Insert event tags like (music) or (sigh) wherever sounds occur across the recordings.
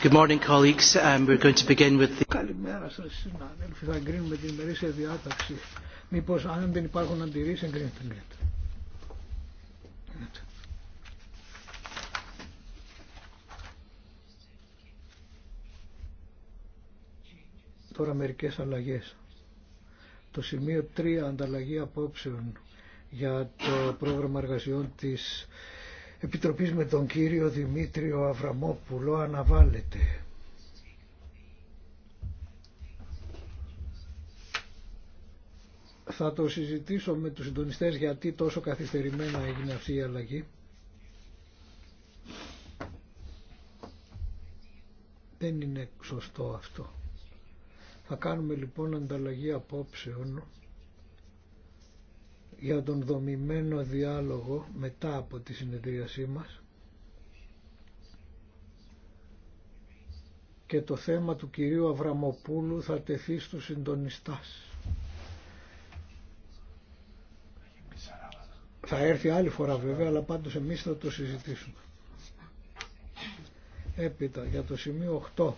Καλημέρα σα, συνάδελφοι. Θα εγκρίνουμε την ημερήσια διάταξη. Μήπω αν δεν υπάρχουν αντιρρήσει, εγκρίνεται. Τώρα μερικέ αλλαγέ. Το σημείο 3 ανταλλαγή απόψεων για το πρόγραμμα εργασιών της Επιτροπής με τον κύριο Δημήτριο Αβραμόπουλο αναβάλλεται. Θα το συζητήσω με τους συντονιστές γιατί τόσο καθυστερημένα έγινε αυτή η αλλαγή. Δεν είναι σωστό αυτό. Θα κάνουμε λοιπόν ανταλλαγή απόψεων για τον δομημένο διάλογο μετά από τη συνεδρίασή μας και το θέμα του κυρίου Αβραμοπούλου θα τεθεί στους συντονιστάς. Θα έρθει άλλη φορά βέβαια, αλλά πάντως εμείς θα το συζητήσουμε. Έπειτα, για το σημείο 8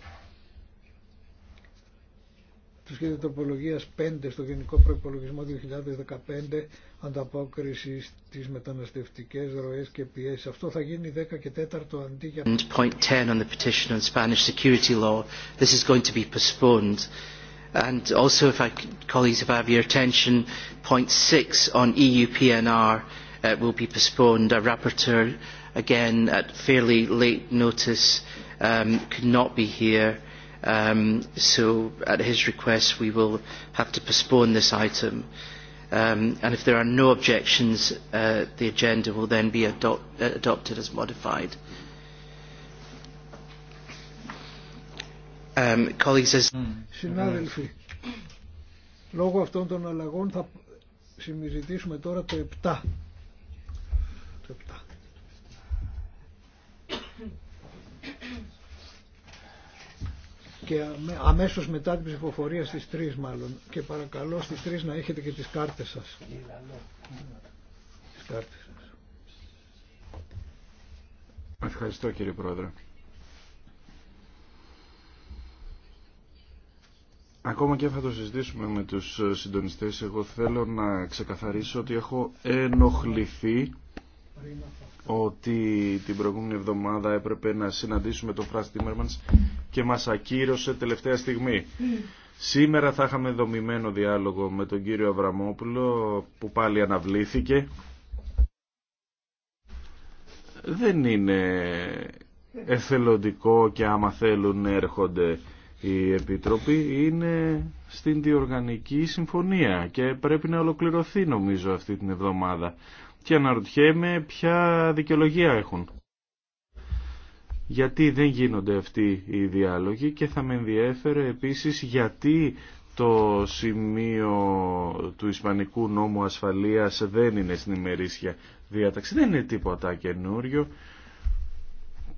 του σχέδιου τροπολογία 5 στο Γενικό Προπολογισμό 2015 ανταπόκριση στι μεταναστευτικέ ροέ και πιέσει. Αυτό θα γίνει 10 και 4 αντί για. Point 10 on the petition on Spanish security law. This is going to be postponed. And also, if I, colleagues, if I have your attention, point 6 on EU PNR uh, will be postponed. Our rapporteur, again, at fairly late notice, um, could not be here so at his request we will have to postpone this item. And if there are no objections, the agenda will then be adopted as modified. Colleagues, Συνάδελφοι, λόγω και αμέσως μετά την ψηφοφορία στις 3 μάλλον και παρακαλώ στις 3 να έχετε και τις κάρτες σας τις κάρτες Ευχαριστώ κύριε Πρόεδρε Ακόμα και αν θα το συζητήσουμε με τους συντονιστές εγώ θέλω να ξεκαθαρίσω ότι έχω ενοχληθεί ότι την προηγούμενη εβδομάδα έπρεπε να συναντήσουμε τον Φράσ Τίμερμανς και μας ακύρωσε τελευταία στιγμή. Σήμερα θα είχαμε δομημένο διάλογο με τον κύριο Αβραμόπουλο που πάλι αναβλήθηκε. Δεν είναι εθελοντικό και άμα θέλουν έρχονται οι επιτροποί. είναι στην διοργανική συμφωνία και πρέπει να ολοκληρωθεί νομίζω αυτή την εβδομάδα και αναρωτιέμαι ποια δικαιολογία έχουν. Γιατί δεν γίνονται αυτοί οι διάλογοι και θα με ενδιέφερε επίσης γιατί το σημείο του Ισπανικού νόμου ασφαλείας δεν είναι στην ημερήσια διάταξη. Δεν είναι τίποτα καινούριο.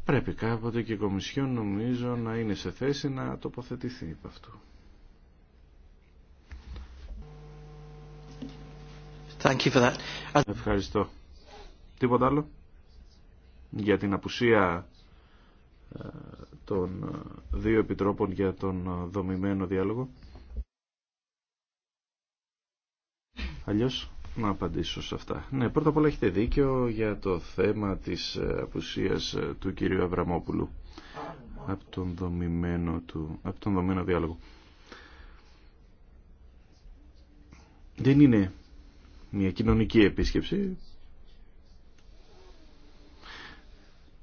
Πρέπει κάποτε και η Κομισιόν νομίζω να είναι σε θέση να τοποθετηθεί από αυτό. Thank you for that. Ευχαριστώ. Τίποτα άλλο για την απουσία ε, των ε, δύο επιτρόπων για τον ε, δομημένο διάλογο. Αλλιώς να απαντήσω σε αυτά. Ναι, πρώτα απ' όλα έχετε δίκιο για το θέμα της απουσίας του κυρίου Αβραμόπουλου από τον δομημένο, του, από τον δομημένο διάλογο. Δεν είναι μια κοινωνική επίσκεψη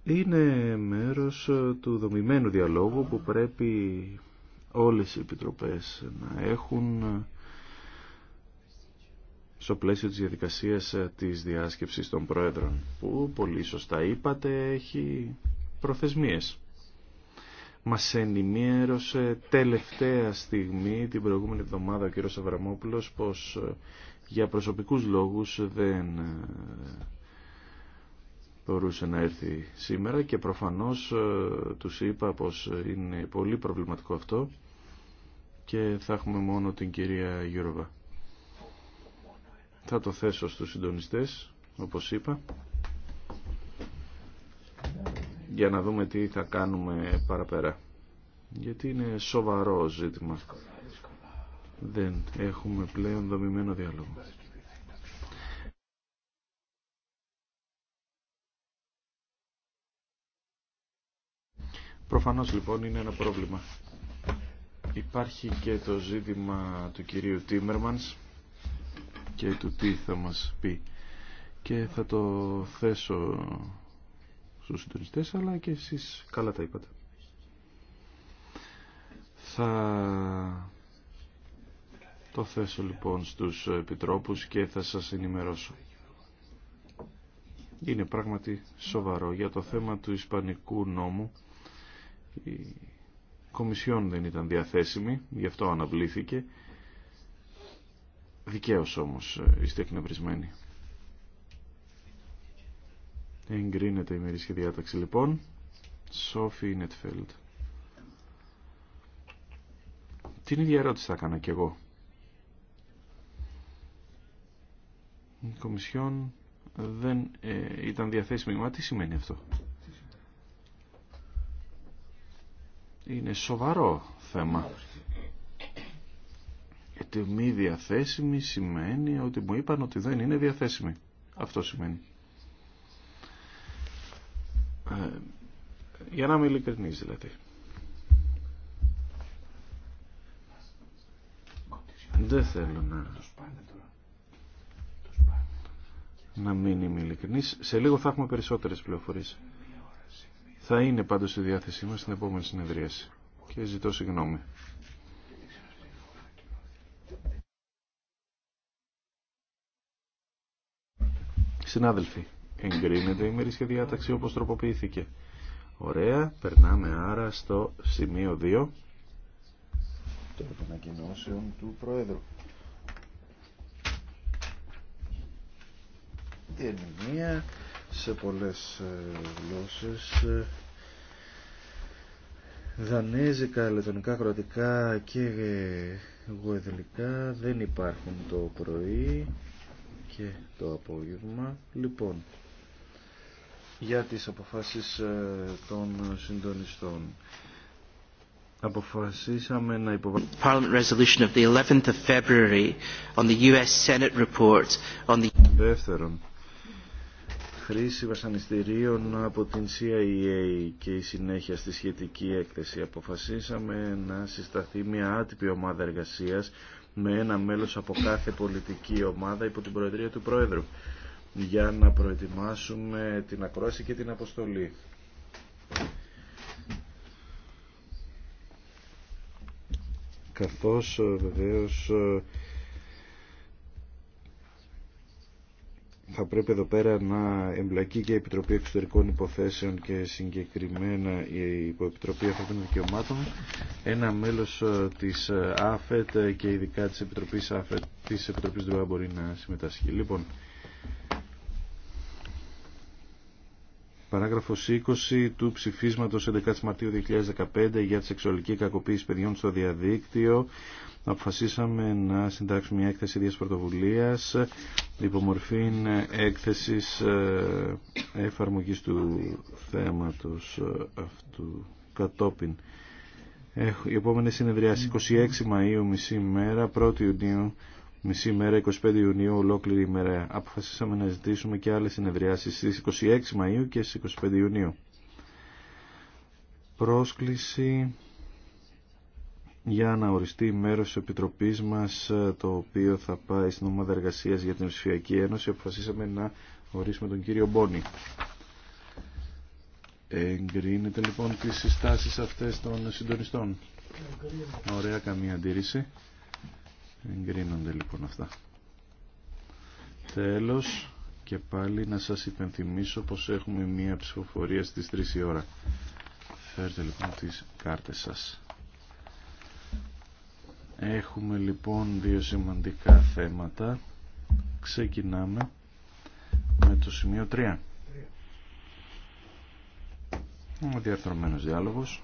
είναι μέρος του δομημένου διαλόγου που πρέπει όλες οι επιτροπές να έχουν στο πλαίσιο της διαδικασίας της διάσκεψης των Πρόεδρων που πολύ σωστά είπατε έχει προθεσμίες. Μας ενημέρωσε τελευταία στιγμή την προηγούμενη εβδομάδα ο κ. Αβραμόπουλος πως για προσωπικούς λόγους δεν ε, μπορούσε να έρθει σήμερα και προφανώς ε, τους είπα πως είναι πολύ προβληματικό αυτό και θα έχουμε μόνο την κυρία Γιώργα. Θα το θέσω στους συντονιστές, όπως είπα, για να δούμε τι θα κάνουμε παραπέρα. Γιατί είναι σοβαρό ζήτημα δεν έχουμε πλέον δομημένο διάλογο. Προφανώς λοιπόν είναι ένα πρόβλημα. Υπάρχει και το ζήτημα του κυρίου Τίμερμανς και του τι θα μας πει. Και θα το θέσω στους συντονιστές, αλλά και εσείς καλά τα είπατε. Θα το θέσω λοιπόν στους επιτρόπους και θα σας ενημερώσω. Είναι πράγματι σοβαρό. Για το θέμα του Ισπανικού νόμου η Κομισιόν δεν ήταν διαθέσιμη, γι' αυτό αναβλήθηκε. Δικαίως όμως ε, είστε εκνευρισμένοι. Εγκρίνεται η μερίσχη διάταξη λοιπόν. Σόφι Νετφέλτ. Την ίδια ερώτηση θα έκανα κι εγώ. η Κομισιόν ε, δεν ε, ήταν διαθέσιμη. Μα τι σημαίνει αυτό. Είναι σοβαρό θέμα. Γιατί μη διαθέσιμη σημαίνει ότι μου είπαν ότι δεν είναι διαθέσιμη. Αυτό σημαίνει. Ε, για να είμαι ειλικρινής δηλαδή. Δεν θέλω να να μην είμαι ειλικρινής. Σε λίγο θα έχουμε περισσότερες πληροφορίες. Θα είναι πάντως στη διάθεσή μας στην επόμενη συνεδρίαση. Και ζητώ συγγνώμη. Συνάδελφοι, εγκρίνεται η μερίσια διάταξη όπως τροποποιήθηκε. Ωραία, περνάμε άρα στο σημείο 2 Το ανακοινώσεων του Προέδρου. ερμηνεία σε πολλές ε, γλώσσες ε, δανέζικα, λετωνικά, κροατικά και ε, γοεδελικά δεν υπάρχουν το πρωί και το απόγευμα λοιπόν για τις αποφάσεις των συντονιστών αποφασίσαμε να υποβάλουμε Parliament resolution of the 11th of February on the US Senate report on the Δεύτερον, χρήση βασανιστήριων από την CIA και η συνέχεια στη σχετική έκθεση. Αποφασίσαμε να συσταθεί μια άτυπη ομάδα εργασίας με ένα μέλος από κάθε πολιτική ομάδα υπό την Προεδρία του Πρόεδρου για να προετοιμάσουμε την ακρόαση και την αποστολή. Καθώς ε, βεβαίως ε, θα πρέπει εδώ πέρα να εμπλακεί και η Επιτροπή Εξωτερικών Υποθέσεων και συγκεκριμένα η Υποεπιτροπή Ανθρωπίνων Δικαιωμάτων, ένα μέλος ε, της ε, ΑΦΕΤ ε, και ειδικά της Επιτροπής ΑΦΕΤ, της Επιτροπής ΔΡΟΑ μπορεί να συμμετάσχει. Λοιπόν, Παράγραφος 20 του ψηφίσματος 11 Μαρτίου 2015 για τη σεξουαλική κακοποίηση παιδιών στο διαδίκτυο αποφασίσαμε να συντάξουμε μια έκθεση ίδιας πρωτοβουλίας υπομορφή έκθεσης ε, εφαρμογής του θέματος ε, αυτού κατόπιν. η επόμενη συνεδριάση 26 Μαΐου μισή μέρα 1η Ιουνίου μισή μέρα, 25 Ιουνίου, ολόκληρη ημέρα. Αποφασίσαμε να ζητήσουμε και άλλες συνεδριάσεις στις 26 Μαΐου και στις 25 Ιουνίου. Πρόσκληση για να οριστεί μέρος της Επιτροπής μας, το οποίο θα πάει στην Ομάδα Εργασίας για την Ψηφιακή Ένωση. Αποφασίσαμε να ορίσουμε τον κύριο Μπόνι. Εγκρίνεται λοιπόν τις συστάσεις αυτές των συντονιστών. Ωραία, καμία αντίρρηση. Εγκρίνονται λοιπόν αυτά. Τέλος και πάλι να σας υπενθυμίσω πως έχουμε μία ψηφοφορία στις 3 η ώρα. Φέρτε λοιπόν τις κάρτες σας. Έχουμε λοιπόν δύο σημαντικά θέματα. Ξεκινάμε με το σημείο 3. Ο διαρθρωμένος διάλογος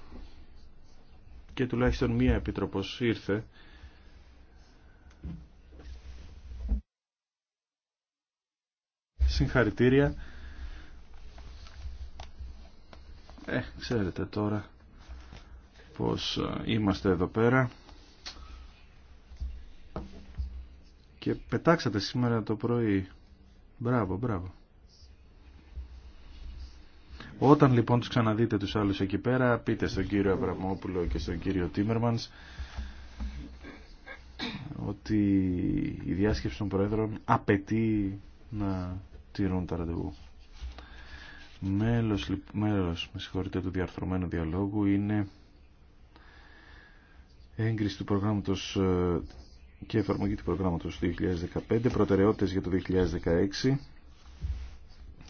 και τουλάχιστον μία επιτροπός ήρθε Συγχαρητήρια. Ε, ξέρετε τώρα πως ε, είμαστε εδώ πέρα. Και πετάξατε σήμερα το πρωί. Μπράβο, μπράβο. Όταν λοιπόν τους ξαναδείτε τους άλλους εκεί πέρα, πείτε στον κύριο Αβραμόπουλο και στον κύριο Τίμερμανς ότι η διάσκεψη των Προέδρων απαιτεί να τηρούν τα ραντεβού. Μέλος, μέλος με συγχωρείτε, του διαρθρωμένου διαλόγου είναι έγκριση του προγράμματος ε, και εφαρμογή του προγράμματος 2015, προτεραιότητες για το 2016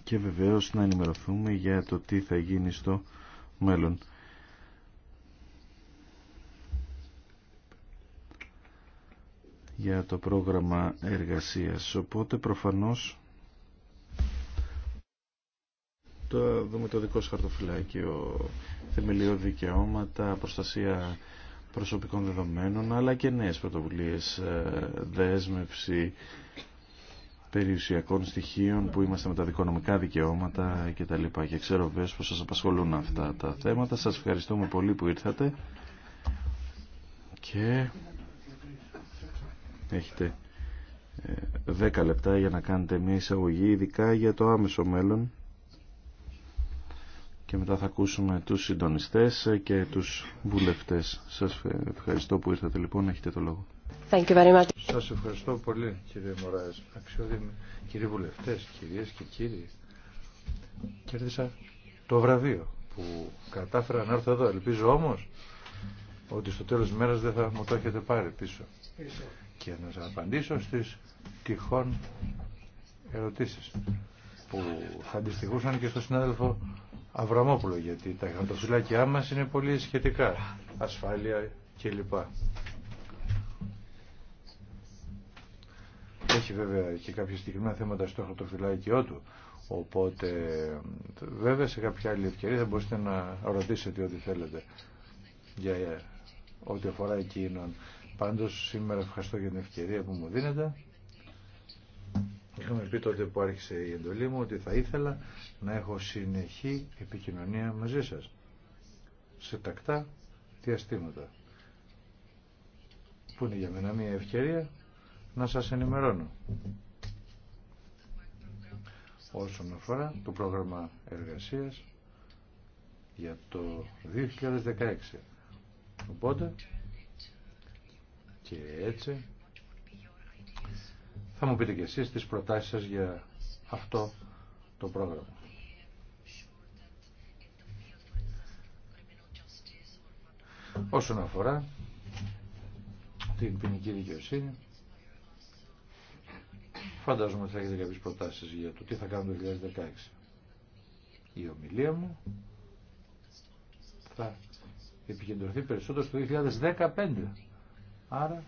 και βεβαίως να ενημερωθούμε για το τι θα γίνει στο μέλλον. για το πρόγραμμα εργασίας. Οπότε προφανώς το δούμε το δικό σας χαρτοφυλάκιο, θεμελιώδη δικαιώματα, προστασία προσωπικών δεδομένων, αλλά και νέες πρωτοβουλίες, ε, δέσμευση περιουσιακών στοιχείων που είμαστε με τα δικονομικά δικαιώματα και τα λοιπά. Και ξέρω βέβαια πως σας απασχολούν αυτά τα θέματα. Σας ευχαριστούμε πολύ που ήρθατε και έχετε 10 ε, λεπτά για να κάνετε μια εισαγωγή ειδικά για το άμεσο μέλλον και μετά θα ακούσουμε τους συντονιστές και τους βουλευτές. Σας ευχαριστώ που ήρθατε λοιπόν, έχετε το λόγο. Thank you very much. Σας ευχαριστώ πολύ κύριε Μωράες, αξιόδημοι κύριοι βουλευτές, κυρίες και κύριοι. Κέρδισα το βραβείο που κατάφερα να έρθω εδώ. Ελπίζω όμως ότι στο τέλος της μέρας δεν θα μου το έχετε πάρει πίσω. Και να σας απαντήσω στις τυχόν ερωτήσεις που θα αντιστοιχούσαν και στο συνάδελφο Αβραμόπουλο γιατί τα χαρτοφυλάκια μας είναι πολύ σχετικά ασφάλεια κλπ. Έχει βέβαια και κάποια συγκεκριμένα θέματα στο χαρτοφυλάκιό του οπότε βέβαια σε κάποια άλλη ευκαιρία θα μπορείτε να ρωτήσετε ό,τι θέλετε για ό,τι αφορά εκείνον. Πάντως σήμερα ευχαριστώ για την ευκαιρία που μου δίνετε Είχαμε πει τότε που άρχισε η εντολή μου ότι θα ήθελα να έχω συνεχή επικοινωνία μαζί σας. Σε τακτά διαστήματα. Που είναι για μένα μια ευκαιρία να σας ενημερώνω. Όσον αφορά το πρόγραμμα εργασίας για το 2016. Οπότε και έτσι θα μου πείτε και εσείς τις προτάσεις σας για αυτό το πρόγραμμα. Όσον αφορά την ποινική δικαιοσύνη, φαντάζομαι ότι θα έχετε κάποιες προτάσεις για το τι θα κάνουμε το 2016. Η ομιλία μου θα επικεντρωθεί περισσότερο στο 2015. Άρα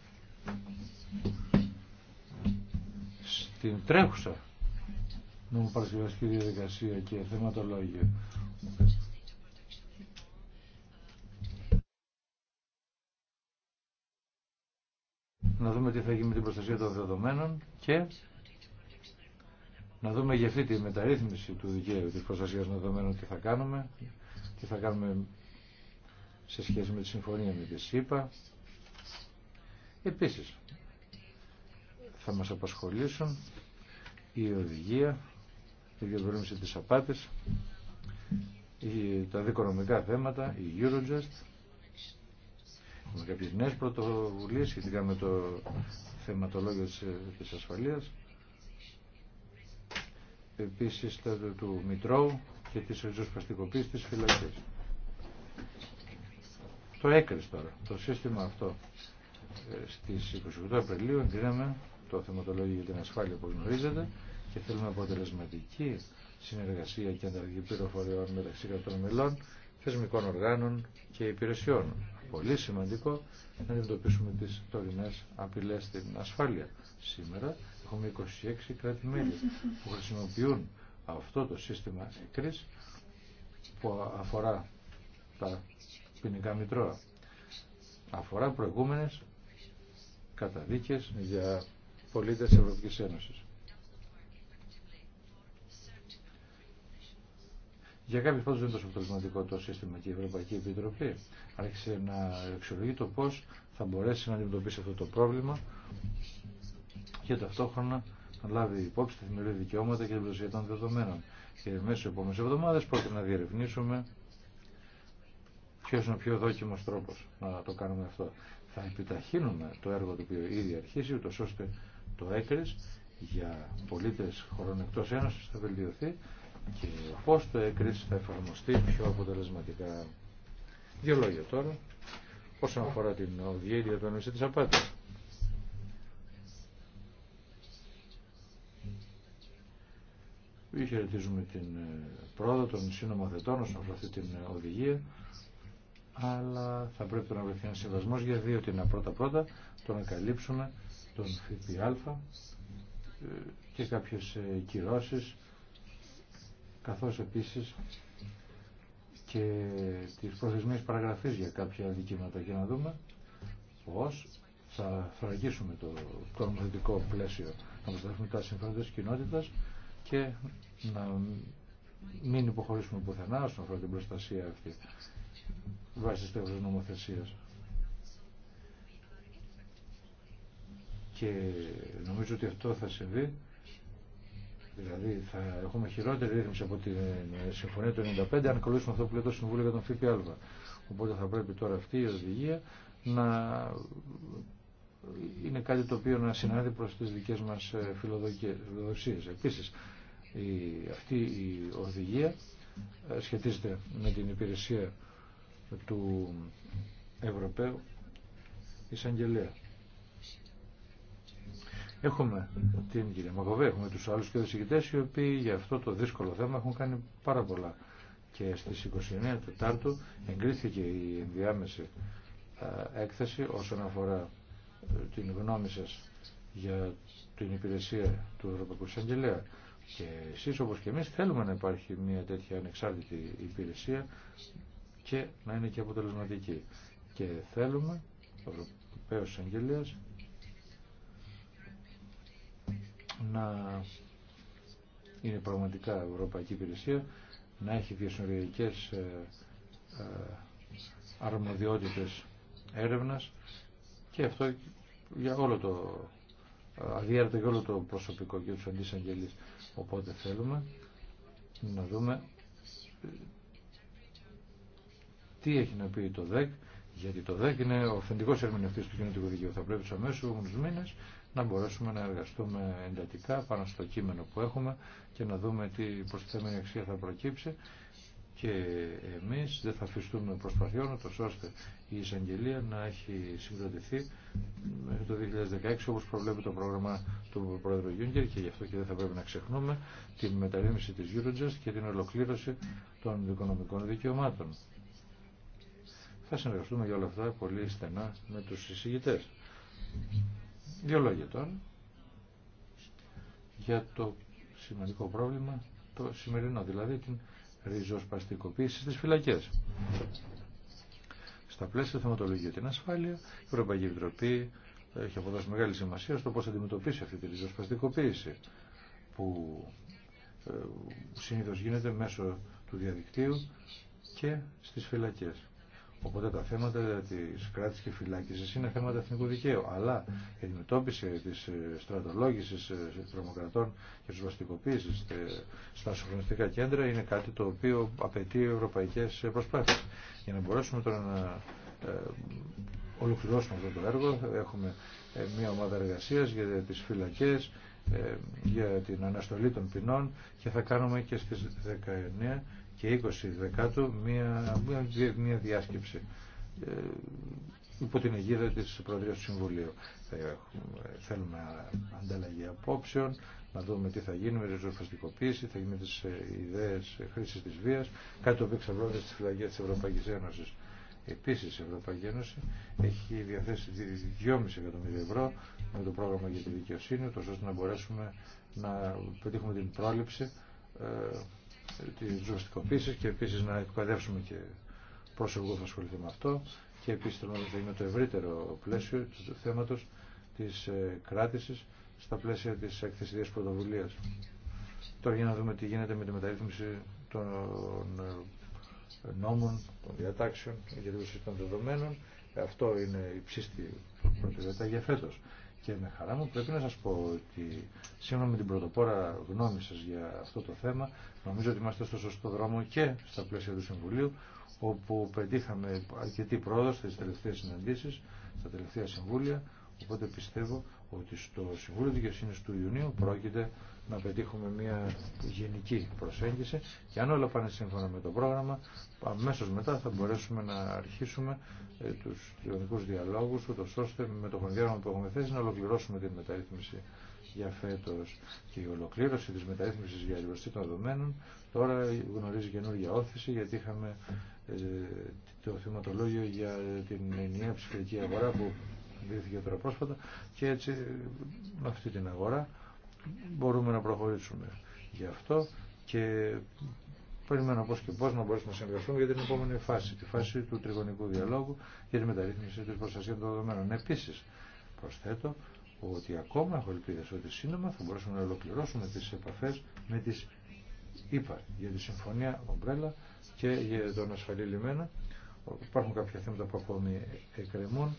την τρέχουσα νομοπαρασκευαστική διαδικασία και θεματολόγιο. Να δούμε τι θα γίνει με την προστασία των δεδομένων και να δούμε για αυτή τη μεταρρύθμιση του δικαίου της προστασίας των δεδομένων τι θα κάνουμε, τι θα κάνουμε σε σχέση με τη συμφωνία με τη ΣΥΠΑ. Επίσης, θα μας απασχολήσουν η οδηγία, η διαβρύνση της απάτης, τα δικονομικά θέματα, η Eurojust, με κάποιες νέες πρωτοβουλίες σχετικά με το θεματολόγιο της ασφαλείας, επίσης του Μητρώου και της ριζοσπαστικοποίησης της φυλακής. Το έκρις τώρα, το σύστημα αυτό ε, στις 28 Απριλίου εγκρίναμε το θεματολόγιο για την ασφάλεια που γνωρίζετε και θέλουμε αποτελεσματική συνεργασία και ανταλλαγή πληροφοριών μεταξύ κρατών μελών, θεσμικών οργάνων και υπηρεσιών. Πολύ σημαντικό να αντιμετωπίσουμε τις τωρινές απειλές στην ασφάλεια. Σήμερα έχουμε 26 κράτη-μέλη που χρησιμοποιούν αυτό το σύστημα εκρή που αφορά τα ποινικά μητρώα. Αφορά προηγούμενες καταδίκες για πολίτες της Ευρωπαϊκής Ένωσης. Για κάποιους πάντω δεν είναι τόσο αποτελεσματικό το σύστημα και η Ευρωπαϊκή Επιτροπή άρχισε να εξολογεί το πώ θα μπορέσει να αντιμετωπίσει αυτό το πρόβλημα και ταυτόχρονα να λάβει υπόψη τα θεμελιώδη δικαιώματα και την προσοχή των δεδομένων. Και μέσα στι επόμενε εβδομάδε πρόκειται να διερευνήσουμε ποιο είναι ο πιο δόκιμο τρόπο να το κάνουμε αυτό. Θα επιταχύνουμε το έργο το οποίο ήδη αρχίσει, ούτω ώστε το έκρης για πολίτες χωρών εκτός ένωσης θα βελτιωθεί και πώς το έκρης θα εφαρμοστεί πιο αποτελεσματικά. Δύο λόγια τώρα όσον αφορά την οδηγία του τη της απάτης. Χαιρετίζουμε την ε, πρόοδο των συνομοθετών όσον αφορά αυτή την ε, οδηγία αλλά θα πρέπει να βρεθεί ένα συμβασμό για δύο. την πρώτα-πρώτα το να καλύψουμε τον ΦΠΑ ε, και κάποιες ε, κυρώσεις καθώς επίσης και τις προθεσμίες παραγραφής για κάποια δικήματα για να δούμε πώς θα φραγίσουμε το, το νομοθετικό πλαίσιο να προσταθούμε τα συμφέροντα της κοινότητας και να μην υποχωρήσουμε πουθενά στον αφορά την προστασία αυτή βάσει της νομοθεσίας. Και νομίζω ότι αυτό θα συμβεί. Δηλαδή θα έχουμε χειρότερη ρύθμιση από τη ε, Συμφωνία του 1995 αν κολλήσουμε αυτό που λέει το Συμβούλιο για τον ΦΠΑ. Οπότε θα πρέπει τώρα αυτή η οδηγία να είναι κάτι το οποίο να συνάδει προς τις δικές μας ε, φιλοδοξίες. Επίσης, η, αυτή η οδηγία ε, σχετίζεται με την υπηρεσία του Ευρωπαίου Εισαγγελέα. Έχουμε την κυρία Μαγκοβέ, έχουμε τους άλλους και οι οποίοι για αυτό το δύσκολο θέμα έχουν κάνει πάρα πολλά. Και στις 29 Τετάρτου εγκρίθηκε η ενδιάμεση έκθεση όσον αφορά ε, την γνώμη σας για την υπηρεσία του Ευρωπαϊκού Εισαγγελέα. Και εσείς όπως και εμείς θέλουμε να υπάρχει μια τέτοια ανεξάρτητη υπηρεσία και να είναι και αποτελεσματική. Και θέλουμε ο Ευρωπαίος Εισαγγελέας να είναι πραγματικά ευρωπαϊκή υπηρεσία, να έχει διασυνοριακές ε, ε, αρμοδιότητες έρευνας και αυτό για όλο το ε, αδιέρετο και όλο το προσωπικό και τους αντισαγγελείς. Οπότε θέλουμε να δούμε τι έχει να πει το ΔΕΚ, γιατί το ΔΕΚ είναι ο αυθεντικός ερμηνευτής του κοινωτικού δικαίου. Θα πρέπει στους αμέσους μήνες να μπορέσουμε να εργαστούμε εντατικά πάνω στο κείμενο που έχουμε και να δούμε τι προστιθέμενη αξία θα προκύψει και εμείς δεν θα αφιστούμε προσπαθειών ώστε η εισαγγελία να έχει συγκροτηθεί μέχρι το 2016 όπως προβλέπει το πρόγραμμα του Πρόεδρου Γιούγκερ και γι' αυτό και δεν θα πρέπει να ξεχνούμε την μεταρρύθμιση της Eurojust και την ολοκλήρωση των οικονομικών δικαιωμάτων. Θα συνεργαστούμε για όλα αυτά πολύ στενά με τους συζητητές. Δύο λόγια τώρα για το σημαντικό πρόβλημα το σημερινό, δηλαδή την ριζοσπαστικοποίηση στις φυλακές. Στα πλαίσια θεματολογία την ασφάλεια, η Ευρωπαϊκή Επιτροπή έχει αποδώσει μεγάλη σημασία στο πώς θα αντιμετωπίσει αυτή τη ριζοσπαστικοποίηση που ε, συνήθως γίνεται μέσω του διαδικτύου και στις φυλακές. Οπότε τα θέματα τη κράτη και φυλάκιση είναι θέματα εθνικού δικαίου. Αλλά η αντιμετώπιση τη ε, στρατολόγηση ε, τρομοκρατών και τη βαστικοποίηση ε, στα συγχρονιστικά κέντρα είναι κάτι το οποίο απαιτεί ευρωπαϊκέ προσπάθειε. Για να μπορέσουμε τώρα να ολοκληρώσουμε αυτό το έργο, έχουμε μια ομάδα εργασία για τι φυλακέ, για την αναστολή των ποινών και θα κάνουμε και στι 19 και 20 δεκάτου μια, μια, μια διάσκεψη ε, υπό την αιγύδα της Προεδρίας του Συμβουλίου. Θα έχουμε, θέλουμε ανταλλαγή απόψεων, να δούμε τι θα γίνει με ριζοσπαστικοποίηση, θα γίνει με τις ε, ιδέες χρήσης της βίας, κάτι το οποίο εξαπλώνεται στις φυλακές της Ευρωπαϊκής Ένωσης. Επίσης η Ευρωπαϊκή Ένωση έχει διαθέσει 2,5 εκατομμύρια ευρώ με το πρόγραμμα για τη δικαιοσύνη, ώστε να μπορέσουμε να πετύχουμε την πρόληψη ε, της ζωστικοποίησεις και επίσης να εκπαιδεύσουμε και πρόσωπο που θα ασχοληθεί με αυτό και επίσης θέλω να είναι το ευρύτερο πλαίσιο του θέματος της ε, κράτησης στα πλαίσια της εκθεσιδίας πρωτοβουλίας. Τώρα για να δούμε τι γίνεται με τη μεταρρύθμιση των ε, νόμων, των διατάξεων για την των δεδομένων. Αυτό είναι η ψήστη προτεραιότητα για φέτος. Και με χαρά μου πρέπει να σας πω ότι σύμφωνα με την πρωτοπόρα γνώμη σας για αυτό το θέμα, νομίζω ότι είμαστε στο σωστό δρόμο και στα πλαίσια του Συμβουλίου, όπου πετύχαμε αρκετή πρόοδο στις τελευταίες συναντήσεις, στα τελευταία συμβούλια, οπότε πιστεύω ότι στο Συμβούλιο Δικαιοσύνης του Ιουνίου πρόκειται να πετύχουμε μια γενική προσέγγιση και αν όλα πάνε σύμφωνα με το πρόγραμμα, αμέσως μετά θα μπορέσουμε να αρχίσουμε ε, τους κοινωνικούς διαλόγους, ούτω ώστε με το χρονοδιάγραμμα που έχουμε θέσει να ολοκληρώσουμε την μεταρρύθμιση για φέτος και η ολοκλήρωση της μεταρρύθμισης για λιγοστή των δεδομένων τώρα γνωρίζει καινούργια όθηση γιατί είχαμε ε, το θυματολόγιο για την ενιαία ψηφιακή αγορά που δίθηκε τώρα πρόσφατα και έτσι με αυτή την αγορά μπορούμε να προχωρήσουμε. Γι' αυτό και περιμένω πώς και πώς να μπορέσουμε να συνεργαστούμε για την επόμενη φάση, τη φάση του τριγωνικού διαλόγου για τη μεταρρύθμιση της προστασίας των δεδομένων. Επίσης, προσθέτω ότι ακόμα έχω ελπίδες ότι σύντομα θα μπορέσουμε να ολοκληρώσουμε τις επαφές με τις ΥΠΑ για τη Συμφωνία Ομπρέλα και για τον ασφαλή λιμένα. Υπάρχουν κάποια θέματα που ακόμη εκκρεμούν,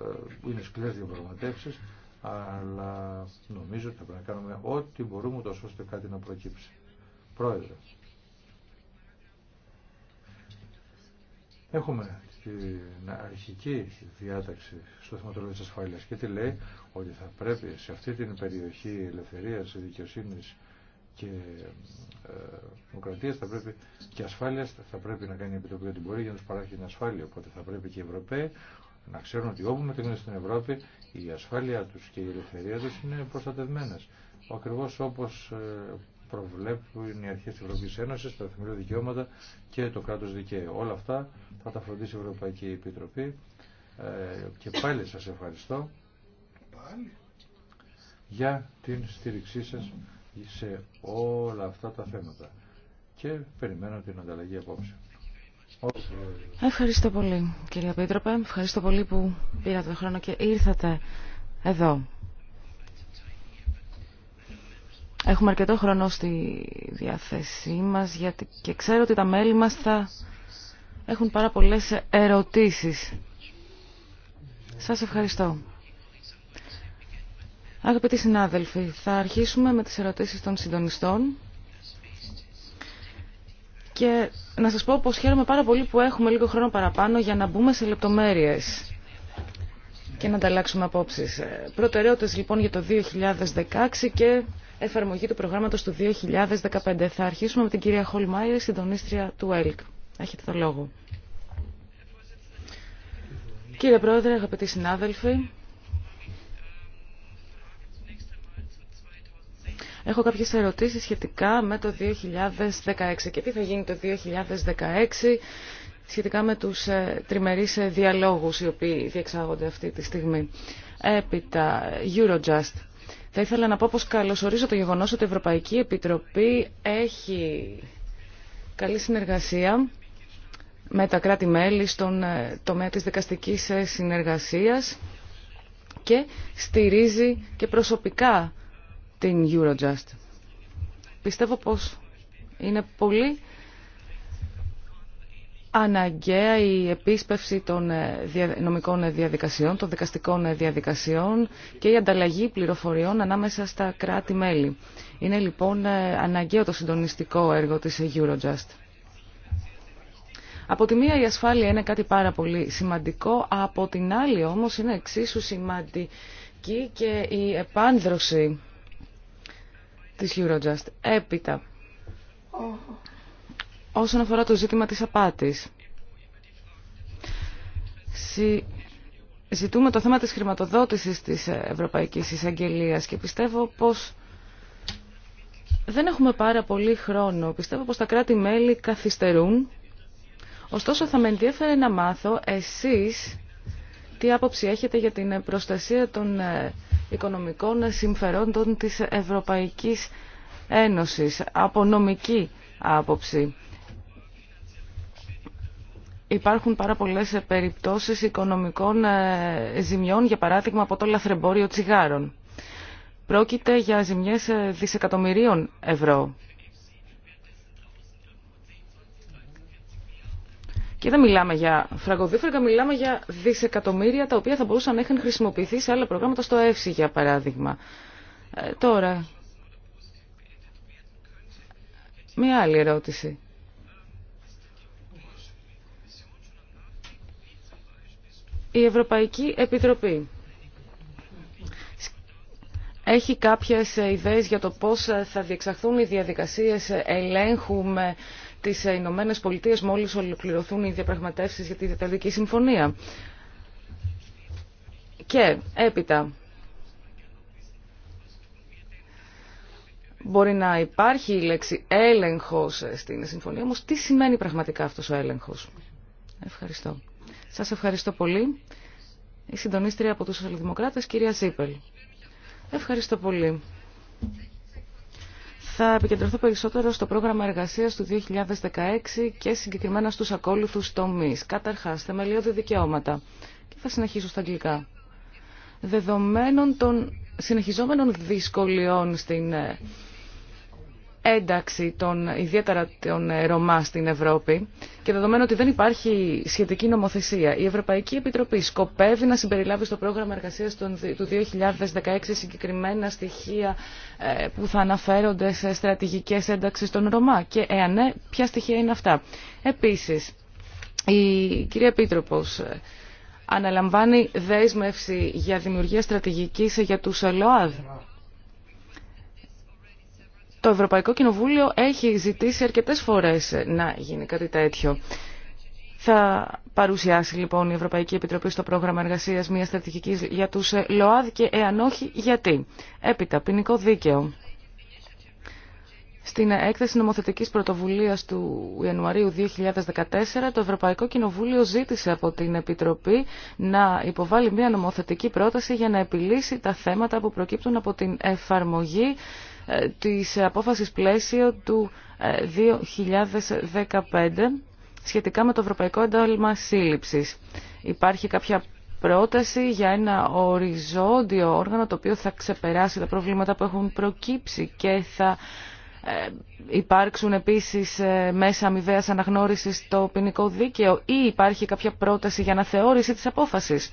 ε, είναι σκληρές διαπραγματεύσεις αλλά νομίζω ότι θα πρέπει να κάνουμε ό,τι μπορούμε τόσο ώστε κάτι να προκύψει. Πρόεδρε. Έχουμε την αρχική διάταξη στο θεματολόγιο της ασφάλειας και τι λέει ότι θα πρέπει σε αυτή την περιοχή ελευθερίας, δικαιοσύνης και ε, δημοκρατίας και ασφάλειας θα πρέπει να κάνει η Επιτροπή ότι μπορεί για να τους παράγει την ασφάλεια. Οπότε θα πρέπει και οι Ευρωπαίοι να ξέρουν ότι όπου μετακινούνται στην Ευρώπη η ασφάλειά τους και η ελευθερία τους είναι προστατευμένες. Ακριβώς όπως ε, προβλέπουν οι αρχές της Ευρωπαϊκής Ένωσης, τα θεμελιώδη δικαιώματα και το κράτος δικαίου. Όλα αυτά θα τα φροντίσει η Ευρωπαϊκή Επιτροπή ε, και πάλι σας ευχαριστώ για την στήριξή σας σε όλα αυτά τα θέματα και περιμένω την ανταλλαγή απόψε. Ευχαριστώ πολύ κύριε Πίτροπε. Ευχαριστώ πολύ που πήρατε τον χρόνο και ήρθατε εδώ. Έχουμε αρκετό χρόνο στη διάθεσή μας γιατί και ξέρω ότι τα μέλη μας θα έχουν πάρα πολλές ερωτήσεις. Σας ευχαριστώ. Αγαπητοί συνάδελφοι, θα αρχίσουμε με τις ερωτήσεις των συντονιστών. Και να σας πω πως χαίρομαι πάρα πολύ που έχουμε λίγο χρόνο παραπάνω για να μπούμε σε λεπτομέρειες και να ανταλλάξουμε απόψεις. Ε, προτεραιότητες λοιπόν για το 2016 και εφαρμογή του προγράμματος του 2015. Θα αρχίσουμε με την κυρία Χολμάιρ, συντονίστρια του ΕΛΚ. Έχετε το λόγο. Κύριε Πρόεδρε, αγαπητοί συνάδελφοι, Έχω κάποιες ερωτήσεις σχετικά με το 2016 και τι θα γίνει το 2016 σχετικά με τους ε, τριμερείς ε, διαλόγους οι οποίοι διεξάγονται αυτή τη στιγμή. Έπειτα, Eurojust. Θα ήθελα να πω πως καλωσορίζω το γεγονός ότι η Ευρωπαϊκή Επιτροπή έχει καλή συνεργασία με τα κράτη-μέλη στον ε, τομέα της δικαστικής συνεργασίας και στηρίζει και προσωπικά την Eurojust. Πιστεύω πως είναι πολύ αναγκαία η επίσπευση των ε, νομικών διαδικασιών, των δικαστικών ε, διαδικασιών και η ανταλλαγή πληροφοριών ανάμεσα στα κράτη-μέλη. Είναι λοιπόν ε, αναγκαίο το συντονιστικό έργο της Eurojust. Από τη μία η ασφάλεια είναι κάτι πάρα πολύ σημαντικό, από την άλλη όμως είναι εξίσου σημαντική και η επάνδρωση της Eurojust. Έπειτα, όσον αφορά το ζήτημα της απάτης, ζητούμε το θέμα της χρηματοδότησης της Ευρωπαϊκής Εισαγγελίας και πιστεύω πως δεν έχουμε πάρα πολύ χρόνο. Πιστεύω πως τα κράτη-μέλη καθυστερούν. Ωστόσο θα με ενδιαφέρει να μάθω εσείς τι άποψη έχετε για την προστασία των ε, οικονομικών συμφερόντων της Ευρωπαϊκής Ένωσης από νομική άποψη. Υπάρχουν πάρα πολλές περιπτώσεις οικονομικών ε, ζημιών, για παράδειγμα από το λαθρεμπόριο τσιγάρων. Πρόκειται για ζημιές ε, δισεκατομμυρίων ευρώ. Και δεν μιλάμε για φραγκοδίφραγκα, μιλάμε για δισεκατομμύρια τα οποία θα μπορούσαν να έχουν χρησιμοποιηθεί σε άλλα προγράμματα στο ΕΦΣΙ για παράδειγμα. Ε, τώρα, μία άλλη ερώτηση. Η Ευρωπαϊκή Επιτροπή έχει κάποιες ιδέες για το πώς θα διεξαχθούν οι διαδικασίες ελέγχου με τις Ηνωμένε Πολιτείες μόλις ολοκληρωθούν οι διαπραγματεύσεις για τη Διεθνική Συμφωνία. Και έπειτα μπορεί να υπάρχει η λέξη έλεγχος στην συμφωνία, όμως τι σημαίνει πραγματικά αυτός ο έλεγχος. Ευχαριστώ. Σας ευχαριστώ πολύ. Η συντονίστρια από τους Σοσιαλδημοκράτες, κυρία Ζίπελ. Ευχαριστώ πολύ. Θα επικεντρωθώ περισσότερο στο πρόγραμμα εργασίας του 2016 και συγκεκριμένα στους ακόλουθους τομείς. Καταρχάς, θεμελιώδη δικαιώματα. Και θα συνεχίσω στα αγγλικά. Δεδομένων των συνεχιζόμενων δυσκολιών στην ε, ένταξη των, ιδιαίτερα των ε, Ρωμά στην Ευρώπη και δεδομένου ότι δεν υπάρχει σχετική νομοθεσία, η Ευρωπαϊκή Επιτροπή σκοπεύει να συμπεριλάβει στο πρόγραμμα εργασία του 2016 συγκεκριμένα στοιχεία ε, που θα αναφέρονται σε στρατηγικέ ένταξει των Ρωμά και εάν ναι, ποια στοιχεία είναι αυτά. Επίση, η κυρία Επίτροπο ε, αναλαμβάνει δέσμευση για δημιουργία στρατηγική για του ΕΛΟΑΔ. Το Ευρωπαϊκό Κοινοβούλιο έχει ζητήσει αρκετές φορές να γίνει κάτι τέτοιο. Θα παρουσιάσει λοιπόν η Ευρωπαϊκή Επιτροπή στο πρόγραμμα εργασίας μια στρατηγική για τους ε, ΛΟΑΔ και εάν όχι γιατί. Έπειτα, ποινικό δίκαιο. Στην έκθεση νομοθετικής πρωτοβουλίας του Ιανουαρίου 2014, το Ευρωπαϊκό Κοινοβούλιο ζήτησε από την Επιτροπή να υποβάλει μια νομοθετική πρόταση για να επιλύσει τα θέματα που προκύπτουν από την εφαρμογή ε, της απόφασης πλαίσιο του 2015 ε, σχετικά με το Ευρωπαϊκό Ένταλμα Σύλληψης. Υπάρχει κάποια πρόταση για ένα οριζόντιο όργανο το οποίο θα ξεπεράσει τα προβλήματα που έχουν προκύψει και θα ε, υπάρξουν επίσης μέσα αμοιβαίας αναγνώρισης το ποινικό δίκαιο ή υπάρχει κάποια πρόταση για αναθεώρηση της απόφασης.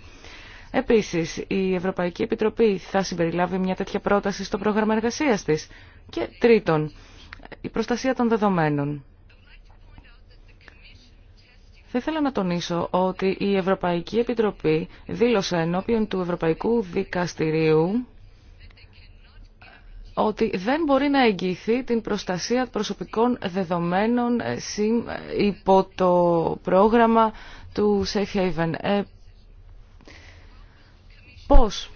Επίσης, η Ευρωπαϊκή Επιτροπή θα συμπεριλάβει μια τέτοια πρόταση στο πρόγραμμα εργασίας της. Και τρίτον, η προστασία των δεδομένων. Θα ήθελα να τονίσω ότι η Ευρωπαϊκή Επιτροπή δήλωσε ενώπιον του Ευρωπαϊκού Δικαστηρίου ότι δεν μπορεί να εγγυηθεί την προστασία προσωπικών δεδομένων ε, ε, υπό το πρόγραμμα του Safe Haven. Ε, πώς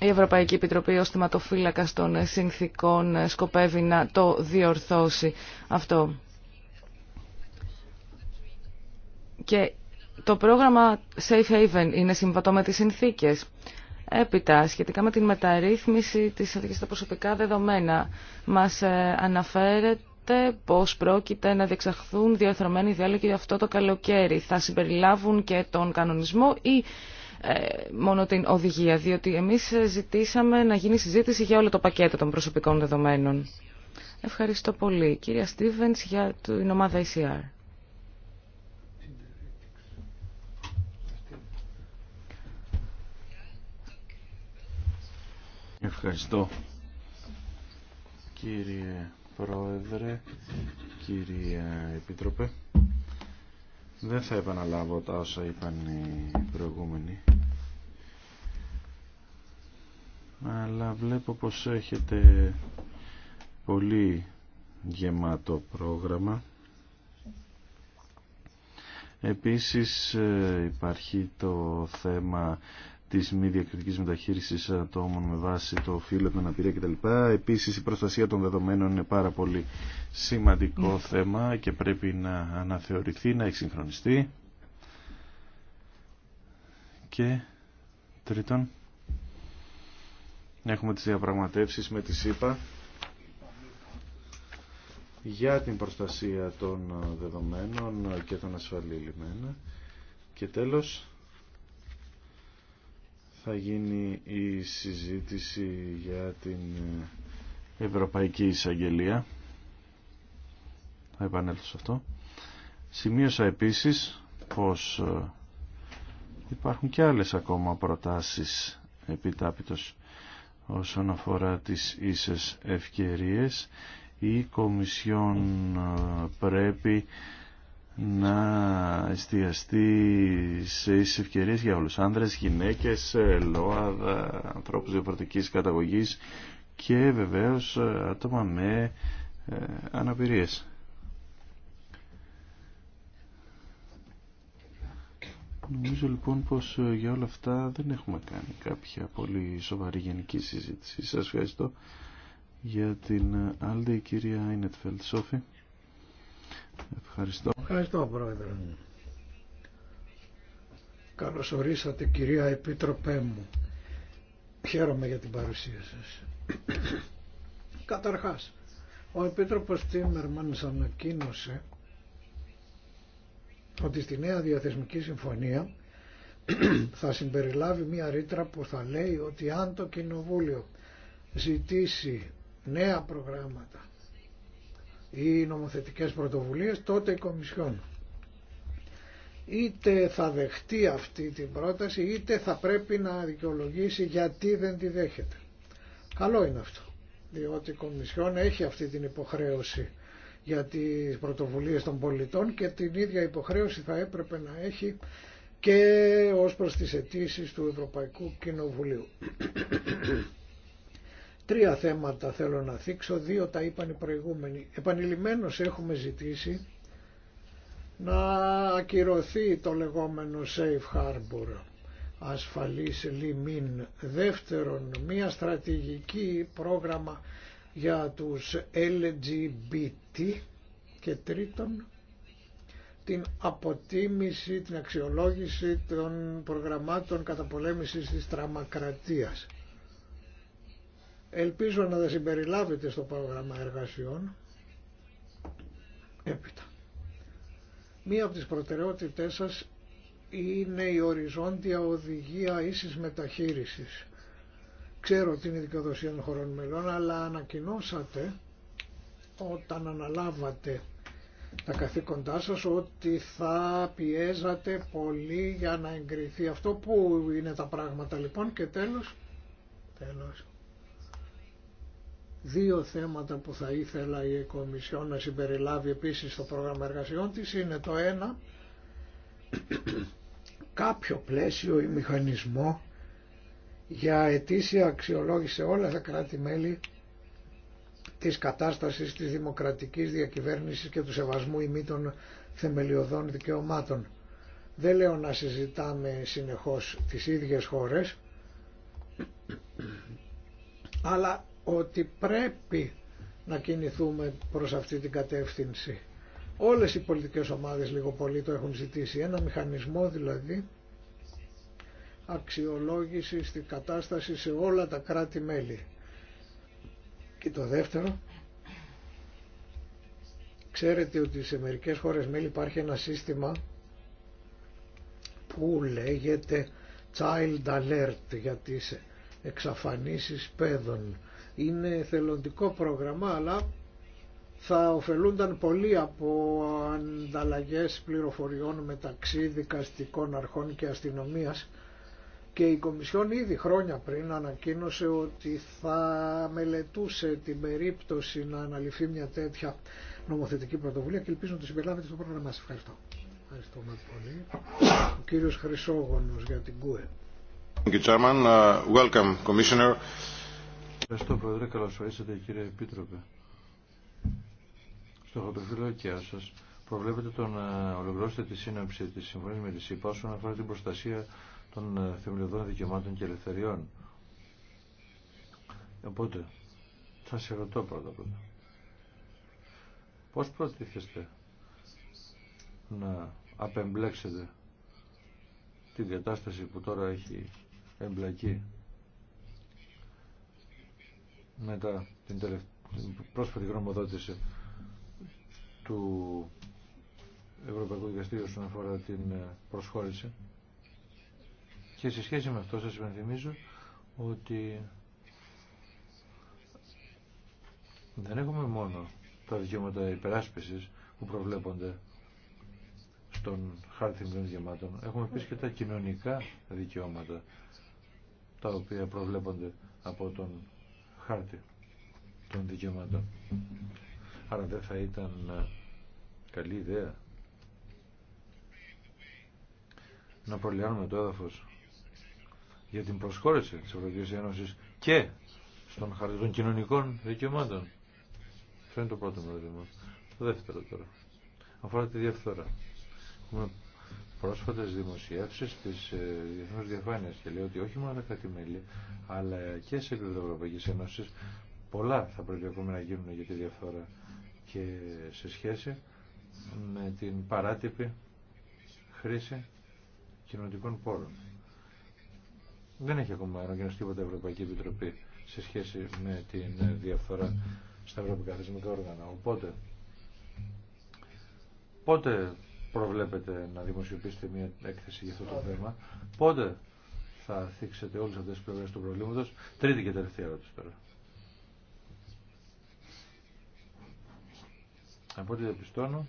η Ευρωπαϊκή Επιτροπή ως θεματοφύλακας των συνθήκων σκοπεύει να το διορθώσει αυτό. Και το πρόγραμμα Safe Haven είναι συμβατό με τις συνθήκες. Έπειτα, σχετικά με την μεταρρύθμιση της αρχής στα προσωπικά δεδομένα, μας ε, αναφέρεται πως πρόκειται να διεξαχθούν διαθρωμένοι διάλογοι αυτό το καλοκαίρι. Θα συμπεριλάβουν και τον κανονισμό ή ε, μόνο την οδηγία, διότι εμείς ζητήσαμε να γίνει συζήτηση για όλο το πακέτο των προσωπικών δεδομένων. Ευχαριστώ πολύ. Κυρία Στίβενς για την ομάδα ECR. Ευχαριστώ. Κύριε Πρόεδρε, κύριε Επίτροπε. Δεν θα επαναλάβω τα όσα είπαν οι προηγούμενοι. Αλλά βλέπω πως έχετε πολύ γεμάτο πρόγραμμα. Επίσης ε, υπάρχει το θέμα της μη διακριτικής μεταχείρισης ατόμων με βάση το φύλλο, την αναπηρία κτλ. Επίσης η προστασία των δεδομένων είναι πάρα πολύ σημαντικό ναι. θέμα και πρέπει να αναθεωρηθεί, να εξυγχρονιστεί. Και τρίτον, έχουμε τις διαπραγματεύσεις με τη ΣΥΠΑ για την προστασία των δεδομένων και των ασφαλή λιμένα. Και τέλος, θα γίνει η συζήτηση για την ε, Ευρωπαϊκή Εισαγγελία. Θα επανέλθω σε αυτό. Σημείωσα επίσης πως ε, υπάρχουν και άλλες ακόμα προτάσεις επιτάπητος όσον αφορά τις ίσες ευκαιρίες. Η Κομισιόν ε, πρέπει να εστιαστεί σε ίσες ευκαιρίες για όλους. Άνδρες, γυναίκες, ε, ΛΟΑΔΑ, ε, ανθρώπους διαφορετικής καταγωγής και βεβαίως ε, άτομα με αναπηρίες. Νομίζω λοιπόν πως για όλα αυτά δεν έχουμε κάνει κάποια πολύ σοβαρή γενική συζήτηση. Σας ευχαριστώ για την άλλη κυρία Ινετφέλτ Σόφη. Ευχαριστώ. Ευχαριστώ Πρόεδρε. Mm. Καλωσορίσατε κυρία Επίτροπέ μου. Χαίρομαι για την παρουσία σας. Καταρχάς, ο Επίτροπος Τίμερμανς ανακοίνωσε ότι στη νέα διαθεσμική συμφωνία θα συμπεριλάβει μια ρήτρα που θα λέει ότι αν το Κοινοβούλιο ζητήσει νέα προγράμματα ή νομοθετικές πρωτοβουλίες, τότε η Κομισιόν είτε θα δεχτεί αυτή την πρόταση είτε θα πρέπει να δικαιολογήσει γιατί δεν τη δέχεται. Καλό είναι αυτό, διότι η Κομισιόν έχει αυτή την υποχρέωση για τις πρωτοβουλίες των πολιτών και την ίδια υποχρέωση θα έπρεπε να έχει και ως προς τις αιτήσει του Ευρωπαϊκού Κοινοβουλίου. Τρία θέματα θέλω να θίξω, δύο τα είπαν οι προηγούμενοι. Επανειλημμένως έχουμε ζητήσει να ακυρωθεί το λεγόμενο safe harbor, ασφαλής λιμίν. Δεύτερον, μία στρατηγική πρόγραμμα για τους LGBT και τρίτον, την αποτίμηση, την αξιολόγηση των προγραμμάτων καταπολέμησης της τραμακρατίας. Ελπίζω να τα συμπεριλάβετε στο πρόγραμμα εργασιών. Έπειτα. Μία από τις προτεραιότητές σας είναι η οριζόντια οδηγία ίσης μεταχείρισης. Ξέρω ότι είναι δικαιοδοσία των χωρών μελών, αλλά ανακοινώσατε όταν αναλάβατε τα καθήκοντά σας ότι θα πιέζατε πολύ για να εγκριθεί αυτό που είναι τα πράγματα λοιπόν και τέλος, τέλος Δύο θέματα που θα ήθελα η Κομισιό να συμπεριλάβει επίσης στο πρόγραμμα εργασιών της είναι το ένα κάποιο πλαίσιο ή μηχανισμό για ετήσια αξιολόγηση όλα τα κράτη-μέλη της κατάστασης της δημοκρατικής διακυβέρνησης και του σεβασμού ημί θεμελιωδών δικαιωμάτων. Δεν λέω να συζητάμε συνεχώς τις ίδιες χώρες, αλλά ότι πρέπει να κινηθούμε προς αυτή την κατεύθυνση. Όλες οι πολιτικές ομάδες λίγο πολύ το έχουν ζητήσει. Ένα μηχανισμό δηλαδή αξιολόγηση στην κατάσταση σε όλα τα κράτη-μέλη. Και το δεύτερο, ξέρετε ότι σε μερικές χώρες μέλη υπάρχει ένα σύστημα που λέγεται Child Alert για τις εξαφανίσεις παιδών είναι θελοντικό πρόγραμμα αλλά θα ωφελούνταν πολύ από ανταλλαγές πληροφοριών μεταξύ δικαστικών αρχών και αστυνομίας και η Κομισιόν ήδη χρόνια πριν ανακοίνωσε ότι θα μελετούσε την περίπτωση να αναλυθεί μια τέτοια νομοθετική πρωτοβουλία και ελπίζω να το συμπεριλάβετε στο πρόγραμμα Σας Ευχαριστώ. πολύ. Ο κύριος Χρυσόγονος για την ΚΟΕ. Thank Chairman. Uh, welcome, Commissioner. Ευχαριστώ Πρόεδρε, καλώς ορίσατε κύριε Επίτροπε. Στο οικιά σα προβλέπετε το να ε, ολοκληρώσετε τη σύναψη της συμφωνίας με τη ΣΥΠΑ όσον αφορά την προστασία των ε, θεμελιωδών δικαιωμάτων και ελευθεριών. Οπότε, θα σε ρωτώ πρώτα πρώτα. Πώς προτίθεστε να απεμπλέξετε την κατάσταση που τώρα έχει εμπλακεί μετά την, τελευ... πρόσφατη γνωμοδότηση του Ευρωπαϊκού Δικαστήριου όσον αφορά την ε, προσχώρηση. Και σε σχέση με αυτό σας υπενθυμίζω ότι δεν έχουμε μόνο τα δικαιώματα υπεράσπισης που προβλέπονται στον χάρτη των δικαιωμάτων. Έχουμε επίσης και τα κοινωνικά δικαιώματα τα οποία προβλέπονται από τον χάρτη των δικαιωμάτων. Άρα δεν θα ήταν ε, καλή ιδέα να προλιάνουμε το έδαφος για την προσχώρηση της Ευρωπαϊκής Ένωσης και στον χάρτη των κοινωνικών δικαιωμάτων. Αυτό είναι το πρώτο μου ερώτημα. Το δεύτερο τώρα. Αφορά τη διαφθορά. Έχουμε πρόσφατες δημοσιεύσεις της ε, διεθνούς διαφάνειας και λέει ότι όχι μόνο τα μέλη αλλά και σε επίπεδο Ευρωπαϊκής Ένωσης πολλά θα πρέπει ακόμα να γίνουν για τη διαφθορά και σε σχέση με την παράτυπη χρήση κοινωνικών πόρων. Δεν έχει ακόμα αναγκαστεί τίποτα Ευρωπαϊκή Επιτροπή σε σχέση με την διαφθορά στα ευρωπαϊκά θεσμικά όργανα. Οπότε, πότε προβλέπετε να δημοσιοποιήσετε μια έκθεση για αυτό το θέμα. Πότε θα θίξετε όλες αυτές τις πλευρές του προβλήματος. Τρίτη και τελευταία ερώτηση τώρα. Από ό,τι διαπιστώνω,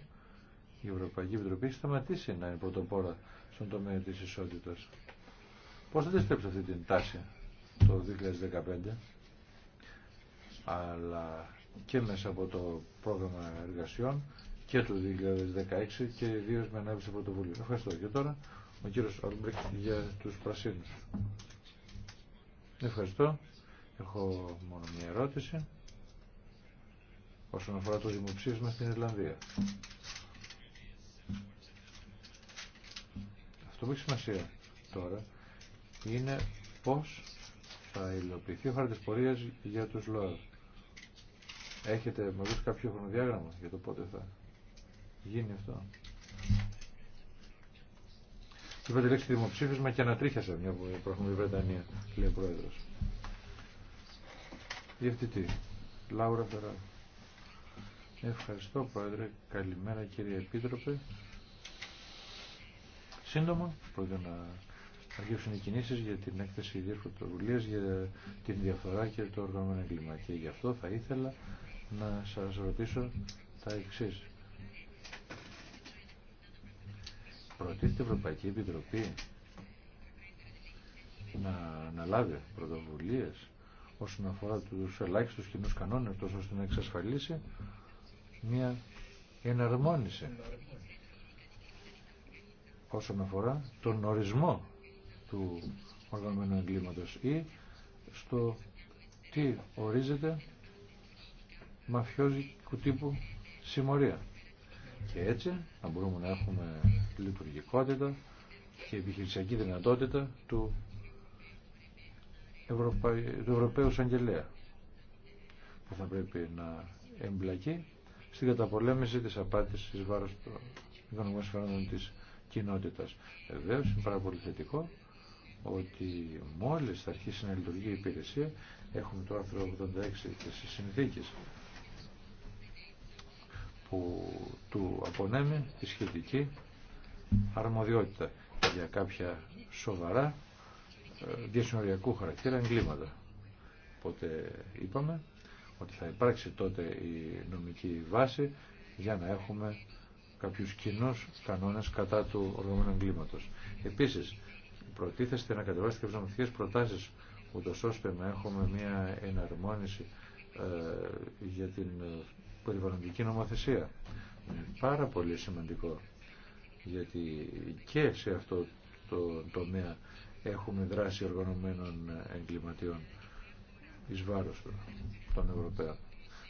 η Ευρωπαϊκή Επιτροπή έχει σταματήσει να είναι πρωτοπόρα στον τομέα της ισότητα. Πώς θα διστρέψει αυτή την τάση το 2015, αλλά και μέσα από το πρόγραμμα εργασιών και το 2016 και ιδίω με ανάπτυξη πρωτοβουλίου. Ευχαριστώ. Και τώρα ο κύριος Ολμπρικ για τους πρασίνους. Ευχαριστώ. Έχω μόνο μια ερώτηση όσον αφορά το δημοψήφισμα στην Ιρλανδία. Αυτό που έχει σημασία τώρα είναι πώς θα υλοποιηθεί ο χάρτης για τους ΛΟΑΔ. Έχετε μαζί κάποιο χρονοδιάγραμμα για το πότε θα γίνει αυτό. Είπα τη λέξη δημοψήφισμα και ανατρίχιασα μια που έχουμε η Βρετανία, λέει ο πρόεδρο. Διευθυντή, Λάουρα Φερά. Ευχαριστώ πρόεδρε, καλημέρα κύριε επίτροπε. Σύντομα, πρόκειται να αρχίσουν οι κινήσεις για την έκθεση ιδίας πρωτοβουλία για την διαφορά και το οργανωμένο εγκλήμα. Και γι' αυτό θα ήθελα να σας ρωτήσω τα εξή. Προτείνεται η Ευρωπαϊκή Επιτροπή να αναλάβει πρωτοβουλίες όσον αφορά τους ελάχιστους κοινού κανόνες τόσο ώστε να εξασφαλίσει μια εναρμόνιση όσον αφορά τον ορισμό του οργανωμένου εγκλήματος ή στο τι ορίζεται μαφιόζικου τύπου συμμορία. Και έτσι να μπορούμε να έχουμε λειτουργικότητα και επιχειρησιακή δυνατότητα του, Ευρωπαίου Σαγγελέα που θα πρέπει να εμπλακεί στην καταπολέμηση της απάτης της βάρος των οικονομικών συμφερόντων της κοινότητας. Βεβαίως είναι πάρα πολύ θετικό ότι μόλις θα αρχίσει να λειτουργεί η υπηρεσία έχουμε το άρθρο 86 της συνθήκης που του απονέμει τη σχετική αρμοδιότητα για κάποια σοβαρά ε, διασυνοριακού χαρακτήρα εγκλήματα. Οπότε είπαμε ότι θα υπάρξει τότε η νομική βάση για να έχουμε κάποιους κοινού κανόνες κατά του οργανωμένου εγκλήματος. Επίσης, προτίθεστε να κατεβάσετε και προτάσει προτάσεις ούτως ώστε να έχουμε μια εναρμόνιση ε, για την περιβαλλοντική νομοθεσία. Είναι πάρα πολύ σημαντικό γιατί και σε αυτό το τομέα έχουμε δράση οργανωμένων εγκληματιών εις βάρος των Ευρωπαίων.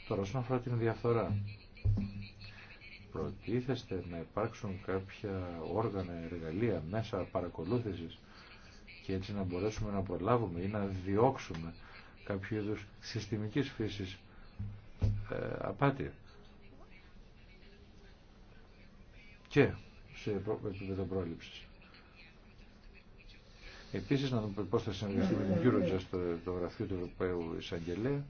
Τώρα όσον αφορά την διαφθορά, προτίθεστε να υπάρξουν κάποια όργανα, εργαλεία, μέσα παρακολούθησης και έτσι να μπορέσουμε να προλάβουμε ή να διώξουμε κάποιο είδου συστημικής φύσης ε, απάτη. Και σε επίπεδο πρόληψη. Επίσης να δούμε πώς θα συνεργαστεί με την Eurojust στο το γραφείο του Ευρωπαίου Εισαγγελέα.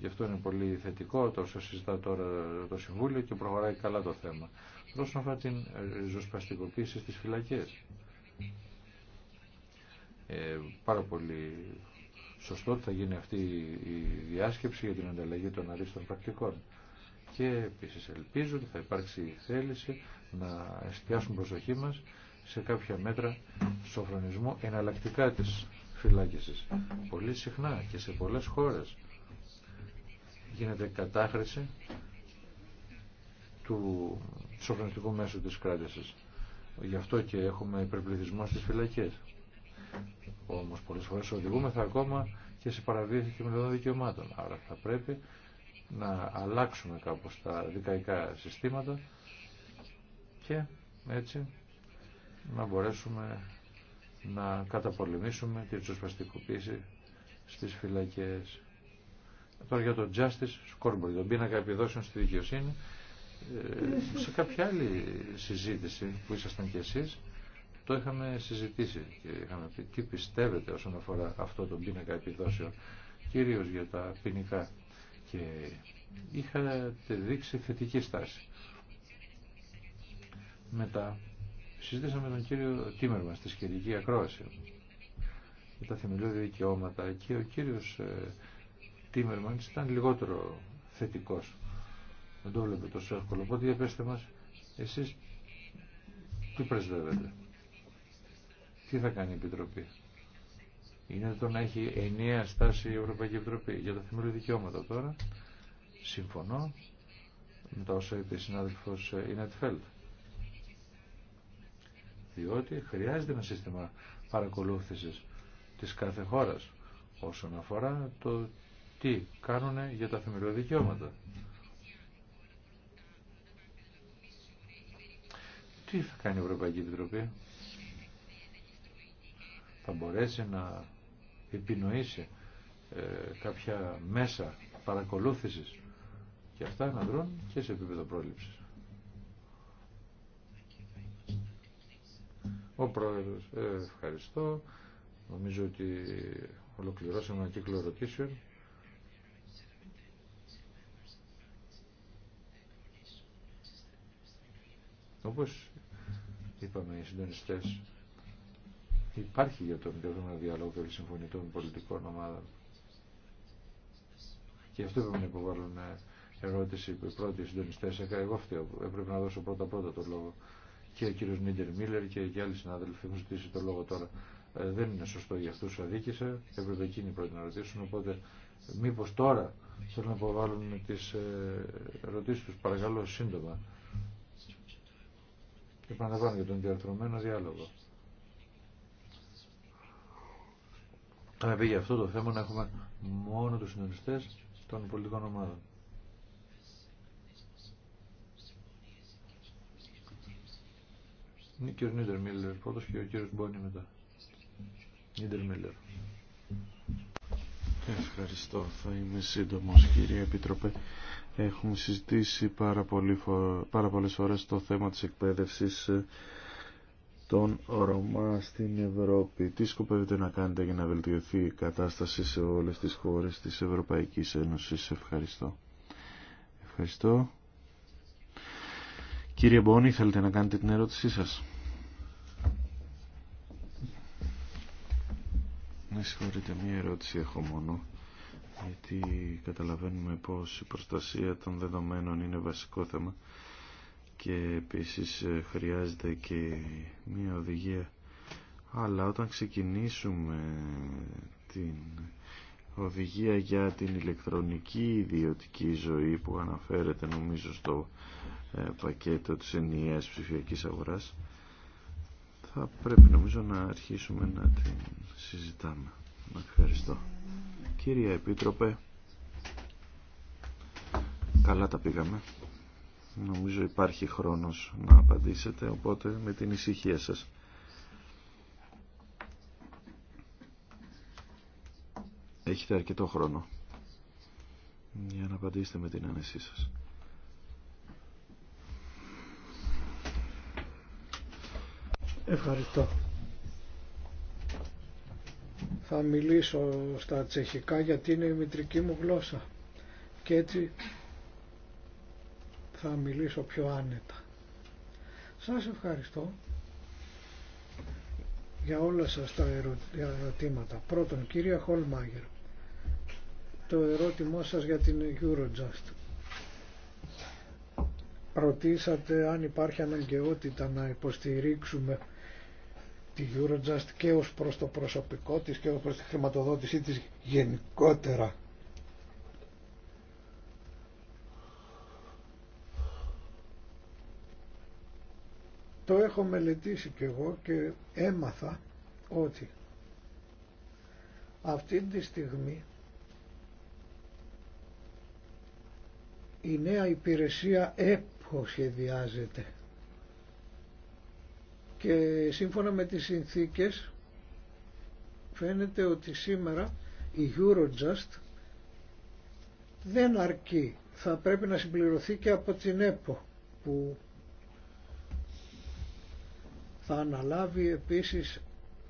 Γι' αυτό είναι πολύ θετικό το όσο συζητά τώρα το Συμβούλιο και προχωράει καλά το θέμα. Όσον αφορά την ε, ριζοσπαστικοποίηση στι φυλακές. Ε, πάρα πολύ σωστό ότι θα γίνει αυτή η διάσκεψη για την ανταλλαγή των αρίστων πρακτικών. Και επίσης ελπίζω ότι θα υπάρξει θέληση να εστιάσουν προσοχή μας σε κάποια μέτρα σοφρονισμού εναλλακτικά της φυλάκησης. Πολύ συχνά και σε πολλές χώρες γίνεται κατάχρηση του σοφρονιστικού μέσου της κράτησης. Γι' αυτό και έχουμε υπερπληθυσμό στις φυλακές. Όμως πολλέ φορέ οδηγούμεθα ακόμα και σε παραβίαση των δικαιωμάτων. Άρα θα πρέπει να αλλάξουμε κάπως τα δικαϊκά συστήματα και έτσι να μπορέσουμε να καταπολεμήσουμε τη ριζοσπαστικοποίηση στις φυλακές. Τώρα για το Justice Scoreboard, τον πίνακα επιδόσεων στη δικαιοσύνη, ε, σε κάποια άλλη συζήτηση που ήσασταν κι εσείς, το είχαμε συζητήσει και είχαμε πει τι πιστεύετε όσον αφορά αυτό το πίνακα επιδόσεων, κυρίως για τα ποινικά. Και είχατε δείξει θετική στάση. Μετά συζήτησαμε τον κύριο Τίμερμα στη σχετική ακρόαση για τα θεμελιώδη δικαιώματα και ο κύριος ε, Τίμερμαν ήταν λιγότερο θετικός. Δεν το βλέπετε τόσο εύκολο. Οπότε για πέστε μας, εσείς τι πρεσβεύετε τι θα κάνει η Επιτροπή. Είναι το να έχει ενιαία στάση η Ευρωπαϊκή Επιτροπή για τα θεμελιώδη δικαιώματα τώρα. Συμφωνώ με το όσα είπε η συνάδελφος Ινέτφελτ. Διότι χρειάζεται ένα σύστημα παρακολούθησης της κάθε χώρας όσον αφορά το τι κάνουν για τα θεμελιώδη δικαιώματα. Τι θα κάνει η Ευρωπαϊκή Επιτροπή θα μπορέσει να επινοήσει ε, κάποια μέσα παρακολούθησης και αυτά να δρουν και σε επίπεδο πρόληψης. Ο Πρόεδρος, ε, ευχαριστώ. Νομίζω ότι ολοκληρώσαμε ένα κύκλο ερωτήσεων. Όπως είπαμε οι συντονιστές υπάρχει για τον καθόμενο διάλογο και συμφωνητών των πολιτικών ομάδων. Και αυτό έπρεπε να υποβάλουν ε, ερώτηση που οι πρώτοι συντονιστέ ε, εγώ φταίω. Έπρεπε να δώσω πρώτα πρώτα το λόγο. Και ο κύριο Νίτερ Μίλλερ και, οι άλλοι συνάδελφοι έχουν ζητήσει το λόγο τώρα. Ε, δεν είναι σωστό για αυτού, αδίκησα. Έπρεπε εκείνοι πρώτοι να ρωτήσουν. Οπότε, μήπω τώρα θέλουν να υποβάλουν τι ερωτήσει του, παρακαλώ σύντομα. Επαναλαμβάνω για τον διαρθρωμένο διάλογο. Άρα πήγε αυτό το θέμα να έχουμε μόνο τους συντονιστές των πολιτικών ομάδων. Είναι ο κύριος Νίτερ Μίλλερ πρώτος και ο κύριος Μπόνι μετά. Νίτερ Μίλλερ. Ευχαριστώ. Θα είμαι σύντομος κύριε Επίτροπε. Έχουμε συζητήσει πάρα, πολύ, πάρα πολλές φορές το θέμα της εκπαίδευσης ε, τον Ρωμά στην Ευρώπη. Τι σκοπεύετε να κάνετε για να βελτιωθεί η κατάσταση σε όλες τις χώρες της Ευρωπαϊκής Ένωσης. Ευχαριστώ. Ευχαριστώ. Κύριε Μπονι, θέλετε να κάνετε την ερώτησή σας. Με συγχωρείτε, μία ερώτηση έχω μόνο. Γιατί καταλαβαίνουμε πως η προστασία των δεδομένων είναι βασικό θέμα και επίσης ε, χρειάζεται και μια οδηγία αλλά όταν ξεκινήσουμε την οδηγία για την ηλεκτρονική ιδιωτική ζωή που αναφέρεται νομίζω στο ε, πακέτο της ενιαίας ψηφιακής αγοράς θα πρέπει νομίζω να αρχίσουμε να την συζητάμε. Ευχαριστώ. Κύριε Επίτροπε, καλά τα πήγαμε. Νομίζω υπάρχει χρόνος να απαντήσετε, οπότε με την ησυχία σας. Έχετε αρκετό χρόνο για να απαντήσετε με την άνεσή σας. Ευχαριστώ. Θα μιλήσω στα τσεχικά γιατί είναι η μητρική μου γλώσσα και έτσι θα μιλήσω πιο άνετα. Σας ευχαριστώ για όλα σας τα ερωτήματα. Πρώτον, κυρία Χολμάγερ, το ερώτημά σας για την Eurojust. Ρωτήσατε αν υπάρχει αναγκαιότητα να υποστηρίξουμε τη Eurojust και ως προς το προσωπικό της και ως προς τη χρηματοδότησή της γενικότερα Το έχω μελετήσει κι εγώ και έμαθα ότι αυτή τη στιγμή η νέα υπηρεσία ΕΠΟ σχεδιάζεται και σύμφωνα με τις συνθήκες φαίνεται ότι σήμερα η Eurojust δεν αρκεί. Θα πρέπει να συμπληρωθεί και από την ΕΠΟ που θα αναλάβει επίσης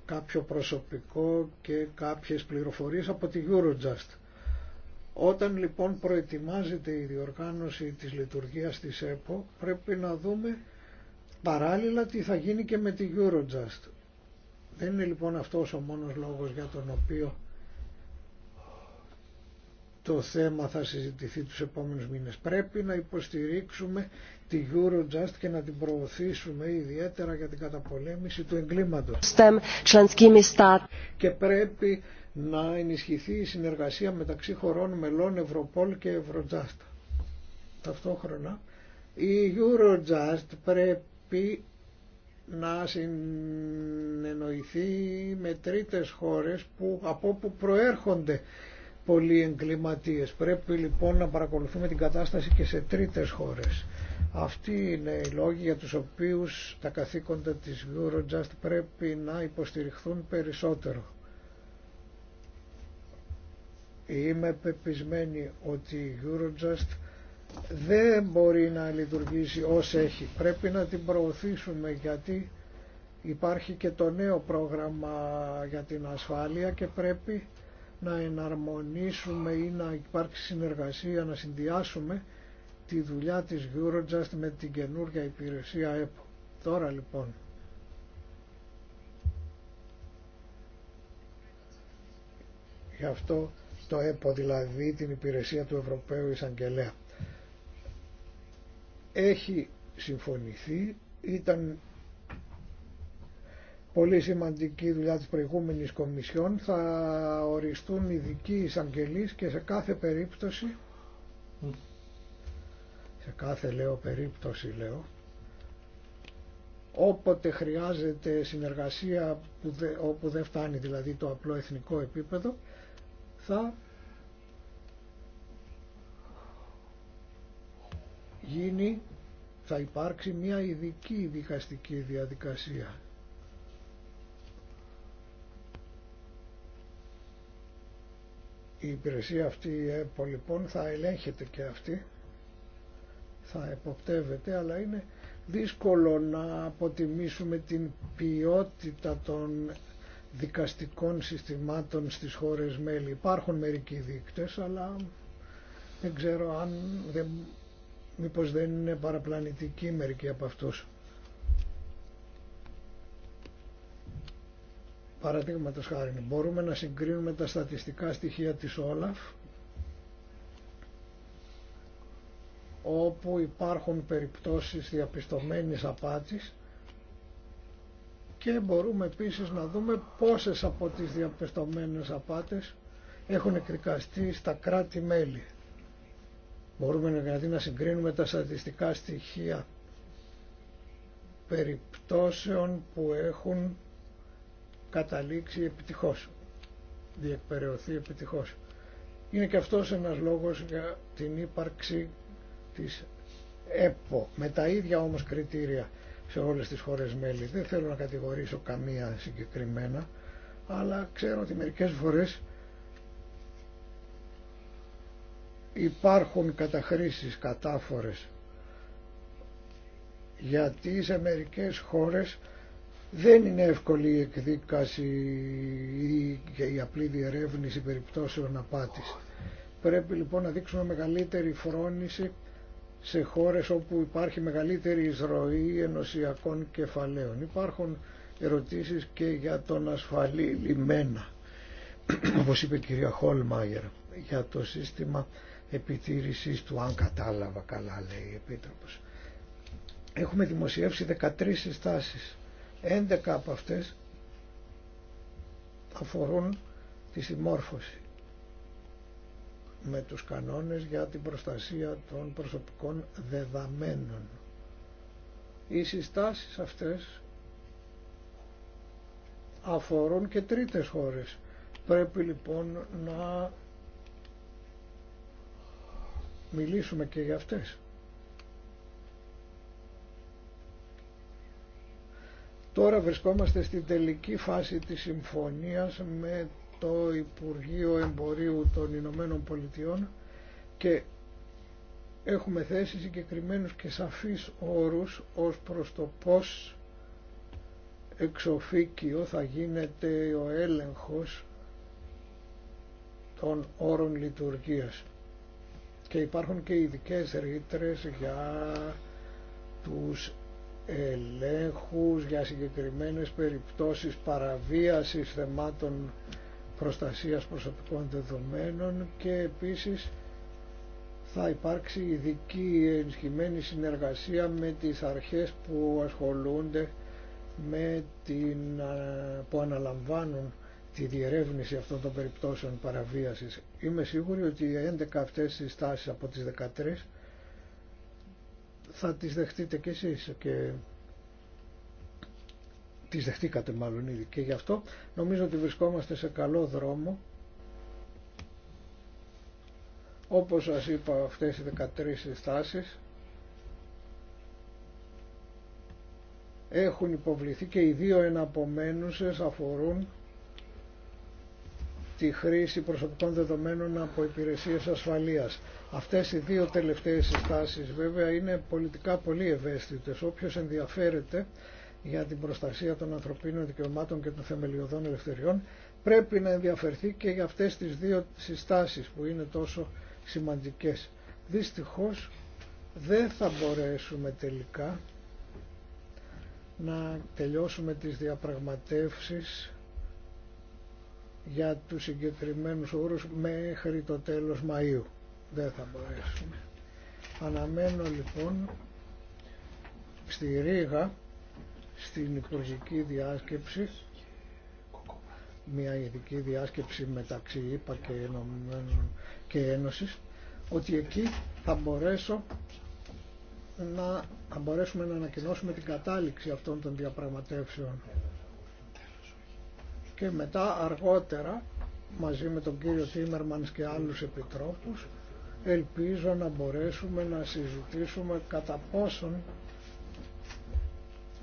κάποιο προσωπικό και κάποιες πληροφορίες από τη Eurojust. Όταν λοιπόν προετοιμάζεται η διοργάνωση της λειτουργίας της ΕΠΟ πρέπει να δούμε παράλληλα τι θα γίνει και με τη Eurojust. Δεν είναι λοιπόν αυτός ο μόνος λόγος για τον οποίο το θέμα θα συζητηθεί τους επόμενους μήνες. Πρέπει να υποστηρίξουμε τη Eurojust και να την προωθήσουμε ιδιαίτερα για την καταπολέμηση του εγκλήματος. Και πρέπει να ενισχυθεί η συνεργασία μεταξύ χωρών μελών Ευρωπόλ και Eurojust. Ταυτόχρονα η Eurojust πρέπει να συνεννοηθεί με τρίτες χώρες που, από όπου προέρχονται πολλοί εγκληματίες. Πρέπει λοιπόν να παρακολουθούμε την κατάσταση και σε τρίτες χώρες. Αυτοί είναι οι λόγοι για τους οποίους τα καθήκοντα της Eurojust πρέπει να υποστηριχθούν περισσότερο. Είμαι πεπισμένη ότι η Eurojust δεν μπορεί να λειτουργήσει ως έχει. Πρέπει να την προωθήσουμε γιατί υπάρχει και το νέο πρόγραμμα για την ασφάλεια και πρέπει να εναρμονίσουμε ή να υπάρξει συνεργασία, να συνδυάσουμε τη δουλειά της Eurojust με την καινούργια υπηρεσία ΕΠΟ. Τώρα λοιπόν. Γι' αυτό το ΕΠΟ δηλαδή την υπηρεσία του Ευρωπαίου Εισαγγελέα. Έχει συμφωνηθεί, ήταν πολύ σημαντική δουλειά της προηγούμενης Κομισιόν θα οριστούν ειδικοί εισαγγελείς και σε κάθε περίπτωση σε κάθε λέω περίπτωση λέω όποτε χρειάζεται συνεργασία που δε, όπου δεν φτάνει δηλαδή το απλό εθνικό επίπεδο θα γίνει θα υπάρξει μια ειδική δικαστική διαδικασία η υπηρεσία αυτή η ε, ΕΠΟ λοιπόν θα ελέγχεται και αυτή, θα εποπτεύεται, αλλά είναι δύσκολο να αποτιμήσουμε την ποιότητα των δικαστικών συστημάτων στις χώρες μέλη. Υπάρχουν μερικοί δείκτες, αλλά δεν ξέρω αν δεν, μήπως δεν είναι παραπλανητικοί μερικοί από αυτούς. Παραδείγματο χάρη, μπορούμε να συγκρίνουμε τα στατιστικά στοιχεία της Όλαφ όπου υπάρχουν περιπτώσεις διαπιστωμένης απάτης και μπορούμε επίσης να δούμε πόσες από τις διαπιστωμένες απάτες έχουν εκδικαστεί στα κράτη-μέλη. Μπορούμε δηλαδή να συγκρίνουμε τα στατιστικά στοιχεία περιπτώσεων που έχουν καταλήξει επιτυχώς, διεκπαιρεωθεί επιτυχώς. Είναι και αυτός ένας λόγος για την ύπαρξη της ΕΠΟ, με τα ίδια όμως κριτήρια σε όλες τις χώρες μέλη. Δεν θέλω να κατηγορήσω καμία συγκεκριμένα, αλλά ξέρω ότι μερικές φορές υπάρχουν καταχρήσεις κατάφορες γιατί σε μερικές χώρες δεν είναι εύκολη η εκδίκαση ή η απλή διερεύνηση περιπτώσεων απάτης. Πρέπει λοιπόν να δείξουμε μεγαλύτερη φρόνηση σε χώρες όπου υπάρχει μεγαλύτερη εισρωή ενωσιακών κεφαλαίων. Υπάρχουν ερωτήσεις και για τον ασφαλή λιμένα, (clears throat) όπως είπε η κυρία Χόλμαγερ, για το σύστημα επιτήρησης του, αν κατάλαβα καλά λέει η Επίτροπος. Έχουμε δημοσιεύσει 13 συστάσεις 11 από αυτές αφορούν τη συμμόρφωση με τους κανόνες για την προστασία των προσωπικών δεδαμένων. Οι συστάσεις αυτές αφορούν και τρίτες χώρες. Πρέπει λοιπόν να μιλήσουμε και για αυτές. Τώρα βρισκόμαστε στην τελική φάση της συμφωνίας με το Υπουργείο Εμπορίου των Ηνωμένων Πολιτειών και έχουμε θέσει συγκεκριμένους και σαφείς όρους ως προς το πώς εξοφίκιο θα γίνεται ο έλεγχος των όρων λειτουργίας. Και υπάρχουν και ειδικέ ρήτρες για τους ελέγχους για συγκεκριμένες περιπτώσεις παραβίασης θεμάτων προστασίας προσωπικών δεδομένων και επίσης θα υπάρξει ειδική ενισχυμένη συνεργασία με τις αρχές που ασχολούνται με την, που αναλαμβάνουν τη διερεύνηση αυτών των περιπτώσεων παραβίασης. Είμαι σίγουρη ότι οι 11 αυτές τάσεις από τις 13 θα τις δεχτείτε κι εσείς και τις δεχτήκατε μάλλον ήδη και γι' αυτό νομίζω ότι βρισκόμαστε σε καλό δρόμο όπως σας είπα αυτές οι 13 συστάσεις έχουν υποβληθεί και οι δύο εναπομένουσες αφορούν τη χρήση προσωπικών δεδομένων από υπηρεσίες ασφαλείας. Αυτές οι δύο τελευταίες συστάσεις βέβαια είναι πολιτικά πολύ ευαίσθητες. Όποιος ενδιαφέρεται για την προστασία των ανθρωπίνων δικαιωμάτων και των θεμελιωδών ελευθεριών πρέπει να ενδιαφερθεί και για αυτές τις δύο συστάσεις που είναι τόσο σημαντικές. Δυστυχώς δεν θα μπορέσουμε τελικά να τελειώσουμε τις διαπραγματεύσεις για τους συγκεκριμένους όρους μέχρι το τέλος Μαΐου. Δεν θα μπορέσουμε. Αναμένω λοιπόν στη Ρήγα, στην υπουργική διάσκεψη, μια ειδική διάσκεψη μεταξύ ΙΠΑ και, Ενωμένων και Ένωσης, ότι εκεί θα, μπορέσω να, θα μπορέσουμε να ανακοινώσουμε την κατάληξη αυτών των διαπραγματεύσεων και μετά αργότερα μαζί με τον κύριο Τίμερμανς και άλλους επιτρόπους ελπίζω να μπορέσουμε να συζητήσουμε κατά πόσον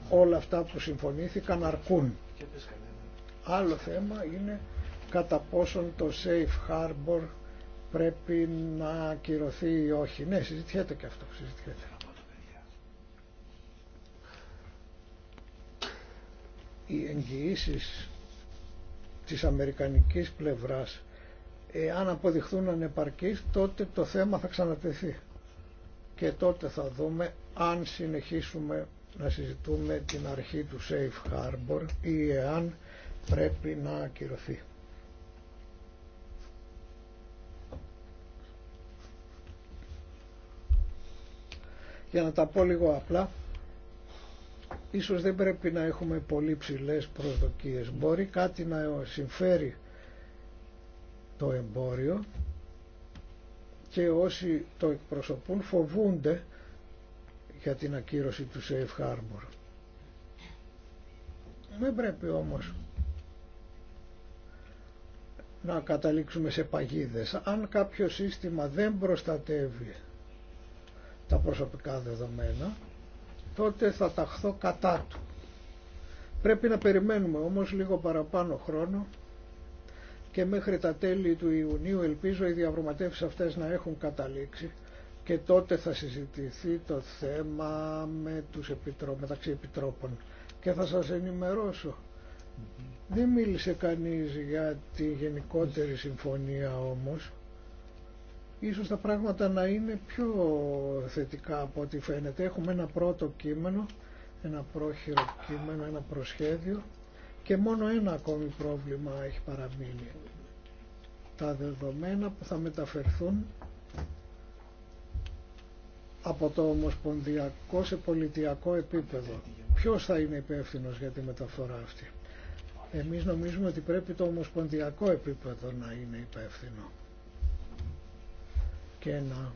όλα αυτά που συμφωνήθηκαν αρκούν. Άλλο θέμα είναι κατά πόσον το safe harbor πρέπει να ακυρωθεί ή όχι. Ναι, συζητιέται και αυτό, συζητιέται. Οι εγγυήσεις της αμερικανικής πλευράς εάν αποδειχθούν ανεπαρκείς τότε το θέμα θα ξανατεθεί και τότε θα δούμε αν συνεχίσουμε να συζητούμε την αρχή του Safe Harbor ή εάν πρέπει να ακυρωθεί. Για να τα πω λίγο απλά, ίσως δεν πρέπει να έχουμε πολύ ψηλέ προσδοκίες. Μπορεί κάτι να συμφέρει το εμπόριο και όσοι το εκπροσωπούν φοβούνται για την ακύρωση του Safe Harbor. Δεν πρέπει όμως να καταλήξουμε σε παγίδες. Αν κάποιο σύστημα δεν προστατεύει τα προσωπικά δεδομένα, τότε θα ταχθώ κατά του. Πρέπει να περιμένουμε όμως λίγο παραπάνω χρόνο και μέχρι τα τέλη του Ιουνίου ελπίζω οι διαπραγματεύσεις αυτές να έχουν καταλήξει και τότε θα συζητηθεί το θέμα με τους επιτρό... μεταξύ επιτρόπων και θα σας ενημερώσω. Δεν μίλησε κανείς για τη γενικότερη συμφωνία όμως ίσως τα πράγματα να είναι πιο θετικά από ό,τι φαίνεται. Έχουμε ένα πρώτο κείμενο, ένα πρόχειρο κείμενο, ένα προσχέδιο και μόνο ένα ακόμη πρόβλημα έχει παραμείνει. Τα δεδομένα που θα μεταφερθούν από το ομοσπονδιακό σε πολιτιακό επίπεδο. Ποιος θα είναι υπεύθυνο για τη μεταφορά αυτή. Εμείς νομίζουμε ότι πρέπει το ομοσπονδιακό επίπεδο να είναι υπεύθυνο και να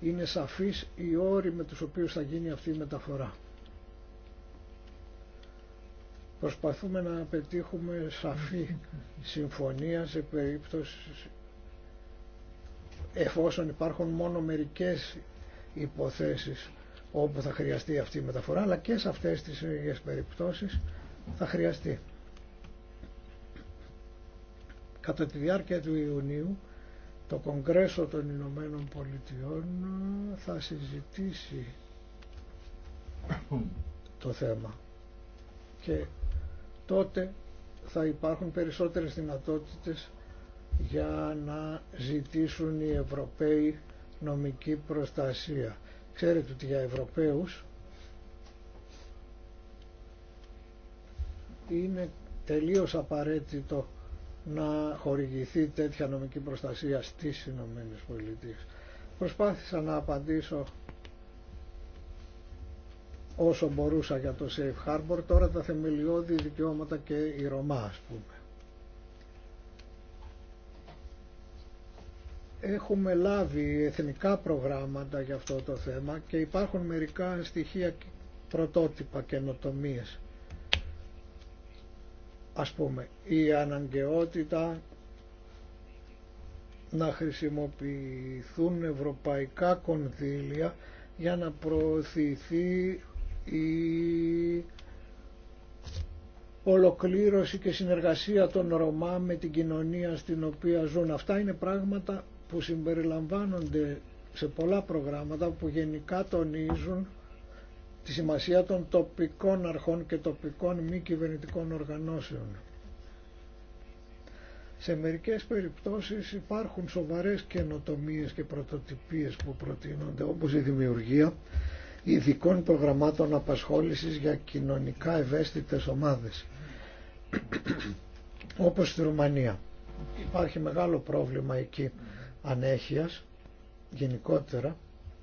είναι σαφής η όροι με τους οποίους θα γίνει αυτή η μεταφορά. Προσπαθούμε να πετύχουμε σαφή συμφωνία σε περίπτωση εφόσον υπάρχουν μόνο μερικές υποθέσεις όπου θα χρειαστεί αυτή η μεταφορά αλλά και σε αυτές τις ίδιες περιπτώσεις θα χρειαστεί. Κατά τη διάρκεια του Ιουνίου το Κογκρέσο των Ηνωμένων Πολιτειών θα συζητήσει το θέμα και τότε θα υπάρχουν περισσότερες δυνατότητες για να ζητήσουν οι Ευρωπαίοι νομική προστασία. Ξέρετε ότι για Ευρωπαίους είναι τελείως απαραίτητο να χορηγηθεί τέτοια νομική προστασία στις Ηνωμένες Πολιτείες. Προσπάθησα να απαντήσω όσο μπορούσα για το Safe Harbor, τώρα τα θεμελιώδη δικαιώματα και η Ρωμά ας πούμε. Έχουμε λάβει εθνικά προγράμματα για αυτό το θέμα και υπάρχουν μερικά στοιχεία πρωτότυπα καινοτομίες ας πούμε η αναγκαιότητα να χρησιμοποιηθούν ευρωπαϊκά κονδύλια για να προωθηθεί η ολοκλήρωση και συνεργασία των Ρωμά με την κοινωνία στην οποία ζουν. Αυτά είναι πράγματα που συμπεριλαμβάνονται σε πολλά προγράμματα που γενικά τονίζουν τη σημασία των τοπικών αρχών και τοπικών μη κυβερνητικών οργανώσεων. Σε μερικές περιπτώσεις υπάρχουν σοβαρές καινοτομίες και πρωτοτυπίες που προτείνονται όπως η δημιουργία ειδικών προγραμμάτων απασχόλησης για κοινωνικά ευαίσθητες ομάδες όπως στη Ρουμανία. Υπάρχει μεγάλο πρόβλημα εκεί ανέχειας γενικότερα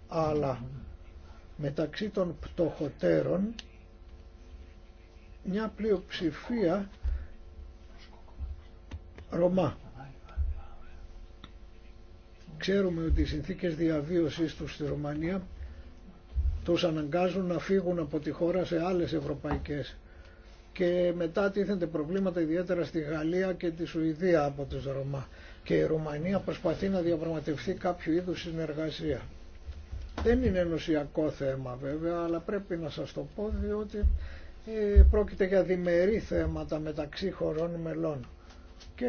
αλλά μεταξύ των πτωχοτέρων μια πλειοψηφία Ρωμά. Ξέρουμε ότι οι συνθήκες διαβίωσης τους στη Ρωμανία τους αναγκάζουν να φύγουν από τη χώρα σε άλλες ευρωπαϊκές και μετά τίθενται προβλήματα ιδιαίτερα στη Γαλλία και τη Σουηδία από τους Ρωμά και η Ρουμανία προσπαθεί να διαπραγματευτεί κάποιο είδους συνεργασία. Δεν είναι ενωσιακό θέμα βέβαια, αλλά πρέπει να σας το πω διότι ε, πρόκειται για διμερεί θέματα μεταξύ χωρών μελών και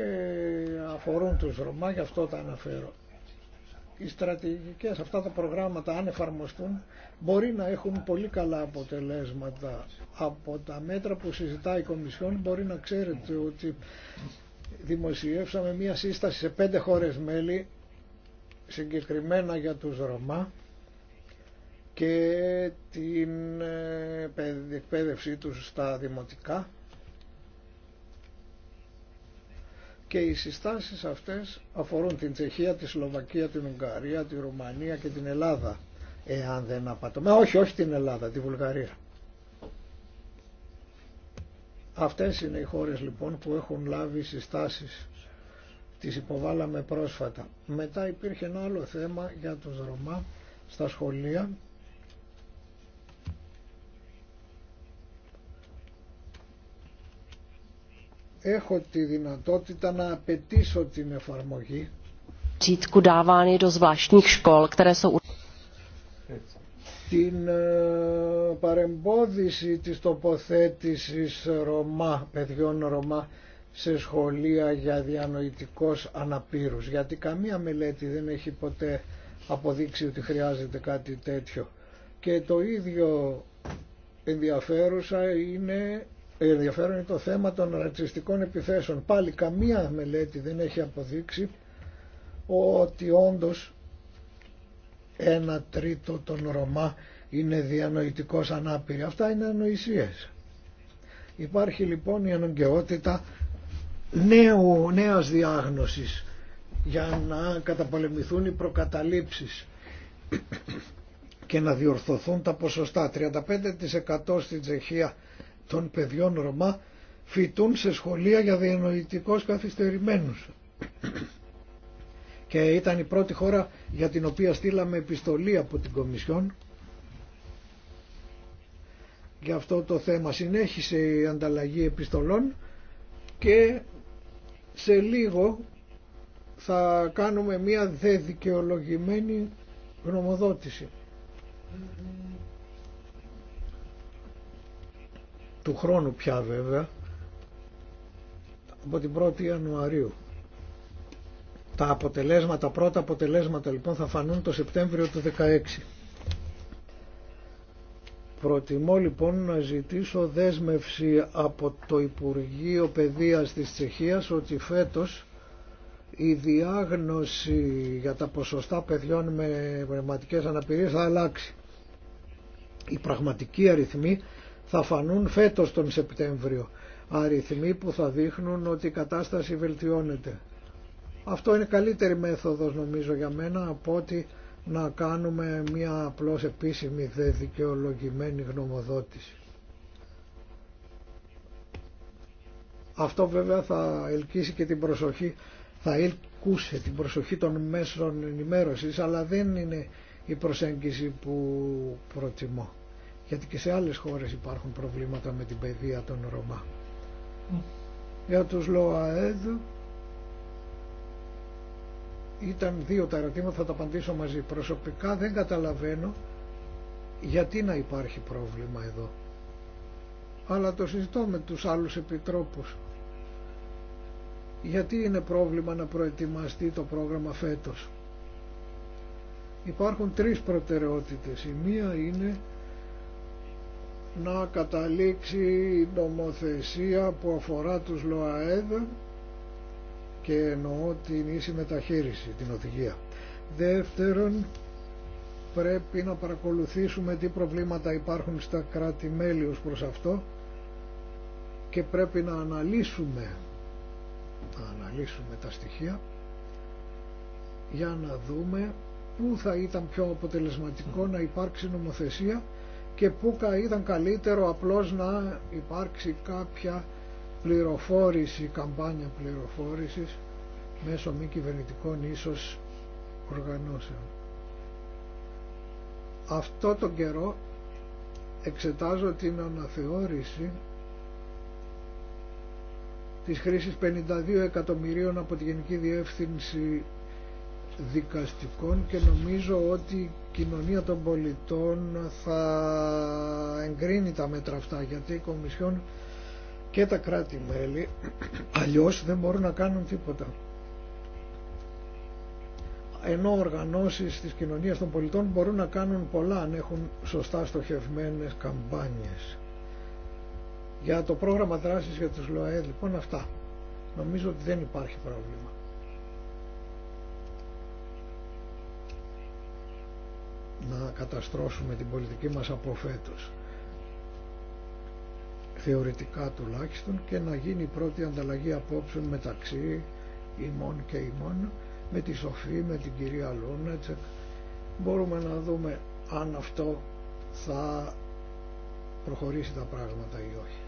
αφορούν τους Ρωμά, γι' αυτό τα αναφέρω. Οι στρατηγικές, αυτά τα προγράμματα αν εφαρμοστούν μπορεί να έχουν πολύ καλά αποτελέσματα. Από τα μέτρα που συζητάει η Κομισιόν μπορεί να ξέρετε ότι δημοσιεύσαμε μία σύσταση σε πέντε χώρες μέλη συγκεκριμένα για τους Ρωμά και την ε, εκπαίδευσή τους στα δημοτικά και οι συστάσεις αυτές αφορούν την Τσεχία, τη Σλοβακία, την Ουγγαρία, τη Ρουμανία και την Ελλάδα εάν δεν απατώμε, όχι, όχι την Ελλάδα, τη Βουλγαρία. Αυτές είναι οι χώρες λοιπόν που έχουν λάβει συστάσεις. Τις υποβάλαμε πρόσφατα. Μετά υπήρχε ένα άλλο θέμα για τους Ρωμά στα σχολεία έχω τη δυνατότητα να απαιτήσω την εφαρμογή την ε, παρεμπόδιση της τοποθέτησης Ρωμά, παιδιών Ρωμά σε σχολεία για διανοητικός αναπήρους γιατί καμία μελέτη δεν έχει ποτέ αποδείξει ότι χρειάζεται κάτι τέτοιο και το ίδιο ενδιαφέρουσα είναι ενδιαφέρον είναι το θέμα των ρατσιστικών επιθέσεων. Πάλι καμία μελέτη δεν έχει αποδείξει ότι όντως ένα τρίτο των Ρωμά είναι διανοητικός ανάπηροι. Αυτά είναι ανοησίες. Υπάρχει λοιπόν η αναγκαιότητα νέου, νέας διάγνωσης για να καταπολεμηθούν οι προκαταλήψεις και να διορθωθούν τα ποσοστά. 35% στην Τσεχία των παιδιών Ρωμά φοιτούν σε σχολεία για διανοητικώς καθυστερημένους. Και ήταν η πρώτη χώρα για την οποία στείλαμε επιστολή από την Κομισιόν για αυτό το θέμα. Συνέχισε η ανταλλαγή επιστολών και σε λίγο θα κάνουμε μία δε δικαιολογημένη γνωμοδότηση. του χρόνου πια βέβαια από την 1η Ιανουαρίου. Τα αποτελέσματα, πρώτα αποτελέσματα λοιπόν θα φανούν το Σεπτέμβριο του 2016. Προτιμώ λοιπόν να ζητήσω δέσμευση από το Υπουργείο Παιδείας της Τσεχίας ότι φέτος η διάγνωση για τα ποσοστά παιδιών με πνευματικές αναπηρίες θα αλλάξει. Η πραγματική αριθμή θα φανούν φέτος τον Σεπτέμβριο. Αριθμοί που θα δείχνουν ότι η κατάσταση βελτιώνεται. Αυτό είναι καλύτερη μέθοδος νομίζω για μένα από ότι να κάνουμε μία απλώς επίσημη δε δικαιολογημένη γνωμοδότηση. Αυτό βέβαια θα ελκύσει και την προσοχή, θα ελκούσε την προσοχή των μέσων ενημέρωσης, αλλά δεν είναι η προσέγγιση που προτιμώ γιατί και σε άλλες χώρες υπάρχουν προβλήματα με την παιδεία των Ρωμά. Mm. Για τους ΛΟΑΕΔ ήταν δύο τα ερωτήματα, θα τα απαντήσω μαζί. Προσωπικά δεν καταλαβαίνω γιατί να υπάρχει πρόβλημα εδώ. Αλλά το συζητώ με τους άλλους επιτρόπους. Γιατί είναι πρόβλημα να προετοιμαστεί το πρόγραμμα φέτος. Υπάρχουν τρεις προτεραιότητες. Η μία είναι να καταλήξει η νομοθεσία που αφορά τους ΛΟΑΕΔ και εννοώ την ίση μεταχείριση, την οδηγία. Δεύτερον, πρέπει να παρακολουθήσουμε τι προβλήματα υπάρχουν στα κράτη-μέλη προς αυτό και πρέπει να αναλύσουμε, να αναλύσουμε τα στοιχεία για να δούμε πού θα ήταν πιο αποτελεσματικό να υπάρξει νομοθεσία και που ήταν καλύτερο απλώς να υπάρξει κάποια πληροφόρηση, καμπάνια πληροφόρησης μέσω μη κυβερνητικών ίσως οργανώσεων. Αυτό τον καιρό εξετάζω την αναθεώρηση της χρήσης 52 εκατομμυρίων από τη Γενική Διεύθυνση Δικαστικών και νομίζω ότι η κοινωνία των πολιτών θα εγκρίνει τα μέτρα αυτά γιατί η Κομισιόν και τα κράτη-μέλη αλλιώς δεν μπορούν να κάνουν τίποτα. Ενώ οργανώσεις της κοινωνίας των πολιτών μπορούν να κάνουν πολλά αν έχουν σωστά στοχευμένες καμπάνιες. Για το πρόγραμμα δράσης για τους ΛΟΑΕΔ λοιπόν αυτά. Νομίζω ότι δεν υπάρχει πρόβλημα. να καταστρώσουμε την πολιτική μας από φέτος θεωρητικά τουλάχιστον και να γίνει η πρώτη ανταλλαγή απόψεων μεταξύ ημών και ημών με τη Σοφή, με την κυρία Λούνετσεκ μπορούμε να δούμε αν αυτό θα προχωρήσει τα πράγματα ή όχι.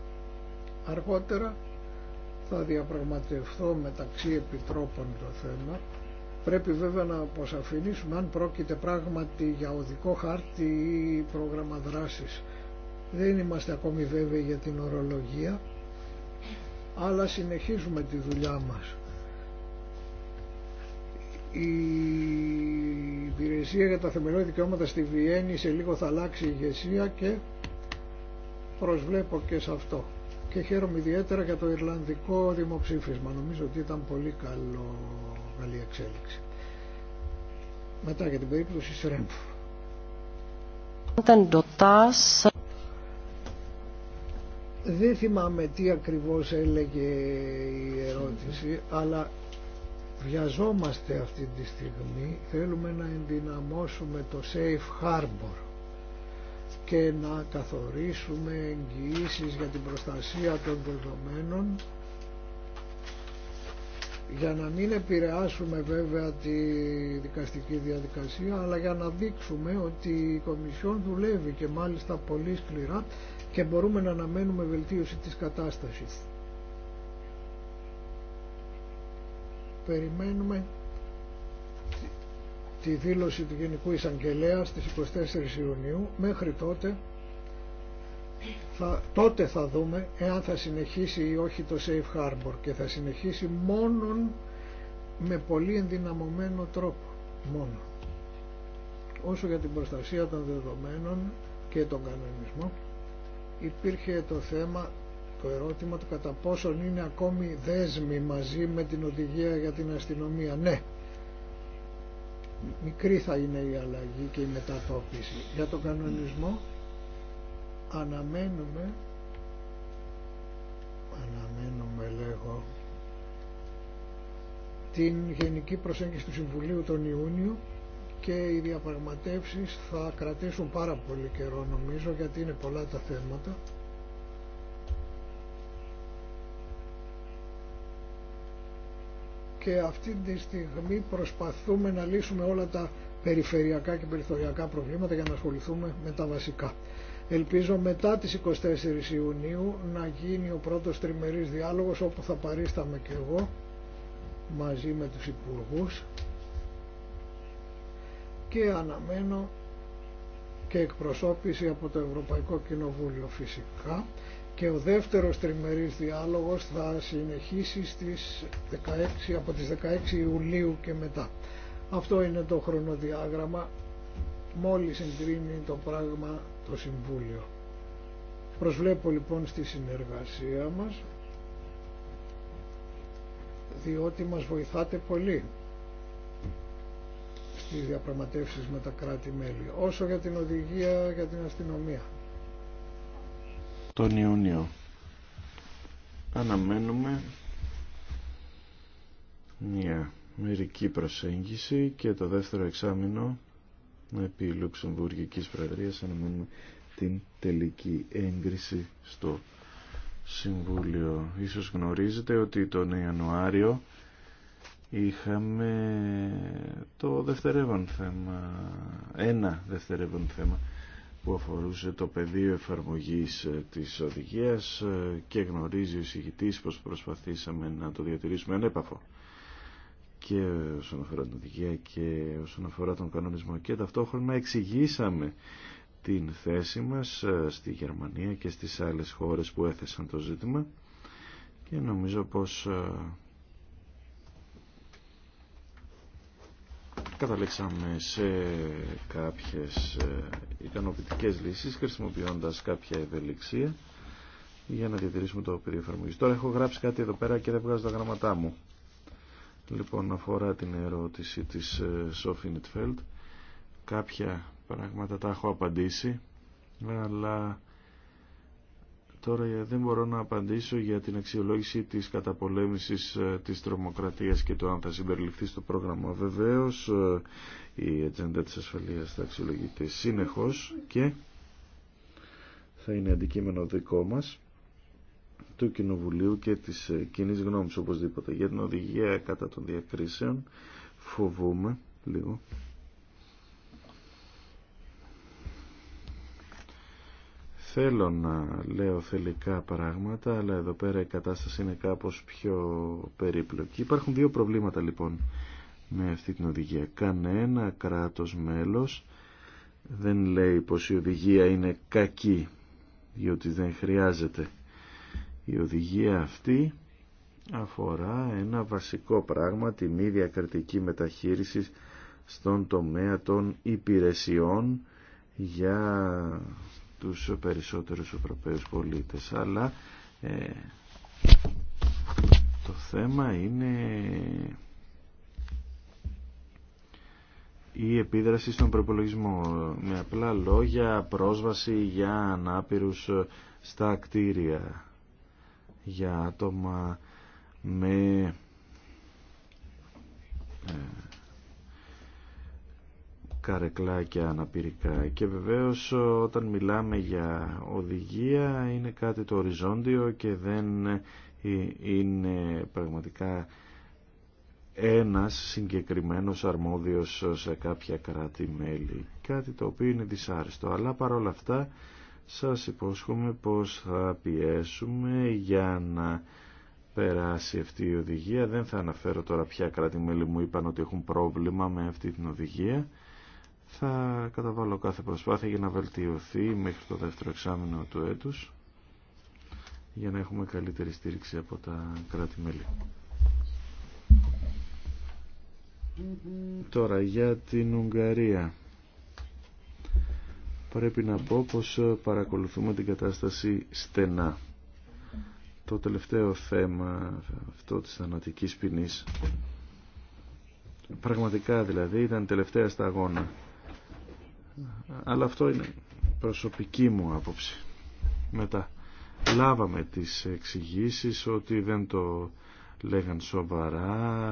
Αργότερα θα διαπραγματευθώ μεταξύ επιτρόπων το θέμα Πρέπει βέβαια να αποσαφηνίσουμε αν πρόκειται πράγματι για οδικό χάρτη ή πρόγραμμα δράσης. Δεν είμαστε ακόμη βέβαιοι για την ορολογία, αλλά συνεχίζουμε τη δουλειά μας. Η υπηρεσία για τα θεμελιώδη δικαιώματα στη Βιέννη σε λίγο θα αλλάξει ηγεσία και προσβλέπω και σε αυτό. Και χαίρομαι ιδιαίτερα για το Ιρλανδικό δημοψήφισμα. Νομίζω ότι ήταν πολύ καλό. Μετά για την περίπτωση Σρέμπου. Δεν θυμάμαι τι ακριβώς έλεγε η ερώτηση, αλλά βιαζόμαστε αυτή τη στιγμή, θέλουμε να ενδυναμώσουμε το safe harbor και να καθορίσουμε εγγυήσεις για την προστασία των δεδομένων για να μην επηρεάσουμε βέβαια τη δικαστική διαδικασία αλλά για να δείξουμε ότι η Κομισιόν δουλεύει και μάλιστα πολύ σκληρά και μπορούμε να αναμένουμε βελτίωση της κατάστασης. Περιμένουμε τη δήλωση του Γενικού Εισαγγελέα στις 24 Ιουνίου. Μέχρι τότε τότε θα δούμε εάν θα συνεχίσει ή όχι το safe harbor και θα συνεχίσει μόνον με πολύ ενδυναμωμένο τρόπο μόνο όσο για την προστασία των δεδομένων και τον κανονισμό υπήρχε το θέμα το ερώτημα του κατά πόσον είναι ακόμη δέσμοι μαζί με την οδηγία για την αστυνομία ναι μικρή θα είναι η αλλαγή και η μετατόπιση για τον κανονισμό αναμένουμε αναμένουμε λέγω την Γενική Προσέγγιση του Συμβουλίου τον Ιούνιο και οι διαπραγματεύσεις θα κρατήσουν πάρα πολύ καιρό νομίζω γιατί είναι πολλά τα θέματα και αυτή τη στιγμή προσπαθούμε να λύσουμε όλα τα περιφερειακά και περιθωριακά προβλήματα για να ασχοληθούμε με τα βασικά. Ελπίζω μετά τις 24 Ιουνίου να γίνει ο πρώτος τριμερής διάλογος όπου θα παρίσταμε και εγώ μαζί με τους υπουργούς και αναμένω και εκπροσώπηση από το Ευρωπαϊκό Κοινοβούλιο φυσικά και ο δεύτερος τριμερής διάλογος θα συνεχίσει στις 16, από τις 16 Ιουλίου και μετά. Αυτό είναι το χρονοδιάγραμμα μόλις εγκρίνει το πράγμα το Συμβούλιο. Προσβλέπω λοιπόν στη συνεργασία μας διότι μας βοηθάτε πολύ στις διαπραγματεύσεις με τα κράτη-μέλη. Όσο για την οδηγία για την αστυνομία. Τον Ιούνιο αναμένουμε μια μερική προσέγγιση και το δεύτερο εξάμεινο επί Λουξεμβουργικής Προεδρίας αναμένουμε την τελική έγκριση στο Συμβούλιο. Ίσως γνωρίζετε ότι τον Ιανουάριο είχαμε το δευτερεύον θέμα, ένα δευτερεύον θέμα που αφορούσε το πεδίο εφαρμογής της οδηγίας και γνωρίζει ο εισηγητής πως προσπαθήσαμε να το διατηρήσουμε ανέπαφο και όσον αφορά την οδηγία και όσον αφορά τον κανονισμό και ταυτόχρονα εξηγήσαμε την θέση μας ε, στη Γερμανία και στις άλλες χώρες που έθεσαν το ζήτημα και νομίζω πως ε, καταλήξαμε σε κάποιες ε, ικανοποιητικές λύσεις χρησιμοποιώντας κάποια ευελιξία για να διατηρήσουμε το πεδίο εφαρμογής. Τώρα έχω γράψει κάτι εδώ πέρα και δεν βγάζω τα γραμματά μου. Λοιπόν, αφορά την ερώτηση της Σόφι ε, Νιτφέλτ. Κάποια πράγματα τα έχω απαντήσει, αλλά τώρα δεν μπορώ να απαντήσω για την αξιολόγηση της καταπολέμησης ε, της τρομοκρατίας και το αν θα συμπεριληφθεί στο πρόγραμμα. Βεβαίως, ε, η ατζέντα της ασφαλείας θα αξιολογείται συνεχώς και θα είναι αντικείμενο δικό μας του Κοινοβουλίου και της ε, κοινή γνώμης οπωσδήποτε. Για την οδηγία κατά των διακρίσεων φοβούμε λίγο. Θέλω να λέω θελικά πράγματα, αλλά εδώ πέρα η κατάσταση είναι κάπως πιο περίπλοκη. Υπάρχουν δύο προβλήματα λοιπόν με αυτή την οδηγία. Κανένα κράτος μέλος δεν λέει πως η οδηγία είναι κακή, διότι δεν χρειάζεται. Η οδηγία αυτή αφορά ένα βασικό πράγμα, τη μη διακριτική μεταχείριση στον τομέα των υπηρεσιών για τους περισσότερους Ευρωπαίους πολίτες. Αλλά ε, το θέμα είναι η επίδραση στον προπολογισμό. Με απλά λόγια πρόσβαση για ανάπηρους στα κτίρια για άτομα με ε, καρεκλάκια αναπηρικά και βεβαίως όταν μιλάμε για οδηγία είναι κάτι το οριζόντιο και δεν ε, είναι πραγματικά ένας συγκεκριμένος αρμόδιος σε κάποια κράτη-μέλη. Κάτι το οποίο είναι δυσάρεστο. Αλλά παρόλα αυτά σας υπόσχομαι πως θα πιέσουμε για να περάσει αυτή η οδηγία. Δεν θα αναφέρω τώρα ποια κράτη-μέλη μου είπαν ότι έχουν πρόβλημα με αυτή την οδηγία. Θα καταβάλω κάθε προσπάθεια για να βελτιωθεί μέχρι το δεύτερο εξάμεινο του έτους για να έχουμε καλύτερη στήριξη από τα κράτη-μέλη. Τώρα για την Ουγγαρία πρέπει να πω πως ε, παρακολουθούμε την κατάσταση στενά. Το τελευταίο θέμα αυτό της θανατικής ποινής πραγματικά δηλαδή ήταν τελευταία στα αγώνα. Αλλά αυτό είναι προσωπική μου άποψη. Μετά λάβαμε τις εξηγήσεις ότι δεν το λέγαν σοβαρά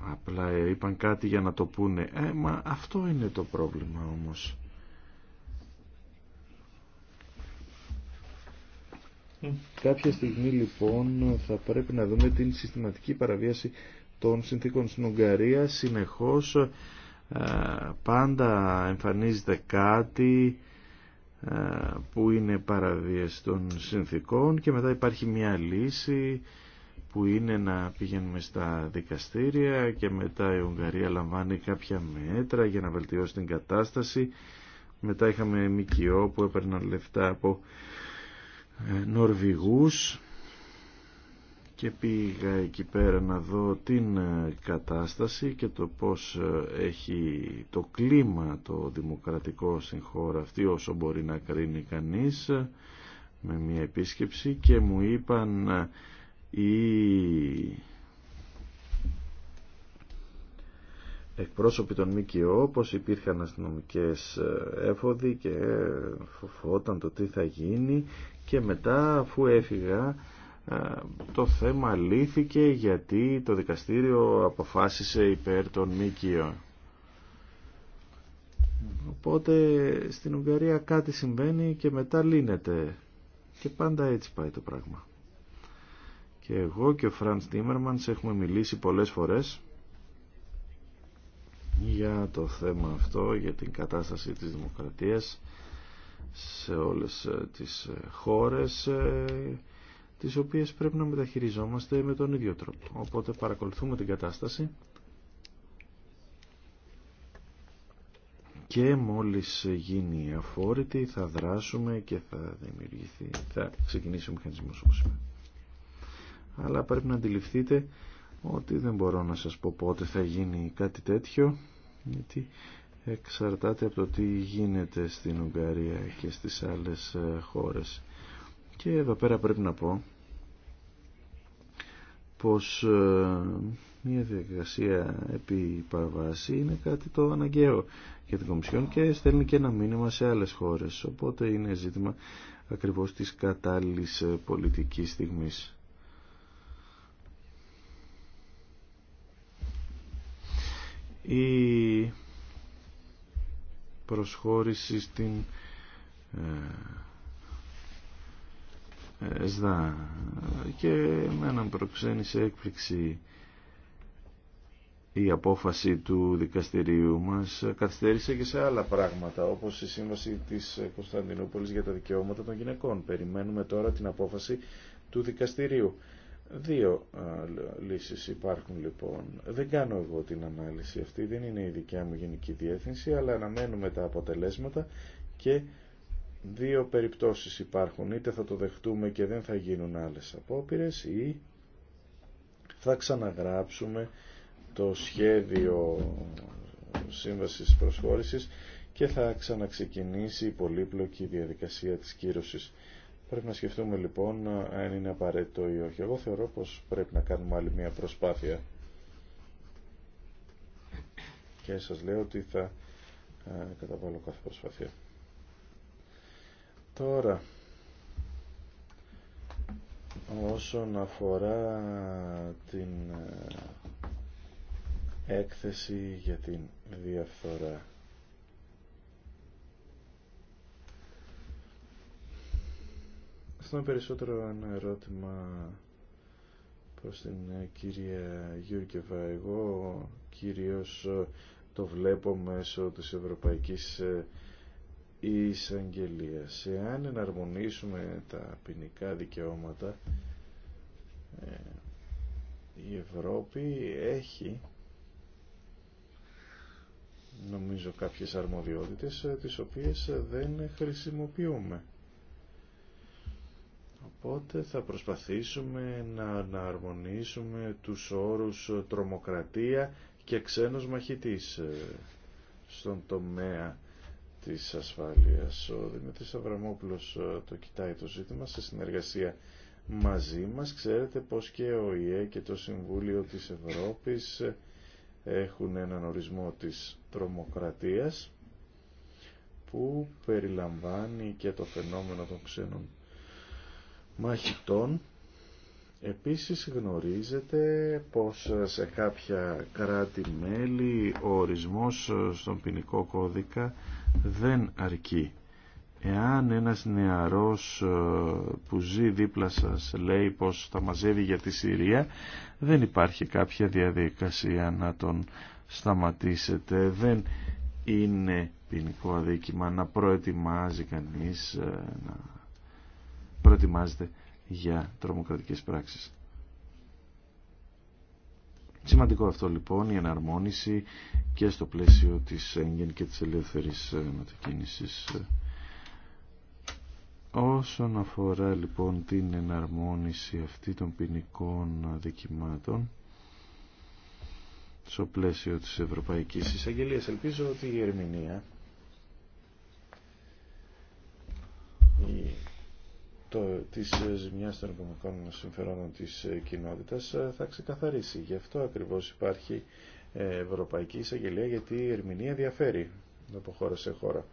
Απλά ε, είπαν κάτι για να το πούνε. Ε, μα αυτό είναι το πρόβλημα όμως. Κάποια στιγμή λοιπόν θα πρέπει να δούμε την συστηματική παραβίαση των συνθήκων στην Ουγγαρία. Συνεχώς ε, πάντα εμφανίζεται κάτι ε, που είναι παραβίαση των συνθήκων και μετά υπάρχει μια λύση που είναι να πηγαίνουμε στα δικαστήρια και μετά η Ουγγαρία λαμβάνει κάποια μέτρα για να βελτιώσει την κατάσταση. Μετά είχαμε ΜΚΟ που έπαιρναν λεφτά από ε, Νορβηγούς και πήγα εκεί πέρα να δω την ε, κατάσταση και το πώς ε, έχει το κλίμα το δημοκρατικό στην χώρα αυτή όσο μπορεί να κρίνει κανείς με μια επίσκεψη και μου είπαν οι εκπρόσωποι των ΜΚΟ όπως υπήρχαν αστυνομικές ε, έφοδοι και φοβόταν το τι θα γίνει και μετά αφού έφυγα ε, το θέμα λύθηκε γιατί το δικαστήριο αποφάσισε υπέρ των ΜΚΟ. Οπότε στην Ουγγαρία κάτι συμβαίνει και μετά λύνεται. Και πάντα έτσι πάει το πράγμα. Και εγώ και ο Φράντ Τίμερμαντ έχουμε μιλήσει πολλές φορές για το θέμα αυτό, για την κατάσταση της δημοκρατίας σε όλες ε, τις ε, χώρες ε, τις οποίες πρέπει να μεταχειριζόμαστε με τον ίδιο τρόπο. Οπότε παρακολουθούμε την κατάσταση και μόλις γίνει αφόρητη θα δράσουμε και θα δημιουργηθεί, θα ξεκινήσει ο μηχανισμός όπως αλλά πρέπει να αντιληφθείτε ότι δεν μπορώ να σας πω πότε θα γίνει κάτι τέτοιο γιατί εξαρτάται από το τι γίνεται στην Ουγγαρία και στις άλλες ε, χώρες. Και εδώ πέρα πρέπει να πω πως ε, μια διαδικασία επί παραβάση είναι κάτι το αναγκαίο για την Κομισιόν και στέλνει και ένα μήνυμα σε άλλες χώρες. Οπότε είναι ζήτημα ακριβώς της κατάλληλης ε, πολιτικής στιγμής. η προσχώρηση στην ε, ε, ΕΣΔΑ και εμένα έναν σε έκπληξη η απόφαση του δικαστηρίου μας καθυστέρησε και σε άλλα πράγματα όπως η σύμβαση της Κωνσταντινούπολης για τα δικαιώματα των γυναικών. Περιμένουμε τώρα την απόφαση του δικαστηρίου. Δύο λύσεις υπάρχουν λοιπόν. Δεν κάνω εγώ την ανάλυση αυτή, δεν είναι η δικιά μου γενική διεύθυνση, αλλά αναμένουμε τα αποτελέσματα και δύο περιπτώσεις υπάρχουν. Είτε θα το δεχτούμε και δεν θα γίνουν άλλες απόπειρες ή θα ξαναγράψουμε το σχέδιο σύμβασης προσχώρησης και θα ξαναξεκινήσει η πολύπλοκη διαδικασία της κύρωσης. Πρέπει να σκεφτούμε λοιπόν αν είναι απαραίτητο ή όχι. Εγώ θεωρώ πως πρέπει να κάνουμε άλλη μια προσπάθεια. Και σας λέω ότι θα ε, καταβάλω κάθε προσπάθεια. Τώρα, όσον αφορά την ε, έκθεση για την διαφθορά. είναι περισσότερο ένα ερώτημα προς την ε, κυρία Γιούρκεβα. Εγώ κυρίως ε, το βλέπω μέσω της Ευρωπαϊκής ε, εισαγγελία. Εάν εναρμονίσουμε τα ποινικά δικαιώματα, η Ευρώπη έχει νομίζω κάποιες αρμοδιότητες τις οποίες δεν χρησιμοποιούμε. Οπότε θα προσπαθήσουμε να αναρμονίσουμε τους όρους τρομοκρατία και ξένος μαχητής ε, στον τομέα της ασφάλειας. Ο Δημήτρης Αβραμόπουλος ε, το κοιτάει το ζήτημα σε συνεργασία μαζί μας. Ξέρετε πως και ο ΙΕ και το Συμβούλιο της Ευρώπης ε, έχουν έναν ορισμό της τρομοκρατίας που περιλαμβάνει και το φαινόμενο των ξένων μαχητών. Επίσης γνωρίζετε πως σε κάποια κράτη-μέλη ο ορισμός στον ποινικό κώδικα δεν αρκεί. Εάν ένας νεαρός ε, που ζει δίπλα σας λέει πως τα μαζεύει για τη Συρία, δεν υπάρχει κάποια διαδικασία να τον σταματήσετε. Δεν είναι ποινικό αδίκημα να προετοιμάζει κανείς ε, να προετοιμάζεται για τρομοκρατικές πράξεις. Σημαντικό αυτό λοιπόν η εναρμόνιση και στο πλαίσιο της έγκαινης και της ελεύθερης ε, μετακίνησης. Όσον αφορά λοιπόν την εναρμόνιση αυτή των ποινικών δικημάτων στο πλαίσιο της Ευρωπαϊκής Εισαγγελίας ελπίζω ότι η ερμηνεία το, της ε, ζημιάς των οικονομικών συμφερόντων της ε, κοινότητας ε, θα ξεκαθαρίσει. Γι' αυτό ακριβώς υπάρχει Ευρωπαϊκή Εισαγγελία γιατί η ερμηνεία διαφέρει από χώρα σε χώρα.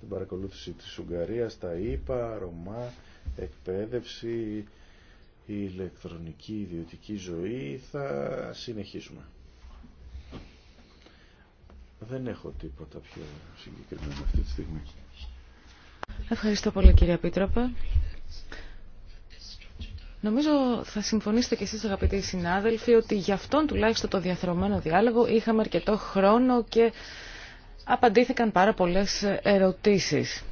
Την παρακολούθηση της Ουγγαρίας, τα ΙΠΑ, Ρωμά, εκπαίδευση, η ηλεκτρονική ιδιωτική ζωή θα συνεχίσουμε. Δεν έχω τίποτα πιο συγκεκριμένο αυτή τη στιγμή. Ευχαριστώ πολύ κύριε Πίτροπε. Νομίζω θα συμφωνήσετε κι εσείς αγαπητοί συνάδελφοι ότι γι' αυτόν τουλάχιστον το διαθρωμένο διάλογο είχαμε αρκετό χρόνο και απαντήθηκαν πάρα πολλές ερωτήσεις.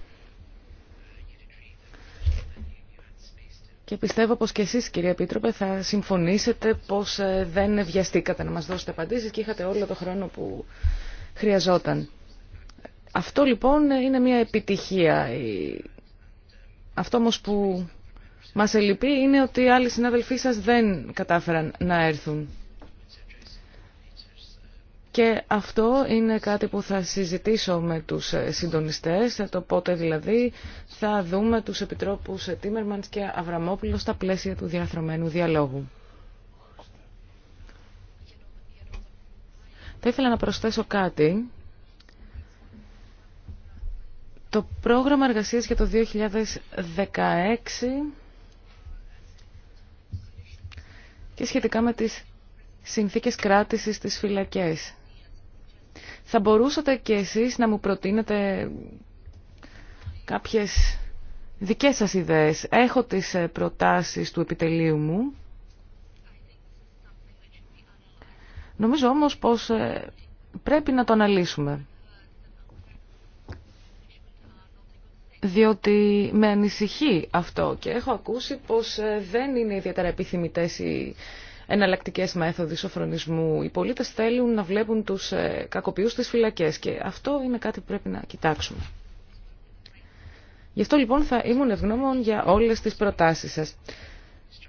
Και πιστεύω πως και εσείς κυρία Πίτροπε, θα συμφωνήσετε πως ε, δεν βιαστήκατε να μας δώσετε απαντήσεις και είχατε όλο το χρόνο που χρειαζόταν. Αυτό λοιπόν είναι μια επιτυχία. Αυτό όμως που μας ελειπεί είναι ότι οι άλλοι συνάδελφοί σας δεν κατάφεραν να έρθουν. Και αυτό είναι κάτι που θα συζητήσω με τους συντονιστές, θα το πότε δηλαδή θα δούμε τους επιτρόπους Τίμερμανς και Αβραμόπουλο στα πλαίσια του διαθρωμένου διαλόγου. Θα ήθελα να προσθέσω κάτι το πρόγραμμα εργασίας για το 2016 και σχετικά με τις συνθήκες κράτησης στις φυλακές. Θα μπορούσατε και εσείς να μου προτείνετε κάποιες δικές σας ιδέες. Έχω τις ε, προτάσεις του επιτελείου μου. Νομίζω όμως πως ε, πρέπει να το αναλύσουμε. διότι με ανησυχεί αυτό και έχω ακούσει πως ε, δεν είναι ιδιαίτερα επιθυμητές οι εναλλακτικέ μέθοδοι σοφρονισμού. Οι πολίτες θέλουν να βλέπουν τους ε, κακοποιούς στις φυλακές και αυτό είναι κάτι που πρέπει να κοιτάξουμε. Γι' αυτό λοιπόν θα ήμουν ευγνώμων για όλες τις προτάσεις σας.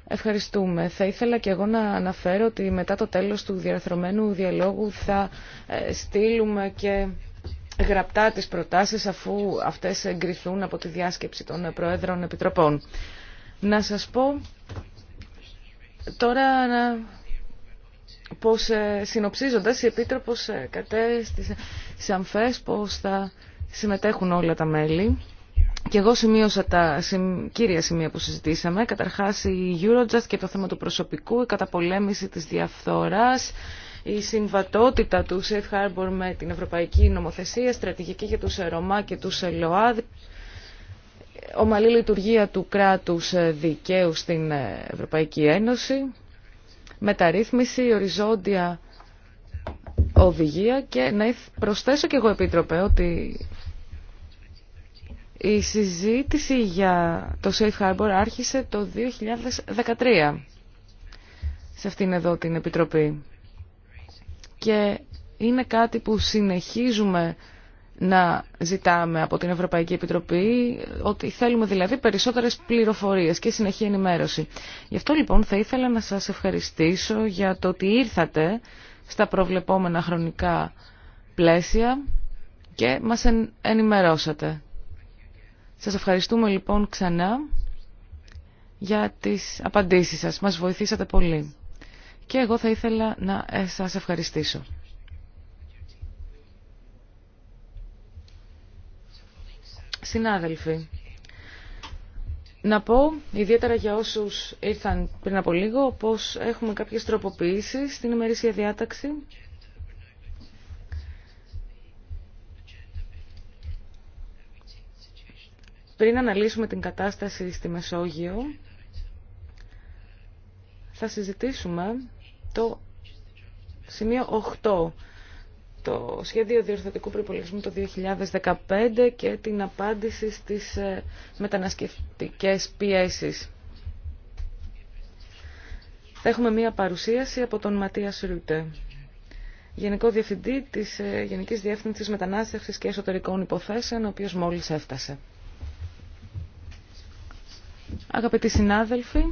Ευχαριστούμε. Θα ήθελα και εγώ να αναφέρω ότι μετά το τέλος του διαρθρωμένου διαλόγου θα ε, στείλουμε και γραπτά τις προτάσεις αφού αυτές εγκριθούν από τη διάσκεψη των Προέδρων Επιτροπών. Να σας πω τώρα πως ε, συνοψίζοντας η Επίτροπος ε, κατέστησε σε αμφές πως θα συμμετέχουν όλα τα μέλη. Και εγώ σημείωσα τα κύρια σημεία που συζητήσαμε. Καταρχάς η Eurojust και το θέμα του προσωπικού, η καταπολέμηση της διαφθοράς, η συμβατότητα του Safe Harbor με την Ευρωπαϊκή Νομοθεσία, στρατηγική για τους Ρωμά και τους ΛΟΑΔ, ομαλή λειτουργία του κράτους δικαίου στην Ευρωπαϊκή Ένωση, μεταρρύθμιση, οριζόντια οδηγία και να προσθέσω και εγώ επίτροπε ότι η συζήτηση για το Safe Harbor άρχισε το 2013 σε αυτήν εδώ την Επιτροπή και είναι κάτι που συνεχίζουμε να ζητάμε από την Ευρωπαϊκή Επιτροπή ότι θέλουμε δηλαδή περισσότερες πληροφορίες και συνεχή ενημέρωση. Γι' αυτό λοιπόν θα ήθελα να σας ευχαριστήσω για το ότι ήρθατε στα προβλεπόμενα χρονικά πλαίσια και μας ενημερώσατε. Σας ευχαριστούμε λοιπόν ξανά για τις απαντήσεις σας. Μας βοηθήσατε πολύ και εγώ θα ήθελα να ε, σας ευχαριστήσω. Συνάδελφοι, να πω, ιδιαίτερα για όσους ήρθαν πριν από λίγο, πως έχουμε κάποιες τροποποιήσεις στην ημερήσια διάταξη. Πριν αναλύσουμε την κατάσταση στη Μεσόγειο, θα συζητήσουμε το σημείο 8 το σχέδιο διορθωτικού προϋπολογισμού το 2015 και την απάντηση στις ε, μετανασκευτικές πιέσεις. Θα έχουμε μία παρουσίαση από τον Ματία Ρούτε, Γενικό Διευθυντή της ε, Γενικής Διεύθυνσης Μετανάστευσης και Εσωτερικών Υποθέσεων, ο οποίος μόλις έφτασε. Αγαπητοί συνάδελφοι,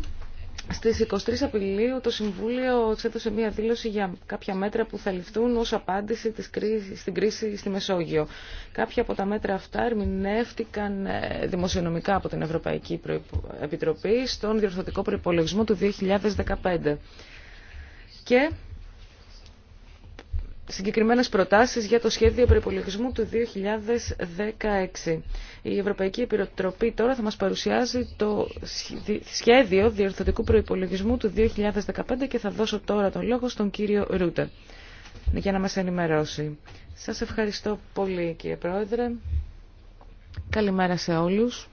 στις 23 Απριλίου το Συμβούλιο εξέδωσε μία δήλωση για κάποια μέτρα που θα ληφθούν ως απάντηση της κρίσης, στην κρίση στη Μεσόγειο. Κάποια από τα μέτρα αυτά ερμηνεύτηκαν ε, δημοσιονομικά από την Ευρωπαϊκή Επιτροπή στον διορθωτικό προϋπολογισμό του 2015. Και συγκεκριμένες προτάσεις για το σχέδιο προϋπολογισμού του 2016. Η Ευρωπαϊκή Επιτροπή τώρα θα μας παρουσιάζει το σχέδιο διορθωτικού προϋπολογισμού του 2015 και θα δώσω τώρα τον λόγο στον κύριο Ρούτε για να μας ενημερώσει. Σας ευχαριστώ πολύ κύριε Πρόεδρε. Καλημέρα σε όλους.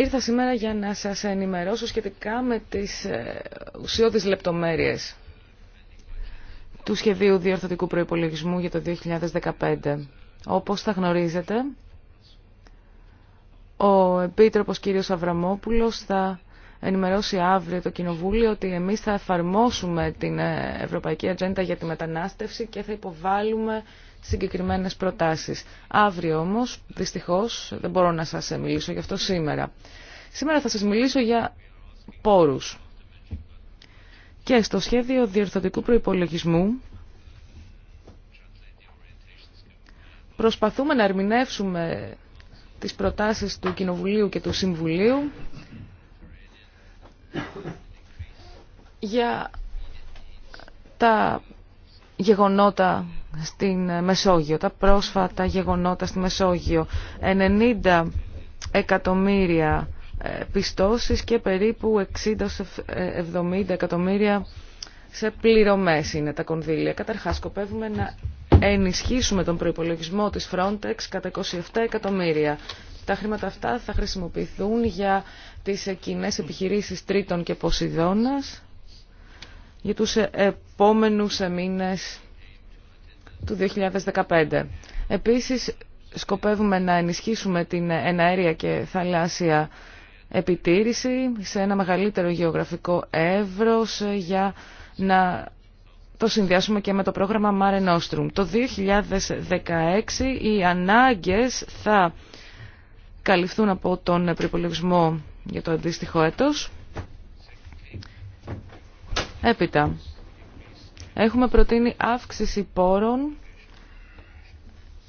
Ήρθα σήμερα για να σας ενημερώσω σχετικά με τις ε, ουσιώδεις λεπτομέρειες του σχεδίου διορθωτικού προϋπολογισμού για το 2015. Όπως θα γνωρίζετε, ο Επίτροπος κ. Αβραμόπουλος θα ενημερώσει αύριο το Κοινοβούλιο ότι εμείς θα εφαρμόσουμε την ε, Ευρωπαϊκή Ατζέντα για τη Μετανάστευση και θα υποβάλουμε συγκεκριμένες προτάσεις. Αύριο όμως, δυστυχώς, δεν μπορώ να σας μιλήσω γι' αυτό σήμερα. Σήμερα θα σας μιλήσω για πόρους. Και στο σχέδιο διορθωτικού προϋπολογισμού προσπαθούμε να ερμηνεύσουμε τις προτάσεις του Κοινοβουλίου και του Συμβουλίου για τα γεγονότα στην Μεσόγειο, τα πρόσφατα γεγονότα στη Μεσόγειο. 90 εκατομμύρια ε, πιστώσεις και περίπου 60-70 ε, εκατομμύρια σε πληρωμές είναι τα κονδύλια. Καταρχάς σκοπεύουμε να ενισχύσουμε τον προϋπολογισμό της Frontex κατά 27 εκατομμύρια. Τα χρήματα αυτά θα χρησιμοποιηθούν για τις κοινέ επιχειρήσεις Τρίτων και Ποσειδώνας, για τους επόμενους μήνες του 2015. Επίσης, σκοπεύουμε να ενισχύσουμε την εναέρια και θαλάσσια επιτήρηση σε ένα μεγαλύτερο γεωγραφικό εύρος για να το συνδυάσουμε και με το πρόγραμμα Mare Nostrum. Το 2016 οι ανάγκες θα καλυφθούν από τον προπολογισμό για το αντίστοιχο έτος. Έπειτα, έχουμε προτείνει αύξηση πόρων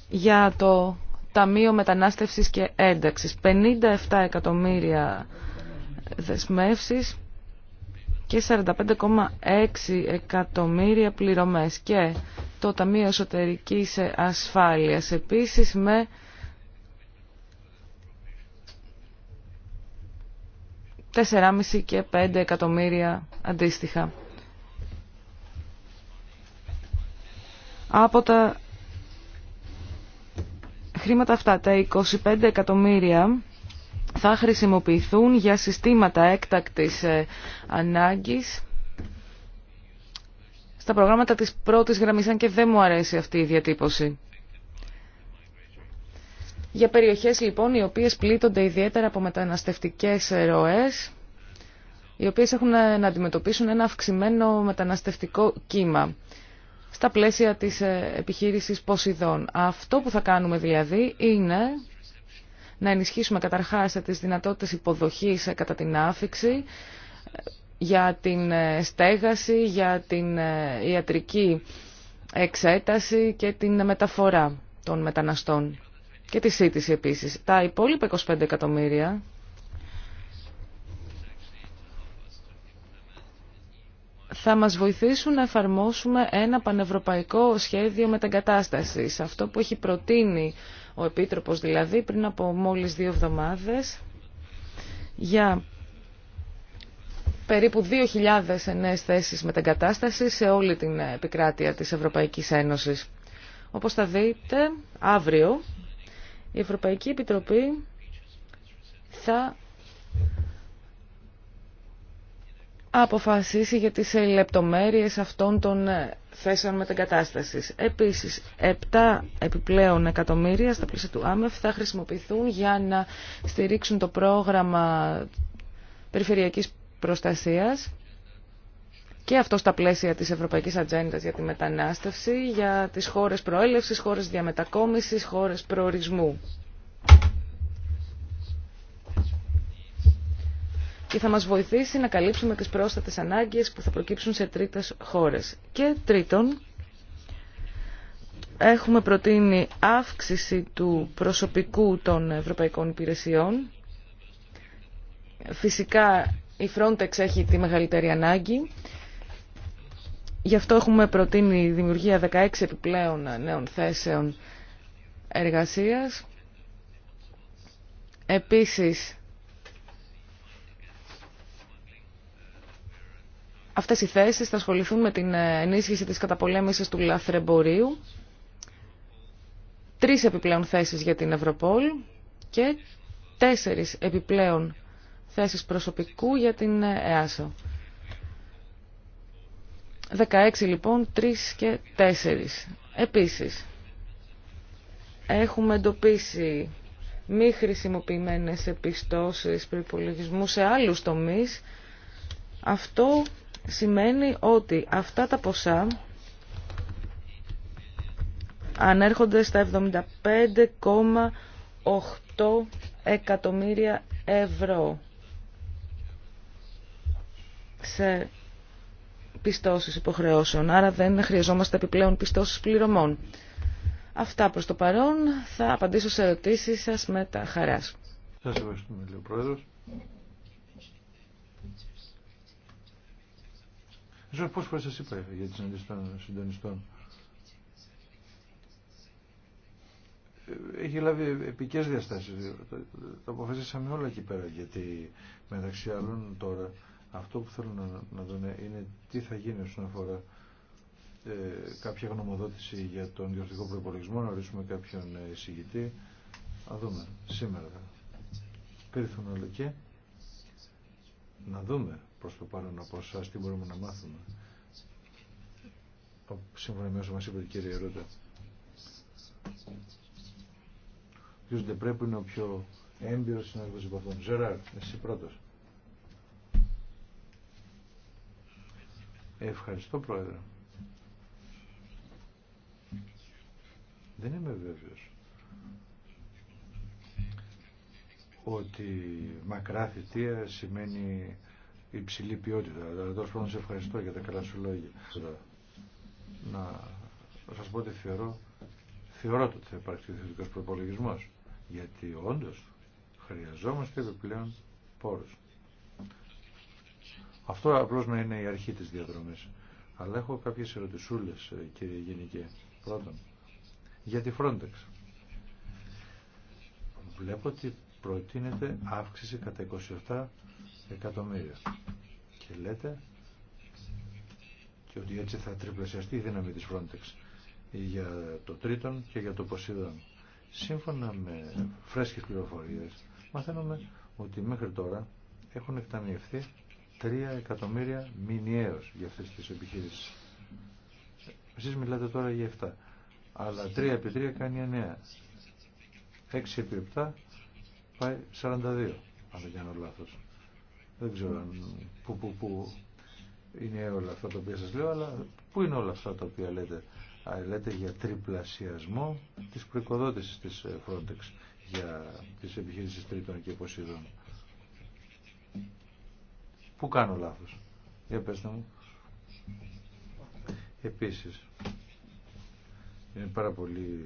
για το Ταμείο Μετανάστευσης και Ένταξης. 57 εκατομμύρια δεσμεύσεις και 45,6 εκατομμύρια πληρωμές και το Ταμείο Εσωτερικής Ασφάλειας επίσης με ...4,5 και 5 εκατομμύρια αντίστοιχα. από τα χρήματα αυτά, τα 25 εκατομμύρια θα χρησιμοποιηθούν για συστήματα έκτακτης ε, ανάγκης στα προγράμματα της πρώτης γραμμής, αν και δεν μου αρέσει αυτή η διατύπωση. Για περιοχές λοιπόν οι οποίες πλήττονται ιδιαίτερα από μεταναστευτικές ροές, οι οποίες έχουν να αντιμετωπίσουν ένα αυξημένο μεταναστευτικό κύμα στα πλαίσια της ε, επιχείρησης Ποσειδών. Αυτό που θα κάνουμε δηλαδή είναι να ενισχύσουμε καταρχάς τις δυνατότητες υποδοχής ε, κατά την άφηξη, ε, για την στέγαση, για την ιατρική εξέταση και την μεταφορά των μεταναστών και τη σύντηση επίσης. Τα υπόλοιπα 25 εκατομμύρια θα μας βοηθήσουν να εφαρμόσουμε ένα πανευρωπαϊκό σχέδιο μεταγκατάστασης. Αυτό που έχει προτείνει ο Επίτροπος δηλαδή πριν από μόλις δύο εβδομάδες για περίπου 2.000 νέες θέσεις μεταγκατάστασης σε όλη την επικράτεια της Ευρωπαϊκής Ένωσης. Όπως θα δείτε, αύριο η Ευρωπαϊκή Επιτροπή θα αποφασίσει για τις ε, λεπτομέρειες αυτών των ε, θέσεων μετεγκατάστασης. Επίσης, 7 επιπλέον εκατομμύρια στα πλαίσια του ΆΜΕΦ θα χρησιμοποιηθούν για να στηρίξουν το πρόγραμμα περιφερειακής προστασίας και αυτό στα πλαίσια της Ευρωπαϊκής Ατζέντα για τη μετανάστευση, για τις χώρες προέλευσης, χώρες διαμετακόμισης, χώρες προορισμού. και θα μας βοηθήσει να καλύψουμε τις πρόσθετες ανάγκες που θα προκύψουν σε τρίτες χώρες. Και τρίτον, έχουμε προτείνει αύξηση του προσωπικού των ευρωπαϊκών υπηρεσιών. Φυσικά η Frontex έχει τη μεγαλύτερη ανάγκη. Γι' αυτό έχουμε προτείνει δημιουργία 16 επιπλέον νέων θέσεων εργασίας. Επίσης, Αυτές οι θέσεις θα ασχοληθούν με την ε, ενίσχυση της καταπολέμησης του λαθρεμπορίου, τρεις επιπλέον θέσεις για την Ευρωπόλ και τέσσερις επιπλέον θέσεις προσωπικού για την ε, ΕΑΣΟ. 16 λοιπόν, 3 και 4. Επίσης, έχουμε εντοπίσει μη χρησιμοποιημένες επιστώσεις προϋπολογισμού σε άλλους τομείς. Αυτό σημαίνει ότι αυτά τα ποσά ανέρχονται στα 75,8 εκατομμύρια ευρώ σε πιστώσεις υποχρεώσεων, άρα δεν χρειαζόμαστε επιπλέον πιστώσεις πληρωμών. Αυτά προς το παρόν. Θα απαντήσω σε ερωτήσεις σας με τα χαράς. Σας ευχαριστούμε, λέει Πρόεδρος. Δεν ξέρω πόσες φορές σας είπα για τις συναντήσεις των συντονιστών. Έχει λάβει επικές διαστάσει. Το αποφασίσαμε όλα εκεί πέρα γιατί μεταξύ άλλων τώρα αυτό που θέλω να, να δούμε είναι τι θα γίνει όσον αφορά ε, κάποια γνωμοδότηση για τον διορθωτικό προπολογισμό, να ορίσουμε κάποιον ε, εισηγητή. Να δούμε σήμερα. Περιθούν όλα και να δούμε προς το παρόν από εσά τι μπορούμε να μάθουμε. Σύμφωνα με όσο μας είπε η κυρία Ρούτα. Ο κ. πρέπει είναι ο πιο έμπειρος συνάδελφος υπό αυτόν. Ζεράρ, εσύ πρώτος. Ευχαριστώ Πρόεδρε. Δεν είμαι βέβαιο. ότι μακρά θητεία σημαίνει υψηλή ποιότητα. Αλλά τόσο πάνω σε ευχαριστώ για τα καλά σου λόγια. Να σας πω ότι θεωρώ, θεωρώ ότι θα υπάρξει προπολογισμός. Γιατί όντως χρειαζόμαστε επιπλέον πόρους. Αυτό απλώ να είναι η αρχή της διαδρομής. Αλλά έχω κάποιες ερωτησούλες, ε, κύριε γενική Πρώτον, για τη Frontex. Βλέπω ότι προτείνεται αύξηση κατά εκατομμύρια. Και λέτε και ότι έτσι θα τριπλασιαστεί η δύναμη της Frontex για το Τρίτον και για το Ποσειδόν. Σύμφωνα με φρέσκες πληροφορίες μαθαίνουμε ότι μέχρι τώρα έχουν εκταμιευθεί 3 εκατομμύρια μηνιαίως για αυτές τις επιχειρήσεις. Εσείς μιλάτε τώρα για 7. Αλλά 3 επί 3 κάνει 9. 6 επί 7 πάει 42, αν δεν κάνω λάθος. Δεν ξέρω που, που, που είναι όλα αυτά τα οποία σας λέω, αλλά πού είναι όλα αυτά τα οποία λέτε. Α, λέτε για τριπλασιασμό της προοικοδότησης της ε, Frontex για τις επιχείρησεις τρίτων και υποσύδων. Πού κάνω λάθος. Για πέστε μου. Επίσης, είναι πάρα πολύ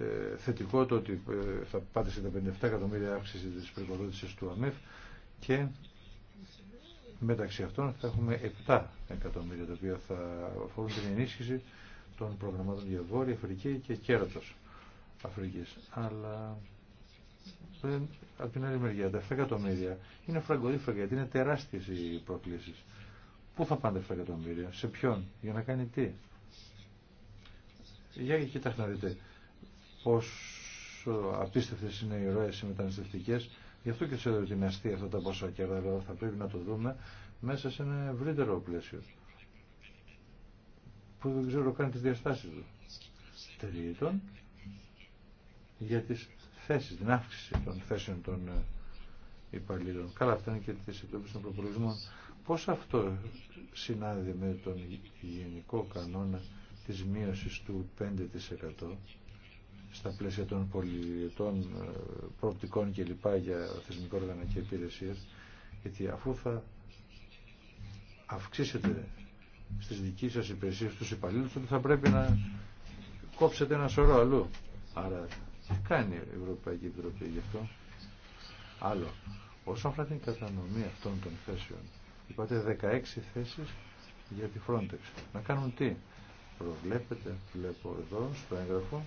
ε, θετικό το ότι ε, θα πάτε σε τα 57 εκατομμύρια αύξηση της προϋποδότησης του ΑΜΕΦ και μεταξύ αυτών θα έχουμε 7 εκατομμύρια τα οποία θα αφορούν την ενίσχυση των προγραμμάτων για Βόρεια Αφρική και Κέρατος Αφρικής. Αλλά από την άλλη μεριά, τα 7 εκατομμύρια είναι φραγκοδίφραγκα γιατί είναι τεράστιες οι προκλήσεις. Πού θα πάνε τα 7 εκατομμύρια, σε ποιον, για να κάνει τι. Για κοιτάξτε να δείτε πόσο ε, απίστευτε είναι οι ροέ οι μεταναστευτικέ. Γι' αυτό και σε την αστεία αυτά τα ποσά και θα πρέπει να το δούμε μέσα σε ένα ευρύτερο πλαίσιο που δεν ξέρω καν τι διαστάσει του. Τρίτον, για τι θέσει, την αύξηση των θέσεων των ε, υπαλλήλων. Καλά αυτά είναι και τις εκτόπιση των προπολογισμών. Πώ αυτό συνάδει με τον γενικό κανόνα της μείωσης του 5% στα πλαίσια των πολιτών ε, προοπτικών και λοιπά για θεσμικό όργανα και υπηρεσίες γιατί αφού θα αυξήσετε στις δικές σας υπηρεσίες τους υπαλλήλους τότε θα πρέπει να κόψετε ένα σωρό αλλού άρα τι κάνει η Ευρωπαϊκή Επιτροπή γι' αυτό άλλο όσον αφορά την κατανομή αυτών των θέσεων είπατε 16 θέσεις για τη Frontex να κάνουν τι προβλέπετε βλέπω εδώ στο έγγραφο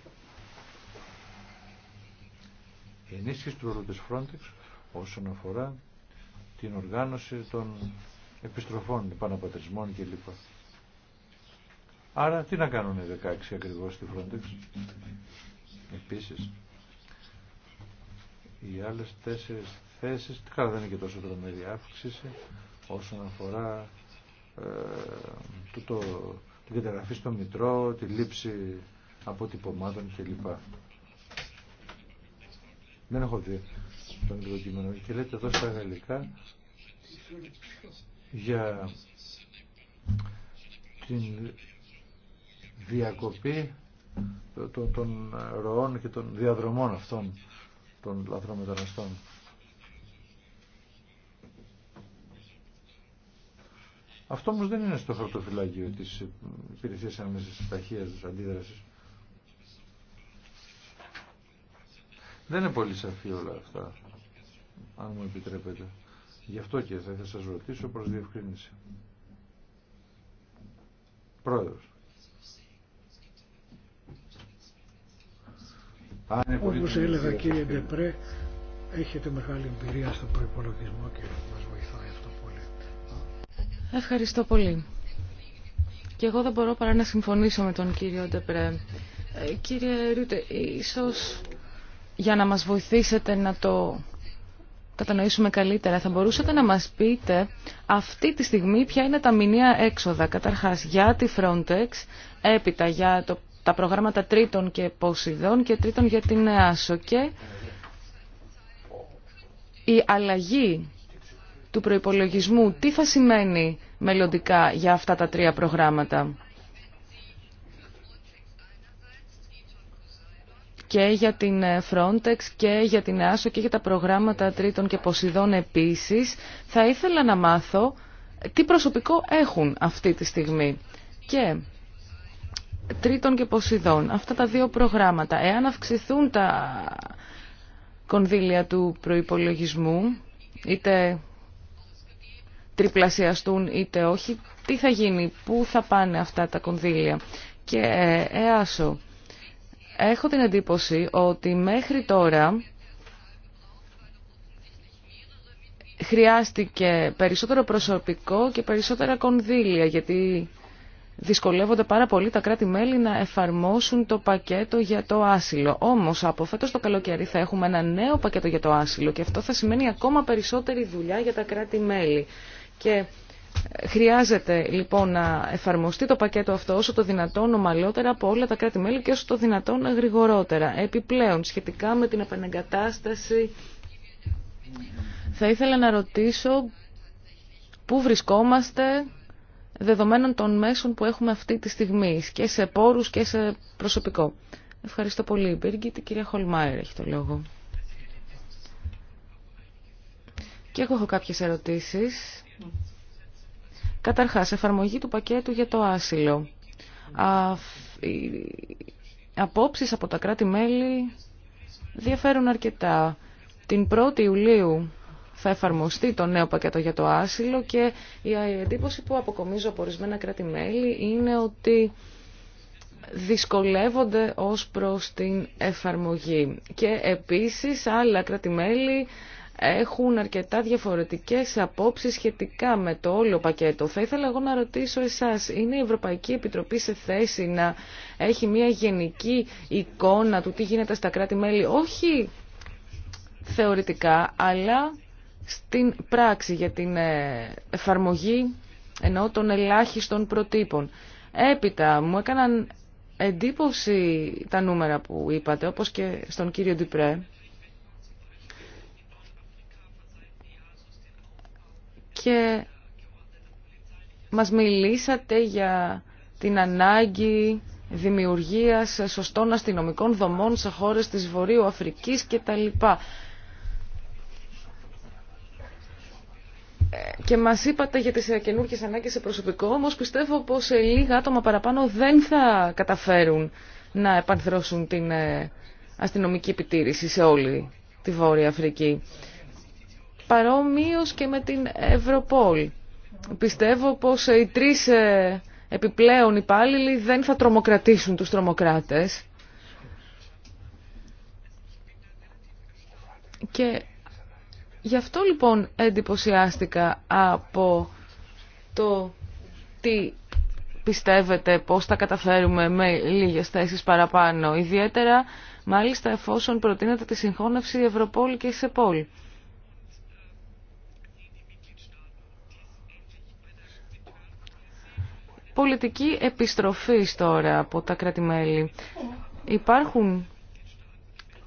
ενίσχυση του ρόλου της Frontex όσον αφορά την οργάνωση των επιστροφών, επαναπατρισμών κλπ. Άρα τι να κάνουν οι 16 ακριβώς στη Frontex. Επίσης, οι άλλες τέσσερις θέσεις, τι καλά δεν είναι και τόσο τρομερή αύξηση όσον αφορά ε, το, την καταγραφή στο Μητρό, τη λήψη αποτυπωμάτων κλπ. Δεν έχω δει τον Και λέτε εδώ στα γαλλικά για την διακοπή των, των ροών και των διαδρομών αυτών των λαθρομεταναστών. Αυτό όμω δεν είναι στο χαρτοφυλάκιο τη υπηρεσία ταχείας ταχεία αντίδραση. Δεν είναι πολύ σαφή όλα αυτά, αν μου επιτρέπετε. Γι' αυτό και θα σας ρωτήσω προς διευκρίνηση. Πρόεδρος. Όπως έλεγα κύριε Ντεπρέ, έχετε μεγάλη εμπειρία στον προϋπολογισμό και μας βοηθάει αυτό πολύ. Ευχαριστώ πολύ. Και εγώ δεν μπορώ παρά να συμφωνήσω με τον κύριο Ντεπρέ. Ε, κύριε Ρούτε, ίσως για να μας βοηθήσετε να το κατανοήσουμε καλύτερα. Θα μπορούσατε να μας πείτε αυτή τη στιγμή ποια είναι τα μηνύα έξοδα, καταρχάς για τη Frontex, έπειτα για το, τα προγράμματα τρίτων και ποσειδών και τρίτων για την ΕΑΣΟ και η αλλαγή του προϋπολογισμού, τι θα σημαίνει μελλοντικά για αυτά τα τρία προγράμματα. και για την ε, Frontex και για την ΆΣΟ και για τα προγράμματα Τρίτων και Ποσειδών επίσης. Θα ήθελα να μάθω τι προσωπικό έχουν αυτή τη στιγμή. Και Τρίτων και Ποσειδών, αυτά τα δύο προγράμματα, εάν αυξηθούν τα κονδύλια του προϋπολογισμού, είτε τριπλασιαστούν είτε όχι, τι θα γίνει, πού θα πάνε αυτά τα κονδύλια. Και ε, ε έχω την εντύπωση ότι μέχρι τώρα χρειάστηκε περισσότερο προσωπικό και περισσότερα κονδύλια, γιατί δυσκολεύονται πάρα πολύ τα κράτη-μέλη να εφαρμόσουν το πακέτο για το άσυλο. Όμως από φέτος το καλοκαίρι θα έχουμε ένα νέο πακέτο για το άσυλο και αυτό θα σημαίνει ακόμα περισσότερη δουλειά για τα κράτη-μέλη. Και Χρειάζεται λοιπόν να εφαρμοστεί το πακέτο αυτό όσο το δυνατόν ομαλότερα από όλα τα κράτη-μέλη και όσο το δυνατόν γρηγορότερα. Επιπλέον, σχετικά με την επανεγκατάσταση, θα ήθελα να ρωτήσω πού βρισκόμαστε δεδομένων των μέσων που έχουμε αυτή τη στιγμή και σε πόρους και σε προσωπικό. Ευχαριστώ πολύ, Μπίργκη. Την κυρία Χολμάιρ έχει το λόγο. Και εγώ έχω κάποιες ερωτήσεις. Καταρχάς, εφαρμογή του πακέτου για το άσυλο. οι απόψεις από τα κράτη-μέλη διαφέρουν αρκετά. Την 1η Ιουλίου θα εφαρμοστεί το νέο πακέτο για το άσυλο και η εντύπωση που αποκομίζω από ορισμένα κράτη-μέλη είναι ότι δυσκολεύονται ως προς την εφαρμογή. Και επίσης άλλα κράτη-μέλη έχουν αρκετά διαφορετικές απόψεις σχετικά με το όλο πακέτο. Θα ήθελα εγώ να ρωτήσω εσάς, είναι η Ευρωπαϊκή Επιτροπή σε θέση να έχει μια γενική εικόνα του τι γίνεται στα κράτη-μέλη, όχι θεωρητικά, αλλά στην πράξη για την ε, εφαρμογή ενώ των ελάχιστων προτύπων. Έπειτα μου έκαναν εντύπωση τα νούμερα που είπατε, όπως και στον κύριο Ντιπρέ, και μας μιλήσατε για την ανάγκη δημιουργίας σωστών αστυνομικών δομών σε χώρες της Βορείου Αφρικής κτλ. Και μας είπατε για τις καινούργιες ανάγκες σε προσωπικό, όμως πιστεύω πως ε, λίγα άτομα παραπάνω δεν θα καταφέρουν να επανθρώσουν την ε, αστυνομική επιτήρηση σε όλη τη Βόρεια Αφρική παρόμοιος και με την Ευρωπόλ. Πιστεύω πως οι τρεις ε, επιπλέον υπάλληλοι δεν θα τρομοκρατήσουν τους τρομοκράτες. Και γι' αυτό λοιπόν εντυπωσιάστηκα από το τι πιστεύετε πώς θα καταφέρουμε με λίγες θέσεις παραπάνω. Ιδιαίτερα μάλιστα εφόσον προτείνεται τη συγχώνευση Ευρωπόλ και Σεπόλ. πολιτική επιστροφής τώρα από τα κράτη-μέλη. Υπάρχουν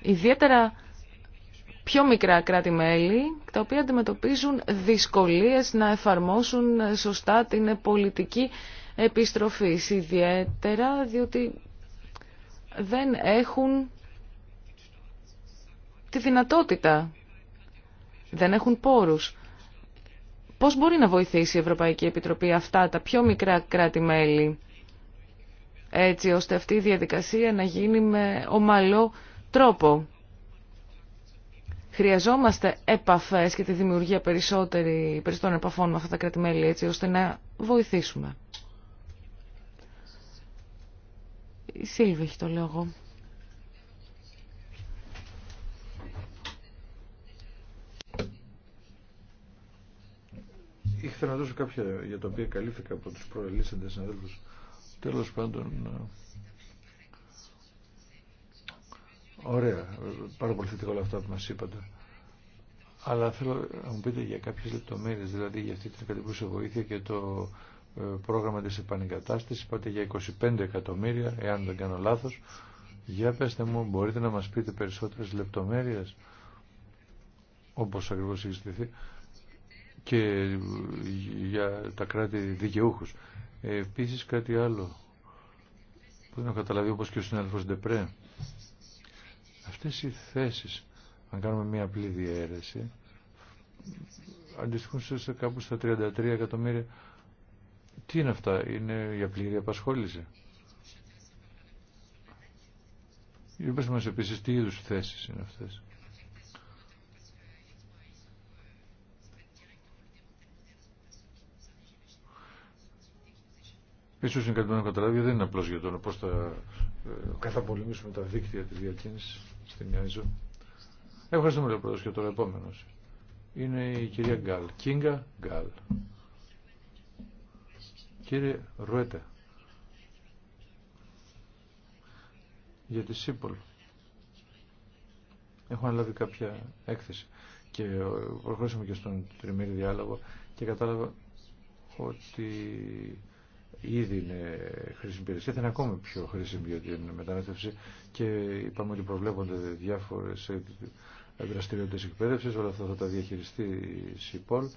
ιδιαίτερα πιο μικρά κράτη-μέλη, τα οποία αντιμετωπίζουν δυσκολίες να εφαρμόσουν σωστά την πολιτική επιστροφή. Ιδιαίτερα διότι δεν έχουν τη δυνατότητα, δεν έχουν πόρους. Πώς μπορεί να βοηθήσει η Ευρωπαϊκή Επιτροπή αυτά τα πιο μικρά κράτη-μέλη έτσι ώστε αυτή η διαδικασία να γίνει με ομαλό τρόπο. Χρειαζόμαστε επαφές και τη δημιουργία περισσότερων επαφών με αυτά τα κράτη-μέλη έτσι ώστε να βοηθήσουμε. Η Σίλβη έχει το λόγο. Ήθελα να δώσω κάποια για τα οποία καλύφθηκα από τους προελίσσαντες συναδέλφους. Τέλος πάντων, ε, ωραία, πάρα πολύ θετικό όλα αυτά που μας είπατε. Αλλά θέλω να μου πείτε για κάποιες λεπτομέρειες, δηλαδή για αυτή την κατηγορία βοήθεια και το ε, πρόγραμμα της επανεγκατάστασης, είπατε για 25 εκατομμύρια, εάν δεν κάνω λάθος. Για πέστε μου, μπορείτε να μας πείτε περισσότερες λεπτομέρειες, όπως ακριβώς συζητηθεί και για τα κράτη δικαιούχους. Ε, επίσης κάτι άλλο που δεν έχω καταλαβεί όπως και ο συνάδελφος Ντεπρέ. Αυτές οι θέσεις, αν κάνουμε μια απλή διαίρεση, αντιστοιχούν σε κάπου στα 33 εκατομμύρια. Τι είναι αυτά, είναι για πλήρη απασχόληση. μας επίσης τι είδους θέσεις είναι αυτές. Ίσως είναι κάτι που να καταλάβει, δεν είναι απλώς για το πώς θα ε, καταπολεμήσουμε τα δίκτυα της διακίνησης στην ΙΑΙΖΟ. Ευχαριστούμε λοιπόν και τώρα επόμενος. Είναι η κυρία Γκάλ, Κίνγκα Γκάλ. Κύριε Ρουέτα, για τη ΣΥΠΟΛ έχω αναλάβει κάποια έκθεση και προχωρήσαμε και στον τριμήρη διάλογο και κατάλαβα ότι ήδη είναι χρήσιμη υπηρεσία, θα είναι ακόμη πιο χρήσιμη για την μετανάστευση και είπαμε ότι προβλέπονται διάφορε δραστηριότητε εκπαίδευση, όλα αυτά θα τα διαχειριστεί η ΣΥΠΟΛ.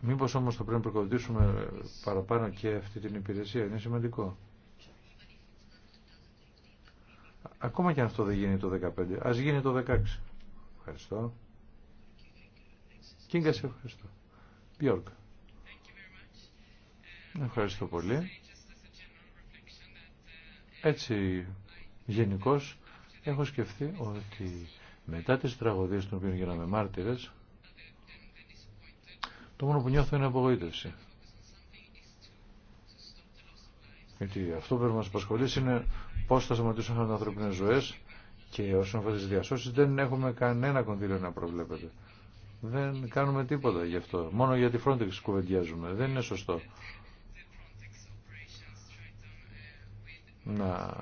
Μήπω όμω θα πρέπει να προκοδοτήσουμε παραπάνω και αυτή την υπηρεσία, είναι σημαντικό. Ακόμα και αν αυτό δεν γίνει το 15, Α γίνει το 16. Ευχαριστώ. σε ευχαριστώ. Πιόρκα. Ευχαριστώ πολύ. Έτσι, γενικώ έχω σκεφτεί ότι μετά τις τραγωδίες των οποίων γίναμε μάρτυρες, το μόνο που νιώθω είναι απογοήτευση. Γιατί αυτό που πρέπει να μας απασχολήσει είναι πώς θα σταματήσουν τα ανθρώπινες ζωές και όσον αφορά τις διασώσεις δεν έχουμε κανένα κονδύλιο να προβλέπετε. Δεν κάνουμε τίποτα γι' αυτό. Μόνο για τη Frontex κουβεντιάζουμε. Δεν είναι σωστό. να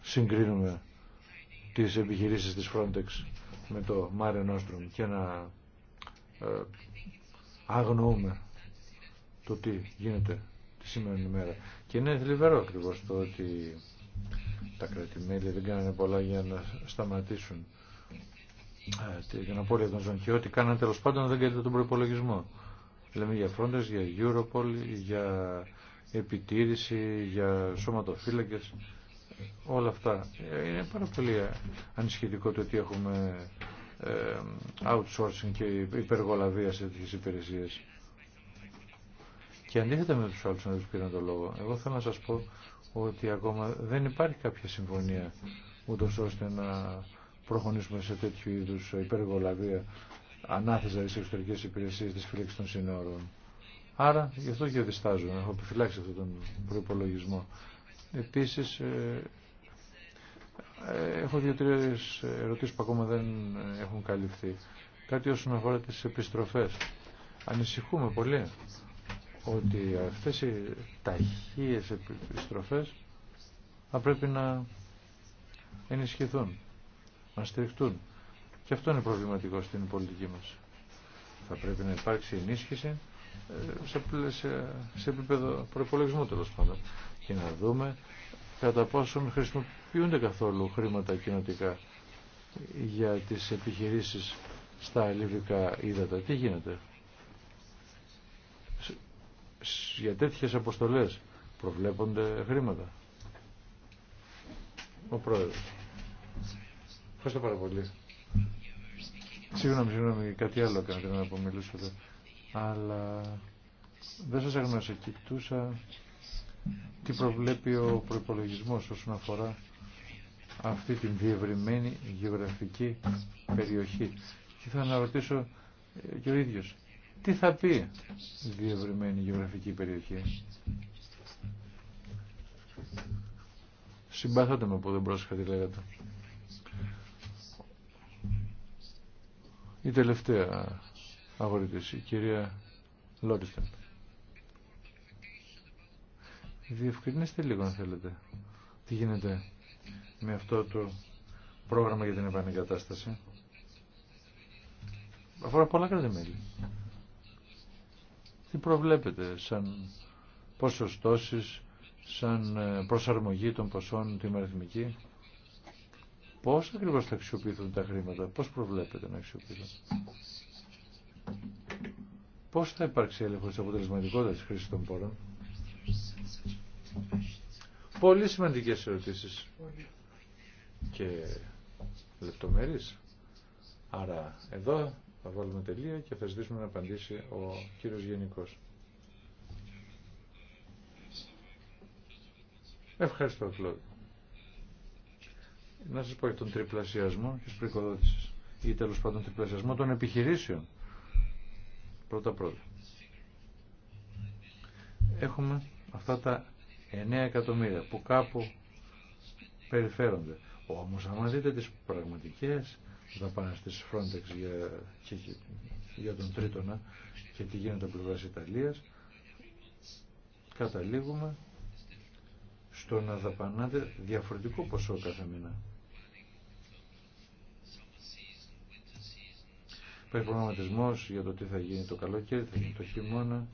συγκρίνουμε τις επιχειρήσεις της Frontex με το Mare Nostrum και να ε, αγνοούμε το τι γίνεται τη σημερινή μέρα. Και είναι θλιβερό ακριβώ το ότι τα κρατημέλη δεν κάνανε πολλά για να σταματήσουν ε, την απώλεια των ζών και ό,τι κάνανε τέλο πάντων δεν κάνετε τον προπολογισμό. Λέμε για Frontex, για Europol, για επιτήρηση, για σωματοφύλακες, όλα αυτά. Είναι πάρα πολύ ανησυχητικό το ότι έχουμε ε, outsourcing και υπεργολαβία σε τέτοιες υπηρεσίες. Και αντίθετα με τους άλλους που πήραν το λόγο, εγώ θέλω να σας πω ότι ακόμα δεν υπάρχει κάποια συμφωνία ούτως ώστε να προχωρήσουμε σε τέτοιου είδους υπεργολαβία ανάθεση στις σε εξωτερικές υπηρεσίες της φύλαξης των συνόρων. Άρα γι' αυτό και διστάζω, έχω επιφυλάξει αυτόν τον προπολογισμό. Επίσης, ε, ε, έχω δύο-τρεις ερωτήσεις που ακόμα δεν έχουν καλυφθεί. Κάτι όσον αφορά τις επιστροφές. Ανησυχούμε πολύ ότι αυτές οι ταχείες επιστροφές θα πρέπει να ενισχυθούν, να στηριχτούν. Και αυτό είναι προβληματικό στην πολιτική μας. Θα πρέπει να υπάρξει ενίσχυση σε, σε, σε επίπεδο προπολογισμού τέλο πάντων και να δούμε κατά πόσον χρησιμοποιούνται καθόλου χρήματα κοινοτικά για τις επιχειρήσεις στα ελληνικά ύδατα. Τι γίνεται. Για τέτοιες αποστολές προβλέπονται χρήματα. Ο Πρόεδρος. Ευχαριστώ πάρα πολύ. Συγγνώμη, συγγνώμη, κάτι άλλο έκανα να απομιλήσω αλλά δεν σας και Κοιτούσα τι προβλέπει ο προϋπολογισμός όσον αφορά αυτή την διευρυμένη γεωγραφική περιοχή. Και θα αναρωτήσω ε, και ο ίδιος, τι θα πει διευρυμένη γεωγραφική περιοχή. Συμπάθατε με που δεν πρόσεχα λέγατε. Η τελευταία αγορητής, η κυρία Λόριστεν. Διευκρινίστε λίγο αν θέλετε. Τι γίνεται με αυτό το πρόγραμμα για την επανεγκατάσταση. Αφορά πολλά κράτη-μέλη. Τι προβλέπετε σαν ποσοστώσεις, σαν ε, προσαρμογή των ποσών, την αριθμική. Πώς ακριβώς θα αξιοποιηθούν τα χρήματα, πώς προβλέπετε να αξιοποιηθούν. Πώς θα υπάρξει έλεγχος τη αποτελεσματικότητας τη χρήση των πόρων. Πολύ σημαντικές ερωτήσεις και λεπτομέρειες. Άρα εδώ θα βάλουμε τελεία και θα ζητήσουμε να απαντήσει ο κύριος Γενικός. Ευχαριστώ, Κλώδη. Να σας πω για τον τριπλασιασμό τη προοικοδότησης ή τέλος πάντων τριπλασιασμό των επιχειρήσεων. Πρώτα πρώτα. Έχουμε αυτά τα 9 εκατομμύρια που κάπου περιφέρονται. Όμως άμα δείτε τις πραγματικές δαπάνε της Frontex για, για τον Τρίτονα και τι γίνεται από πλευράς Ιταλίας, καταλήγουμε στο να δαπανάτε διαφορετικό ποσό κάθε μήνα. Υπάρχει προγραμματισμό για το τι θα γίνει το καλοκαίρι, θα γίνει το χειμώνα.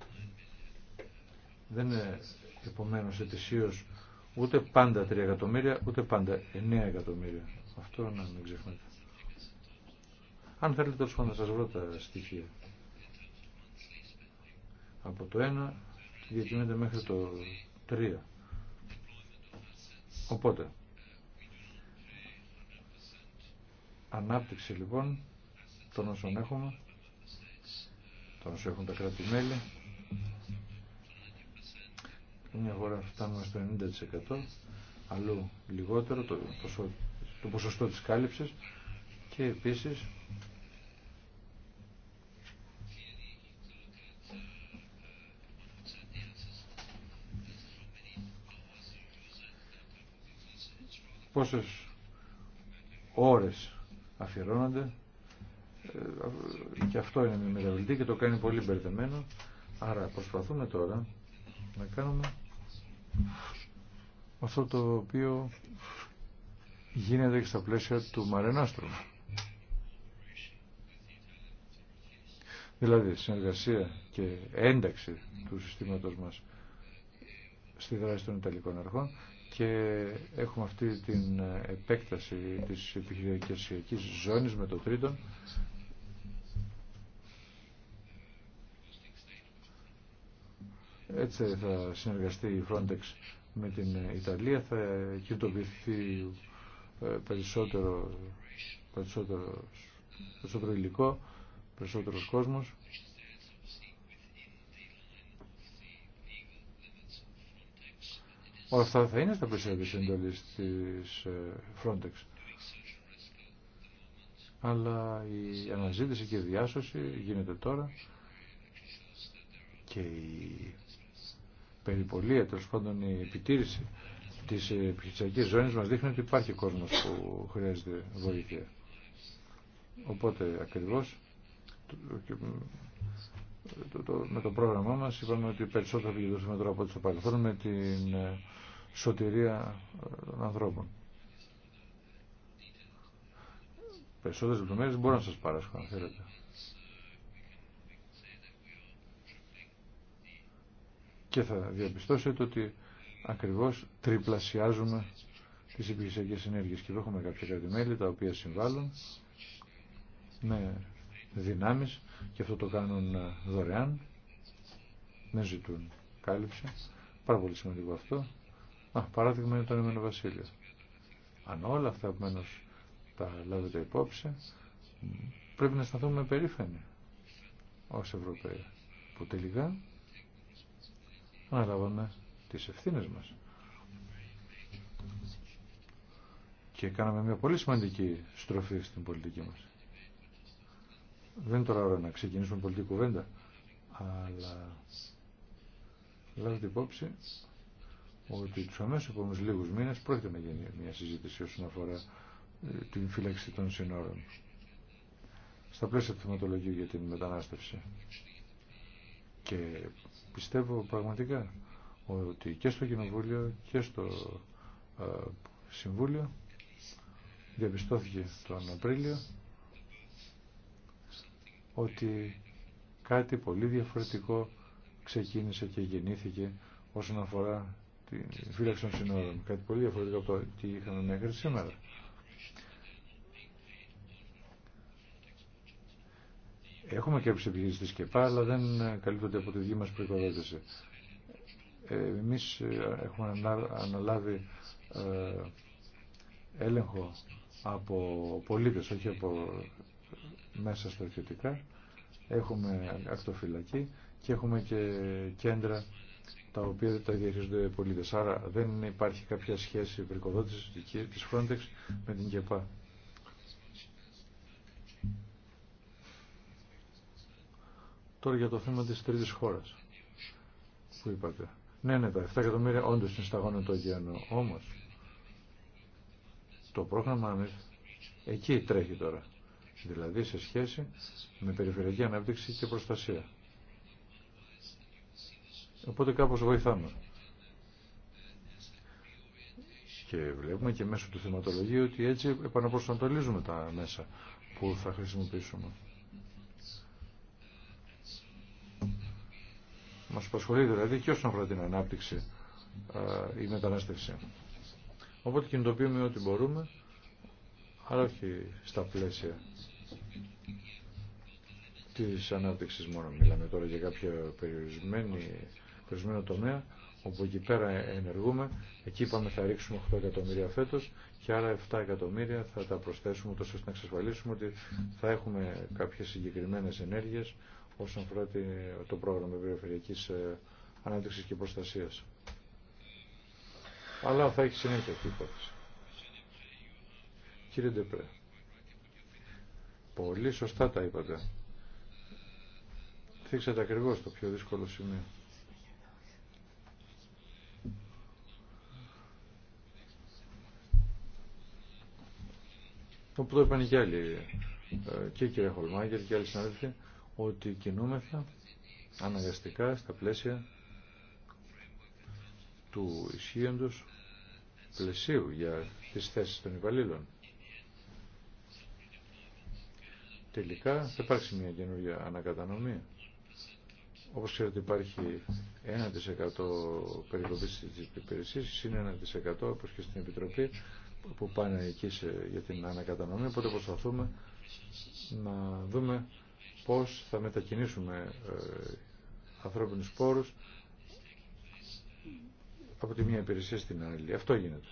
Δεν είναι επομένω ετησίω ούτε πάντα 3 εκατομμύρια, ούτε πάντα 9 εκατομμύρια. Αυτό να μην ξεχνάτε. Αν θέλετε τέλο πάντων να σα βρω τα στοιχεία. Από το 1 διακινείται μέχρι το 3. Οπότε, ανάπτυξη λοιπόν των όσων έχουμε, τον όσων έχουν τα κράτη-μέλη. Μια αγορά φτάνουμε στο 90%, αλλού λιγότερο το, το ποσοστό της κάλυψης και επίσης πόσες ώρες αφιερώνονται ε, και αυτό είναι με μεταβλητή και το κάνει πολύ μπερδεμένο. Άρα προσπαθούμε τώρα να κάνουμε αυτό το οποίο γίνεται και στα πλαίσια του Μαρενάστρου. Δηλαδή συνεργασία και ένταξη του συστήματος μας στη δράση των Ιταλικών αρχών και έχουμε αυτή την επέκταση της επιχειρηματικής ζώνης με το τρίτον. Έτσι θα συνεργαστεί η Frontex με την Ιταλία, θα κινητοποιηθεί ε, περισσότερο, περισσότερο, περισσότερο υλικό, περισσότερος κόσμος. Όλα αυτά θα είναι στα πλαίσια της εντολής της ε, Frontex. Αλλά η αναζήτηση και η διάσωση γίνεται τώρα και η περιπολία, τέλο πάντων η επιτήρηση της επιχειρησιακή ζώνης μας δείχνει ότι υπάρχει κόσμος που χρειάζεται βοήθεια. Οπότε ακριβώς με το πρόγραμμά μας είπαμε ότι περισσότερο θα πηγαίνουμε τώρα από ό,τι στο παρελθόν με την ε, σωτηρία ε, των ανθρώπων. Περισσότερες λεπτομέρειες μπορώ να σας παράσχω αν θέλετε. και θα διαπιστώσετε ότι ακριβώς τριπλασιάζουμε τις επιχειρησιακές ενέργειες και εδώ έχουμε κάποια κρατημέλη τα οποία συμβάλλουν με δυνάμεις και αυτό το κάνουν δωρεάν δεν ζητούν κάλυψη πάρα πολύ σημαντικό αυτό Α, παράδειγμα είναι το Ηνωμένο Βασίλειο αν όλα αυτά μένω τα λάβετε υπόψη πρέπει να σταθούμε περήφανοι ω Ευρωπαίοι που τελικά αναλάβαμε τις ευθύνες μας. Και κάναμε μια πολύ σημαντική στροφή στην πολιτική μας. Δεν είναι τώρα ώρα να ξεκινήσουμε πολιτική κουβέντα, αλλά λάβετε υπόψη ότι του αμέσω επόμενους λίγους μήνες πρόκειται να γίνει μια συζήτηση όσον αφορά ε, την φύλαξη των συνόρων στα πλαίσια του θεματολογίου για την μετανάστευση. Και πιστεύω πραγματικά ότι και στο Κοινοβούλιο και στο ε, Συμβούλιο διαπιστώθηκε τον Απρίλιο ότι κάτι πολύ διαφορετικό ξεκίνησε και γεννήθηκε όσον αφορά τη φύλαξη των συνόρων. Κάτι πολύ διαφορετικό από το τι είχαμε μέχρι σήμερα. Έχουμε και κάποιε επιχειρήσει της ΚΕΠΑ, αλλά δεν καλύπτονται από τη δική μας προϋποδότηση. Ε, εμείς ε, έχουμε αναλάβει ε, έλεγχο από πολίτε, όχι από μέσα στρατιωτικά. Έχουμε ακτοφυλακή και έχουμε και κέντρα τα οποία τα διαχειρίζονται πολίτε. Άρα δεν υπάρχει κάποια σχέση βρικοδότησης τη Frontex με την ΚΕΠΑ. Τώρα για το θέμα της τρίτης χώρας που είπατε. Ναι, ναι, τα 7 εκατομμύρια όντω σταγόνα του ωκεανού. Όμω το πρόγραμμα μας εκεί τρέχει τώρα. Δηλαδή σε σχέση με περιφερειακή ανάπτυξη και προστασία. Οπότε κάπως βοηθάμε. Και βλέπουμε και μέσω του θεματολογίου ότι έτσι επαναπροσανατολίζουμε τα μέσα που θα χρησιμοποιήσουμε. Μας απασχολεί δηλαδή και όσον αφορά την ανάπτυξη ε, η μετανάστευση. Οπότε κινητοποιούμε ό,τι μπορούμε, αλλά όχι στα πλαίσια της ανάπτυξης μόνο. Μιλάμε τώρα για κάποια περιορισμένη, περιορισμένο τομέα, όπου εκεί πέρα ενεργούμε. Εκεί είπαμε θα ρίξουμε 8 εκατομμύρια φέτος και άρα 7 εκατομμύρια θα τα προσθέσουμε τόσο ώστε να εξασφαλίσουμε ότι θα έχουμε κάποιες συγκεκριμένες ενέργειες όσον αφορά το πρόγραμμα περιφερειακής ε, ανάπτυξη και προστασία. Αλλά θα έχει συνέχεια αυτή η υπόθεση. Κύριε Ντεπρέ, πολύ σωστά τα είπατε. Θίξατε ακριβώς το πιο δύσκολο σημείο. Όπου το είπαν και άλλοι, ε, και η κυρία Χολμάγκερ και άλλοι συνάδελφοι, ότι κινούμεθα αναγκαστικά στα πλαίσια του ισχύοντος πλαισίου για τις θέσεις των υπαλλήλων. Τελικά θα υπάρξει μια καινούργια ανακατανομή. Όπως ξέρετε υπάρχει 1% περικοπή της υπηρεσίες, είναι 1% όπως και στην Επιτροπή που πάνε εκεί για την ανακατανομή, οπότε προσπαθούμε να δούμε πώς θα μετακινήσουμε ε, ανθρώπινους σπόρους από τη μία υπηρεσία στην άλλη. Αυτό γίνεται.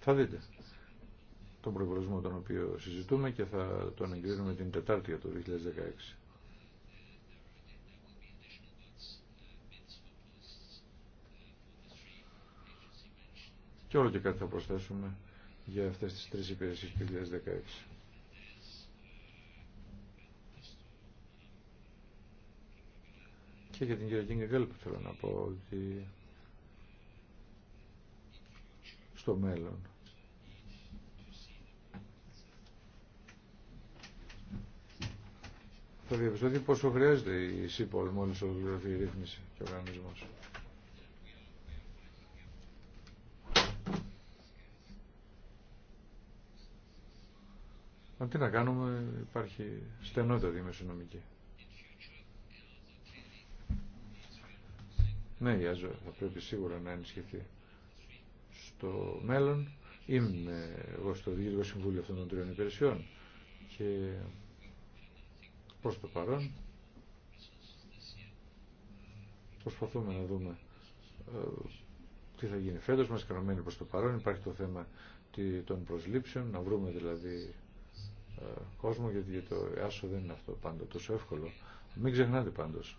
Θα δείτε τον προπολογισμό τον οποίο συζητούμε και θα τον εγκρίνουμε την Τετάρτη για το 2016. Και όλο και κάτι θα προσθέσουμε για αυτές τις τρεις υπηρεσίες του 2016. Και για την κυρία Κίνγκελ που θέλω να πω ότι στο μέλλον θα διαπιστωθεί πόσο χρειάζεται η ΣΥΠΟΛ μόλις ολοκληρωθεί η ρύθμιση και ο οργανισμός. Αν τι να κάνουμε, υπάρχει στενότητα δημοσιονομική. Ναι, η Άζο θα πρέπει σίγουρα να ενισχυθεί στο μέλλον. Είμαι εγώ στο Διοικητικό Συμβούλιο αυτών των τριών υπηρεσιών και προς το παρόν προσπαθούμε να δούμε ε, τι θα γίνει φέτος μας, κανομένοι προς το παρόν. Υπάρχει το θέμα των προσλήψεων, να βρούμε δηλαδή ε, κόσμο γιατί για το άσο δεν είναι αυτό πάντα τόσο εύκολο. Μην ξεχνάτε πάντως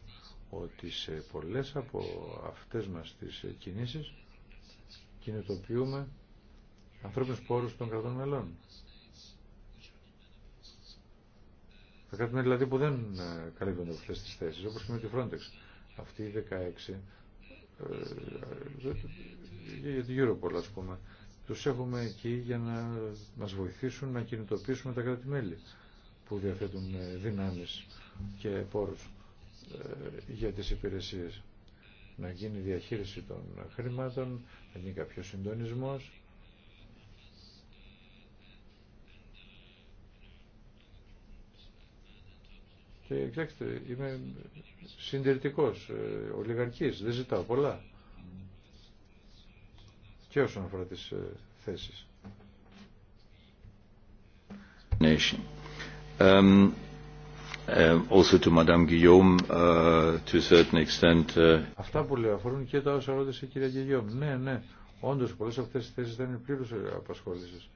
ότι σε πολλές από αυτές μας τις κινήσεις κινητοποιούμε ανθρώπινους πόρους των κρατών μελών. Θα κάνουμε δηλαδή που δεν ε, καλύπτονται από αυτές τις θέσεις, όπως και με τη Frontex. Αυτή η 16, ε, για την Europol ας πούμε, τους έχουμε εκεί για να μας βοηθήσουν να κινητοποιήσουμε τα κράτη-μέλη που διαθέτουν ε, δυνάμεις και πόρους ε, για τις υπηρεσίες. Να γίνει διαχείριση των χρημάτων, να γίνει κάποιο συντονισμός. Και κοιτάξτε, είμαι συντηρητικός, ε, ολιγαρχής, δεν ζητάω πολλά και όσον αφορά τις ε, θέσεις. Um, uh, also to Madame Guillaume, uh, to certain extent, uh, Αυτά που λέω αφορούν και τα όσα ρώτησε η κυρία Guillaume. Ναι, ναι. Όντως πολλές αυτές τις θέσεις δεν είναι πλήρως ε, απασχόλησης.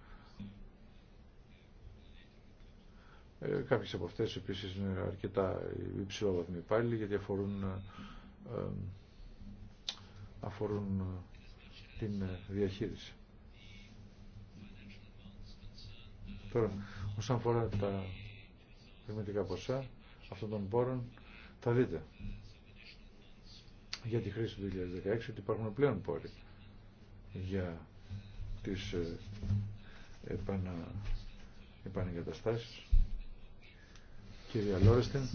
Ε, κάποιες από αυτές επίσης είναι αρκετά υψηλόβαθμοι πάλι γιατί αφορούν, ε, αφορούν την ε, διαχείριση. Τώρα, όσον αφορά τα χρηματικά ποσά αυτών των πόρων, θα δείτε για τη χρήση του 2016 ότι υπάρχουν πλέον πόροι για τις ε, επανα, επανεγκαταστάσεις. Κύριε Λόρεστεν,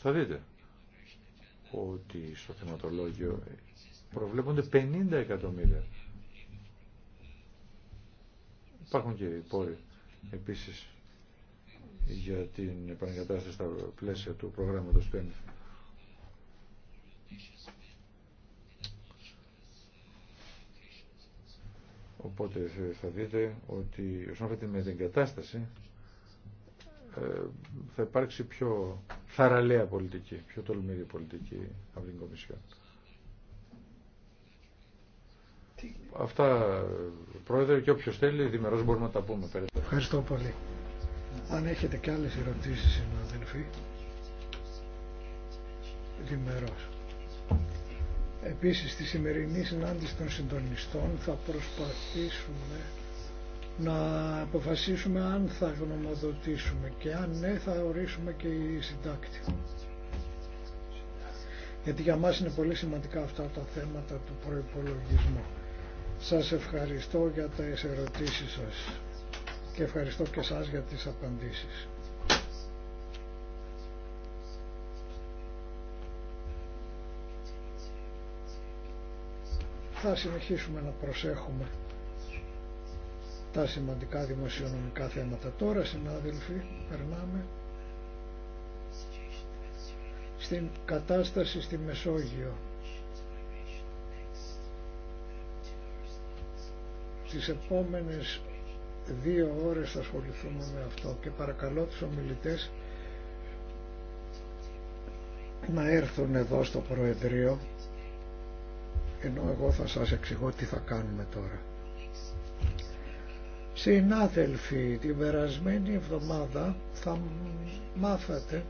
θα δείτε ότι στο θεματολόγιο προβλέπονται 50 εκατομμύρια. Υπάρχουν και οι πόροι επίσης για την επανεγκατάσταση στα πλαίσια του προγράμματος του Οπότε θα δείτε ότι όσον αφορά την κατάσταση. Ε, θα υπάρξει πιο θαραλέα πολιτική, πιο τολμηρή πολιτική από την Κομισιόν. Αυτά, Πρόεδρε, και όποιος θέλει, διμερός μπορούμε να τα πούμε. Ευχαριστώ πολύ. Αν έχετε και άλλες ερωτήσεις, συναδελφοί, διμερός. Επίσης, στη σημερινή συνάντηση των συντονιστών θα προσπαθήσουμε να αποφασίσουμε αν θα γνωμοδοτήσουμε και αν ναι θα ορίσουμε και η συντάκτη. Γιατί για μας είναι πολύ σημαντικά αυτά τα θέματα του προϋπολογισμού. Σας ευχαριστώ για τα ερωτήσεις σας και ευχαριστώ και σας για τις απαντήσεις. Θα συνεχίσουμε να προσέχουμε τα σημαντικά δημοσιονομικά θέματα. Τώρα, συνάδελφοι, περνάμε στην κατάσταση στη Μεσόγειο. Τις επόμενες δύο ώρες θα ασχοληθούμε με αυτό και παρακαλώ τους ομιλητές να έρθουν εδώ στο Προεδρείο ενώ εγώ θα σας εξηγώ τι θα κάνουμε τώρα. Συνάδελφοι, την περασμένη εβδομάδα θα μάθατε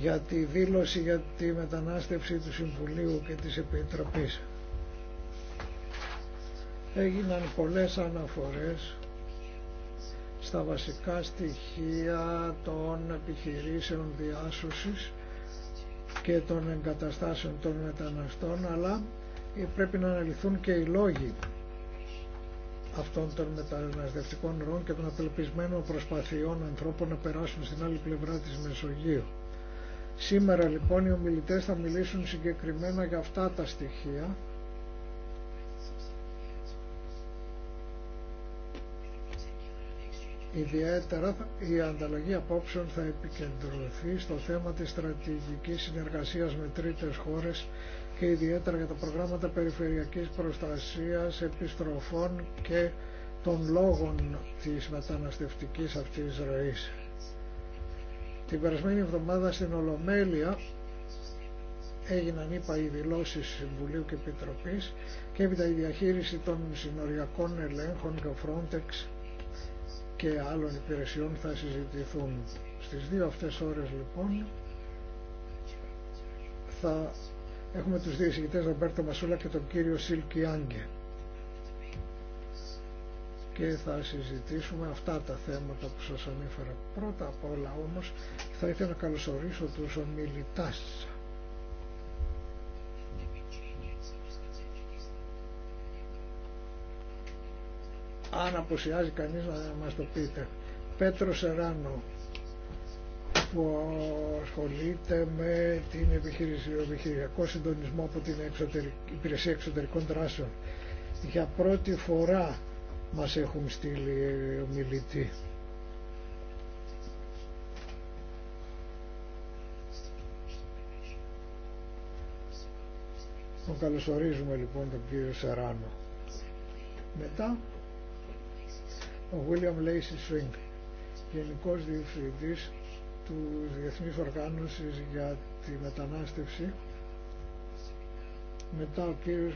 για τη δήλωση για τη μετανάστευση του Συμβουλίου και της Επιτροπής. Έγιναν πολλές αναφορές στα βασικά στοιχεία των επιχειρήσεων διάσωσης και των εγκαταστάσεων των μεταναστών, αλλά πρέπει να αναλυθούν και οι λόγοι αυτών των μεταναστευτικών ροών και των απελπισμένων προσπαθειών ανθρώπων να περάσουν στην άλλη πλευρά της Μεσογείου. Σήμερα λοιπόν οι ομιλητές θα μιλήσουν συγκεκριμένα για αυτά τα στοιχεία Ιδιαίτερα η ανταλλαγή απόψεων θα επικεντρωθεί στο θέμα της στρατηγικής συνεργασίας με τρίτες χώρες και ιδιαίτερα για τα προγράμματα περιφερειακής προστασίας, επιστροφών και των λόγων της μεταναστευτικής αυτής ροής. Την περασμένη εβδομάδα στην Ολομέλεια έγιναν είπα οι δηλώσεις Συμβουλίου και Επιτροπής και έπειτα η διαχείριση των συνοριακών ελέγχων και ο Frontex και άλλων υπηρεσιών θα συζητηθούν. Στις δύο αυτές ώρες λοιπόν θα Έχουμε τους δύο τον Ρομπέρτο Μασούλα και τον κύριο Σίλκι Άγκε. Και θα συζητήσουμε αυτά τα θέματα που σας ανέφερα. Πρώτα απ' όλα όμως θα ήθελα να καλωσορίσω τους ομιλητάς. Αν αποσιάζει κανείς να μας το πείτε. Πέτρο Σεράνο, που ασχολείται με την επιχειρησιακό συντονισμό από την εξωτερική, υπηρεσία εξωτερικών δράσεων. Για πρώτη φορά μας έχουν στείλει ομιλητή. Τον καλωσορίζουμε λοιπόν τον κύριο Σεράνο. Μετά ο William Lacey Swing, Γενικός Διευθυντής του Διεθνής Οργάνωσης για τη Μετανάστευση. Μετά ο κύριος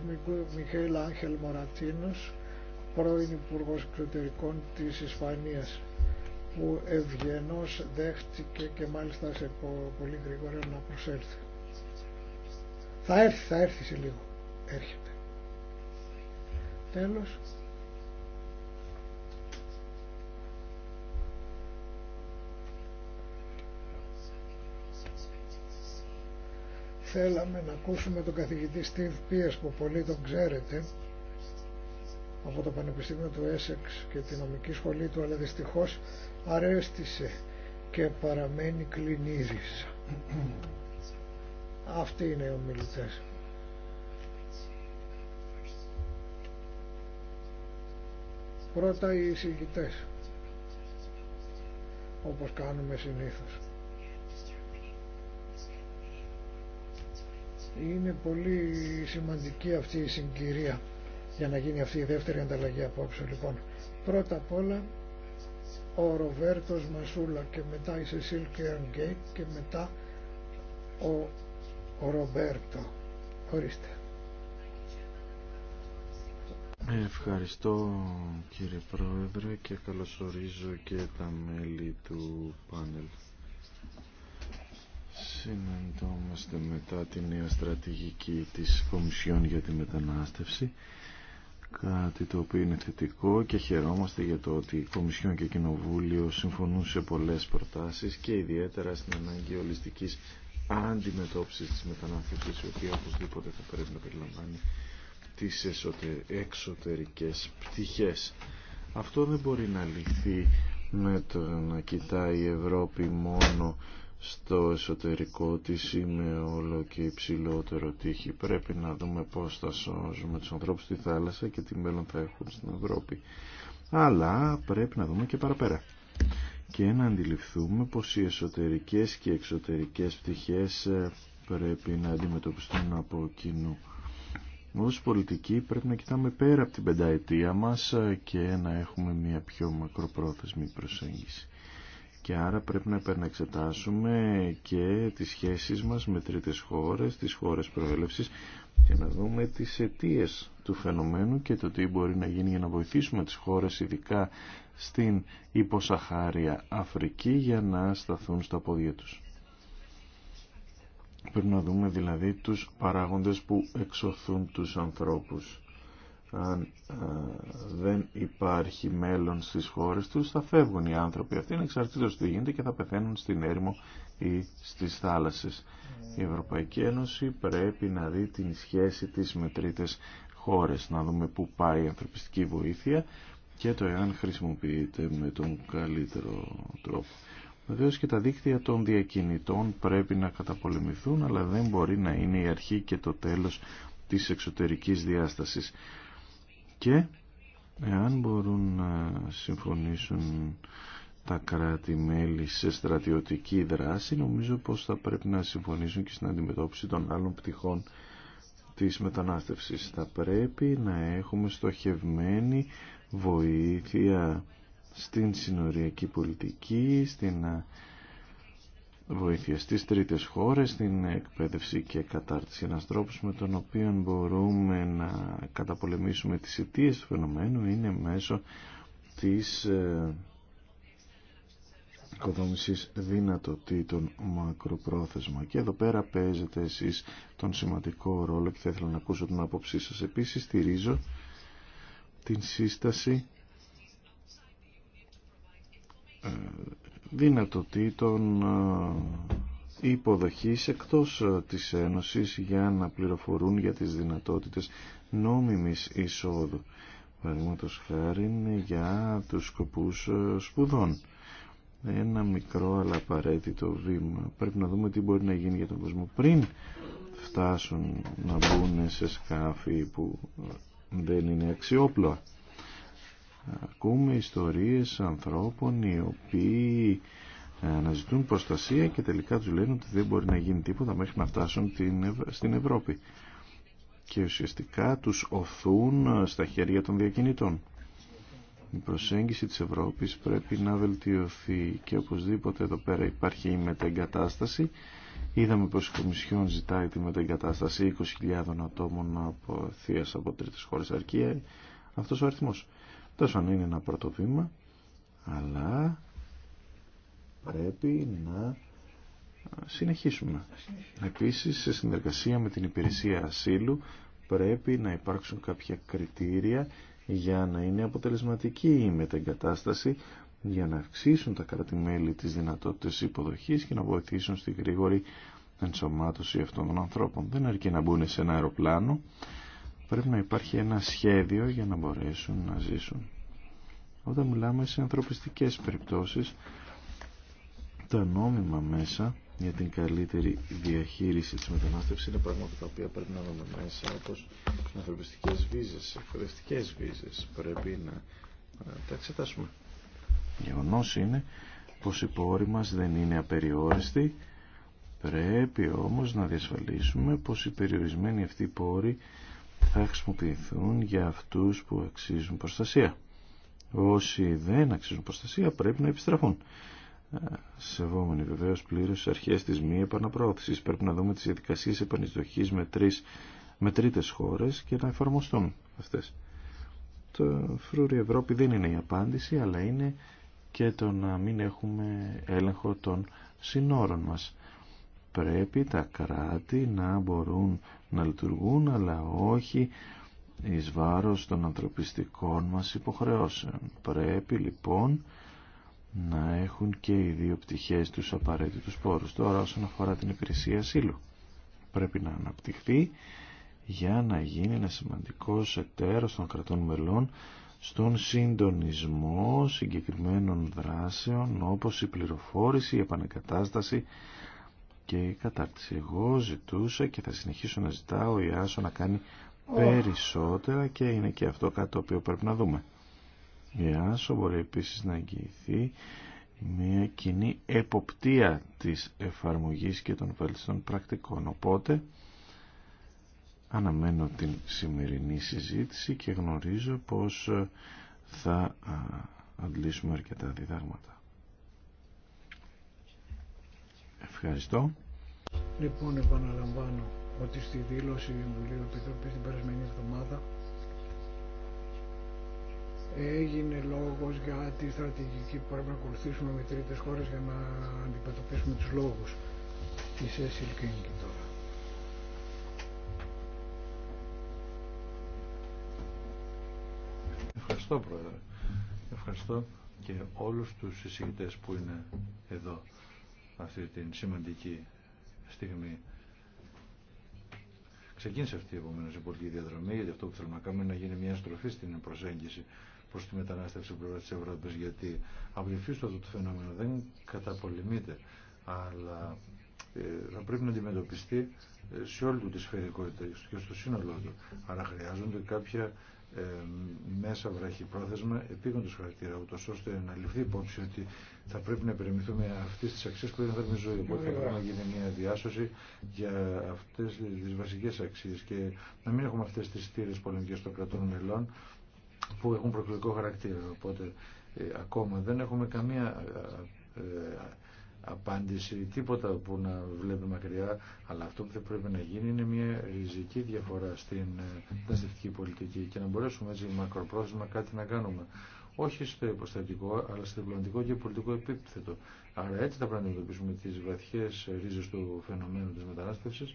Μιχαήλ Άγχελ Μορατίνος, πρώην Υπουργός Εξωτερικών της Ισπανίας που ευγενώς δέχτηκε και μάλιστα σε πολύ γρήγορα να προσέλθει. Θα έρθει, θα έρθει σε λίγο. Έρχεται. Τέλος. θέλαμε να ακούσουμε τον καθηγητή Steve Pierce που πολύ τον ξέρετε από το Πανεπιστήμιο του Essex και τη νομική σχολή του αλλά δυστυχώς αρέστησε και παραμένει κλινίδης. Αυτοί είναι οι ομιλητές. Πρώτα οι εισηγητές όπως κάνουμε συνήθως. Είναι πολύ σημαντική αυτή η συγκυρία για να γίνει αυτή η δεύτερη ανταλλαγή απόψε. Λοιπόν, πρώτα απ' όλα ο Ροβέρτος Μασούλα και μετά η Σεσίλ Κέρνγκέι και μετά ο, ο Ρομπέρτο. Ορίστε. Ευχαριστώ κύριε Πρόεδρε και καλωσορίζω και τα μέλη του πάνελ. Συναντώμαστε μετά τη νέα στρατηγική της Κομισιόν για τη Μετανάστευση κάτι το οποίο είναι θετικό και χαιρόμαστε για το ότι η Κομισιόν και η Κοινοβούλιο συμφωνούν σε πολλές προτάσεις και ιδιαίτερα στην ανάγκη ολιστικής αντιμετώπισης της μετανάστευσης η οποία οπωσδήποτε θα πρέπει να περιλαμβάνει τις εξωτερικές πτυχές. Αυτό δεν μπορεί να λυθεί με το να κοιτάει η Ευρώπη μόνο στο εσωτερικό της είναι όλο και υψηλότερο τύχη. Πρέπει να δούμε πώς θα σώζουμε τους ανθρώπους στη θάλασσα και τι μέλλον θα έχουν στην Ευρώπη. Αλλά πρέπει να δούμε και παραπέρα και να αντιληφθούμε πως οι εσωτερικές και εξωτερικές πτυχές ε, πρέπει να αντιμετωπιστούν από κοινού. Ως πολιτικοί πρέπει να κοιτάμε πέρα από την πενταετία μας ε, και να έχουμε μια πιο μακροπρόθεσμη προσέγγιση. Και άρα πρέπει να επαναξετάσουμε και τις σχέσεις μας με τρίτες χώρες, τις χώρες προέλευσης και να δούμε τις αιτίε του φαινομένου και το τι μπορεί να γίνει για να βοηθήσουμε τις χώρες ειδικά στην υποσαχάρια Αφρική για να σταθούν στα πόδια τους. Πρέπει να δούμε δηλαδή τους παράγοντες που εξωθούν τους ανθρώπους αν ε, δεν υπάρχει μέλλον στις χώρες τους θα φεύγουν οι άνθρωποι αυτοί εξαρτήτως τι γίνεται και θα πεθαίνουν στην έρημο ή στις θάλασσες. Η Ευρωπαϊκή Ένωση πρέπει να δει την σχέση της με τρίτες χώρες, να δούμε πού πάει η ανθρωπιστική βοήθεια και το εάν χρησιμοποιείται με τον καλύτερο τρόπο. Βεβαίω και τα δίκτυα των διακινητών πρέπει να καταπολεμηθούν, αλλά δεν μπορεί να είναι η αρχή και το τέλος της εξωτερικής διάστασης και εάν μπορούν να συμφωνήσουν τα κράτη-μέλη σε στρατιωτική δράση νομίζω πως θα πρέπει να συμφωνήσουν και στην αντιμετώπιση των άλλων πτυχών της μετανάστευσης. Θα πρέπει να έχουμε στοχευμένη βοήθεια στην συνοριακή πολιτική, στην βοήθεια στις τρίτες χώρες, στην εκπαίδευση και κατάρτιση ένας τρόπος με τον οποίο μπορούμε να καταπολεμήσουμε τις αιτίες του φαινομένου είναι μέσω της ε, οικοδόμησης δυνατοτήτων μακροπρόθεσμα. Και εδώ πέρα παίζετε εσείς τον σημαντικό ρόλο και θα ήθελα να ακούσω την άποψή σας. Επίσης στηρίζω την σύσταση ε, δυνατοτήτων ε, υποδοχής εκτός ε, της Ένωσης για να πληροφορούν για τις δυνατότητες νόμιμης εισόδου. Παραδείγματο χάρη για τους σκοπούς ε, σπουδών. Ένα μικρό αλλά απαραίτητο βήμα. Πρέπει να δούμε τι μπορεί να γίνει για τον κόσμο πριν φτάσουν να μπουν σε σκάφη που δεν είναι αξιόπλοα ακούμε ιστορίες ανθρώπων οι οποίοι ε, αναζητούν προστασία και τελικά τους λένε ότι δεν μπορεί να γίνει τίποτα μέχρι να φτάσουν στην Ευρώπη και ουσιαστικά τους οθούν ε, στα χέρια των διακινητών. Η προσέγγιση της Ευρώπης πρέπει να βελτιωθεί και οπωσδήποτε εδώ πέρα υπάρχει η μεταγκατάσταση. Είδαμε πως η Κομισιόν ζητάει τη μεταγκατάσταση 20.000 ατόμων από θείας από τρίτες χώρες αρκεία. Ε, αυτός ο αριθμός. Τόσο είναι ένα πρώτο βήμα, αλλά πρέπει να συνεχίσουμε. Επίσης, σε συνεργασία με την υπηρεσία ασύλου, πρέπει να υπάρξουν κάποια κριτήρια για να είναι αποτελεσματική η μετεγκατάσταση, για να αυξήσουν τα κρατημέλη τις δυνατότητες υποδοχής και να βοηθήσουν στη γρήγορη ενσωμάτωση αυτών των ανθρώπων. Δεν αρκεί να μπουν σε ένα αεροπλάνο, πρέπει να υπάρχει ένα σχέδιο για να μπορέσουν να ζήσουν. Όταν μιλάμε σε ανθρωπιστικές περιπτώσεις, τα νόμιμα μέσα για την καλύτερη διαχείριση της μετανάστευσης είναι πράγματα τα οποία πρέπει να δούμε μέσα όπως ανθρωπιστικές βίζες, εκπαιδευτικές βίζες πρέπει να ε, τα εξετάσουμε. Γεγονό είναι πως η πόρη μας δεν είναι απεριόριστοι πρέπει όμως να διασφαλίσουμε πως οι περιορισμένοι αυτοί πόροι θα χρησιμοποιηθούν για αυτούς που αξίζουν προστασία. Όσοι δεν αξίζουν προστασία πρέπει να επιστραφούν. Ε, σεβόμενοι βεβαίως πλήρως στις αρχές της μη επαναπρόθεσης πρέπει να δούμε τις διαδικασίες επανεισδοχής με, τρεις, με χώρες και να εφαρμοστούν αυτές. Το φρούρι Ευρώπη δεν είναι η απάντηση αλλά είναι και το να μην έχουμε έλεγχο των συνόρων μας πρέπει τα κράτη να μπορούν να λειτουργούν αλλά όχι εις βάρος των ανθρωπιστικών μας υποχρεώσεων. Πρέπει λοιπόν να έχουν και οι δύο πτυχές τους απαραίτητους πόρους. Τώρα όσον αφορά την υπηρεσία ασύλου πρέπει να αναπτυχθεί για να γίνει ένα σημαντικός εταίρος των κρατών μελών στον συντονισμό συγκεκριμένων δράσεων όπως η πληροφόρηση, η επανεκατάσταση και η κατάρτιση. Εγώ ζητούσα και θα συνεχίσω να ζητάω η Άσο να κάνει περισσότερα και είναι και αυτό κάτι το οποίο πρέπει να δούμε. Η Άσο μπορεί επίσης να εγγυηθεί μια κοινή εποπτεία της εφαρμογής και των βέλτιστων πρακτικών. Οπότε αναμένω την σημερινή συζήτηση και γνωρίζω πως θα αντλήσουμε αρκετά διδάγματα. Ευχαριστώ. Λοιπόν, επαναλαμβάνω ότι στη δήλωση του Συμβουλίου του την περασμένη εβδομάδα έγινε λόγος για τη στρατηγική που πρέπει να ακολουθήσουμε με τρίτες χώρες για να αντιμετωπίσουμε τους λόγους της Cecil τώρα. Ευχαριστώ Πρόεδρε. Ευχαριστώ και όλους τους συζητητές που είναι εδώ αυτή την σημαντική στιγμή. Ξεκίνησε αυτή επομένως, η πολιτική διαδρομή, γιατί αυτό που θέλουμε να κάνουμε είναι να γίνει μια στροφή στην προσέγγιση προ τη μετανάστευση πλευρά τη Ευρώπη, γιατί από αυτό το φαινόμενο δεν καταπολεμείται, αλλά ε, θα πρέπει να αντιμετωπιστεί ε, σε όλη του τη σφαιρικότητα και στο σύνολό του. Άρα χρειάζονται κάποια ε, μέσα βραχυπρόθεσμα επίγοντος χαρακτήρα, ούτως ώστε να ληφθεί υπόψη ότι θα πρέπει να περιμηθούμε αυτές τις αξίες που δεν θα τη ζωή. Οπότε θα πρέπει να γίνει μια διάσωση για αυτές τις βασικές αξίες και να μην έχουμε αυτές τις στήρες πολεμικές των κρατών μελών που έχουν προκλητικό χαρακτήρα. Οπότε ε, ακόμα δεν έχουμε καμία ε, απάντηση, τίποτα που να βλέπουμε μακριά, αλλά αυτό που θα πρέπει να γίνει είναι μια ριζική διαφορά στην ε, δραστηριοτική πολιτική και να μπορέσουμε έτσι μακροπρόθεσμα κάτι να κάνουμε. Όχι στο υποστατικό, αλλά στο διπλωματικό και πολιτικό επίπεδο. Άρα έτσι θα πρέπει να αντιμετωπίσουμε τι βαθιέ ρίζε του φαινομένου τη μετανάστευση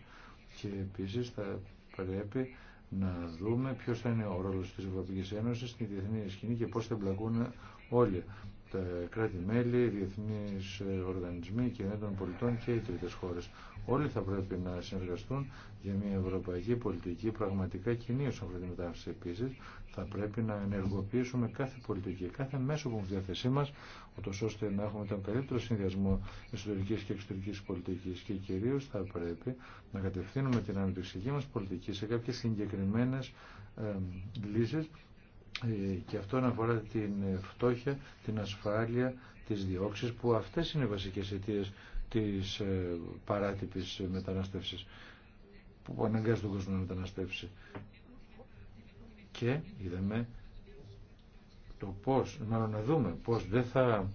και επίση θα πρέπει να δούμε ποιο θα είναι ο ρόλο τη Ευρωπαϊκή Ένωση στην διεθνή σκηνή και πώ θα εμπλακούν όλοι τα κράτη-μέλη, διεθνείς οργανισμοί, κοινωνία των πολιτών και οι τρίτες χώρες. Όλοι θα πρέπει να συνεργαστούν για μια ευρωπαϊκή πολιτική πραγματικά κοινή όσον αφορά τη μετάφραση. Επίση, θα πρέπει να ενεργοποιήσουμε κάθε πολιτική, κάθε μέσο που έχουμε στη διάθεσή μα, ούτω ώστε να έχουμε τον καλύτερο συνδυασμό εσωτερική και εξωτερική πολιτική και κυρίω θα πρέπει να κατευθύνουμε την αναπτυξιακή μα πολιτική σε κάποιε συγκεκριμένε ε, λύσει ε, και αυτό αναφορά την φτώχεια, την ασφάλεια, τις διώξεις που αυτές είναι οι βασικές αιτίες της ε, παράτυπης μετανάστευσης που αναγκάζει τον κόσμο να μεταναστεύσει. Και είδαμε το πώς, μάλλον να δούμε πώς δεν θα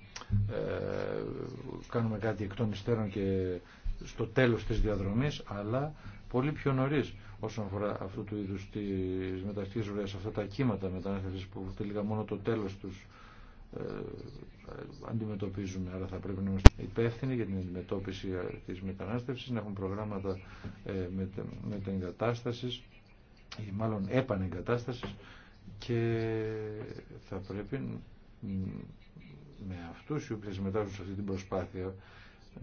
ε, κάνουμε κάτι εκ των υστέρων και στο τέλος της διαδρομής, αλλά πολύ πιο νωρίς όσον αφορά αυτού του είδους τη μεταξύ αυτά τα κύματα μετανάστευσης που τελικά μόνο το τέλος τους ε, αντιμετωπίζουμε. Άρα θα πρέπει να είμαστε υπεύθυνοι για την αντιμετώπιση ε, της μετανάστευσης, να έχουν προγράμματα ε, μετεγκατάστασης ή μάλλον επανεγκατάστασης και θα πρέπει με αυτούς οι οποίοι συμμετάσχουν σε αυτή την προσπάθεια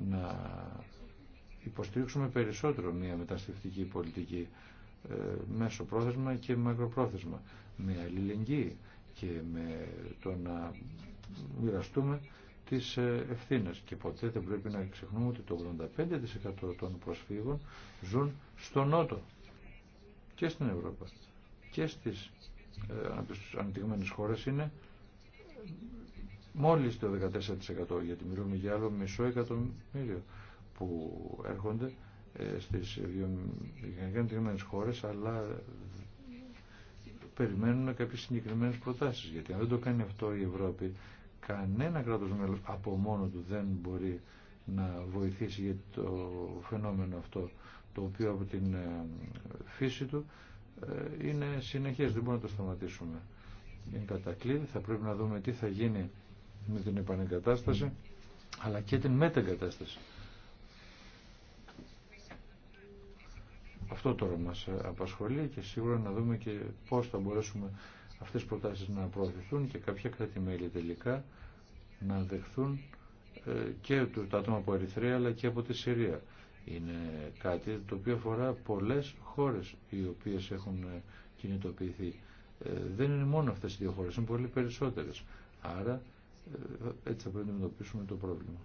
να υποστηρίξουμε περισσότερο μια μεταναστευτική πολιτική ε, μέσω πρόθεσμα και μακροπρόθεσμα με αλληλεγγύη και με το να μοιραστούμε τις ε, ευθύνες και ποτέ δεν πρέπει να ξεχνούμε ότι το 85% των προσφύγων ζουν στο Νότο και στην Ευρώπη και στις ε, αναπτυγμένες χώρες είναι μόλις το 14% γιατί μιλούμε για άλλο μισό εκατομμύριο που έρχονται ε, στις βιομηχανικές χώρες αλλά περιμένουν κάποιες συγκεκριμένες προτάσεις γιατί αν δεν το κάνει αυτό η Ευρώπη κανένα κράτος μέλος από μόνο του δεν μπορεί να βοηθήσει για το φαινόμενο αυτό το οποίο από την ε, φύση του ε, είναι συνεχές, δεν μπορούμε να το σταματήσουμε. Είναι κατακλείδη, θα πρέπει να δούμε τι θα γίνει με την επανεγκατάσταση αλλά και την μετεγκατάσταση. Αυτό τώρα μας απασχολεί και σίγουρα να δούμε και πώς θα μπορέσουμε αυτές τις προτάσεις να προωθηθούν και κάποια κρατημέλη τελικά να δεχθούν ε, και τα άτομα από Ερυθρέα αλλά και από τη Συρία. Είναι κάτι το οποίο αφορά πολλές χώρες οι οποίες έχουν ε, κινητοποιηθεί. Ε, δεν είναι μόνο αυτές οι δύο χώρες, είναι πολύ περισσότερες. Άρα έτσι θα πρέπει να αντιμετωπίσουμε το πρόβλημα.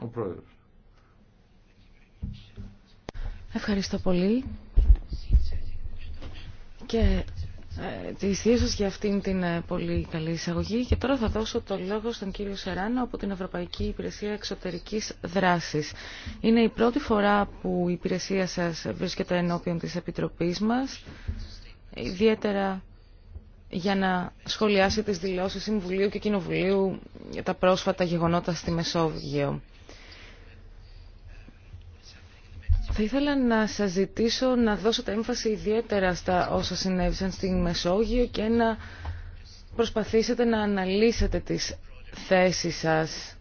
Ο πρόεδρος. Ευχαριστώ πολύ. Και ε, τη ίσως για αυτήν την ε, πολύ καλή εισαγωγή και τώρα θα δώσω το λόγο στον κύριο Σεράνο από την Ευρωπαϊκή Υπηρεσία Εξωτερικής Δράσης. Είναι η πρώτη φορά που η υπηρεσία σας βρίσκεται ενώπιον της Επιτροπής μας, ιδιαίτερα για να σχολιάσει τις δηλώσεις Συμβουλίου και Κοινοβουλίου για τα πρόσφατα γεγονότα στη Μεσόγειο. Θα ήθελα να σας ζητήσω να δώσετε έμφαση ιδιαίτερα στα όσα συνέβησαν στην Μεσόγειο και να προσπαθήσετε να αναλύσετε τις θέσεις σας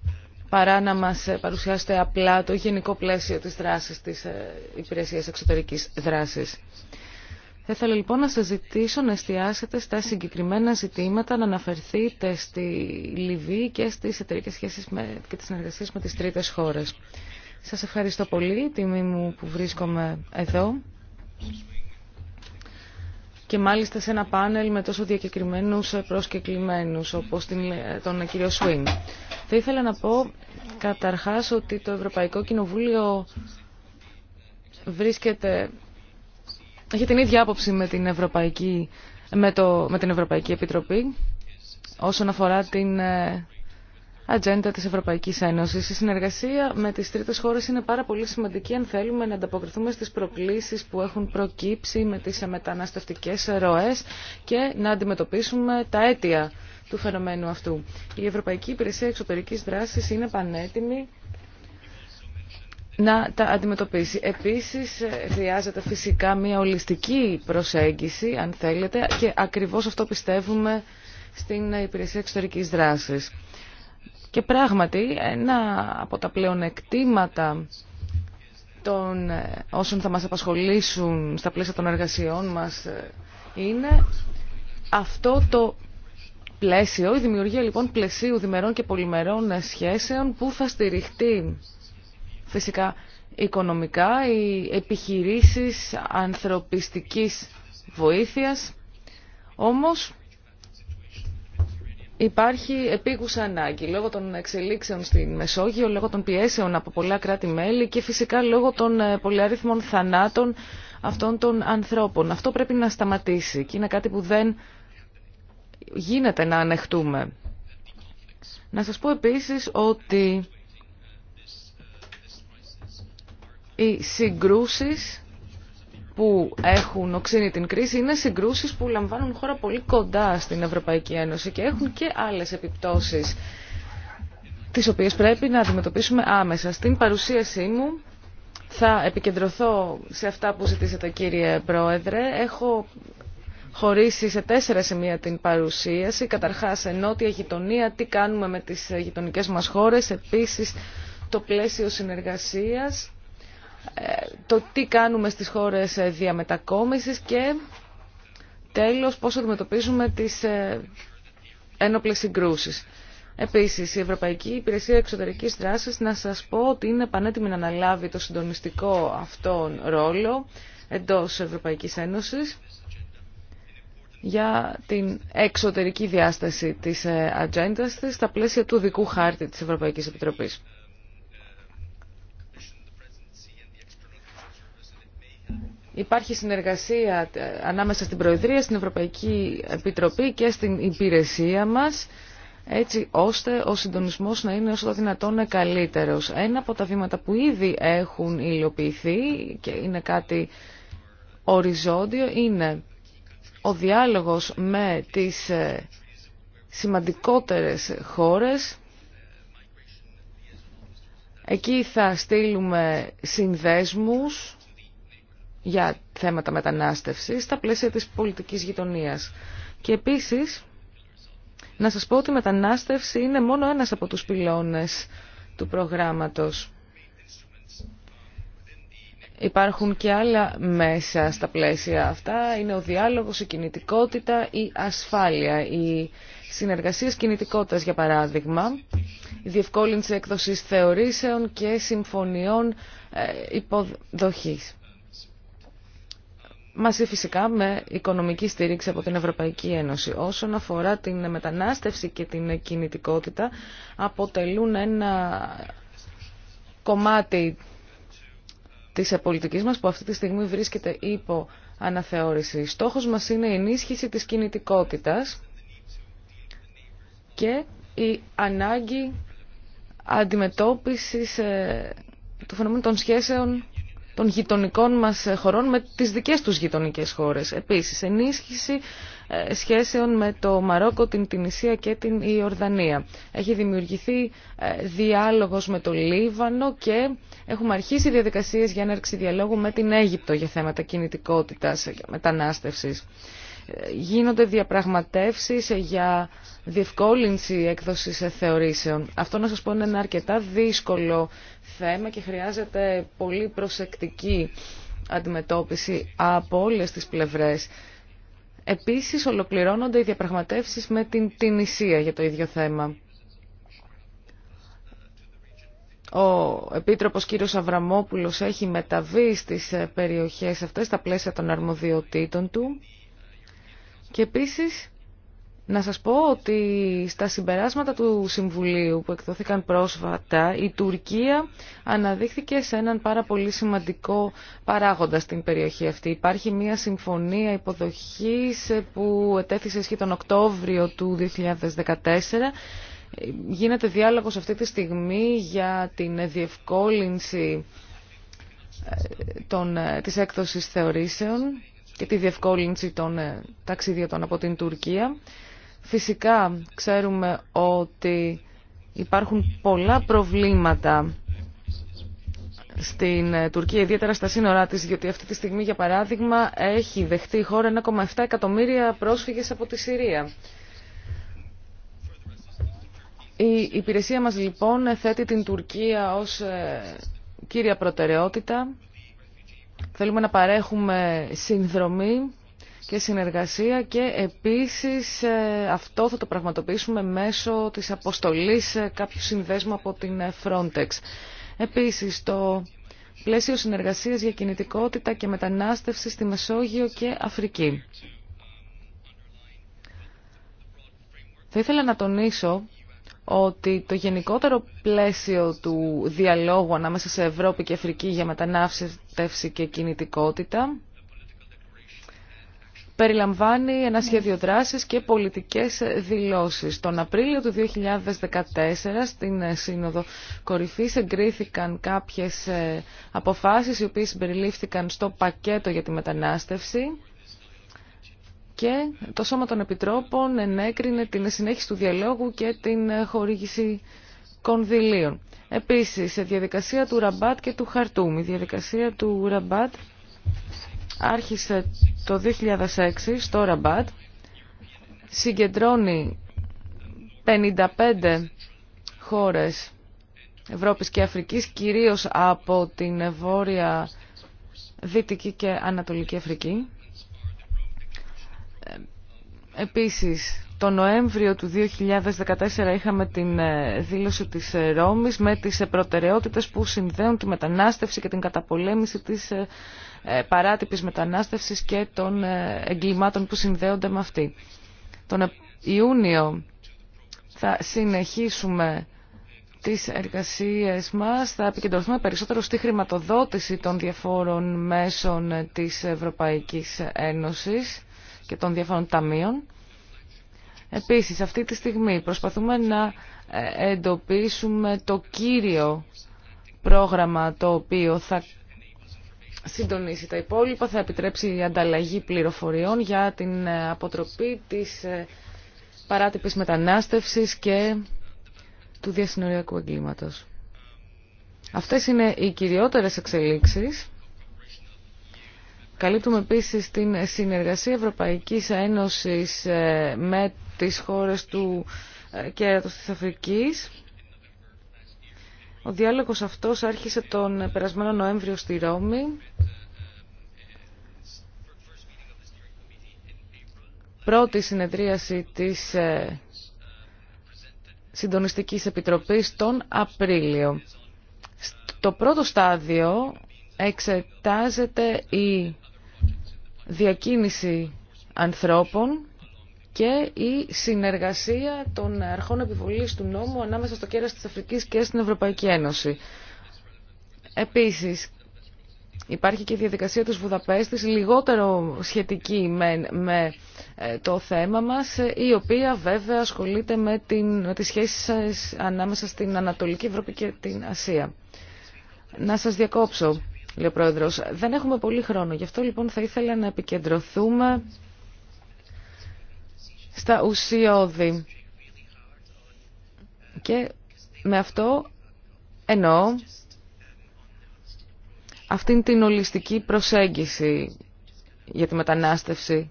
παρά να μας παρουσιάσετε απλά το γενικό πλαίσιο της δράσης της ε, Υπηρεσίας Εξωτερικής Δράσης. Θα ήθελα λοιπόν να σας ζητήσω να εστιάσετε στα συγκεκριμένα ζητήματα, να αναφερθείτε στη Λιβύη και στις εταιρικές σχέσεις με, και τις συνεργασίες με τις τρίτες χώρες. Σας ευχαριστώ πολύ, τιμή μου που βρίσκομαι εδώ και μάλιστα σε ένα πάνελ με τόσο διακεκριμένους προσκεκλημένους όπως τον κύριο Σουίν. Θα ήθελα να πω καταρχάς ότι το Ευρωπαϊκό Κοινοβούλιο βρίσκεται, έχει την ίδια άποψη με την Ευρωπαϊκή, με το, με την Ευρωπαϊκή Επιτροπή όσον αφορά την ε, ατζέντα της Ευρωπαϊκής Ένωσης. Η συνεργασία με τις τρίτες χώρες είναι πάρα πολύ σημαντική αν θέλουμε να ανταποκριθούμε στις προκλήσεις που έχουν προκύψει με τις μεταναστευτικές ροές και να αντιμετωπίσουμε τα αίτια του φαινομένου αυτού. Η Ευρωπαϊκή Υπηρεσία Εξωτερική δράση είναι πανέτοιμη να τα αντιμετωπίσει. Επίσης χρειάζεται φυσικά μια ολιστική προσέγγιση, αν θέλετε, και ακριβώς αυτό πιστεύουμε στην Υπηρεσία Εξωτερικής δράση. Και πράγματι, ένα από τα πλεονεκτήματα των ε, όσων θα μας απασχολήσουν στα πλαίσια των εργασιών μας ε, είναι αυτό το πλαίσιο, η δημιουργία λοιπόν πλαισίου διμερών και πολυμερών ε, σχέσεων που θα στηριχτεί φυσικά οικονομικά οι επιχειρήσεις ανθρωπιστικής βοήθειας. Όμως Υπάρχει επίγουσα ανάγκη λόγω των εξελίξεων στη Μεσόγειο, λόγω των πιέσεων από πολλά κράτη-μέλη και φυσικά λόγω των ε, πολυαριθμών θανάτων αυτών των ανθρώπων. Αυτό πρέπει να σταματήσει και είναι κάτι που δεν γίνεται να ανεχτούμε. Να σας πω επίσης ότι οι συγκρούσεις που έχουν οξύνει την κρίση είναι συγκρούσεις που λαμβάνουν χώρα πολύ κοντά στην Ευρωπαϊκή Ένωση και έχουν και άλλες επιπτώσεις τις οποίες πρέπει να αντιμετωπίσουμε άμεσα. Στην παρουσίασή μου θα επικεντρωθώ σε αυτά που ζητήσατε κύριε Πρόεδρε. Έχω χωρίσει σε τέσσερα σημεία την παρουσίαση. Καταρχάς νότια γειτονία, τι κάνουμε με τις γειτονικές μας χώρες, επίσης το πλαίσιο συνεργασίας, το τι κάνουμε στις χώρες ε, διαμετακόμισης και τέλος πώς αντιμετωπίζουμε τις ε, ένοπλες συγκρούσεις. Επίσης, η Ευρωπαϊκή Υπηρεσία Εξωτερικής Δράσης, να σας πω ότι είναι πανέτοιμη να αναλάβει το συντονιστικό αυτόν ρόλο εντός Ευρωπαϊκής Ένωσης για την εξωτερική διάσταση της ε, ατζέντα της στα πλαίσια του δικού χάρτη της Ευρωπαϊκής Επιτροπής. Υπάρχει συνεργασία ε, ανάμεσα στην Προεδρία, στην Ευρωπαϊκή Επιτροπή και στην υπηρεσία μας έτσι ώστε ο συντονισμός να είναι όσο το δυνατόν καλύτερος. Ένα από τα βήματα που ήδη έχουν υλοποιηθεί και είναι κάτι οριζόντιο είναι ο διάλογος με τις ε, σημαντικότερες χώρες. Εκεί θα στείλουμε συνδέσμους για θέματα μετανάστευσης στα πλαίσια της πολιτικής γειτονίας. Και επίσης, να σας πω ότι η μετανάστευση είναι μόνο ένας από τους πυλώνες του προγράμματος. Υπάρχουν και άλλα μέσα στα πλαίσια αυτά. Είναι ο διάλογος, η κινητικότητα, η ασφάλεια, οι συνεργασίες κινητικότητας για παράδειγμα, η διευκόλυνση έκδοσης θεωρήσεων και συμφωνιών ε, υποδοχής μαζί φυσικά με οικονομική στήριξη από την Ευρωπαϊκή Ένωση. Όσον αφορά την μετανάστευση και την κινητικότητα, αποτελούν ένα κομμάτι της πολιτικής μας που αυτή τη στιγμή βρίσκεται υπό αναθεώρηση. Στόχος μας είναι η ενίσχυση της κινητικότητας και η ανάγκη αντιμετώπισης ε, του φαινομένου των σχέσεων των γειτονικών μας χωρών με τις δικές τους γειτονικές χώρες. Επίσης, ενίσχυση ε, σχέσεων με το Μαρόκο, την Τινησία και την Ιορδανία. Έχει δημιουργηθεί ε, διάλογος με το Λίβανο και έχουμε αρχίσει διαδικασίες για έναρξη διαλόγου με την Αίγυπτο για θέματα κινητικότητας και μετανάστευσης γίνονται διαπραγματεύσεις για διευκόλυνση έκδοσης θεωρήσεων. Αυτό να σας πω είναι ένα αρκετά δύσκολο θέμα και χρειάζεται πολύ προσεκτική αντιμετώπιση από όλες τις πλευρές. Επίσης ολοκληρώνονται οι διαπραγματεύσεις με την Τινησία για το ίδιο θέμα. Ο Επίτροπος κ. Αβραμόπουλος έχει μεταβεί στις περιοχές αυτές στα πλαίσια των αρμοδιοτήτων του και επίση να σας πω ότι στα συμπεράσματα του Συμβουλίου που εκδόθηκαν πρόσφατα, η Τουρκία αναδείχθηκε σε έναν πάρα πολύ σημαντικό παράγοντα στην περιοχή αυτή. Υπάρχει μια συμφωνία υποδοχής που ετέθησε ισχύ τον Οκτώβριο του 2014 Γίνεται διάλογος αυτή τη στιγμή για την διευκόλυνση ε, των, ε, της έκδοσης θεωρήσεων και τη διευκόλυνση των ε, ταξιδιωτών από την Τουρκία. Φυσικά ξέρουμε ότι υπάρχουν πολλά προβλήματα στην ε, Τουρκία, ιδιαίτερα στα σύνορά της, διότι αυτή τη στιγμή, για παράδειγμα, έχει δεχτεί η χώρα 1,7 εκατομμύρια πρόσφυγες από τη Συρία. Η υπηρεσία μας, λοιπόν, θέτει την Τουρκία ως ε, κύρια προτεραιότητα Θέλουμε να παρέχουμε συνδρομή και συνεργασία και επίσης ε, αυτό θα το πραγματοποιήσουμε μέσω της αποστολής ε, κάποιου συνδέσμου από την ε, Frontex. Επίσης το πλαίσιο συνεργασίας για κινητικότητα και μετανάστευση στη Μεσόγειο και Αφρική. Θα ήθελα να τονίσω ότι το γενικότερο πλαίσιο του διαλόγου ανάμεσα σε Ευρώπη και Αφρική για μετανάστευση και κινητικότητα περιλαμβάνει ένα σχέδιο δράσης και πολιτικές δηλώσεις. Τον Απρίλιο του 2014 στην Σύνοδο Κορυφής εγκρίθηκαν κάποιες ε, αποφάσεις οι οποίες συμπεριλήφθηκαν στο πακέτο για τη μετανάστευση και το Σώμα των Επιτρόπων ενέκρινε την συνέχιση του διαλόγου και την χορήγηση κονδυλίων. Επίσης, σε διαδικασία του Ραμπάτ και του Χαρτούμ. Η διαδικασία του Ραμπάτ άρχισε το 2006 στο Ραμπάτ, συγκεντρώνει 55 χώρες Ευρώπης και Αφρικής, κυρίως από την Βόρεια Δυτική και Ανατολική Αφρική. Επίσης, το Νοέμβριο του 2014 είχαμε την ε, δήλωση της ε, Ρώμης με τις ε, προτεραιότητες που συνδέουν τη μετανάστευση και την καταπολέμηση της παράτυπης μετανάστευσης και των εγκλημάτων που συνδέονται με αυτή. Τον Ιούνιο θα συνεχίσουμε τις εργασίες μας, θα επικεντρωθούμε περισσότερο στη χρηματοδότηση των διαφόρων μέσων της Ευρωπαϊκής Ένωσης και των διαφόρων ταμείων. Επίσης, αυτή τη στιγμή προσπαθούμε να ε, εντοπίσουμε το κύριο πρόγραμμα το οποίο θα συντονίσει τα υπόλοιπα, θα επιτρέψει η ανταλλαγή πληροφοριών για την ε, αποτροπή της ε, παράτυπης μετανάστευσης και του διασυνοριακού εγκλήματος. Αυτές είναι οι κυριότερες εξελίξεις Καλύπτουμε επίσης την συνεργασία Ευρωπαϊκής Ένωσης ε, με τις χώρες του ε, κέρατος της Αφρικής. Ο διάλογος αυτός άρχισε τον περασμένο Νοέμβριο στη Ρώμη. Πρώτη συνεδρίαση της ε, Συντονιστικής Επιτροπής τον Απρίλιο. Στο πρώτο στάδιο εξετάζεται η διακίνηση ανθρώπων και η συνεργασία των αρχών επιβολής του νόμου ανάμεσα στο κέρας της Αφρικής και στην Ευρωπαϊκή Ένωση. Επίσης, υπάρχει και η διαδικασία της Βουδαπέστης, λιγότερο σχετική με, ε, το θέμα μας, η οποία βέβαια ασχολείται με, την, με τις σχέσεις ανάμεσα στην Ανατολική Ευρώπη και την Ασία. Να σας διακόψω. Δεν έχουμε πολύ χρόνο, γι' αυτό λοιπόν θα ήθελα να επικεντρωθούμε στα ουσιώδη. Και με αυτό εννοώ αυτήν την ολιστική προσέγγιση για τη μετανάστευση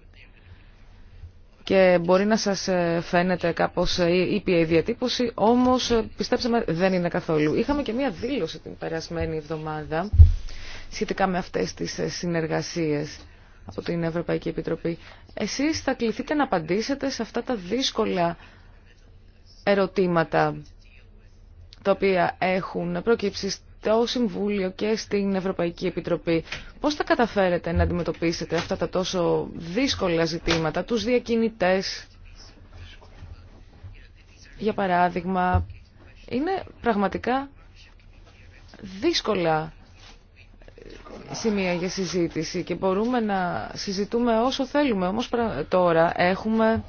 και μπορεί να σας ε, φαίνεται κάπως ε, ήπια η διατύπωση, όμως ε, πιστέψαμε δεν είναι καθόλου. Είχαμε και μία δήλωση την περασμένη εβδομάδα σχετικά με αυτές τις ε, συνεργασίες από την Ευρωπαϊκή Επιτροπή. Εσείς θα κληθείτε να απαντήσετε σε αυτά τα δύσκολα ερωτήματα τα οποία έχουν προκύψει στο Συμβούλιο και στην Ευρωπαϊκή Επιτροπή. Πώς θα καταφέρετε να αντιμετωπίσετε αυτά τα τόσο δύσκολα ζητήματα, τους διακινητές, για παράδειγμα, είναι πραγματικά δύσκολα σημεία για συζήτηση και μπορούμε να συζητούμε όσο θέλουμε. Όμως τώρα έχουμε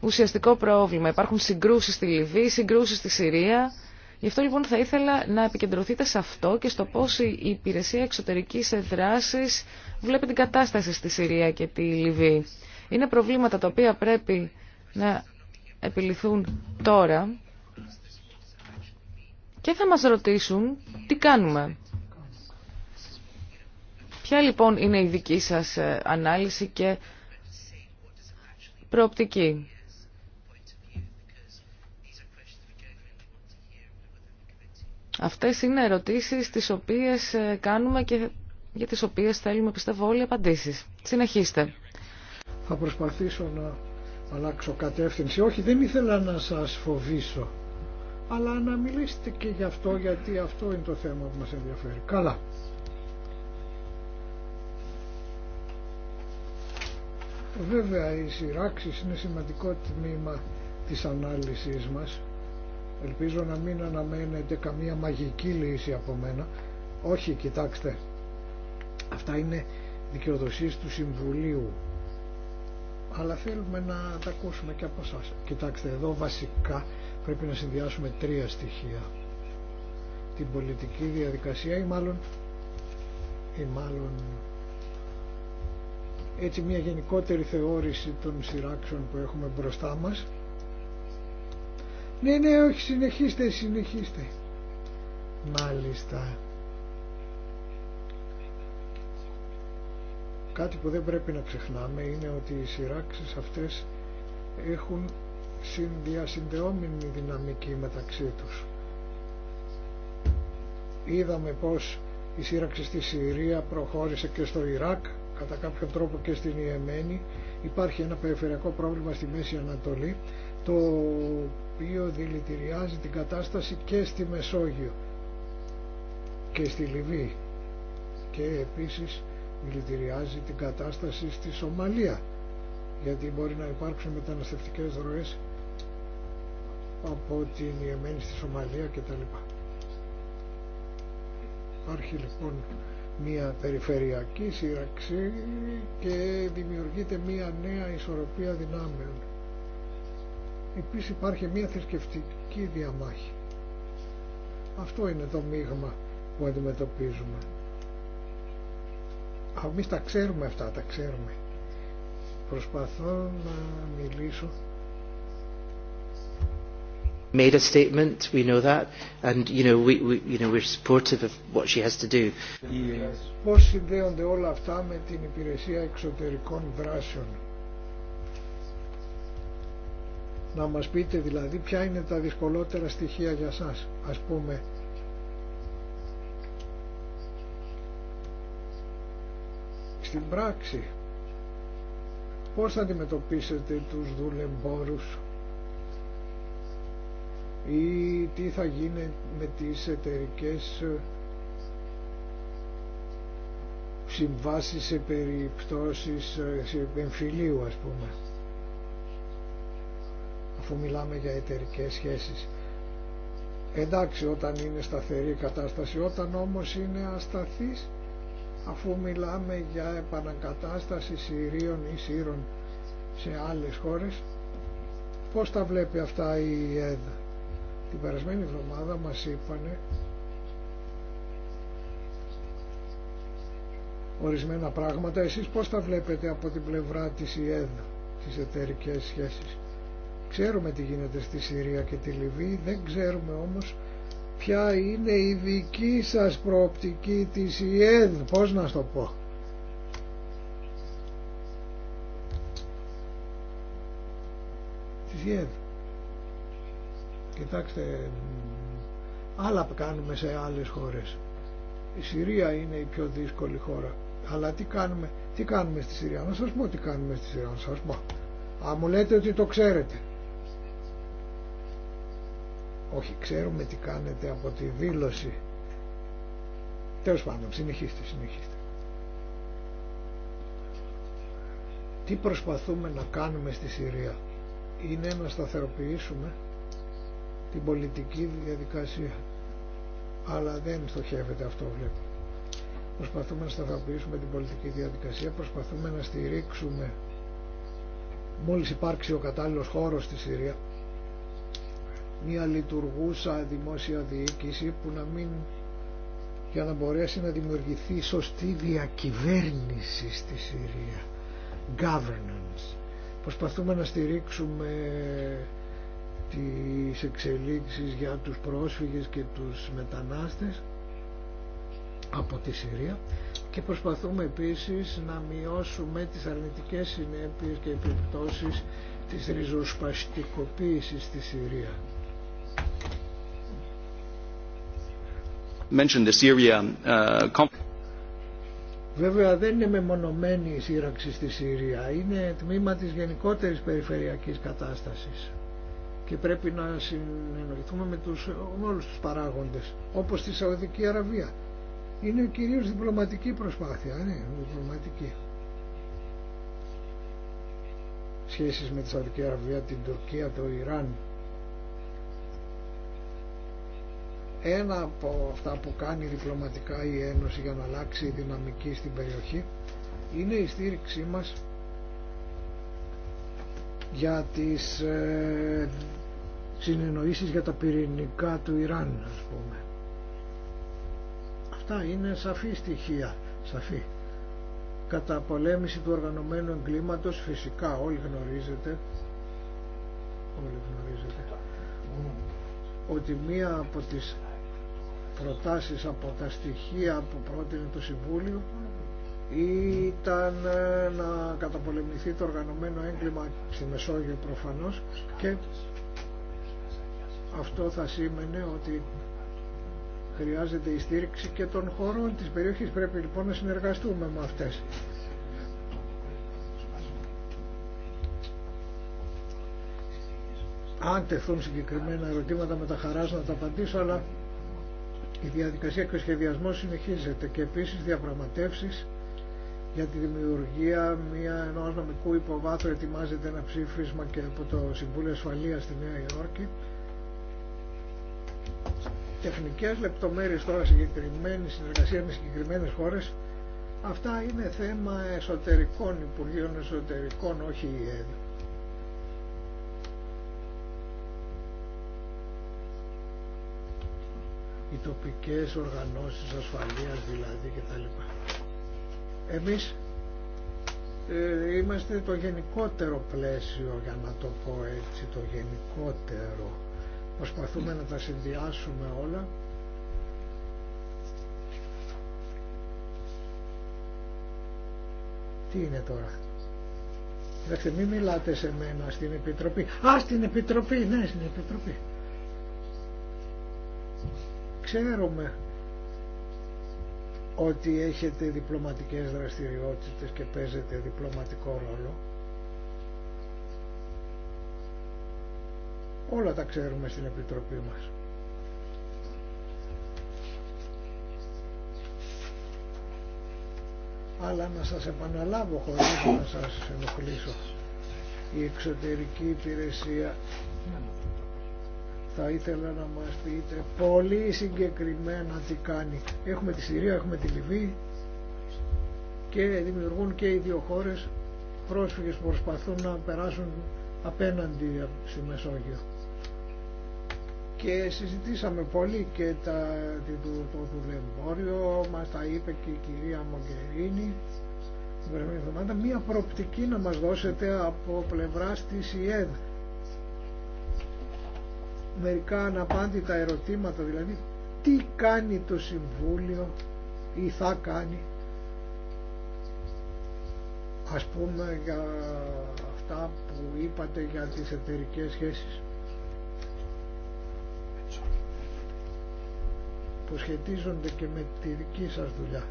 ουσιαστικό πρόβλημα. Υπάρχουν συγκρούσεις στη Λιβύη, συγκρούσεις στη Συρία. Γι' αυτό λοιπόν θα ήθελα να επικεντρωθείτε σε αυτό και στο πώς η υπηρεσία εξωτερικής δράσης βλέπει την κατάσταση στη Συρία και τη Λιβύη. Είναι προβλήματα τα οποία πρέπει να επιληθούν τώρα και θα μας ρωτήσουν τι κάνουμε. Ποια λοιπόν είναι η δική σας ε, ανάλυση και προοπτική. Αυτές είναι ερωτήσεις τις οποίες ε, κάνουμε και για τις οποίες θέλουμε πιστεύω όλοι απαντήσεις. Συνεχίστε. Θα προσπαθήσω να αλλάξω κατεύθυνση. Όχι, δεν ήθελα να σας φοβήσω. Αλλά να μιλήσετε και γι' αυτό γιατί αυτό είναι το θέμα που μας ενδιαφέρει. Καλά. Βέβαια οι σειράξεις είναι σημαντικό τμήμα της ανάλυσης μας. Ελπίζω να μην αναμένετε καμία μαγική λύση από μένα. Όχι, κοιτάξτε, αυτά είναι δικαιοδοσίες του Συμβουλίου. Αλλά θέλουμε να τα ακούσουμε και από εσάς. Κοιτάξτε, εδώ βασικά πρέπει να συνδυάσουμε τρία στοιχεία. Την πολιτική διαδικασία ή μάλλον, ή μάλλον έτσι μια γενικότερη θεώρηση των σειράξεων που έχουμε μπροστά μας. Ναι, ναι, όχι, συνεχίστε, συνεχίστε. Μάλιστα. Κάτι που δεν πρέπει να ξεχνάμε είναι ότι οι σειράξεις αυτές έχουν συνδιασυνδεόμενη δυναμική μεταξύ τους. Είδαμε πως η σύραξη στη Συρία προχώρησε και στο Ιράκ κατά κάποιον τρόπο και στην Ιεμένη. Υπάρχει ένα περιφερειακό πρόβλημα στη Μέση Ανατολή το οποίο δηλητηριάζει την κατάσταση και στη Μεσόγειο και στη Λιβύη και επίσης δηλητηριάζει την κατάσταση στη Σομαλία γιατί μπορεί να υπάρξουν μεταναστευτικές ροές από την Ιεμένη στη Σομαλία κτλ. Υπάρχει λοιπόν μια περιφερειακή σύραξη και δημιουργείται μια νέα ισορροπία δυνάμεων. Επίσης υπάρχει μια θρησκευτική διαμάχη. Αυτό είναι το μείγμα που αντιμετωπίζουμε. Αμείς τα ξέρουμε αυτά, τα ξέρουμε. Προσπαθώ να μιλήσω made a statement, we know that, and you know, we, we, you know, we're supportive of what she has to do. συνδέονται όλα αυτά με την υπηρεσία εξωτερικών δράσεων. Να μας πείτε δηλαδή ποια είναι τα δυσκολότερα στοιχεία για σας. Ας πούμε στην πράξη πώς θα αντιμετωπίσετε τους δουλεμπόρους ή τι θα γίνει με τις εταιρικές ε, συμβάσεις σε περιπτώσεις ε, εμφυλίου ας πούμε αφού μιλάμε για εταιρικέ σχέσεις εντάξει όταν είναι σταθερή η κατάσταση όταν όμως είναι ασταθής αφού μιλάμε για επανακατάσταση Συρίων ή Σύρων σε άλλες χώρες πώς τα βλέπει αυτά η ΕΔΑ την περασμένη εβδομάδα μας είπανε ορισμένα πράγματα. Εσείς πώς τα βλέπετε από την πλευρά της ΙΕΔ, τις εταιρικές σχέσεις. Ξέρουμε τι γίνεται στη Συρία και τη Λιβύη, δεν ξέρουμε όμως ποια είναι η δική σας προοπτική της ΙΕΔ, πώς να στο πω. Της ΙΕΔ. Κοιτάξτε, άλλα κάνουμε σε άλλες χώρες. Η Συρία είναι η πιο δύσκολη χώρα. Αλλά τι κάνουμε, τι κάνουμε στη Συρία. Να σας πω τι κάνουμε στη Συρία. Να σας πω. Αν μου λέτε ότι το ξέρετε. Όχι, ξέρουμε τι κάνετε από τη δήλωση. Τέλος πάντων, συνεχίστε, συνεχίστε. Τι προσπαθούμε να κάνουμε στη Συρία. Είναι να σταθεροποιήσουμε την πολιτική διαδικασία. Αλλά δεν στοχεύεται αυτό βλέπω. Προσπαθούμε να σταθεροποιήσουμε την πολιτική διαδικασία, προσπαθούμε να στηρίξουμε μόλις υπάρξει ο κατάλληλος χώρος στη Συρία μια λειτουργούσα δημόσια διοίκηση που να μην για να μπορέσει να δημιουργηθεί σωστή διακυβέρνηση στη Συρία governance προσπαθούμε να στηρίξουμε τις εξελίξεις για τους πρόσφυγες και τους μετανάστες από τη Συρία και προσπαθούμε επίσης να μειώσουμε τις αρνητικές συνέπειες και επιπτώσεις της ριζοσπαστικοποίησης στη Συρία. The Syria, uh... Βέβαια δεν είναι μεμονωμένη η σύραξη στη Συρία, είναι τμήμα της γενικότερης περιφερειακής κατάστασης και πρέπει να συνεννοηθούμε με τους, με όλους τους παράγοντες όπως στη Σαουδική Αραβία είναι κυρίως διπλωματική προσπάθεια ναι, διπλωματική σχέσεις με τη Σαουδική Αραβία την Τουρκία, το Ιράν ένα από αυτά που κάνει διπλωματικά η Ένωση για να αλλάξει η δυναμική στην περιοχή είναι η στήριξή μας για τις ε, συνεννοήσεις για τα πυρηνικά του Ιράν ας πούμε. Αυτά είναι σαφή στοιχεία, σαφή. Κατά πολέμηση του οργανωμένου εγκλήματος φυσικά όλοι γνωρίζετε, όλοι γνωρίζετε ότι μία από τις προτάσεις από τα στοιχεία που πρότεινε το Συμβούλιο ήταν ε, να καταπολεμηθεί το οργανωμένο έγκλημα στη Μεσόγειο προφανώς και αυτό θα σήμαινε ότι χρειάζεται η στήριξη και των χωρών της περιοχής. Πρέπει λοιπόν να συνεργαστούμε με αυτές. Αν τεθούν συγκεκριμένα ερωτήματα με τα χαράς να τα απαντήσω, αλλά η διαδικασία και ο σχεδιασμός συνεχίζεται και επίσης διαπραγματεύσεις για τη δημιουργία μια ενός νομικού υποβάθρου ετοιμάζεται ένα ψήφισμα και από το Συμβούλιο Ασφαλείας στη Νέα Υόρκη τεχνικές λεπτομέρειες τώρα συγκεκριμένη συνεργασία με συγκεκριμένες χώρες αυτά είναι θέμα εσωτερικών Υπουργείων Εσωτερικών όχι η ΕΔ οι τοπικές οργανώσεις ασφαλείας δηλαδή κτλ. Εμείς ε, είμαστε το γενικότερο πλαίσιο για να το πω έτσι, το γενικότερο Προσπαθούμε να τα συνδυάσουμε όλα. Τι είναι τώρα. Κοιτάξτε, μην μιλάτε σε μένα στην Επιτροπή. Α, στην Επιτροπή, ναι, στην Επιτροπή. Ξέρουμε ότι έχετε διπλωματικές δραστηριότητες και παίζετε διπλωματικό ρόλο. Όλα τα ξέρουμε στην Επιτροπή μας. Αλλά να σας επαναλάβω χωρίς να σας ενοχλήσω. Η εξωτερική υπηρεσία θα ήθελα να μας πείτε πολύ συγκεκριμένα τι κάνει. Έχουμε τη Συρία, έχουμε τη Λιβύη και δημιουργούν και οι δύο χώρες πρόσφυγες που προσπαθούν να περάσουν απέναντι στη Μεσόγειο και συζητήσαμε πολύ και τα, το, το δουλεμπόριο, μας τα είπε και η κυρία Μογκερίνη την προηγούμενη εβδομάδα, μία προοπτική να μας δώσετε από πλευρά της ΙΕΔ. Μερικά αναπάντητα ερωτήματα, δηλαδή τι κάνει το Συμβούλιο ή θα κάνει ας πούμε για αυτά που είπατε για τις εταιρικές σχέσεις. που σχετίζονται και με τη δική σας δουλειά.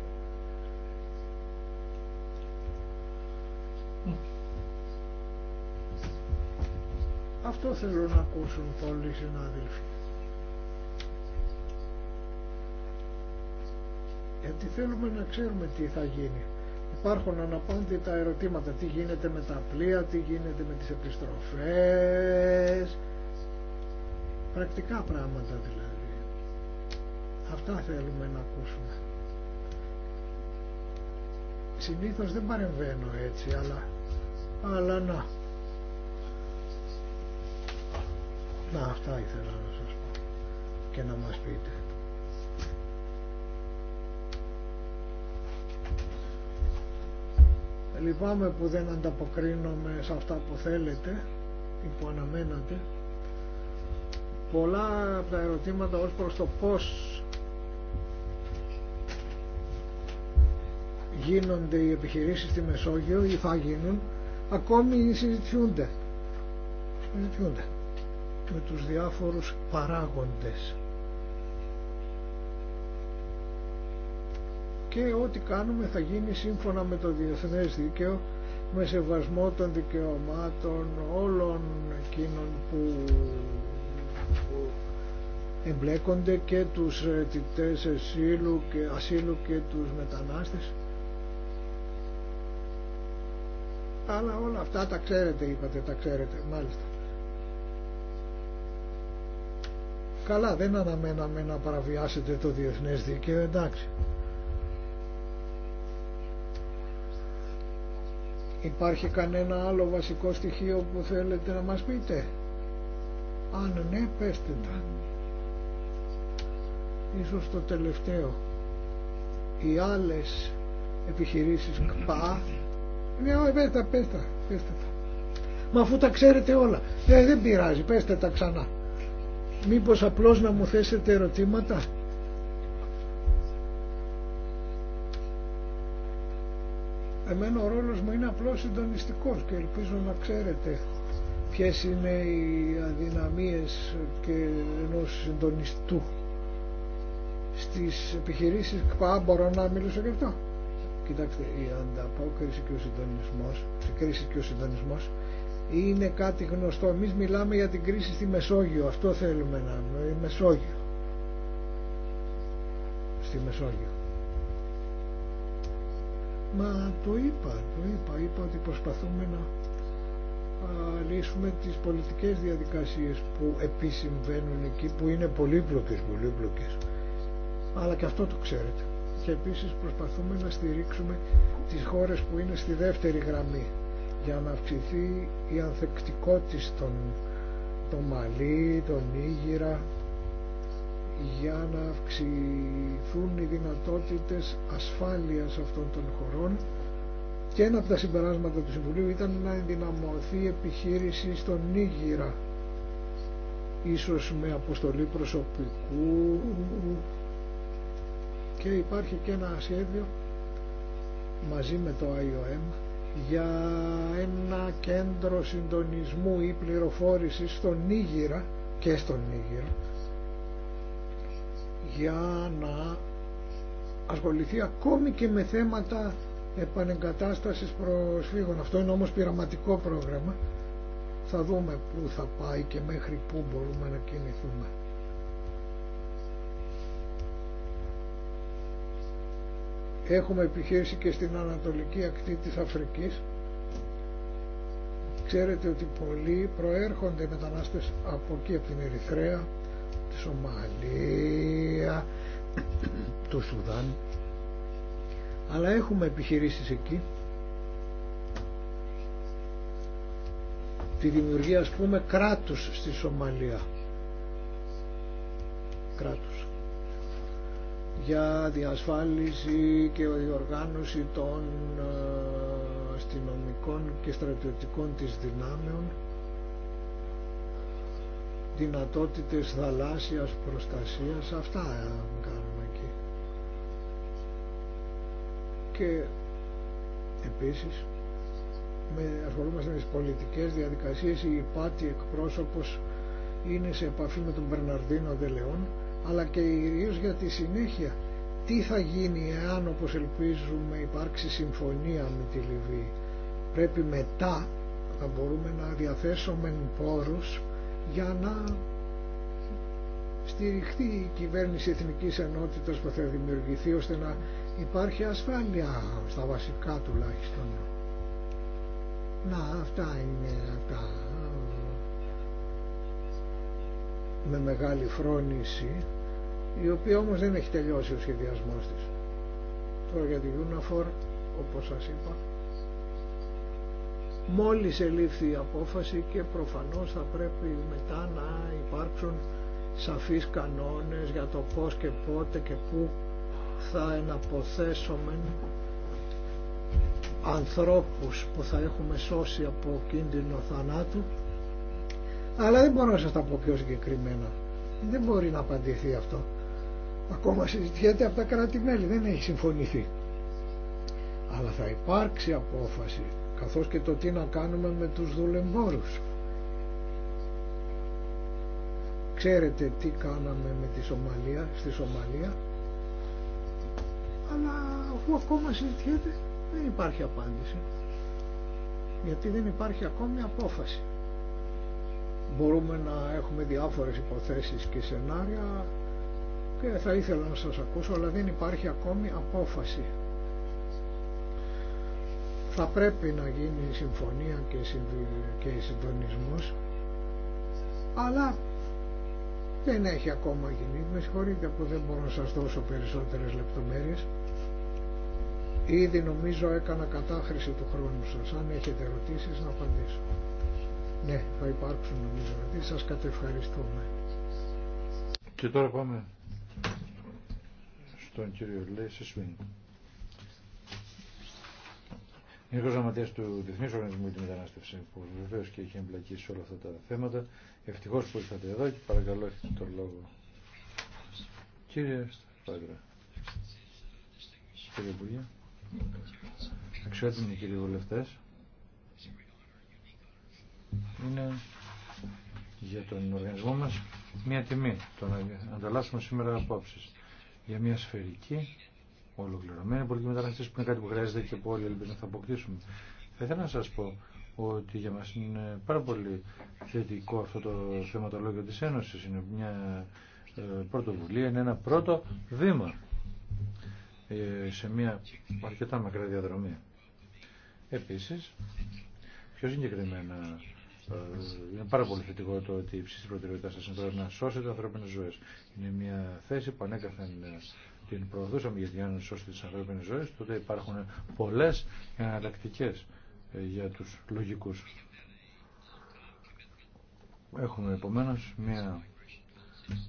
Αυτό θέλω να ακούσουν πολλοί συνάδελφοι. Γιατί θέλουμε να ξέρουμε τι θα γίνει. Υπάρχουν αναπάντητα ερωτήματα. Τι γίνεται με τα πλοία, τι γίνεται με τις επιστροφές. Πρακτικά πράγματα δηλαδή. Αυτά θέλουμε να ακούσουμε. Συνήθως δεν παρεμβαίνω έτσι, αλλά, αλλά να. Να, αυτά ήθελα να σας πω και να μας πείτε. Λυπάμαι που δεν ανταποκρίνομαι σε αυτά που θέλετε ή που αναμένατε. Πολλά από τα ερωτήματα ως προς το πώς γίνονται οι επιχειρήσεις στη Μεσόγειο ή θα γίνουν ακόμη συζητιούνται συζητιούνται με τους διάφορους παράγοντες και ό,τι κάνουμε θα γίνει σύμφωνα με το διεθνές δίκαιο με σεβασμό των δικαιωμάτων όλων εκείνων που, εμπλέκονται και τους αιτητές ασύλου και, ασύλου και τους μετανάστες αλλά όλα αυτά τα ξέρετε είπατε, τα ξέρετε, μάλιστα. Καλά, δεν αναμέναμε να παραβιάσετε το διεθνές δίκαιο, εντάξει. Υπάρχει κανένα άλλο βασικό στοιχείο που θέλετε να μας πείτε. Αν ναι, πέστε τα. Ίσως το τελευταίο. Οι άλλες επιχειρήσεις ΚΠΑ ναι, όχι τα, τα, πες τα. Μα αφού τα ξέρετε όλα. Ε, δεν πειράζει, πέστε τα ξανά. Μήπως απλώς να μου θέσετε ερωτήματα. Εμένα ο ρόλος μου είναι απλώς συντονιστικός και ελπίζω να ξέρετε ποιες είναι οι αδυναμίες και ενός συντονιστού στις επιχειρήσεις ΚΠΑ μπορώ να μιλήσω γι' αυτό. Κοιτάξτε, η ανταπόκριση και ο συντονισμός, η κρίση και ο είναι κάτι γνωστό. Εμείς μιλάμε για την κρίση στη Μεσόγειο, αυτό θέλουμε να είναι, η Μεσόγειο. Στη Μεσόγειο. Μα το είπα, το είπα, είπα ότι προσπαθούμε να λύσουμε τις πολιτικές διαδικασίες που επισυμβαίνουν εκεί, που είναι πολύπλοκες, πολύπλοκες. Αλλά και αυτό το ξέρετε και επίσης προσπαθούμε να στηρίξουμε τις χώρες που είναι στη δεύτερη γραμμή για να αυξηθεί η ανθεκτικότητα των το Μαλί, τον Νίγηρα για να αυξηθούν οι δυνατότητες ασφάλειας αυτών των χωρών και ένα από τα συμπεράσματα του Συμβουλίου ήταν να ενδυναμωθεί η επιχείρηση στον ήγυρα ίσως με αποστολή προσωπικού και υπάρχει και ένα σχέδιο μαζί με το IOM για ένα κέντρο συντονισμού ή πληροφόρησης στον Νίγηρα και στον Νίγηρα για να ασχοληθεί ακόμη και με θέματα επανεγκατάστασης προσφύγων. Αυτό είναι όμως πειραματικό πρόγραμμα. Θα δούμε πού θα πάει και μέχρι πού μπορούμε να κινηθούμε. Έχουμε επιχείρηση και στην ανατολική ακτή της Αφρικής. Ξέρετε ότι πολλοί προέρχονται μετανάστες από εκεί, από την Ερυθρέα, τη Σομαλία, το Σουδάν. Αλλά έχουμε επιχειρήσεις εκεί. Τη δημιουργία, ας πούμε, κράτους στη Σομαλία. Κράτους για διασφάλιση και διοργάνωση των ε, αστυνομικών και στρατιωτικών της δυνάμεων, δυνατότητες θαλάσσιας προστασίας, αυτά ε, κάνουμε εκεί. Και επίσης με, ασχολούμαστε με τις πολιτικές διαδικασίες, η υπάτη εκπρόσωπος είναι σε επαφή με τον Περναρδίνο Δελεόν, αλλά και ιδίω για τη συνέχεια. Τι θα γίνει εάν όπως ελπίζουμε υπάρξει συμφωνία με τη Λιβύη. Πρέπει μετά να μπορούμε να διαθέσουμε πόρους για να στηριχτεί η κυβέρνηση Εθνικής Ενότητας που θα δημιουργηθεί ώστε να υπάρχει ασφάλεια στα βασικά τουλάχιστον. Να αυτά είναι αυτά με μεγάλη φρόνηση η οποία όμως δεν έχει τελειώσει ο σχεδιασμός της. Τώρα για τη UNAFOR, όπως σας είπα, μόλις ελήφθη η απόφαση και προφανώς θα πρέπει μετά να υπάρξουν σαφείς κανόνες για το πώς και πότε και πού θα εναποθέσουμε ανθρώπους που θα έχουμε σώσει από κίνδυνο θανάτου αλλά δεν μπορώ να σας τα πω πιο συγκεκριμένα δεν μπορεί να απαντηθεί αυτό ακόμα συζητιέται από τα κράτη-μέλη, δεν έχει συμφωνηθεί. Αλλά θα υπάρξει απόφαση, καθώς και το τι να κάνουμε με τους δουλεμπόρους. Ξέρετε τι κάναμε με τη Σομαλία, στη Σομαλία, αλλά αφού ακόμα συζητιέται δεν υπάρχει απάντηση. Γιατί δεν υπάρχει ακόμη απόφαση. Μπορούμε να έχουμε διάφορες υποθέσεις και σενάρια, και ε, θα ήθελα να σας ακούσω αλλά δεν υπάρχει ακόμη απόφαση. Θα πρέπει να γίνει η συμφωνία και, και συντονισμός αλλά δεν έχει ακόμα γίνει. Με συγχωρείτε που δεν μπορώ να σας δώσω περισσότερες λεπτομέρειες. Ήδη νομίζω έκανα κατάχρηση του χρόνου σας. Αν έχετε ερωτήσεις να απαντήσω. Ναι, θα υπάρξουν νομίζω ερωτήσεις. Σας κατευχαριστούμε. Και τώρα πάμε τον κύριο Λέισε Σουίνγκ. Γενικό Γραμματέα του Διεθνού Οργανισμού για τη Μετανάστευση, που βεβαίω και έχει εμπλακεί σε όλα αυτά τα θέματα. Ευτυχώ που ήρθατε εδώ και παρακαλώ έχετε τον λόγο. Κύριε Πάτρα. κύριε Υπουργέ, αξιότιμοι κύριοι βουλευτέ, είναι για τον οργανισμό μας μια τιμή το να ανταλλάσσουμε σήμερα απόψεις για μια σφαιρική, ολοκληρωμένη πολιτική μεταναστεύση που είναι κάτι που χρειάζεται και που όλοι να θα αποκτήσουμε. Θα ήθελα να σα πω ότι για μα είναι πάρα πολύ θετικό αυτό το θεματολόγιο τη Ένωση. Είναι μια ε, πρωτοβουλία, είναι ένα πρώτο βήμα ε, σε μια αρκετά μακρά διαδρομή. Επίσης, πιο συγκεκριμένα είναι πάρα πολύ θετικό το ότι η ψήφιση προτεραιότητά σα είναι να σώσετε ανθρώπινε ζωέ. Είναι μια θέση που ανέκαθεν ε, την προωθούσαμε γιατί αν σώσετε τι ανθρώπινε ζωέ, τότε υπάρχουν πολλέ εναλλακτικέ ε, για του λογικού. Έχουμε επομένω μια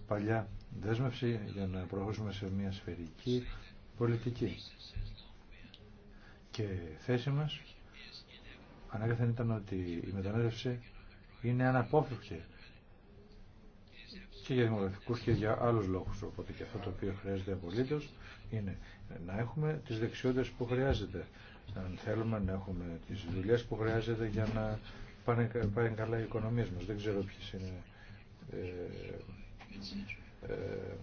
παλιά δέσμευση για να προχωρήσουμε σε μια σφαιρική πολιτική. Και θέση μας ανέκαθεν ήταν ότι η μετανάστευση είναι αναπόφευκτη και για δημογραφικού και για άλλου λόγου. Οπότε και αυτό το οποίο χρειάζεται απολύτω είναι να έχουμε τι δεξιότητε που χρειάζεται. Αν θέλουμε να έχουμε τι δουλειέ που χρειάζεται για να πάνε, πάνε καλά οι οικονομίε μα. Δεν ξέρω ποιε είναι ε, ε,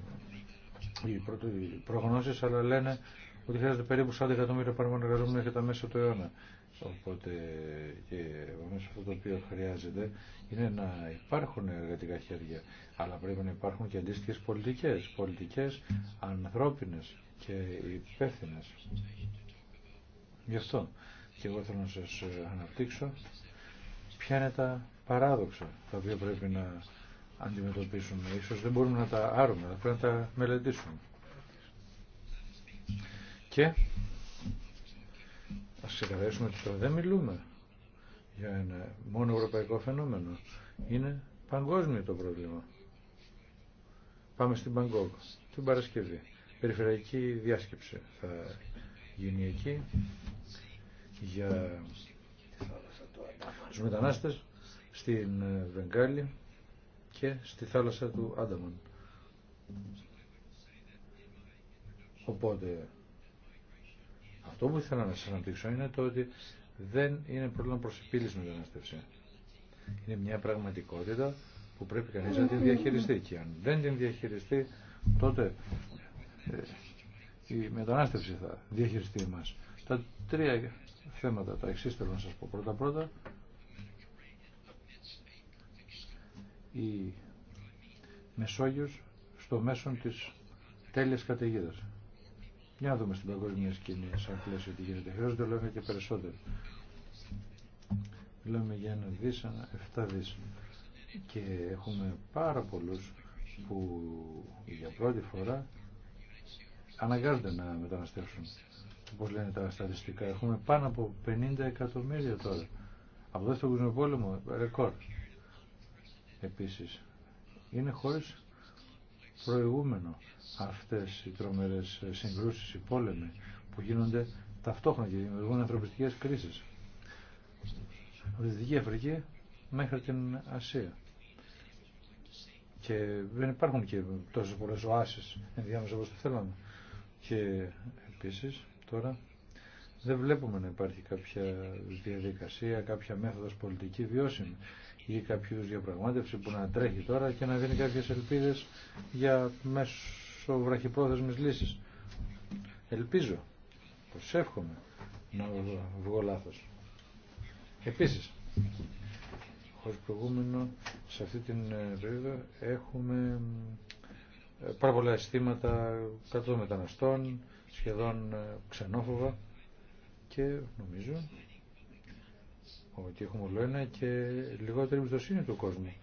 οι, προγνώσει, αλλά λένε ότι χρειάζεται περίπου 40 εκατομμύρια παραμονεργαζόμενα για τα μέσα του αιώνα. Οπότε και μέσα αυτό το οποίο χρειάζεται είναι να υπάρχουν εργατικά χέρια, αλλά πρέπει να υπάρχουν και αντίστοιχε πολιτικές, πολιτικές ανθρώπινες και υπεύθυνε. Γι' αυτό και εγώ θέλω να σας αναπτύξω ποια είναι τα παράδοξα τα οποία πρέπει να αντιμετωπίσουμε. Ίσως δεν μπορούμε να τα άρουμε, θα πρέπει να τα μελετήσουμε. Και Ας ξεκαθαρίσουμε ότι δεν μιλούμε για ένα μόνο ευρωπαϊκό φαινόμενο. Είναι παγκόσμιο το πρόβλημα. Πάμε στην Παγκόκ, την Παρασκευή. Περιφερειακή διάσκεψη θα γίνει εκεί για τους μετανάστες στην Βενγκάλη και στη θάλασσα του Άνταμαν. Οπότε αυτό που ήθελα να σας αναπτύξω είναι το ότι δεν είναι πρόβλημα προς επίλυση μετανάστευση. Είναι μια πραγματικότητα που πρέπει κανείς να την διαχειριστεί και αν δεν την διαχειριστεί τότε ε, η μετανάστευση θα διαχειριστεί εμάς. Τα τρία θέματα, τα εξής θέλω να σας πω πρώτα-πρώτα. Η Μεσόγειος στο μέσον της τέλειας καταιγίδας. Για να δούμε στην παγκόσμια σκηνή, σαν πλαίσιο τι γίνεται. Χρειάζονται λόγια και περισσότερο. Μιλάμε για ένα δίσανα, εφτά Και έχουμε πάρα πολλούς που για πρώτη φορά αναγκάζονται να μεταναστεύσουν. Όπω λένε τα στατιστικά, έχουμε πάνω από 50 εκατομμύρια τώρα. Από το δεύτερο παγκόσμιο πόλεμο, ρεκόρ. Επίση, είναι χώρες προηγούμενο αυτές οι τρομερές συγκρούσεις, οι πόλεμοι που γίνονται ταυτόχρονα και δημιουργούν ανθρωπιστικές κρίσεις. Από τη Δυτική Αφρική μέχρι την Ασία. Και δεν υπάρχουν και τόσε πολλές οάσεις ενδιάμεσα όπως το θέλαμε. Και επίσης τώρα δεν βλέπουμε να υπάρχει κάποια διαδικασία, κάποια μέθοδος πολιτική βιώσιμη ή κάποιο διαπραγμάτευση που να τρέχει τώρα και να δίνει κάποιε ελπίδε για μέσω βραχυπρόθεσμη λύση. Ελπίζω, προσεύχομαι να βγω λάθο. Επίση, χωρίς προηγούμενο, σε αυτή την ε, περίοδο έχουμε ε, πάρα πολλά αισθήματα κατ' μεταναστών, σχεδόν ε, ξενόφοβα και νομίζω ότι έχουμε όλο ένα και λιγότερη εμπιστοσύνη του κόσμου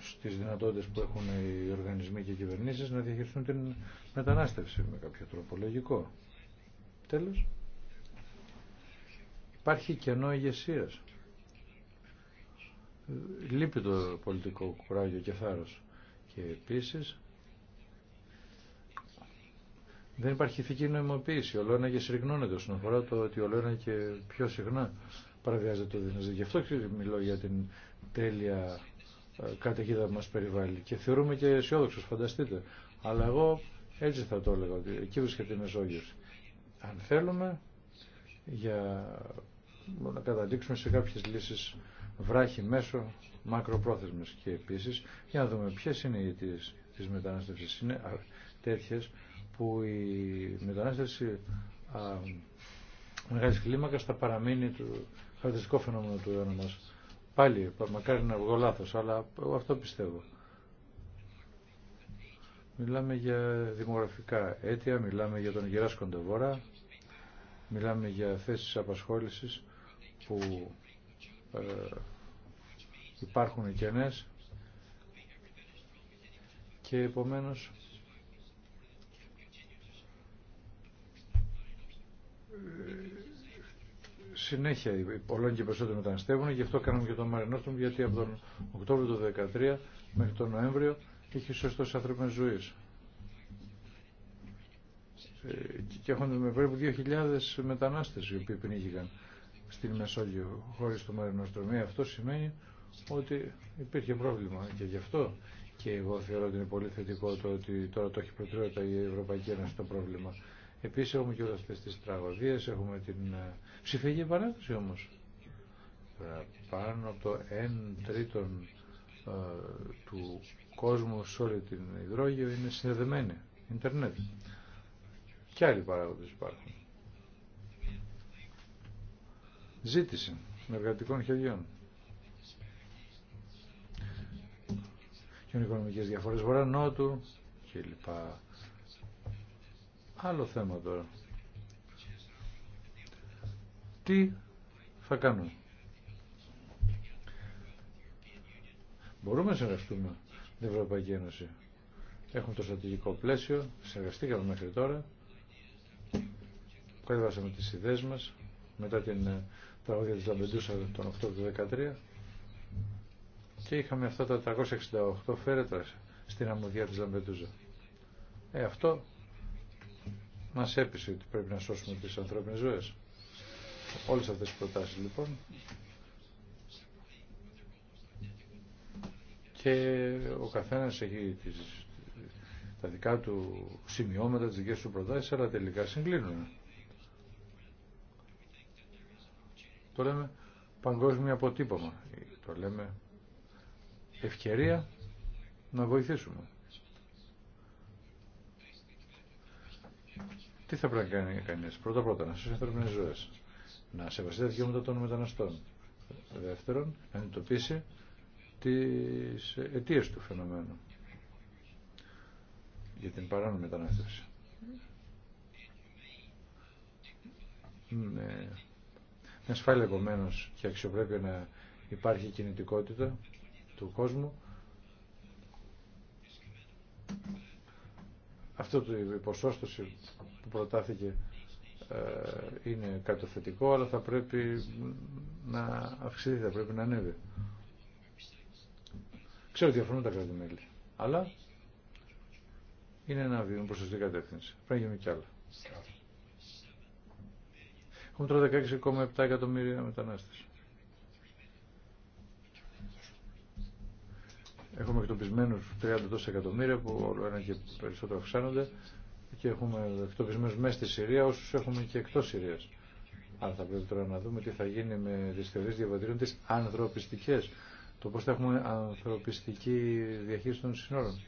στις δυνατότητες που έχουν οι οργανισμοί και οι κυβερνήσεις να διαχειριστούν την μετανάστευση με κάποιο τρόπο λογικό. Τέλος, υπάρχει κενό ηγεσία. Λείπει το πολιτικό κουράγιο και θάρρος. Και επίσης δεν υπάρχει ηθική νοημοποίηση. Ολόνα και συρρυκνώνεται όσον αφορά το ότι ολόνα και πιο συχνά παραβιάζεται το Γι' αυτό και μιλώ για την τέλεια ε, καταιγίδα που μας περιβάλλει. Και θεωρούμε και αισιόδοξου, φανταστείτε. Αλλά εγώ έτσι θα το έλεγα, ότι εκεί βρίσκεται η Μεσόγειος. Αν θέλουμε για να καταλήξουμε σε κάποιες λύσεις βράχη μέσω μακροπρόθεσμες και επίσης για να δούμε ποιες είναι οι αιτίες της μετανάστευσης. Είναι τέτοιες που η μετανάστευση μεγάλης κλίμακας θα παραμείνει χαρακτηριστικό φαινόμενο του αιώνα μας. Πάλι, μακάρι να βγω λάθος, αλλά αυτό πιστεύω. Μιλάμε για δημογραφικά αίτια, μιλάμε για τον γεράσκοντα βορρά, μιλάμε για θέσεις απασχόλησης που ε, υπάρχουν κενές και επομένως ε, συνέχεια πολλοί και περισσότερο μεταναστεύουν, γι' αυτό κάναμε και το του γιατί από τον Οκτώβριο του 2013 μέχρι τον Νοέμβριο έχει σωστό άνθρωπο ζωή. Και έχουν με περίπου 2.000 μετανάστε οι οποίοι πνίγηκαν στην Μεσόγειο χωρί το Στρομή. Ε, αυτό σημαίνει ότι υπήρχε πρόβλημα και γι' αυτό και εγώ θεωρώ ότι είναι πολύ θετικό το ότι τώρα το έχει προτεραιότητα η Ευρωπαϊκή Ένωση το πρόβλημα. Επίσης έχουμε και αυτές τις τραγωδίες, έχουμε την ε, ψηφιακή παράδοση όμως. Ε, πάνω από το 1 τρίτο ε, του κόσμου σε όλη την υδρόγειο είναι συνδεδεμένη, ίντερνετ. Και άλλοι παράγοντες υπάρχουν. Ζήτηση εργατικών χεριών. Και οι οικονομικές διαφορές βορρά-νότου κλπ. Άλλο θέμα τώρα. Τι θα κάνουμε. Μπορούμε να συνεργαστούμε με την Ευρωπαϊκή Ένωση. Έχουμε το στρατηγικό πλαίσιο, συνεργαστήκαμε μέχρι τώρα. Κατέβασαμε τις ιδέες μας μετά την ε, τραγωδία της Λαμπεντούσα τον 8 του 2013 και είχαμε αυτά τα 368 φέρετρα στην αμμουδιά της Λαμπεντούσα. Ε, αυτό μας έπεισε ότι πρέπει να σώσουμε τις ανθρώπινες ζωές. Όλες αυτές τις προτάσεις λοιπόν. Και ο καθένας έχει τις, τα δικά του σημειώματα, τις δικές του προτάσεις, αλλά τελικά συγκλίνουν. Το λέμε παγκόσμιο αποτύπωμα. Το λέμε ευκαιρία να βοηθήσουμε. Τι θα πρέπει να κάνει κανεί. Πρώτα πρώτα, να σώσει ανθρώπινε ζωέ. Να σεβαστεί τα δικαιώματα των μεταναστών. Δεύτερον, να εντοπίσει τι αιτίε του φαινομένου για την παράνομη μετανάστευση. Ναι. Με ασφάλεια επομένω και αξιοπρέπεια να υπάρχει κινητικότητα του κόσμου αυτό το υποσώστοση που προτάθηκε ε, είναι κάτι θετικό, αλλά θα πρέπει να αυξηθεί, θα πρέπει να ανέβει. Ξέρω ότι διαφωνούν τα κράτη-μέλη, αλλά είναι ένα βήμα προς σωστή κατεύθυνση. Πρέπει να γίνουν κι άλλα. Έχουμε τώρα 16,7 εκατομμύρια μετανάστες. Έχουμε εκτοπισμένους 30 τόσα εκατομμύρια που όλο ένα και περισσότερο αυξάνονται και έχουμε εκτοπισμένους μέσα στη Συρία όσους έχουμε και εκτός Συρίας. Αλλά θα πρέπει τώρα να δούμε τι θα γίνει με τις θεωρίες διαβατηρίων τις ανθρωπιστικές. Το πώς θα έχουμε ανθρωπιστική διαχείριση των συνόρων.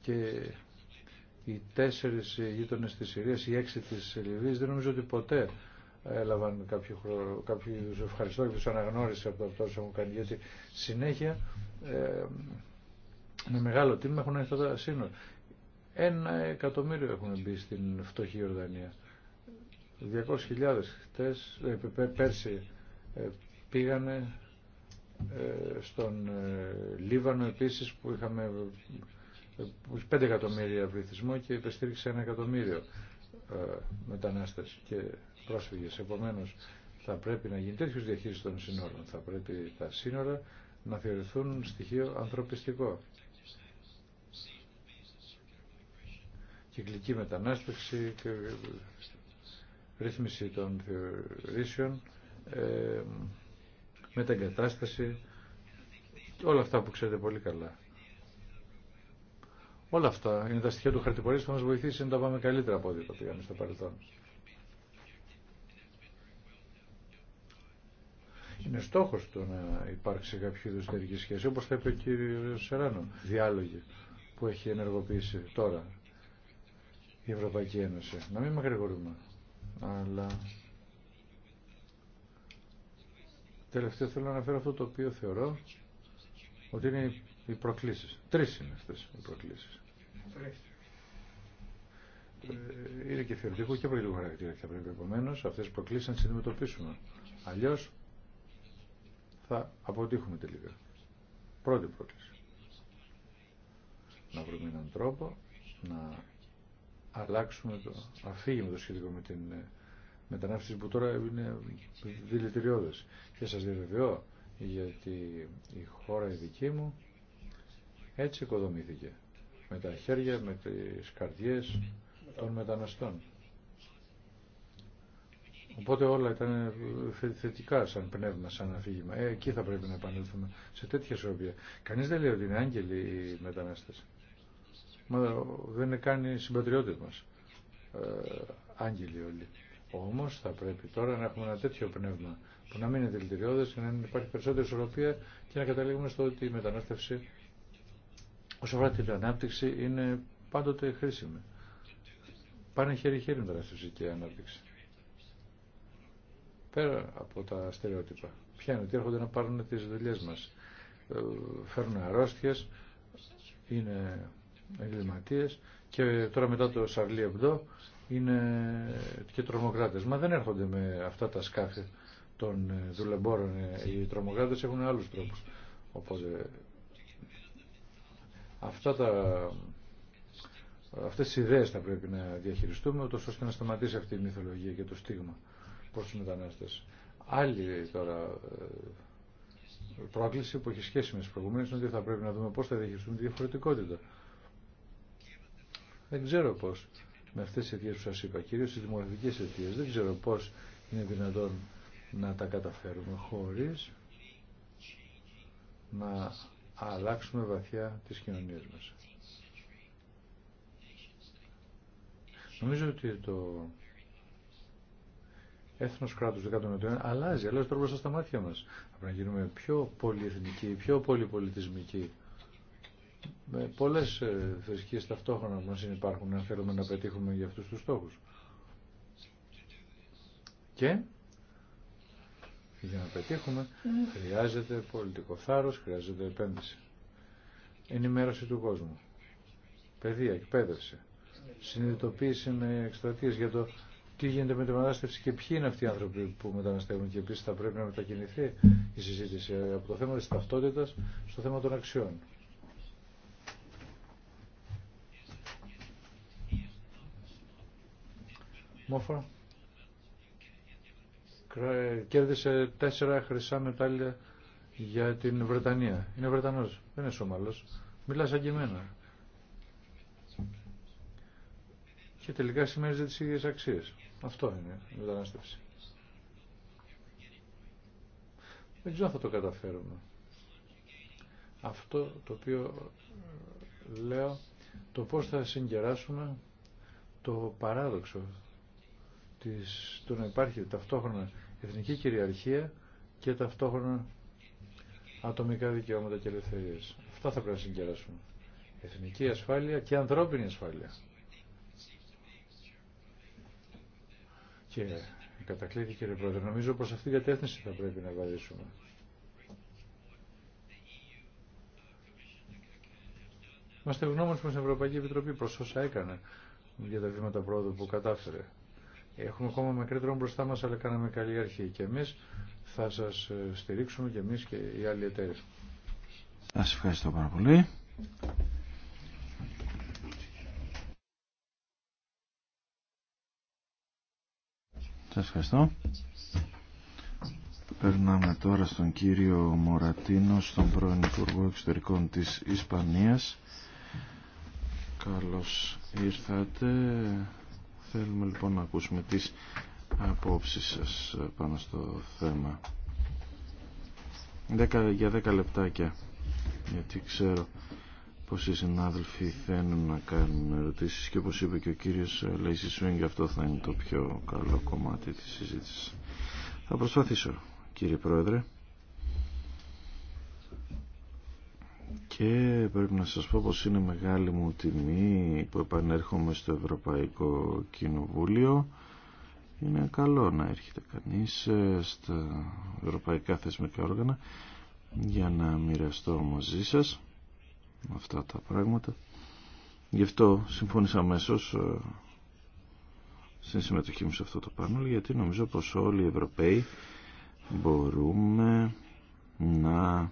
Και οι τέσσερις γείτονες της Συρίας, οι έξι της Λιβύης δεν νομίζω ότι ποτέ έλαβαν κάποιο, κάποιο είδου ευχαριστώ και του αναγνώρισε από το αυτό που κάνει γιατί συνέχεια ε, με μεγάλο τίμημα έχουν έρθει τα σύνορα. Ένα εκατομμύριο έχουν μπει στην φτωχή Ιορδανία. 200.000 χτες, ε, πέρσι ε, πήγανε ε, στον Λίβανο επίσης που είχαμε 5 εκατομμύρια πληθυσμό και υπεστήριξε ένα εκατομμύριο μετανάστες και πρόσφυγες. Επομένως, θα πρέπει να γίνει τέτοιος διαχείριση των σύνορων. Θα πρέπει τα σύνορα να θεωρηθούν στοιχείο ανθρωπιστικό. Κυκλική μετανάστευση και ρύθμιση των θεωρήσεων, ε, μεταγκατάσταση, όλα αυτά που ξέρετε πολύ καλά. Όλα αυτά είναι τα στοιχεία του χαρτιπορίου που θα μας βοηθήσει να τα πάμε καλύτερα από ό,τι είπαμε στο παρελθόν. είναι στόχο του να υπάρξει κάποιο είδου εταιρική σχέση, όπω θα είπε ο κύριος Σεράνο, διάλογοι που έχει ενεργοποιήσει τώρα η Ευρωπαϊκή Ένωση. Να μην με γρηγορούμε, αλλά τελευταίο θέλω να αναφέρω αυτό το οποίο θεωρώ ότι είναι οι προκλήσεις. Τρεις είναι αυτές οι προκλήσεις. Ε, είναι και θεωρητικό και πολιτικό χαρακτήρα και πρέπει επομένω αυτέ τι προκλήσει να τι αντιμετωπίσουμε. Αλλιώ θα αποτύχουμε τελικά. Πρώτη πρόκληση. Να βρούμε έναν τρόπο να αλλάξουμε το αφήγημα το σχετικό με την ε, μετανάστευση που τώρα είναι δηλητηριώδες. Και σας διαβεβαιώ γιατί η χώρα η δική μου έτσι οικοδομήθηκε. Με τα χέρια, με τις καρδιές των μεταναστών. Οπότε όλα ήταν θετικά σαν πνεύμα, σαν αφήγημα. Ε, εκεί θα πρέπει να επανέλθουμε, σε τέτοια σοβία. Κανεί δεν λέει ότι είναι άγγελοι οι μετανάστε. Μα δεν είναι καν οι συμπατριώτε μα. Ε, άγγελοι όλοι. Όμω θα πρέπει τώρα να έχουμε ένα τέτοιο πνεύμα που να μην είναι δηλητηριώδε και να υπάρχει περισσότερη ισορροπία και να καταλήγουμε στο ότι η μετανάστευση όσο αφορά την ανάπτυξη είναι πάντοτε χρήσιμη. Πάνε χέρι-χέρι μετανάστευση και ανάπτυξη πέρα από τα στερεότυπα. Ποια είναι ότι έρχονται να πάρουν τις δουλειές μας. Ε, Φέρνουν αρρώστιες, είναι εγκληματίες και τώρα μετά το Σαρλί Εμπδο είναι και τρομοκράτες. Μα δεν έρχονται με αυτά τα σκάφη των ε, δουλεμπόρων. Ε, οι τρομοκράτες έχουν άλλους τρόπους. Οπότε αυτά τα, αυτές τις ιδέες θα πρέπει να διαχειριστούμε, ώστε να σταματήσει αυτή η μυθολογία και το στίγμα προς τους μετανάστες. Άλλη τώρα ε, πρόκληση που έχει σχέση με τις προηγούμενες είναι ότι θα πρέπει να δούμε πώς θα διαχειριστούμε τη διαφορετικότητα. Δεν ξέρω πώς με αυτές τις αιτίες που σας είπα, κυρίως τις δημοκρατικές αιτίες, δεν ξέρω πώς είναι δυνατόν να τα καταφέρουμε χωρίς να αλλάξουμε βαθιά τις κοινωνίες μας. Νομίζω ότι το Έθνο κράτου του 19ου αλλάζει, αλλάζει τρόπο στα μάτια μας. Θα πρέπει να γίνουμε πιο πολυεθνικοί, πιο πολυπολιτισμικοί. Με πολλές ε, θρησκείες ταυτόχρονα που μας υπάρχουν αν θέλουμε να πετύχουμε για αυτούς τους στόχους. Και για να πετύχουμε χρειάζεται πολιτικό θάρρος, χρειάζεται επένδυση. Ενημέρωση του κόσμου. Παιδεία, εκπαίδευση. Συνειδητοποίηση με εκστρατείες για το τι γίνεται με τη μετανάστευση και ποιοι είναι αυτοί οι άνθρωποι που μεταναστεύουν και επίση θα πρέπει να μετακινηθεί η συζήτηση από το θέμα τη ταυτότητα στο θέμα των αξιών. Μόφα κέρδισε τέσσερα χρυσά μετάλλια για την Βρετανία. Είναι Βρετανός, δεν είναι Σομαλός. Μιλά σαν και εμένα. Και τελικά σημαίνει τι ίδιε αξίε. Αυτό είναι η μετανάστευση. Δεν ξέρω αν θα το καταφέρουμε. Αυτό το οποίο ε, λέω, το πώς θα συγκεράσουμε το παράδοξο της, το να υπάρχει ταυτόχρονα εθνική κυριαρχία και ταυτόχρονα ατομικά δικαιώματα και ελευθερίες. Αυτά θα πρέπει να συγκεράσουμε. Εθνική ασφάλεια και ανθρώπινη ασφάλεια. Και κατακλείδη κύριε Πρόεδρε, νομίζω πως αυτή η κατεύθυνση θα πρέπει να βαδίσουμε. Είμαστε ευγνώμονες προς την Ευρωπαϊκή Επιτροπή, προς όσα έκανε για τα βήματα πρόοδου που κατάφερε. Έχουμε ακόμα μακρύ δρόμο μπροστά μας, αλλά κάναμε καλή αρχή. Και εμείς θα σας ε, στηρίξουμε και εμείς και οι άλλοι εταίρες. Σας ευχαριστώ πάρα πολύ. Σας ευχαριστώ. Περνάμε τώρα στον κύριο Μορατίνο, στον πρώην Υπουργό Εξωτερικών της Ισπανίας. Καλώς ήρθατε. Θέλουμε λοιπόν να ακούσουμε τις απόψεις σας πάνω στο θέμα. για δέκα λεπτάκια, γιατί ξέρω πως οι συνάδελφοι θέλουν να κάνουν ερωτήσεις και όπως είπε και ο κύριος Λέισι Σουίνγκ αυτό θα είναι το πιο καλό κομμάτι της συζήτησης. Θα προσπαθήσω κύριε Πρόεδρε και πρέπει να σας πω πως είναι μεγάλη μου τιμή που επανέρχομαι στο Ευρωπαϊκό Κοινοβούλιο είναι καλό να έρχεται κανείς ε, στα ευρωπαϊκά θεσμικά όργανα για να μοιραστώ μαζί σας αυτά τα πράγματα. Γι' αυτό συμφώνησα αμέσω ε, στην συμμετοχή μου σε αυτό το πάνελ γιατί νομίζω πως όλοι οι Ευρωπαίοι μπορούμε να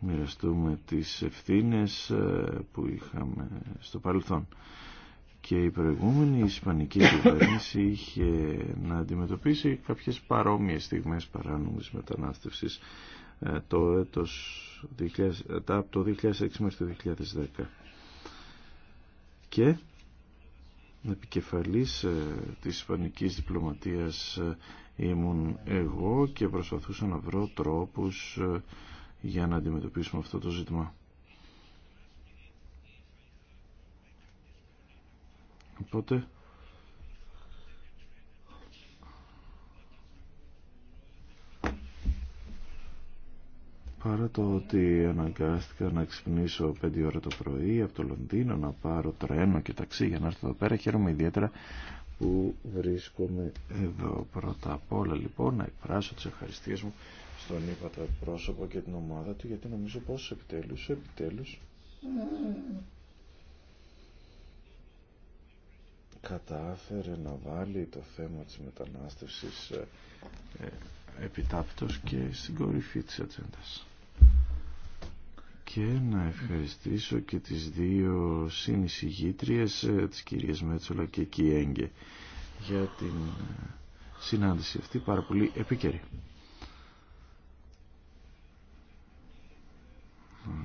μοιραστούμε τις ευθύνες ε, που είχαμε στο παρελθόν. Και η προηγούμενη ισπανική κυβέρνηση είχε να αντιμετωπίσει κάποιες παρόμοιες στιγμές παράνομης μετανάστευσης ε, το έτος 2000, από το 2006 μέχρι το 2010 και επικεφαλής ε, της ισπανικής διπλωματίας ε, ήμουν εγώ και προσπαθούσα να βρω τρόπους για να αντιμετωπίσουμε αυτό το ζήτημα. Οπότε Παρά το ότι αναγκάστηκα να ξυπνήσω 5 ώρα το πρωί από το Λονδίνο, να πάρω τρένο και ταξί για να έρθω εδώ πέρα, χαίρομαι ιδιαίτερα που βρίσκομαι εδώ. Πρώτα απ' όλα λοιπόν να εκφράσω τις ευχαριστίες μου στον ύπατο πρόσωπο και την ομάδα του γιατί νομίζω πως επιτέλους, επιτέλους κατάφερε να βάλει το θέμα της μετανάστευσης ε, ε, επιτάπτως και στην κορυφή της ατζέντας και να ευχαριστήσω και τις δύο συνεισηγήτριες ε, τις κυρίες Μέτσολα και Κιέγγε για την ε, συνάντηση αυτή πάρα πολύ επίκαιρη.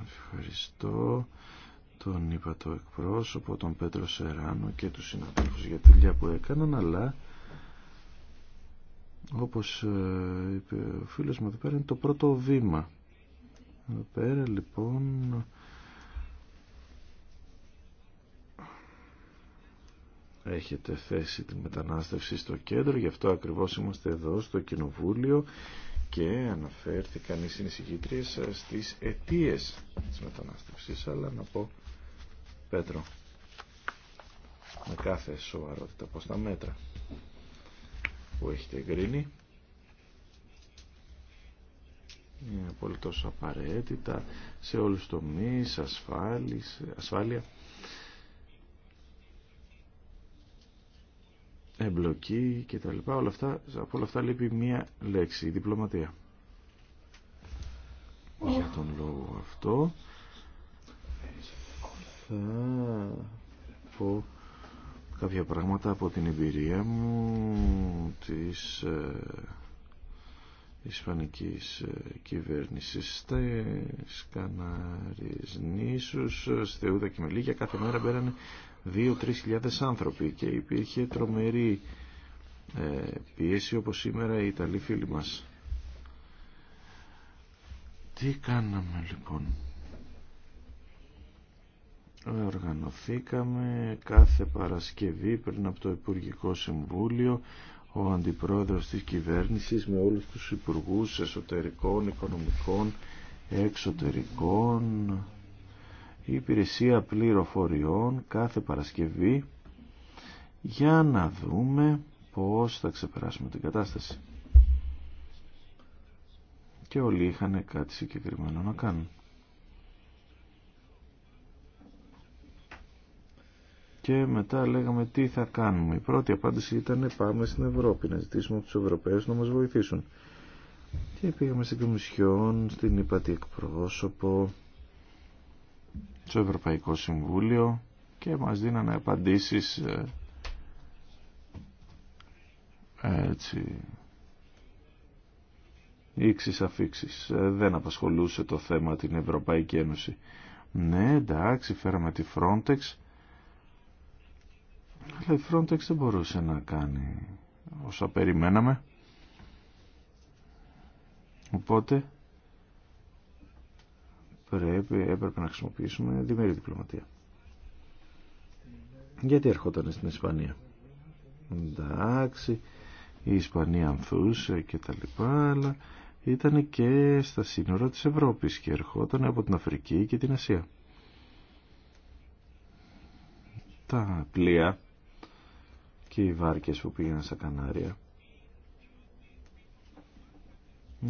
Ευχαριστώ τον είπα το εκπρόσωπο, τον Πέτρο Σεράνο και τους συναντήφους για τη δουλειά που έκαναν, αλλά όπως ε, είπε ο φίλος μου εδώ πέρα είναι το πρώτο βήμα εδώ πέρα λοιπόν... Έχετε θέσει τη μετανάστευση στο κέντρο, γι' αυτό ακριβώς είμαστε εδώ στο Κοινοβούλιο και αναφέρθηκαν οι συνεισηγήτριες στις αιτίες της μετανάστευσης, αλλά να πω, Πέτρο, με κάθε σοβαρότητα πως τα μέτρα που έχετε εγκρίνει είναι απολύτως απαραίτητα σε όλους τους τομείς, ασφάλεις, ασφάλεια, εμπλοκή κτλ. Όλα αυτά, από όλα αυτά λείπει μία λέξη, η διπλωματία. Για τον λόγο αυτό θα πω κάποια πράγματα από την εμπειρία μου της ε, Ισπανικής ε, κυβέρνησης στις Κανάριες νήσους, στη Ούδα και Μελίγια κάθε μέρα μπαίνανε 2-3 χιλιάδες άνθρωποι και υπήρχε τρομερή ε, πίεση όπως σήμερα οι Ιταλοί φίλοι μας. Τι κάναμε λοιπόν. Οργανωθήκαμε κάθε Παρασκευή πριν από το Υπουργικό Συμβούλιο ο αντιπρόεδρος της κυβέρνησης με όλους τους υπουργούς εσωτερικών, οικονομικών, εξωτερικών, η υπηρεσία πληροφοριών κάθε Παρασκευή για να δούμε πώς θα ξεπεράσουμε την κατάσταση. Και όλοι είχαν κάτι συγκεκριμένο να κάνουν. και μετά λέγαμε τι θα κάνουμε. Η πρώτη απάντηση ήταν πάμε στην Ευρώπη να ζητήσουμε από τους Ευρωπαίους να μας βοηθήσουν. Και πήγαμε στην Κομισιόν, στην Υπατή Εκπρόσωπο, στο Ευρωπαϊκό Συμβούλιο και μας δίνανε απαντήσεις ε, έτσι ήξης αφήξης ε, δεν απασχολούσε το θέμα την Ευρωπαϊκή Ένωση ναι εντάξει φέραμε τη Frontex αλλά ε, η Frontex δεν μπορούσε να κάνει όσα περιμέναμε. Οπότε πρέπει, έπρεπε να χρησιμοποιήσουμε διμερή διπλωματία. Γιατί ερχόταν στην Ισπανία. Εντάξει, η Ισπανία ανθούσε και τα λοιπά, αλλά ήταν και στα σύνορα της Ευρώπης και ερχόταν από την Αφρική και την Ασία. Τα πλοία και οι βάρκες που πήγαιναν στα Κανάρια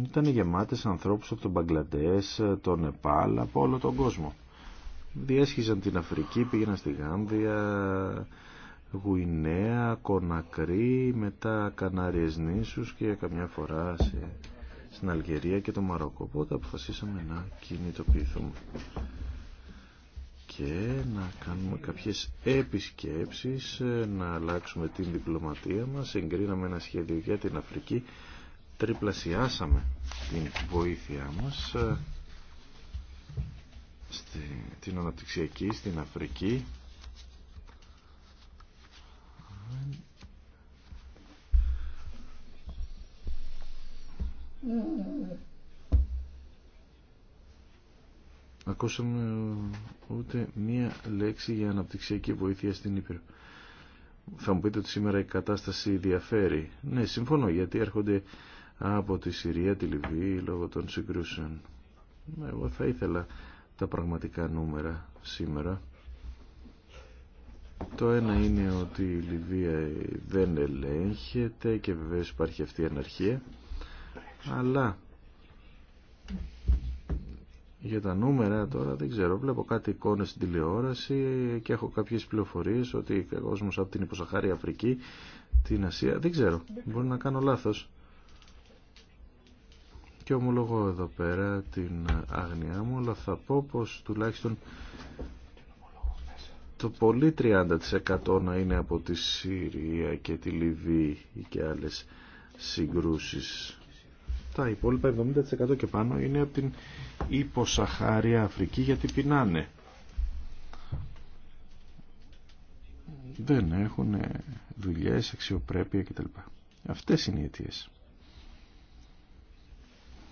ήταν γεμάτες ανθρώπους από τον Μπαγκλαντές, τον Νεπάλ, από όλο τον κόσμο. Διέσχιζαν την Αφρική, πήγαιναν στη Γάμβια, Γουινέα, Κονακρή, μετά Κανάριες νήσους και καμιά φορά στην Αλγερία και το Μαρόκο. Οπότε αποφασίσαμε να κινητοποιηθούμε και να κάνουμε κάποιες επισκέψεις, ε, να αλλάξουμε την διπλωματία μας. Εγκρίναμε ένα σχέδιο για την Αφρική, τριπλασιάσαμε την βοήθειά μας ε, στην αναπτυξιακή, στην Αφρική. ακούσαμε ε, ούτε μία λέξη για αναπτυξιακή βοήθεια στην Ήπειρο. Θα μου πείτε ότι σήμερα η κατάσταση διαφέρει. Ναι, συμφωνώ, γιατί έρχονται από τη Συρία, τη Λιβύη, λόγω των συγκρούσεων. Εγώ θα ήθελα τα πραγματικά νούμερα σήμερα. Το ένα είναι ότι η Λιβύη ε, δεν ελέγχεται και βεβαίως υπάρχει αυτή η αναρχία. Αλλά για τα νούμερα τώρα δεν ξέρω, βλέπω κάτι εικόνες στην τηλεόραση και έχω κάποιες πληροφορίες ότι ο κόσμος από την Υποσαχάρη Αφρική, την Ασία, δεν ξέρω, μπορεί να κάνω λάθος. Και ομολογώ εδώ πέρα την άγνοιά μου, αλλά θα πω πως τουλάχιστον το πολύ 30% να είναι από τη Συρία και τη Λιβύη και άλλες συγκρούσεις τα υπόλοιπα 70% και πάνω είναι από την υποσαχάρια Αφρική γιατί πεινάνε. Δεν έχουν δουλειές, αξιοπρέπεια κτλ. Αυτές είναι οι αιτίες.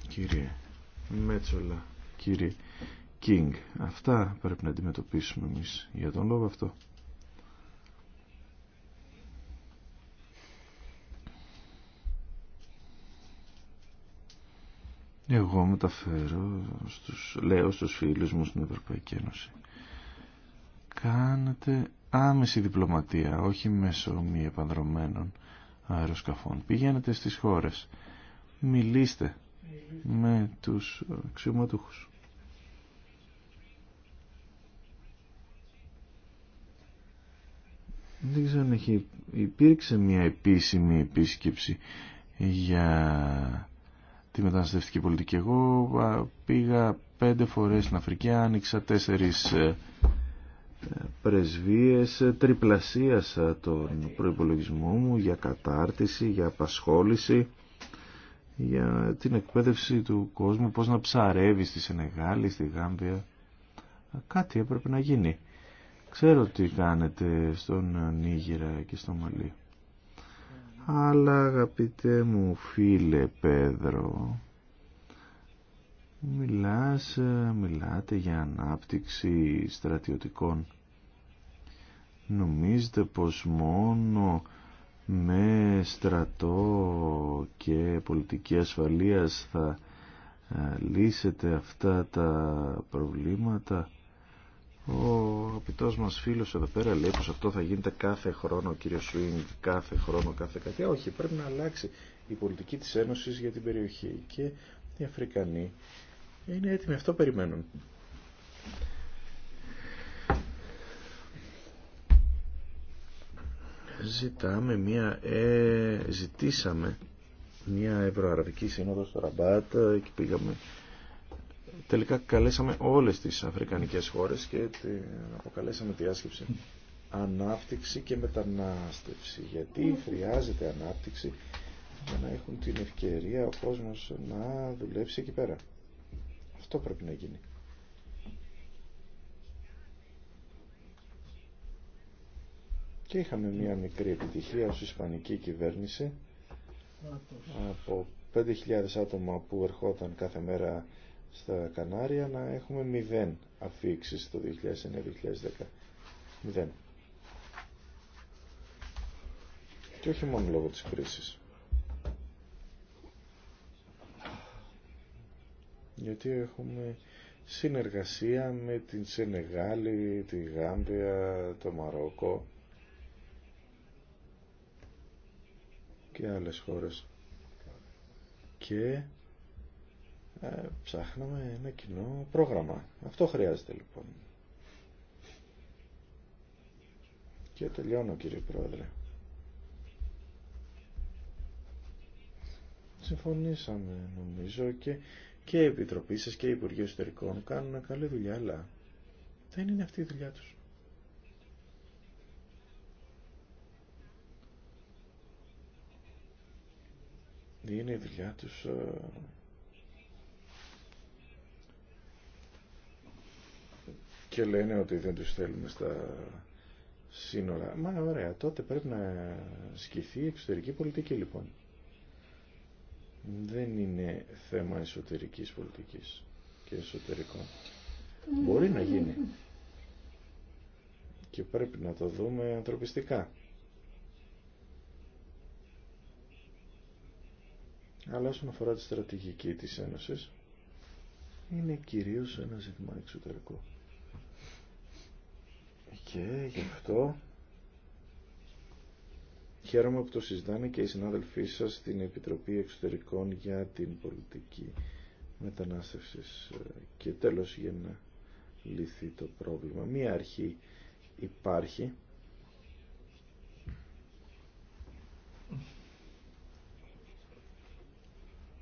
Κύριε Μέτσολα, κύριε Κίνγκ, αυτά πρέπει να αντιμετωπίσουμε εμείς για τον λόγο αυτό. Εγώ μεταφέρω, στους, λέω στους φίλους μου στην Ευρωπαϊκή Ένωση. Κάνετε άμεση διπλωματία, όχι μέσω μη επανδρομένων αεροσκαφών. Πηγαίνετε στις χώρες. Μιλήστε με τους αξιωματούχους. Δεν ξέρω αν έχει... υπήρξε μια επίσημη επίσκεψη για τη μεταναστευτική πολιτική. Εγώ πήγα πέντε φορές στην Αφρική, άνοιξα τέσσερις ε, ε, πρεσβείες, ε, τριπλασίασα τον προϋπολογισμό μου για κατάρτιση, για απασχόληση, για την εκπαίδευση του κόσμου, πώς να ψαρεύει στη Σενεγάλη, στη Γάμπια. Κάτι έπρεπε να γίνει. Ξέρω τι κάνετε στον Νίγηρα και στο Μαλί. Αλλά αγαπητέ μου φίλε Πέδρο, μιλάς, μιλάτε για ανάπτυξη στρατιωτικών. Νομίζετε πως μόνο με στρατό και πολιτική ασφαλείας θα ε, λύσετε αυτά τα προβλήματα ο αγαπητό μα φίλος εδώ πέρα λέει πως αυτό θα γίνεται κάθε χρόνο, κύριο Σουίνγκ, κάθε χρόνο, κάθε κάτι. Όχι, πρέπει να αλλάξει η πολιτική της Ένωσης για την περιοχή και οι Αφρικανοί είναι έτοιμοι, αυτό περιμένουν. Ζητάμε μια, ε, ζητήσαμε μια ευρωαραβική σύνοδο στο Ραμπάτ ε, και πήγαμε τελικά καλέσαμε όλες τις αφρικανικές χώρες και αποκαλέσαμε τη άσκηση ανάπτυξη και μετανάστευση γιατί χρειάζεται ανάπτυξη για να έχουν την ευκαιρία ο κόσμος να δουλέψει εκεί πέρα αυτό πρέπει να γίνει και είχαμε μια μικρή επιτυχία ως ισπανική κυβέρνηση από 5.000 άτομα που ερχόταν κάθε μέρα στα Κανάρια να έχουμε μηδέν αφήξεις το 2009-2010. Μηδέν. Και όχι μόνο λόγω της κρίσης. Γιατί έχουμε συνεργασία με την Σενεγάλη, τη Γάμπια, το Μαρόκο και άλλες χώρες. Και ε, ψάχναμε ένα κοινό πρόγραμμα. Αυτό χρειάζεται λοιπόν. Και τελειώνω κύριε Πρόεδρε. Συμφωνήσαμε νομίζω και, και η Επιτροπή και οι Υπουργοί Εσωτερικών κάνουν καλή δουλειά, αλλά δεν είναι αυτή η δουλειά τους. Είναι η δουλειά τους ε, και λένε ότι δεν τους θέλουμε στα σύνορα. Μα ωραία, τότε πρέπει να σκηθεί η εξωτερική πολιτική λοιπόν. Δεν είναι θέμα εσωτερικής πολιτικής και εσωτερικών. Μπορεί να γίνει. Και πρέπει να το δούμε ανθρωπιστικά. Αλλά όσον αφορά τη στρατηγική της Ένωσης, είναι κυρίως ένα ζήτημα εξωτερικό. Και γι' αυτό χαίρομαι που το συζητάνε και οι συνάδελφοί σας στην Επιτροπή Εξωτερικών για την πολιτική μετανάστευσης. Και τέλος για να λυθεί το πρόβλημα. Μία αρχή υπάρχει.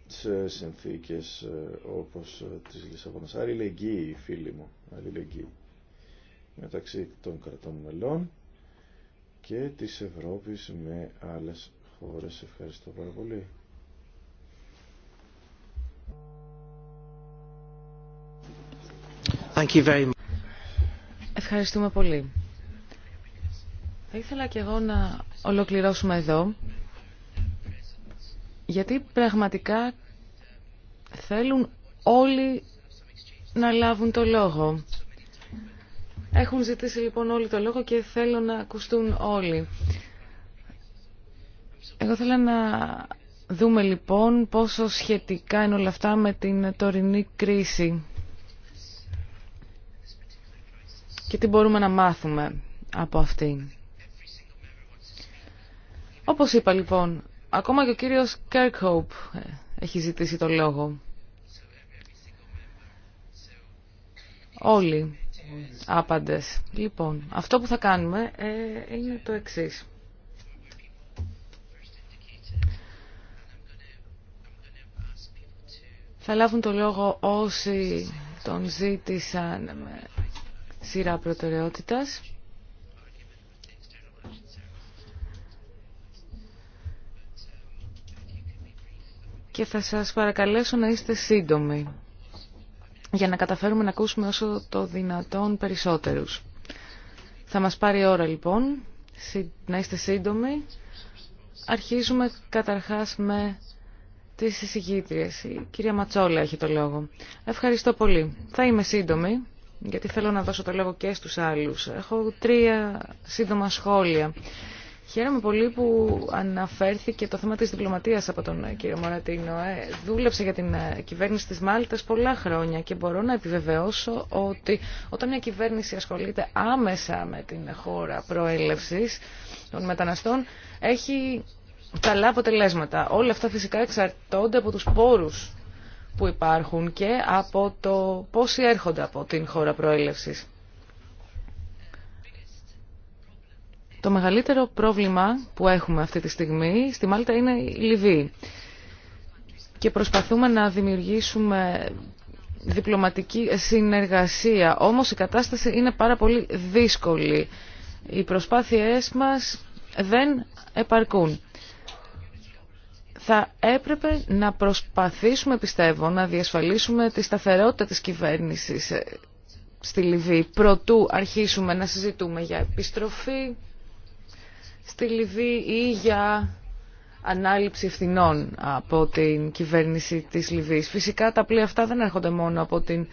σε συνθήκες ε, όπως ε, της Λισαβόνας. Αλληλεγγύη, φίλοι μου. Αλληλεγγύη μεταξύ των κρατών μελών και της Ευρώπης με άλλες χώρες. Ευχαριστώ πάρα πολύ. Thank you Ευχαριστούμε πολύ. Θα ήθελα και εγώ να ολοκληρώσουμε εδώ, γιατί πραγματικά θέλουν όλοι να λάβουν το λόγο. Έχουν ζητήσει λοιπόν όλοι το λόγο και θέλω να ακουστούν όλοι. Εγώ θέλω να δούμε λοιπόν πόσο σχετικά είναι όλα αυτά με την τωρινή κρίση και τι μπορούμε να μάθουμε από αυτήν. Όπως είπα λοιπόν, ακόμα και ο κύριος Κέρκοπ ε, έχει ζητήσει το λόγο. Όλοι άπαντες. Λοιπόν, αυτό που θα κάνουμε ε, είναι το εξής. Θα λάβουν το λόγο όσοι τον ζήτησαν με σειρά προτεραιότητας. Και θα σας παρακαλέσω να είστε σύντομοι για να καταφέρουμε να ακούσουμε όσο το δυνατόν περισσότερους. Θα μας πάρει ώρα λοιπόν, να είστε σύντομοι. Αρχίζουμε καταρχάς με τις εισηγήτριες. Η κυρία Ματσόλα έχει το λόγο. Ευχαριστώ πολύ. Θα είμαι σύντομη, γιατί θέλω να δώσω το λόγο και στους άλλους. Έχω τρία σύντομα σχόλια. Χαίρομαι πολύ που αναφέρθηκε το θέμα της διπλωματίας από τον κύριο Μωρατίνο. Ε, δούλεψε για την ε, κυβέρνηση της Μάλτας πολλά χρόνια και μπορώ να επιβεβαιώσω ότι όταν μια κυβέρνηση ασχολείται άμεσα με την χώρα προέλευσης των μεταναστών έχει καλά αποτελέσματα. Όλα αυτά φυσικά εξαρτώνται από τους πόρους που υπάρχουν και από το πόσοι έρχονται από την χώρα προέλευσης. Το μεγαλύτερο πρόβλημα που έχουμε αυτή τη στιγμή στη Μάλτα είναι η Λιβύη. Και προσπαθούμε να δημιουργήσουμε διπλωματική συνεργασία. Όμως η κατάσταση είναι πάρα πολύ δύσκολη. Οι προσπάθειές μας δεν επαρκούν. Θα έπρεπε να προσπαθήσουμε, πιστεύω, να διασφαλίσουμε τη σταθερότητα της κυβέρνησης ε, στη Λιβύη. πρωτού αρχίσουμε να συζητούμε για επιστροφή στη Λιβύη ή για ανάληψη ευθυνών από την κυβέρνηση της Λιβύης. Φυσικά τα πλοία αυτά δεν έρχονται μόνο από την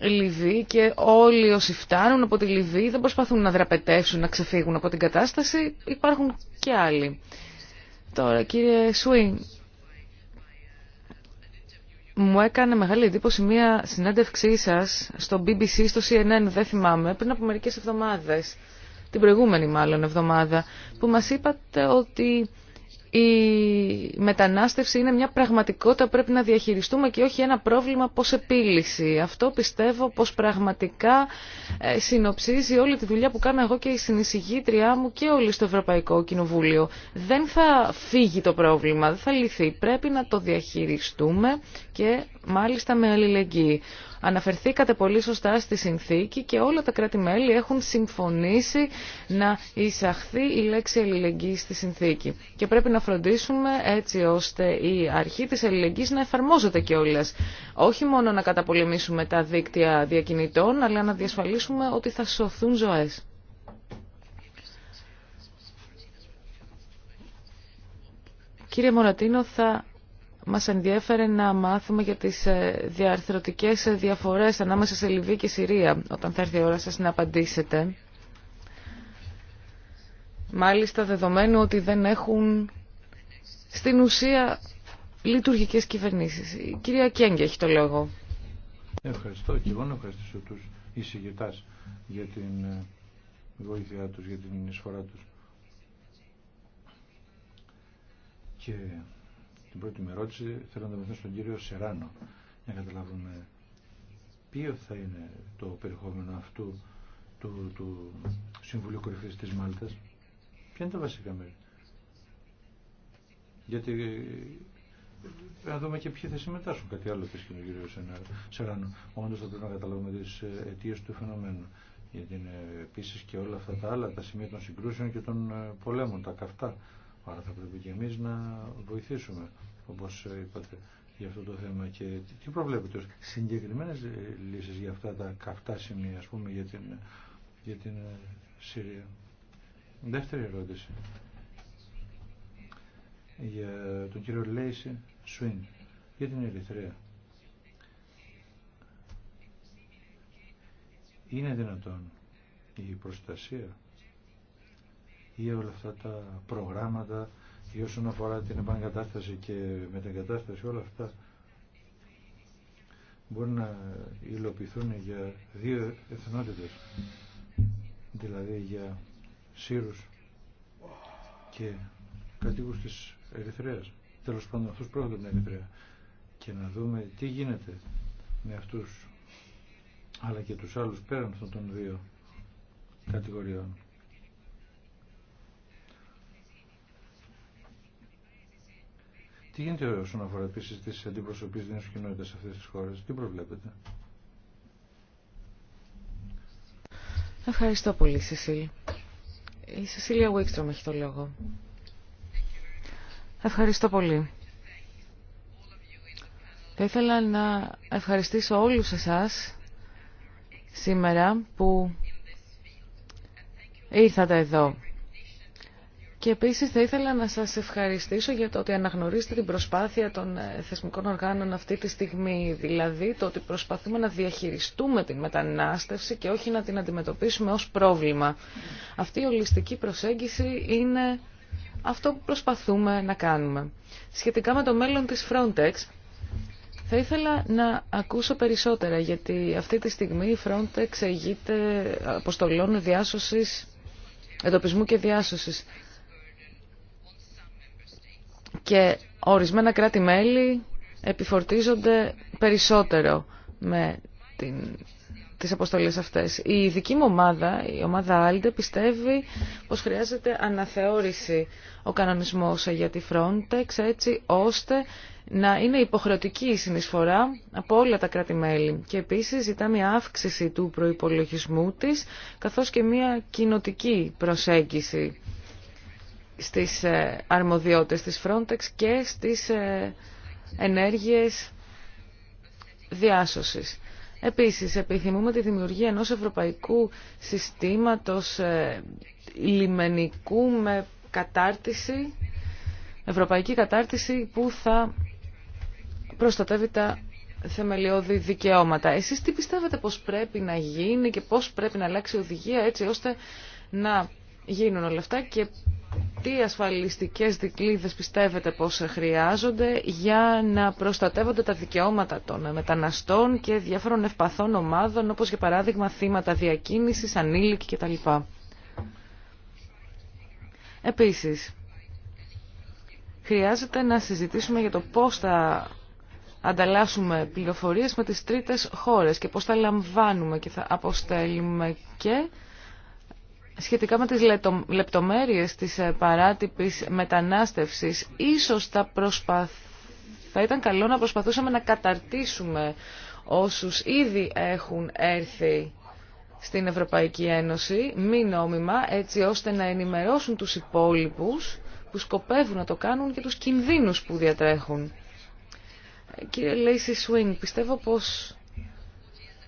Λιβύη και όλοι όσοι φτάνουν από τη Λιβύη δεν προσπαθούν να δραπετεύσουν, να ξεφύγουν από την κατάσταση. Υπάρχουν και άλλοι. Τώρα κύριε Σουίν, μου έκανε μεγάλη εντύπωση μία συνέντευξή σας στο BBC, στο CNN, δεν θυμάμαι, πριν από μερικές εβδομάδες την προηγούμενη μάλλον εβδομάδα, που μας είπατε ότι η μετανάστευση είναι μια πραγματικότητα που πρέπει να διαχειριστούμε και όχι ένα πρόβλημα πως επίλυση. Αυτό πιστεύω πως πραγματικά ε, συνοψίζει όλη τη δουλειά που κάνω εγώ και η συνεισηγήτριά μου και όλοι στο Ευρωπαϊκό Κοινοβούλιο. Δεν θα φύγει το πρόβλημα, δεν θα λυθεί. Πρέπει να το διαχειριστούμε και μάλιστα με αλληλεγγύη. Αναφερθήκατε πολύ σωστά στη συνθήκη και όλα τα κράτη-μέλη έχουν συμφωνήσει να εισαχθεί η λέξη αλληλεγγύη στη συνθήκη. Και πρέπει να φροντίσουμε έτσι ώστε η αρχή της αλληλεγγύης να εφαρμόζεται κιόλα. Όχι μόνο να καταπολεμήσουμε τα δίκτυα διακινητών, αλλά να διασφαλίσουμε ότι θα σωθούν ζωές. Κύριε Μορατίνο, θα μας ενδιέφερε να μάθουμε για τις ε, διαρθρωτικές διαφορές ανάμεσα σε Λιβύη και Συρία, όταν θα έρθει η ώρα σας να απαντήσετε. Μάλιστα δεδομένου ότι δεν έχουν στην ουσία λειτουργικές κυβερνήσεις. Η κυρία Κέγγι έχει το λόγο. Ευχαριστώ και εγώ να ευχαριστήσω τους εισηγητάς για την ε, βοήθειά τους, για την εισφορά τους. Και στην πρώτη μου ερώτηση θέλω να απευθύνω στον κύριο Σεράνο για να καταλάβουμε ποιο θα είναι το περιεχόμενο αυτού του, του Συμβουλίου Κορυφής της Μάλτας. Ποια είναι τα βασικά μέρη. Γιατί ε, να δούμε και ποιοι θα συμμετάσχουν. Κάτι άλλο θες και κύριο Σεράνο. Όντως θα πρέπει να καταλάβουμε τις ε, αιτίες του φαινομένου. Γιατί είναι επίσης και όλα αυτά τα άλλα, τα σημεία των συγκρούσεων και των ε, πολέμων, τα καυτά. Άρα θα πρέπει και εμείς να βοηθήσουμε, όπως είπατε, για αυτό το θέμα. Και τι προβλέπετε ως συγκεκριμένες λύσεις για αυτά τα καυτά σημεία, ας πούμε, για την, για την ε, Συρία. Δεύτερη ερώτηση. Για τον κύριο Λέισι Σουίν, για την Ερυθρέα. Είναι δυνατόν η προστασία ή όλα αυτά τα προγράμματα ή όσον αφορά την επανακατάσταση και μετεγκατάσταση όλα αυτά μπορεί να υλοποιηθούν για δύο εθνότητες δηλαδή για Σύρους και κατοίκους της Ερυθρέας τέλος πάντων αυτούς πρόκειται την Ερυθρέα και να δούμε τι γίνεται με αυτούς αλλά και τους άλλους πέραν αυτών των δύο κατηγοριών. Τι γίνεται όσον αφορά επίση τι αντιπροσωπή τη κοινότητα σε αυτέ τι χώρε, τι προβλέπετε. Ευχαριστώ πολύ, Σεσίλ. Η Σεσίλια Βίξτρομ έχει το λόγο. Ευχαριστώ πολύ. Θα ήθελα να ευχαριστήσω όλους εσάς σήμερα που ήρθατε εδώ και επίσης θα ήθελα να σας ευχαριστήσω για το ότι αναγνωρίστε την προσπάθεια των ε, θεσμικών οργάνων αυτή τη στιγμή. Δηλαδή το ότι προσπαθούμε να διαχειριστούμε την μετανάστευση και όχι να την αντιμετωπίσουμε ως πρόβλημα. Αυτή η ολιστική προσέγγιση είναι αυτό που προσπαθούμε να κάνουμε. Σχετικά με το μέλλον της Frontex, θα ήθελα να ακούσω περισσότερα, γιατί αυτή τη στιγμή η Frontex εγείται αποστολών διάσωσης, εντοπισμού και διάσωσης και ορισμένα κράτη-μέλη επιφορτίζονται περισσότερο με την, τις αποστολές αυτές. Η δική μου ομάδα, η ομάδα Άλντε, πιστεύει πως χρειάζεται αναθεώρηση ο κανονισμός για τη Frontex έτσι ώστε να είναι υποχρεωτική η συνεισφορά από όλα τα κράτη-μέλη και επίσης ζητά μια αύξηση του προϋπολογισμού της καθώς και μια κοινοτική προσέγγιση στις ε, αρμοδιότητες της Frontex και στις ε, ενέργειες διάσωσης. Επίσης, επιθυμούμε τη δημιουργία ενός ευρωπαϊκού συστήματος ε, λιμενικού με κατάρτιση, ευρωπαϊκή κατάρτιση που θα προστατεύει τα θεμελιώδη δικαιώματα. Εσείς τι πιστεύετε πως πρέπει να γίνει και πώς πρέπει να αλλάξει η οδηγία έτσι ώστε να γίνουν όλα αυτά και τι ασφαλιστικές δικλείδες πιστεύετε πως χρειάζονται για να προστατεύονται τα δικαιώματα των μεταναστών και διάφορων ευπαθών ομάδων, όπως για παράδειγμα θύματα διακίνησης, ανήλικη κτλ. Επίσης, χρειάζεται να συζητήσουμε για το πώς θα ανταλλάσσουμε πληροφορίες με τις τρίτες χώρες και πώς θα λαμβάνουμε και θα αποστέλουμε και σχετικά με τις λεπτομέρειες της ε, παράτυπης μετανάστευσης, ίσως θα, ήταν καλό να προσπαθούσαμε να καταρτήσουμε όσους ήδη έχουν έρθει στην Ευρωπαϊκή Ένωση, μη νόμιμα, έτσι ώστε να ενημερώσουν τους υπόλοιπους που σκοπεύουν να το κάνουν και τους κινδύνους που διατρέχουν. Ε, κύριε Λέισι Σουίνγκ, πιστεύω πως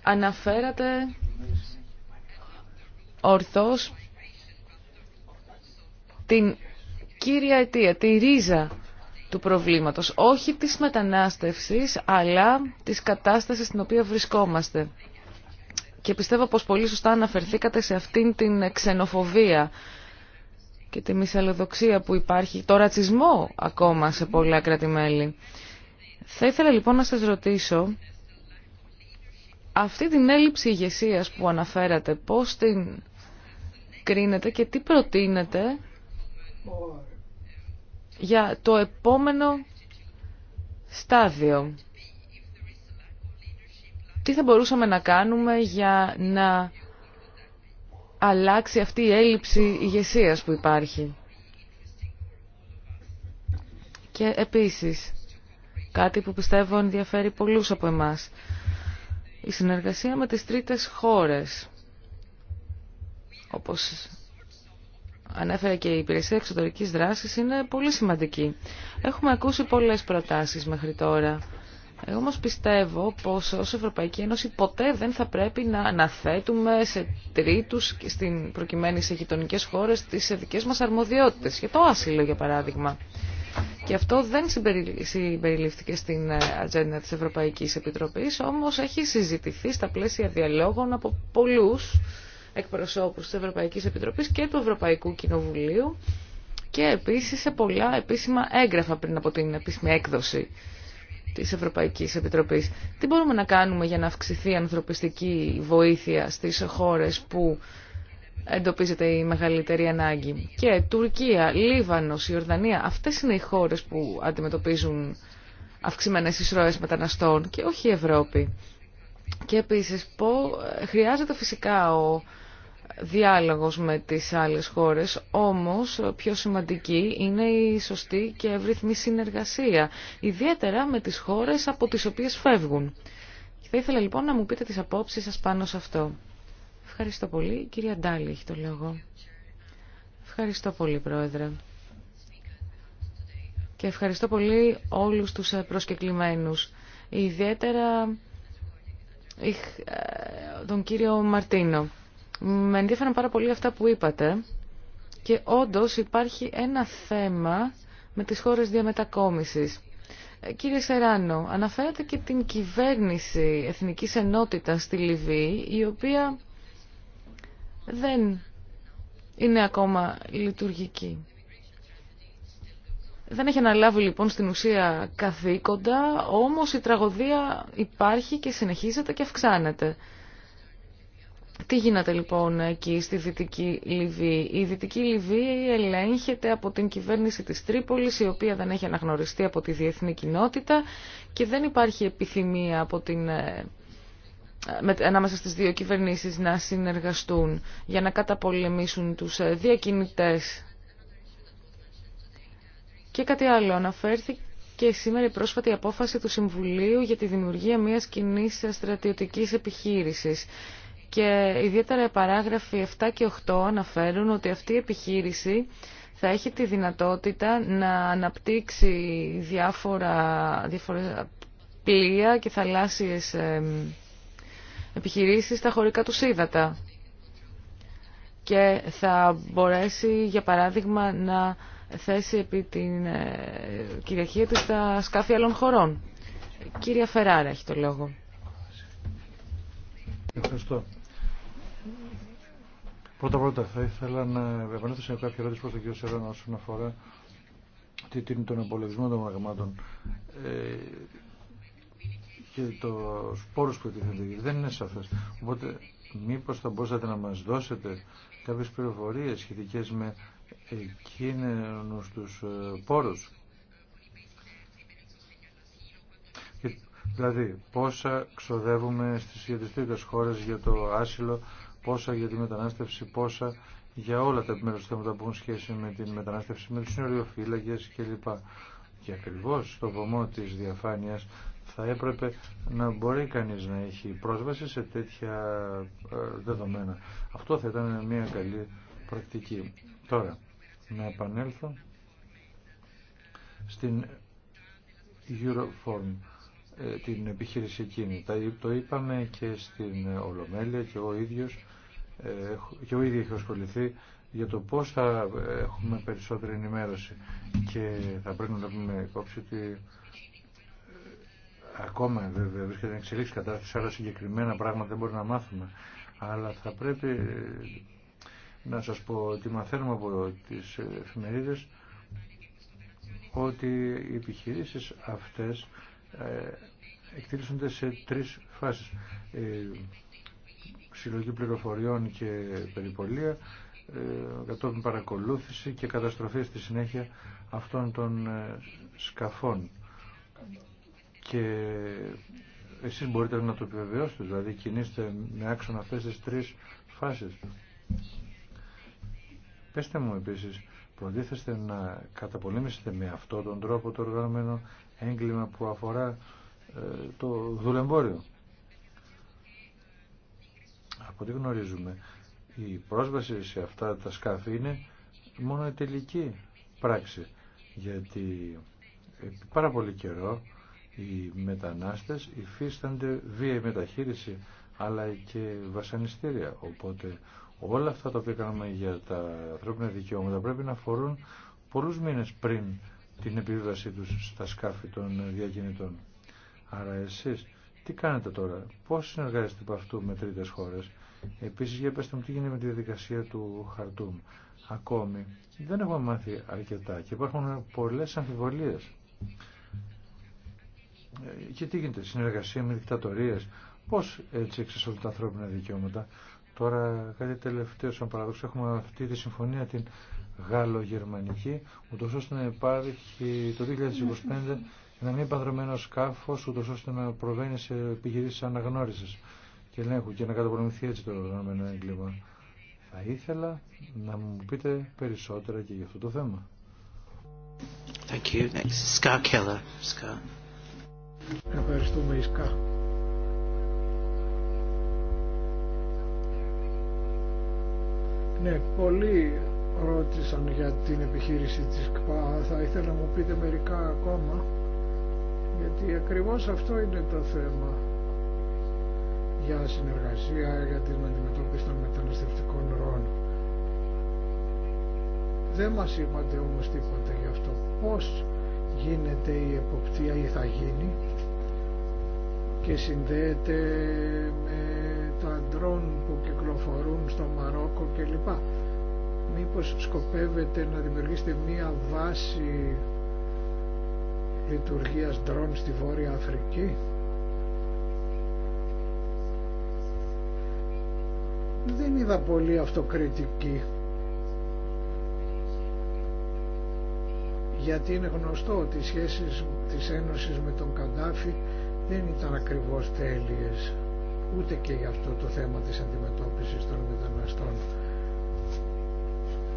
αναφέρατε ορθώς την κύρια αιτία, τη ρίζα του προβλήματος, όχι της μετανάστευσης, αλλά της κατάστασης στην οποία βρισκόμαστε. Και πιστεύω πως πολύ σωστά αναφερθήκατε σε αυτήν την ξενοφοβία και τη μυσαλλοδοξία που υπάρχει, το ρατσισμό ακόμα σε πολλά κράτη-μέλη. Θα ήθελα λοιπόν να σας ρωτήσω, αυτή την έλλειψη ηγεσία που αναφέρατε, πώς την κρίνεται και τι προτείνεται για το επόμενο στάδιο. Τι θα μπορούσαμε να κάνουμε για να αλλάξει αυτή η έλλειψη ηγεσία που υπάρχει. Και επίσης, κάτι που πιστεύω ενδιαφέρει πολλούς από εμάς, η συνεργασία με τις τρίτες χώρες όπως ανέφερε και η υπηρεσία εξωτερικής δράσης, είναι πολύ σημαντική. Έχουμε ακούσει πολλές προτάσεις μέχρι τώρα. Εγώ όμως πιστεύω πως ως Ευρωπαϊκή Ένωση ποτέ δεν θα πρέπει να αναθέτουμε σε τρίτους και στην προκειμένη σε γειτονικές χώρες τις δικές μας αρμοδιότητες. Για το άσυλο για παράδειγμα. Και αυτό δεν συμπεριληφθήκε στην ε, ατζέντα της Ευρωπαϊκής Επιτροπής, όμως έχει συζητηθεί στα πλαίσια διαλόγων από πολλούς εκπροσώπους τη Ευρωπαϊκή Επιτροπής και του Ευρωπαϊκού Κοινοβουλίου και επίση σε πολλά επίσημα έγγραφα πριν από την επίσημη έκδοση της Ευρωπαϊκής Επιτροπής. Τι μπορούμε να κάνουμε για να αυξηθεί η ανθρωπιστική βοήθεια στις χώρες που εντοπίζεται η μεγαλύτερη ανάγκη. Και Τουρκία, Λίβανος, Ιορδανία, αυτές είναι οι χώρες που αντιμετωπίζουν αυξημένες εισρώες μεταναστών και όχι η Ευρώπη. Και επίσης χρειάζεται φυσικά ο διάλογος με τις άλλες χώρες, όμως πιο σημαντική είναι η σωστή και εύρυθμη συνεργασία, ιδιαίτερα με τις χώρες από τις οποίες φεύγουν. Και θα ήθελα λοιπόν να μου πείτε τις απόψεις σας πάνω σε αυτό. Ευχαριστώ πολύ. κυρία Ντάλη έχει το λόγο. Ευχαριστώ πολύ, Πρόεδρε. Και ευχαριστώ πολύ όλους τους ε, προσκεκλημένους. Ιδιαίτερα ε, τον κύριο Μαρτίνο. Με ενδιαφέραν πάρα πολύ αυτά που είπατε και όντως υπάρχει ένα θέμα με τις χώρες διαμετακόμισης. Ε, κύριε Σεράνο, αναφέρατε και την κυβέρνηση Εθνικής Ενότητας στη Λιβύη, η οποία δεν είναι ακόμα λειτουργική. Δεν έχει αναλάβει λοιπόν στην ουσία καθήκοντα, όμως η τραγωδία υπάρχει και συνεχίζεται και αυξάνεται. Τι γίνεται λοιπόν εκεί στη Δυτική Λιβύη. Η Δυτική Λιβύη ελέγχεται από την κυβέρνηση της Τρίπολης η οποία δεν έχει αναγνωριστεί από τη διεθνή κοινότητα και δεν υπάρχει επιθυμία από την, ε, με, ανάμεσα στις δύο κυβερνήσεις να συνεργαστούν για να καταπολεμήσουν τους ε, διακινητές. Και κάτι άλλο αναφέρθηκε σήμερα η πρόσφατη απόφαση του Συμβουλίου για τη δημιουργία μιας κοινή στρατιωτικής επιχείρησης και ιδιαίτερα οι παράγραφοι 7 και 8 αναφέρουν ότι αυτή η επιχείρηση θα έχει τη δυνατότητα να αναπτύξει διάφορα, διάφορα πλοία και θαλάσσιες επιχειρήσεις στα χωρικά του ΣΥΔΑΤΑ και θα μπορέσει για παράδειγμα να θέσει επί την ε, κυριαρχία της τα σκάφη άλλων χωρών. Κύρια Φεράρα έχει το λόγο. Ευχαριστώ. Πρώτα πρώτα θα ήθελα να επανέλθω σε κάποια ερώτηση προς τον κύριο Σερένα όσον αφορά είναι τον απολογισμό των μαγμάτων ε, και το πόρους που επιτίθενται. Δεν είναι σαφές. Οπότε μήπως θα μπορούσατε να μας δώσετε κάποιες πληροφορίες σχετικές με εκείνους τους ε, πόρους. δηλαδή πόσα ξοδεύουμε στις ιδιωτικές χώρες για το άσυλο πόσα για τη μετανάστευση, πόσα για όλα τα επιμέρους θέματα που έχουν σχέση με την μετανάστευση, με τους συνοριοφύλακες κλπ. Και ακριβώ στο βωμό της διαφάνειας θα έπρεπε να μπορεί κανείς να έχει πρόσβαση σε τέτοια ε, δεδομένα. Αυτό θα ήταν μια καλή πρακτική. Τώρα, να επανέλθω στην Euroform, ε, την επιχείρηση εκείνη. Το είπαμε και στην Ολομέλεια και ο ίδιος και ε, ο ίδιος έχει ασχοληθεί για το πώς θα ε, έχουμε περισσότερη ενημέρωση και θα πρέπει να λάβουμε υπόψη ότι ε, ακόμα βέβαια βρίσκεται να εξελίξει κατάσταση, αλλά συγκεκριμένα πράγματα δεν μπορούμε να μάθουμε. Αλλά θα πρέπει να σας πω ότι μαθαίνουμε από τις εφημερίδες ότι οι επιχειρήσεις αυτές εκτίλησονται σε τρεις φάσεις συλλογή πληροφοριών και περιπολία, ε, κατόπιν παρακολούθηση και καταστροφή στη συνέχεια αυτών των ε, σκαφών. Και εσείς μπορείτε να το επιβεβαιώσετε, δηλαδή κινείστε με άξονα αυτές τις τρεις φάσεις. Πεςτε μου επίσης, προτίθεστε να καταπολέμησετε με αυτόν τον τρόπο το οργανωμένο έγκλημα που αφορά ε, το δουλεμπόριο από ό,τι γνωρίζουμε, η πρόσβαση σε αυτά τα σκάφη είναι μόνο η τελική πράξη. Γιατί πάρα πολύ καιρό οι μετανάστες υφίστανται βία μεταχείριση αλλά και βασανιστήρια. Οπότε όλα αυτά τα οποία κάνουμε για τα ανθρώπινα δικαιώματα πρέπει να αφορούν πολλούς μήνες πριν την επίβασή τους στα σκάφη των διακινητών. Άρα εσείς τι κάνετε τώρα, πώς συνεργάζεστε από αυτού με τρίτες χώρες. Επίσης, για πέστε μου τι γίνεται με τη διαδικασία του χαρτούμ. Ακόμη, δεν έχουμε μάθει αρκετά και υπάρχουν πολλές αμφιβολίες. Ε, και τι γίνεται, συνεργασία με δικτατορίες, πώς έτσι εξασφαλούν τα ανθρώπινα δικαιώματα. Τώρα κάτι τελευταίο σαν παράδοξο έχουμε αυτή τη συμφωνία την Γάλλο-Γερμανική, ούτως ώστε να υπάρχει το 2025 ναι να μην παθρωμένο σκάφο, ούτω ώστε να προβαίνει σε επιχειρήσει αναγνώριση και ελέγχου και να καταπολεμηθεί έτσι το οργανωμένο έγκλημα. Θα ήθελα να μου πείτε περισσότερα και για αυτό το θέμα. Ευχαριστούμε, Ισκά. Ναι, πολλοί ρώτησαν για την επιχείρηση της ΚΠΑ. Θα ήθελα να μου πείτε μερικά ακόμα. Γιατί ακριβώς αυτό είναι το θέμα για συνεργασία, για την αντιμετώπιση των μεταναστευτικών ροών. Δεν μας είπατε όμως τίποτα γι' αυτό. Πώς γίνεται η εποπτεία ή θα γίνει και συνδέεται με τα ντρόν που κυκλοφορούν στο Μαρόκο κλπ. Μήπως σκοπεύετε να δημιουργήσετε μία βάση λειτουργίας ντρόν στη Βόρεια Αφρική. Δεν είδα πολύ αυτοκριτική. Γιατί είναι γνωστό ότι οι σχέσεις της Ένωσης με τον Καντάφη δεν ήταν ακριβώς τέλειες ούτε και για αυτό το θέμα της αντιμετώπισης των μεταναστών.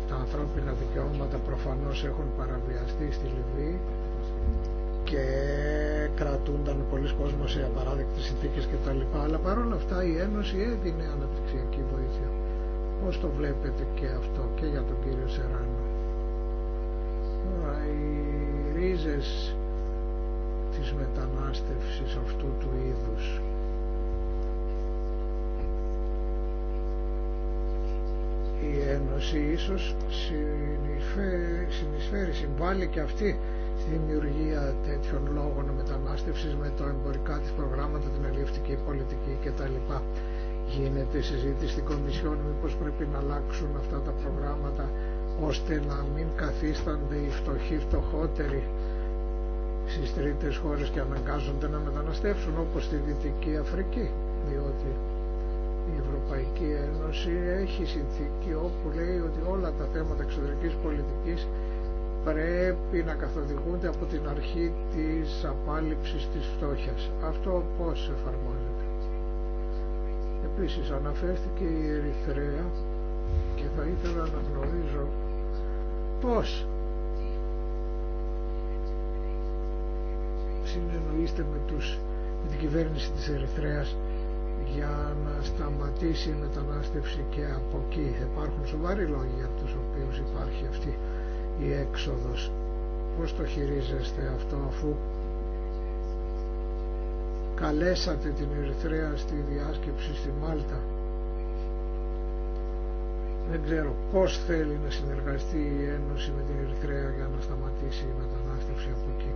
Τα ανθρώπινα δικαιώματα προφανώς έχουν παραβιαστεί στη Λιβύη και κρατούνταν πολλοί κόσμο σε απαράδεκτες συνθήκες λοιπά Αλλά παρόλα αυτά η Ένωση έδινε αναπτυξιακή βοήθεια. Πώς το βλέπετε και αυτό και για τον κύριο Σεράνο. Τώρα οι ρίζες της μετανάστευσης αυτού του είδους η Ένωση ίσως συνεισφέρει, συμβάλλει και αυτή δημιουργία τέτοιων λόγων μετανάστευση με το εμπορικά της προγράμματα, την αλληλευτική πολιτική κτλ. Γίνεται συζήτηση στην Κομισιόν μήπως πρέπει να αλλάξουν αυτά τα προγράμματα ώστε να μην καθίστανται οι φτωχοί φτωχότεροι στις τρίτες χώρες και αναγκάζονται να μεταναστεύσουν όπως στη Δυτική Αφρική διότι η Ευρωπαϊκή Ένωση έχει συνθήκη όπου λέει ότι όλα τα θέματα εξωτερικής πολιτικής πρέπει να καθοδηγούνται από την αρχή της απάλληψης της φτώχειας. Αυτό πώς εφαρμόζεται. Επίσης αναφέρθηκε η Ερυθρέα και θα ήθελα να γνωρίζω πώς συνεννοείστε με, τους, με την κυβέρνηση της Ερυθρέας για να σταματήσει η μετανάστευση και από εκεί. Υπάρχουν σοβαροί λόγοι για τους οποίους υπάρχει αυτή η έξοδος. Πώς το χειρίζεστε αυτό αφού καλέσατε την Ερυθρέα στη διάσκεψη στη Μάλτα. Δεν ξέρω πώς θέλει να συνεργαστεί η Ένωση με την Ερυθρέα για να σταματήσει η μετανάστευση από εκεί.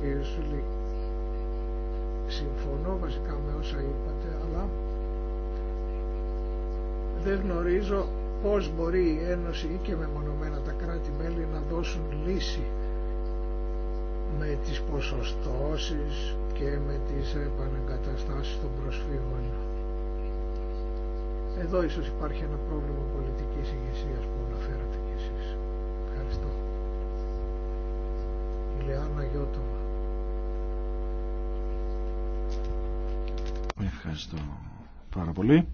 Κύριε συμφωνώ βασικά με όσα είπατε, αλλά δεν γνωρίζω πώς μπορεί η Ένωση ή και μονομενα τα κράτη-μέλη να δώσουν λύση με τις ποσοστώσεις και με τις επαναγκαταστάσεις των προσφύγων. Εδώ ίσως υπάρχει ένα πρόβλημα πολιτικής ηγεσίας που αναφέρατε κι εσείς. Ευχαριστώ. Η Γιώτομα. Ευχαριστώ πάρα πολύ.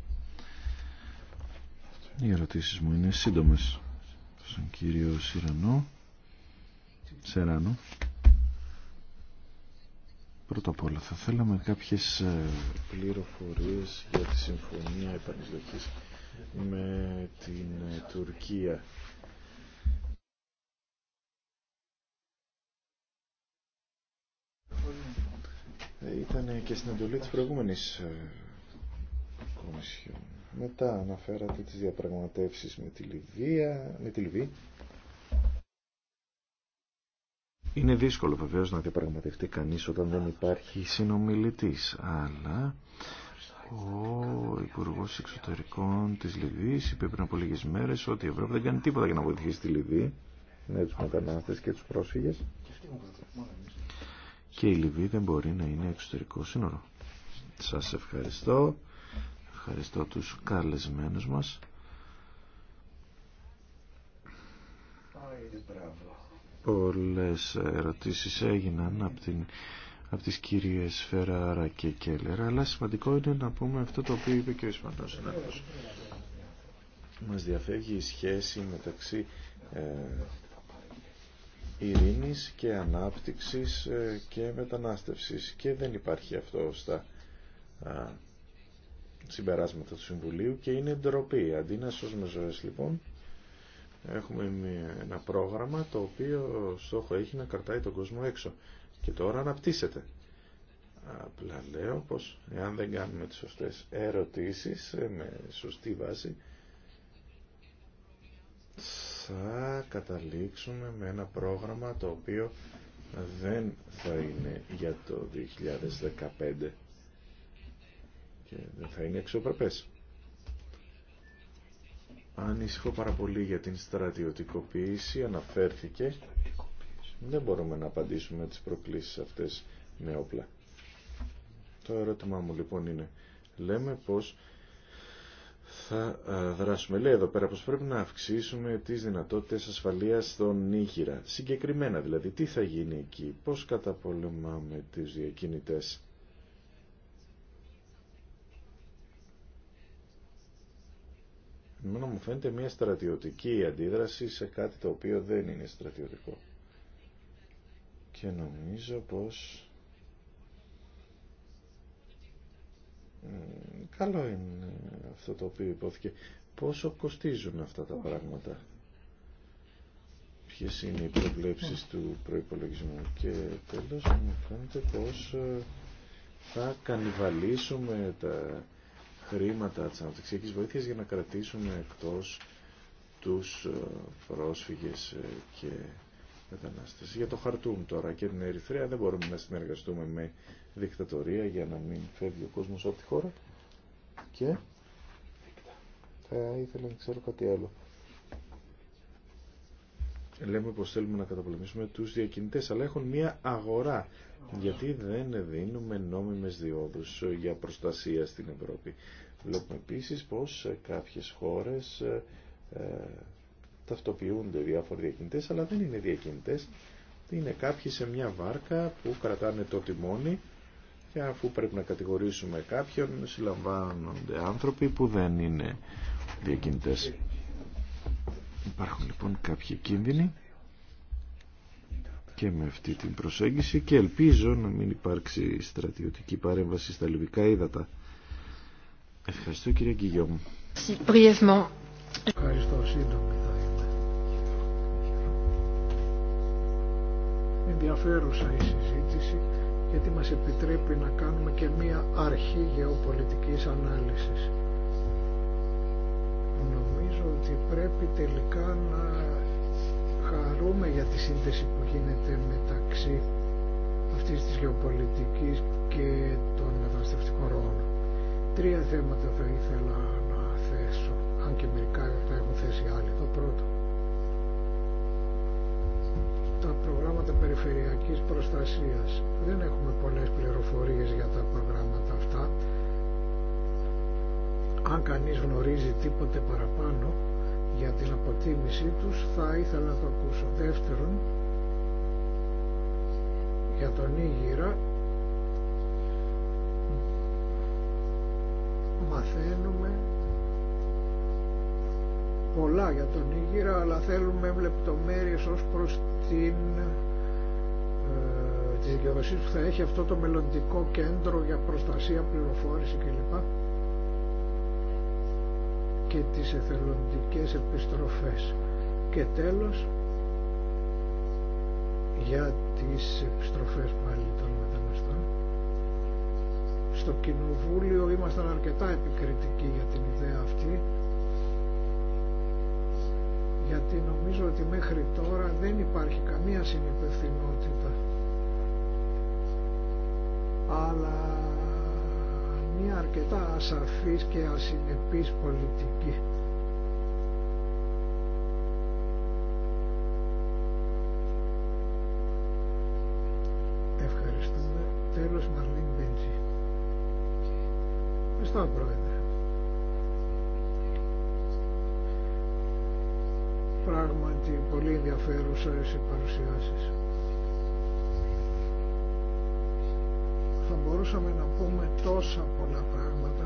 Οι ερωτήσεις μου είναι σύντομες. Στον κύριο Σιρανό. Σεράνο. Πρώτα απ' όλα θα θέλαμε κάποιες ε, πληροφορίες για τη συμφωνία επανεισδοχής με την ε, Τουρκία. Ε, ήταν και στην εντολή της προηγούμενης Κομισιόν. Μετά αναφέρατε τις διαπραγματεύσεις με τη, Λιβύα, με τη Λιβύη. Είναι δύσκολο βεβαίως να διαπραγματευτεί κανείς όταν δεν υπάρχει συνομιλητής, αλλά ο υπουργό Εξωτερικών της Λιβύης είπε πριν από λίγες μέρες ότι η Ευρώπη δεν κάνει τίποτα για να βοηθήσει τη Λιβύη με τους μετανάστες και τους πρόσφυγες και η Λιβύη δεν μπορεί να είναι εξωτερικό σύνορο. Σας ευχαριστώ. Ευχαριστώ τους καλεσμένους μας. Πολλές ερωτήσεις έγιναν από, την, από τις κυρίες Φεράρα και Κέλλερα αλλά σημαντικό είναι να πούμε αυτό το οποίο είπε και ο Ισπανός Μας διαφεύγει η σχέση μεταξύ ε, ειρήνης και ανάπτυξης ε, και μετανάστευσης και δεν υπάρχει αυτό στα συμπεράσματα του Συμβουλίου και είναι ντροπή. Αντί να σώσουμε λοιπόν, έχουμε ένα πρόγραμμα το οποίο στόχο έχει να κρατάει τον κόσμο έξω και τώρα αναπτύσσεται. Απλά λέω πω εάν δεν κάνουμε τις σωστές ερωτήσεις ε, με σωστή βάση θα καταλήξουμε με ένα πρόγραμμα το οποίο δεν θα είναι για το 2015 και δεν θα είναι αξιοπρεπές. Ανησυχώ πάρα πολύ για την στρατιωτικοποίηση, αναφέρθηκε. Δεν μπορούμε να απαντήσουμε τις προκλήσεις αυτές με όπλα. Το ερώτημά μου λοιπόν είναι, λέμε πως θα δράσουμε. Λέει εδώ πέρα πως πρέπει να αυξήσουμε τις δυνατότητες ασφαλείας στον Ήχυρα. Συγκεκριμένα δηλαδή, τι θα γίνει εκεί, πώς καταπολεμάμε τις διακινητές. εμένα μου φαίνεται μια στρατιωτική αντίδραση σε κάτι το οποίο δεν είναι στρατιωτικό. Και νομίζω πως καλό είναι αυτό το οποίο υπόθηκε. Πόσο κοστίζουν αυτά τα πράγματα. ποιε είναι οι προβλέψεις του προϋπολογισμού. Και τέλος μου φαίνεται πως ε, θα κανιβαλίσουμε τα χρήματα της αναπτυξιακής βοήθειας για να κρατήσουμε εκτός τους ε, πρόσφυγες ε, και μετανάστες. Για το Χαρτούμ τώρα και την Ερυθρέα δεν μπορούμε να συνεργαστούμε με δικτατορία για να μην φεύγει ο κόσμος από τη χώρα. Και θα ήθελα να ξέρω κάτι άλλο. Λέμε πως θέλουμε να καταπολεμήσουμε τους διακινητές, αλλά έχουν μία αγορά γιατί δεν δίνουμε νόμιμες διόδους για προστασία στην Ευρώπη. Βλέπουμε επίσης πως κάποιες χώρες ε, ε, ταυτοποιούνται διάφοροι διακινητές, αλλά δεν είναι διακινητές. Είναι κάποιοι σε μια βάρκα που κρατάνε το τιμόνι και αφού πρέπει να κατηγορήσουμε κάποιον, συλλαμβάνονται άνθρωποι που δεν είναι διακινητές. Υπάρχουν λοιπόν κάποιοι κίνδυνοι και με αυτή την προσέγγιση και ελπίζω να μην υπάρξει στρατιωτική παρέμβαση στα λιβικά ύδατα. Ευχαριστώ κύριε μου. Ευχαριστώ σύντομη θα είμαι. Ενδιαφέρουσα η συζήτηση γιατί μας επιτρέπει να κάνουμε και μία αρχή γεωπολιτικής ανάλυσης. Νομίζω ότι πρέπει τελικά να χαρούμε για τη σύνδεση που γίνεται μεταξύ αυτής της γεωπολιτικής και των μεταναστευτικών ρόλων. Τρία θέματα θα ήθελα να θέσω, αν και μερικά θα έχουν θέσει άλλοι. Το πρώτο, τα προγράμματα περιφερειακής προστασίας. Δεν έχουμε πολλές πληροφορίες για τα προγράμματα αυτά. Αν κανείς γνωρίζει τίποτε παραπάνω, για την αποτίμησή τους θα ήθελα να το ακούσω. Δεύτερον, για τον Ήγηρα μαθαίνουμε πολλά για τον Ήγηρα αλλά θέλουμε λεπτομέρειες ως προς την ε, που θα έχει αυτό το μελλοντικό κέντρο για προστασία, πληροφόρηση κλπ και τις εθελοντικές επιστροφές. Και τέλος, για τις επιστροφές πάλι των μεταναστών, στο Κοινοβούλιο ήμασταν αρκετά επικριτικοί για την ιδέα αυτή, γιατί νομίζω ότι μέχρι τώρα δεν υπάρχει καμία συνυπευθυνότητα αλλά μια αρκετά ασαφής και ασυνεπής πολιτική. Ευχαριστούμε. Τέλος Μαρλίν Μπέντζη. Ευχαριστώ Πρόεδρε. Πράγματι πολύ ενδιαφέρουσα οι παρουσιάσεις. μπορούσαμε να πούμε τόσα πολλά πράγματα,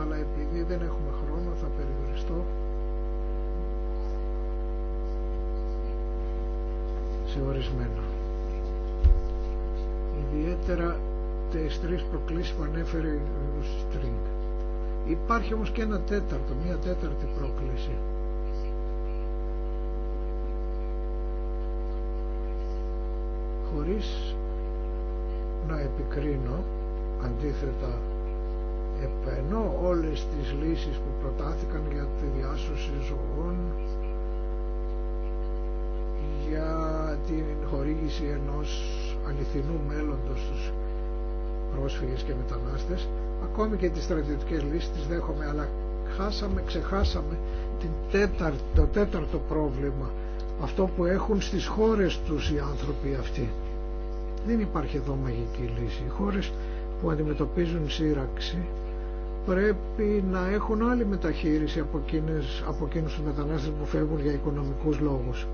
αλλά επειδή δεν έχουμε χρόνο θα περιοριστώ σε ορισμένα. Ιδιαίτερα τις τρεις προκλήσεις που ανέφερε ο Στρίνγκ. Υπάρχει όμως και ένα τέταρτο, μια τέταρτη πρόκληση επικρίνω, αντίθετα επενώ όλες τις λύσεις που προτάθηκαν για τη διάσωση ζωών, για την χορήγηση ενός αληθινού μέλλοντος στους πρόσφυγες και μετανάστες, ακόμη και τις στρατιωτικές λύσεις τις δέχομαι, αλλά χάσαμε, ξεχάσαμε το τέταρτο πρόβλημα, αυτό που έχουν στις χώρες τους οι άνθρωποι αυτοί δεν υπάρχει εδώ μαγική λύση. Οι χώρες που αντιμετωπίζουν σύραξη πρέπει να έχουν άλλη μεταχείριση από, εκείνου από εκείνους τους που φεύγουν για οικονομικούς λόγους.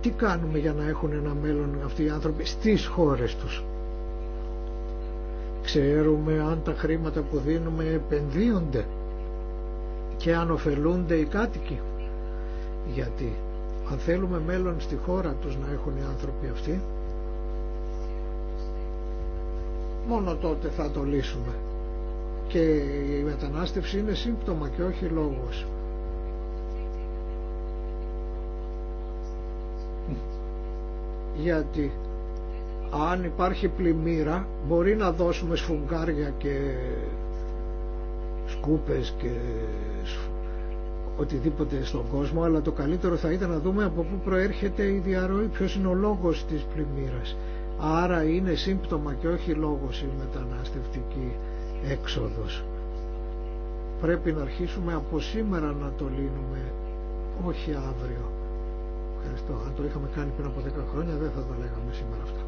Τι κάνουμε για να έχουν ένα μέλλον αυτοί οι άνθρωποι στις χώρες τους. Ξέρουμε αν τα χρήματα που δίνουμε επενδύονται και αν ωφελούνται οι κάτοικοι. Γιατί αν θέλουμε μέλλον στη χώρα τους να έχουν οι άνθρωποι αυτοί, μόνο τότε θα το λύσουμε. Και η μετανάστευση είναι σύμπτωμα και όχι λόγος. Γιατί αν υπάρχει πλημμύρα μπορεί να δώσουμε σφουγγάρια και σκούπες και οτιδήποτε στον κόσμο αλλά το καλύτερο θα ήταν να δούμε από πού προέρχεται η διαρροή ποιος είναι ο λόγος της πλημμύρας Άρα είναι σύμπτωμα και όχι λόγος η μεταναστευτική έξοδος. Πρέπει να αρχίσουμε από σήμερα να το λύνουμε, όχι αύριο. Ευχαριστώ. Αν το είχαμε κάνει πριν από 10 χρόνια δεν θα τα λέγαμε σήμερα αυτά.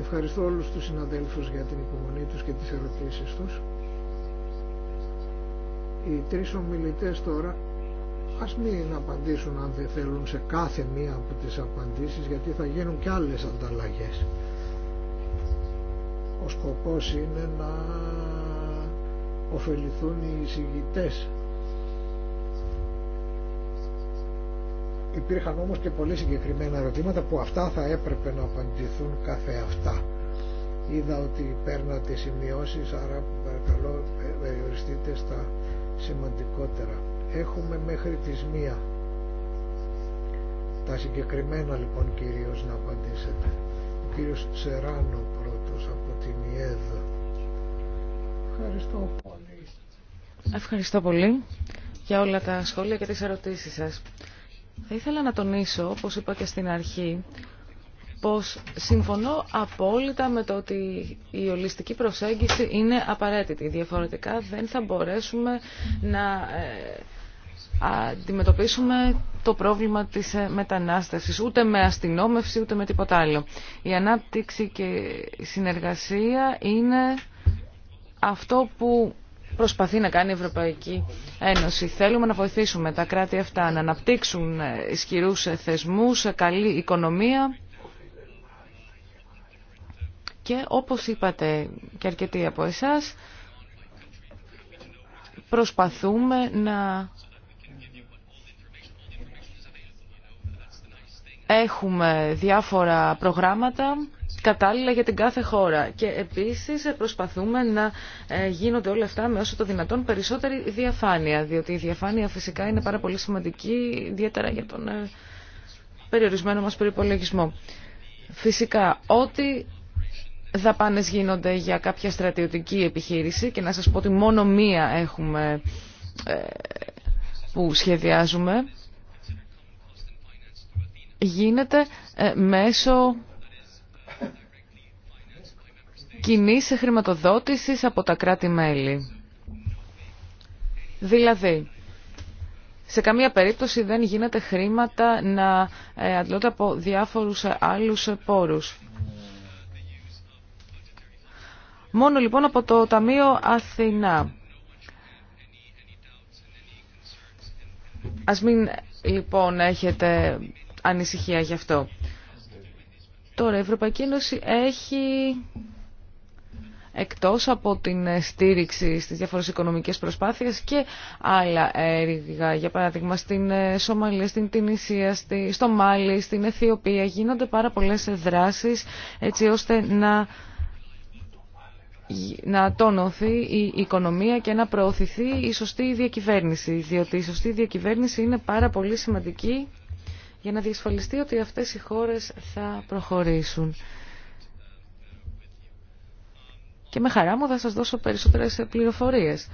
Ευχαριστώ όλους τους συναδέλφους για την υπομονή τους και τις ερωτήσεις τους. Οι τρεις ομιλητές τώρα ας μην απαντήσουν αν δεν θέλουν σε κάθε μία από τις απαντήσεις γιατί θα γίνουν και άλλες ανταλλαγές. Ο σκοπός είναι να ωφεληθούν οι εισηγητές. Υπήρχαν όμως και πολύ συγκεκριμένα ερωτήματα που αυτά θα έπρεπε να απαντηθούν κάθε αυτά. Είδα ότι παίρνατε τις σημειώσεις, άρα παρακαλώ ε, περιοριστείτε στα σημαντικότερα. Έχουμε μέχρι τις μία. Τα συγκεκριμένα λοιπόν κυρίως να απαντήσετε. Ο κύριος Σεράνο Ευχαριστώ πολύ. Ευχαριστώ πολύ για όλα τα σχόλια και τις ερωτήσεις σας. Θα ήθελα να τονίσω, όπως είπα και στην αρχή, πως συμφωνώ απόλυτα με το ότι η ολιστική προσέγγιση είναι απαραίτητη. Διαφορετικά δεν θα μπορέσουμε να ε, αντιμετωπίσουμε το πρόβλημα της ε, μετανάστευσης, ούτε με αστυνόμευση, ούτε με τίποτα άλλο. Η ανάπτυξη και η συνεργασία είναι αυτό που προσπαθεί να κάνει η Ευρωπαϊκή Ένωση. Θέλουμε να βοηθήσουμε τα κράτη αυτά να αναπτύξουν ε, ισχυρούς ε, θεσμούς, καλή οικονομία και όπως είπατε και αρκετοί από εσάς, προσπαθούμε να Έχουμε διάφορα προγράμματα κατάλληλα για την κάθε χώρα και επίσης προσπαθούμε να ε, γίνονται όλα αυτά με όσο το δυνατόν περισσότερη διαφάνεια, διότι η διαφάνεια φυσικά είναι πάρα πολύ σημαντική, ιδιαίτερα για τον ε, περιορισμένο μας προϋπολογισμό. Φυσικά, ό,τι δαπάνες γίνονται για κάποια στρατιωτική επιχείρηση και να σας πω ότι μόνο μία έχουμε ε, που σχεδιάζουμε, γίνεται ε, μέσω κοινή χρηματοδότησης από τα κράτη-μέλη. Δηλαδή, σε καμία περίπτωση δεν γίνεται χρήματα να ε, αντλούνται από διάφορους ε, άλλους πόρους. Μόνο λοιπόν από το Ταμείο Αθηνά. Ας μην λοιπόν έχετε ανησυχία γι' αυτό. Τώρα, η Ευρωπαϊκή Ένωση έχει εκτός από την στήριξη στις διάφορες οικονομικές προσπάθειες και άλλα έργα, για παράδειγμα στην Σομαλία, στην Τινησία, στο Μάλι, στην Αιθιοπία, γίνονται πάρα πολλές δράσεις έτσι ώστε να, να τονωθεί η οικονομία και να προωθηθεί η σωστή διακυβέρνηση, διότι η σωστή διακυβέρνηση είναι πάρα πολύ σημαντική για να διασφαλιστεί ότι αυτές οι χώρες θα προχωρήσουν. Και με χαρά μου θα σας δώσω περισσότερες πληροφορίες.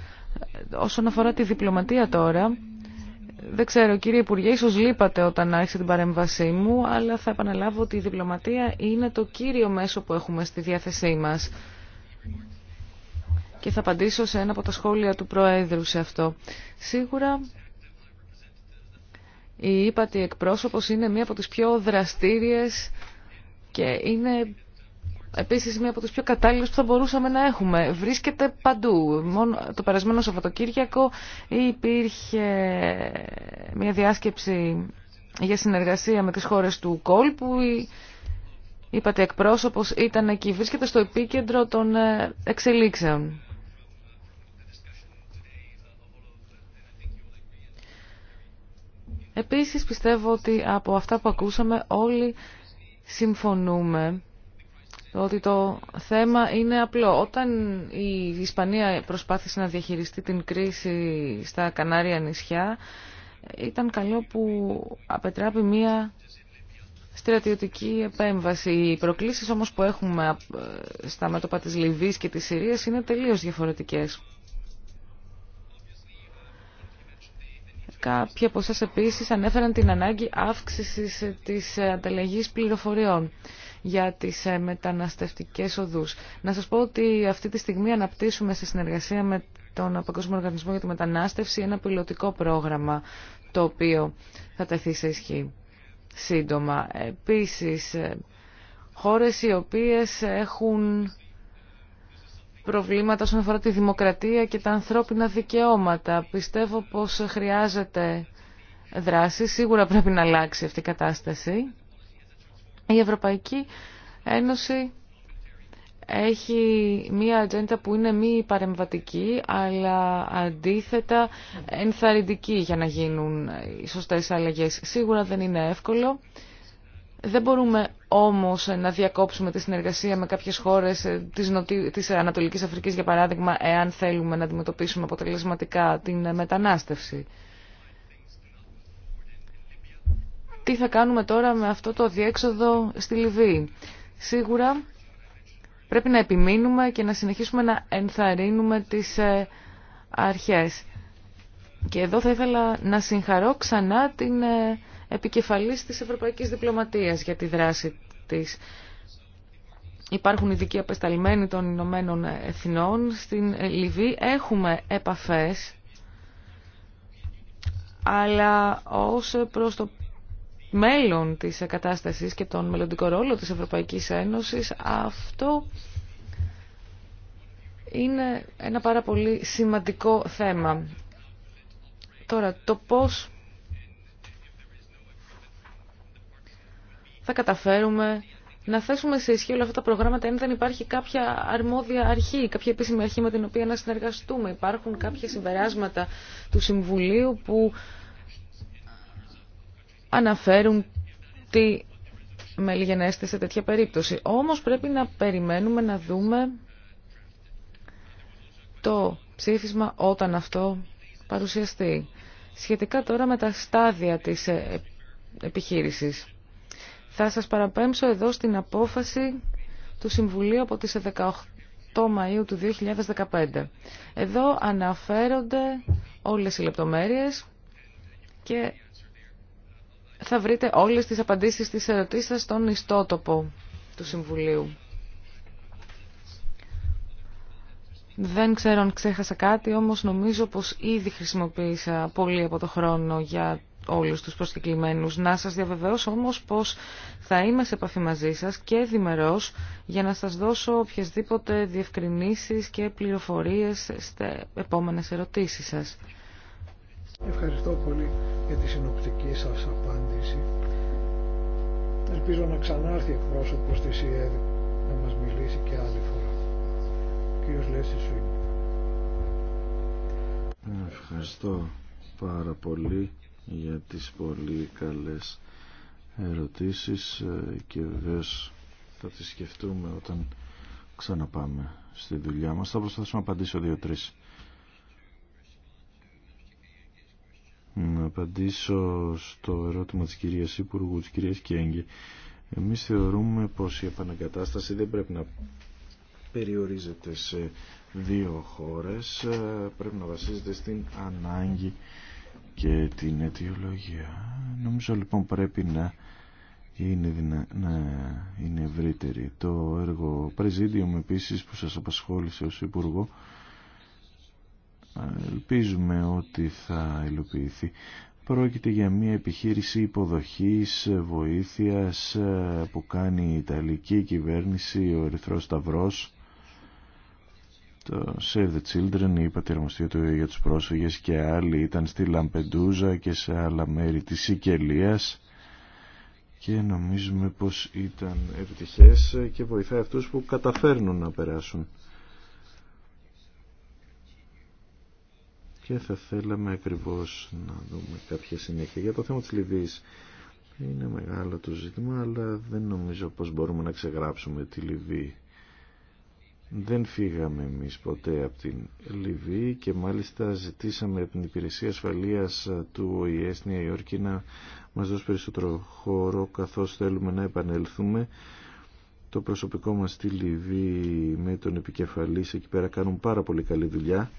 Όσον αφορά τη διπλωματία τώρα, δεν ξέρω κύριε Υπουργέ, ίσως λείπατε όταν άρχισε την παρέμβασή μου, αλλά θα επαναλάβω ότι η διπλωματία είναι το κύριο μέσο που έχουμε στη διάθεσή μας. Και θα απαντήσω σε ένα από τα σχόλια του Προέδρου σε αυτό. Σίγουρα η ύπατη εκπρόσωπος είναι μία από τις πιο δραστήριες και είναι επίσης μία από τις πιο κατάλληλες που θα μπορούσαμε να έχουμε. Βρίσκεται παντού. Μόνο το περασμένο Σαββατοκύριακο υπήρχε μία διάσκεψη για συνεργασία με τις χώρες του κόλπου. Η ύπατη εκπρόσωπος ήταν εκεί. Βρίσκεται στο επίκεντρο των ε, εξελίξεων. Επίσης πιστεύω ότι από αυτά που ακούσαμε όλοι συμφωνούμε ότι το θέμα είναι απλό. Όταν η Ισπανία προσπάθησε να διαχειριστεί την κρίση στα Κανάρια νησιά, ήταν καλό που απετράπει μία στρατιωτική επέμβαση. Οι προκλήσεις όμως που έχουμε ε, στα μέτωπα της Λιβύης και της Συρίας είναι τελείως διαφορετικές. Κάποιοι από εσάς επίσης ανέφεραν την ανάγκη αύξησης της ανταλλαγής πληροφοριών για τις ε, μεταναστευτικές οδούς. Να σας πω ότι αυτή τη στιγμή αναπτύσσουμε σε συνεργασία με τον Παγκόσμιο Οργανισμό για τη Μετανάστευση ένα πιλωτικό πρόγραμμα το οποίο θα τεθεί σε ισχύ σύντομα. Επίσης, ε, χώρες οι οποίες έχουν προβλήματα όσον αφορά τη δημοκρατία και τα ανθρώπινα δικαιώματα. Πιστεύω πως χρειάζεται δράση. Σίγουρα πρέπει να αλλάξει αυτή η κατάσταση. Η Ευρωπαϊκή Ένωση έχει μία ατζέντα που είναι μη παρεμβατική, αλλά αντίθετα ενθαρρυντική για να γίνουν οι σωστές αλλαγές. Σίγουρα δεν είναι εύκολο. Δεν μπορούμε όμως να διακόψουμε τη συνεργασία με κάποιες χώρες ε, της, Ανατολική της Ανατολικής Αφρικής, για παράδειγμα, εάν θέλουμε να αντιμετωπίσουμε αποτελεσματικά την ε, μετανάστευση. Τι θα κάνουμε τώρα με αυτό το διέξοδο στη Λιβύη. Σίγουρα πρέπει να επιμείνουμε και να συνεχίσουμε να ενθαρρύνουμε τις ε, αρχές. Και εδώ θα ήθελα να συγχαρώ ξανά την επικεφαλής της Ευρωπαϊκής Διπλωματίας για τη δράση της. Υπάρχουν ειδικοί απεσταλμένοι των Ηνωμένων Εθνών. Στην Λιβύη έχουμε επαφές, αλλά ως προς το μέλλον της κατάστασης και τον μελλοντικό ρόλο της Ευρωπαϊκής Ένωσης, αυτό είναι ένα πάρα πολύ σημαντικό θέμα. Τώρα, το πώς θα καταφέρουμε να θέσουμε σε ισχύ όλα αυτά τα προγράμματα αν δεν υπάρχει κάποια αρμόδια αρχή, κάποια επίσημη αρχή με την οποία να συνεργαστούμε. Υπάρχουν κάποια συμπεράσματα του Συμβουλίου που αναφέρουν τι μελιγενέστε σε τέτοια περίπτωση. Όμως πρέπει να περιμένουμε να δούμε το ψήφισμα όταν αυτό παρουσιαστεί. Σχετικά τώρα με τα στάδια της ε, επιχείρησης. Θα σας παραπέμψω εδώ στην απόφαση του Συμβουλίου από τις 18 Μαΐου του 2015. Εδώ αναφέρονται όλες οι λεπτομέρειες και θα βρείτε όλες τις απαντήσεις στις ερωτήσεις σας στον ιστότοπο του Συμβουλίου. Δεν ξέρω αν ξέχασα κάτι, όμως νομίζω πως ήδη χρησιμοποίησα πολύ από το χρόνο για όλους τους προσκεκλημένους. Να σας διαβεβαιώσω όμως πως θα είμαι σε επαφή μαζί σας και διμερός για να σας δώσω οποιασδήποτε διευκρινήσεις και πληροφορίες στις επόμενες ερωτήσεις σας. Ευχαριστώ πολύ για τη συνοπτική σας απάντηση. Ελπίζω να ξανάρθει εκπρόσωπος της ΙΕΔ να μας μιλήσει και άλλη φορά. Ο κύριος Λέσης Ευχαριστώ πάρα πολύ για τις πολύ καλές ερωτήσεις ε, και βεβαίω θα τις σκεφτούμε όταν ξαναπάμε στη δουλειά μας. Θα προσπαθήσω να απαντήσω δύο-τρεις. Να απαντήσω στο ερώτημα της κυρίας Υπουργού, της κυρίας Κέγγε. Εμείς θεωρούμε πως η επαναγκατάσταση δεν πρέπει να περιορίζεται σε δύο χώρες, ε, πρέπει να βασίζεται στην ανάγκη και την αιτιολογία. Νομίζω λοιπόν πρέπει να είναι, δυνα... να είναι ευρύτερη. Το έργο Presidium επίσης που σας απασχόλησε ως Υπουργό ελπίζουμε ότι θα υλοποιηθεί. Πρόκειται για μια επιχείρηση υποδοχής, βοήθειας ε, που κάνει η Ιταλική κυβέρνηση, ο Ερυθρός Σταυρός το Save the Children, η πατερμοστία του για τους πρόσφυγες και άλλοι ήταν στη Λαμπεντούζα και σε άλλα μέρη της Σικελίας και νομίζουμε πως ήταν επιτυχές και βοηθάει αυτούς που καταφέρνουν να περάσουν. Και θα θέλαμε ακριβώς να δούμε κάποια συνέχεια. Για το θέμα της Λιβύης είναι μεγάλο το ζήτημα, αλλά δεν νομίζω πως μπορούμε να ξεγράψουμε τη Λιβύη δεν φύγαμε εμεί ποτέ από την Λιβύη και μάλιστα ζητήσαμε από την Υπηρεσία Ασφαλείας του ΟΗΕ στη Νέα Υόρκη να μας δώσει περισσότερο χώρο καθώς θέλουμε να επανέλθουμε. Το προσωπικό μας στη Λιβύη με τον επικεφαλής εκεί πέρα κάνουν πάρα πολύ καλή δουλειά.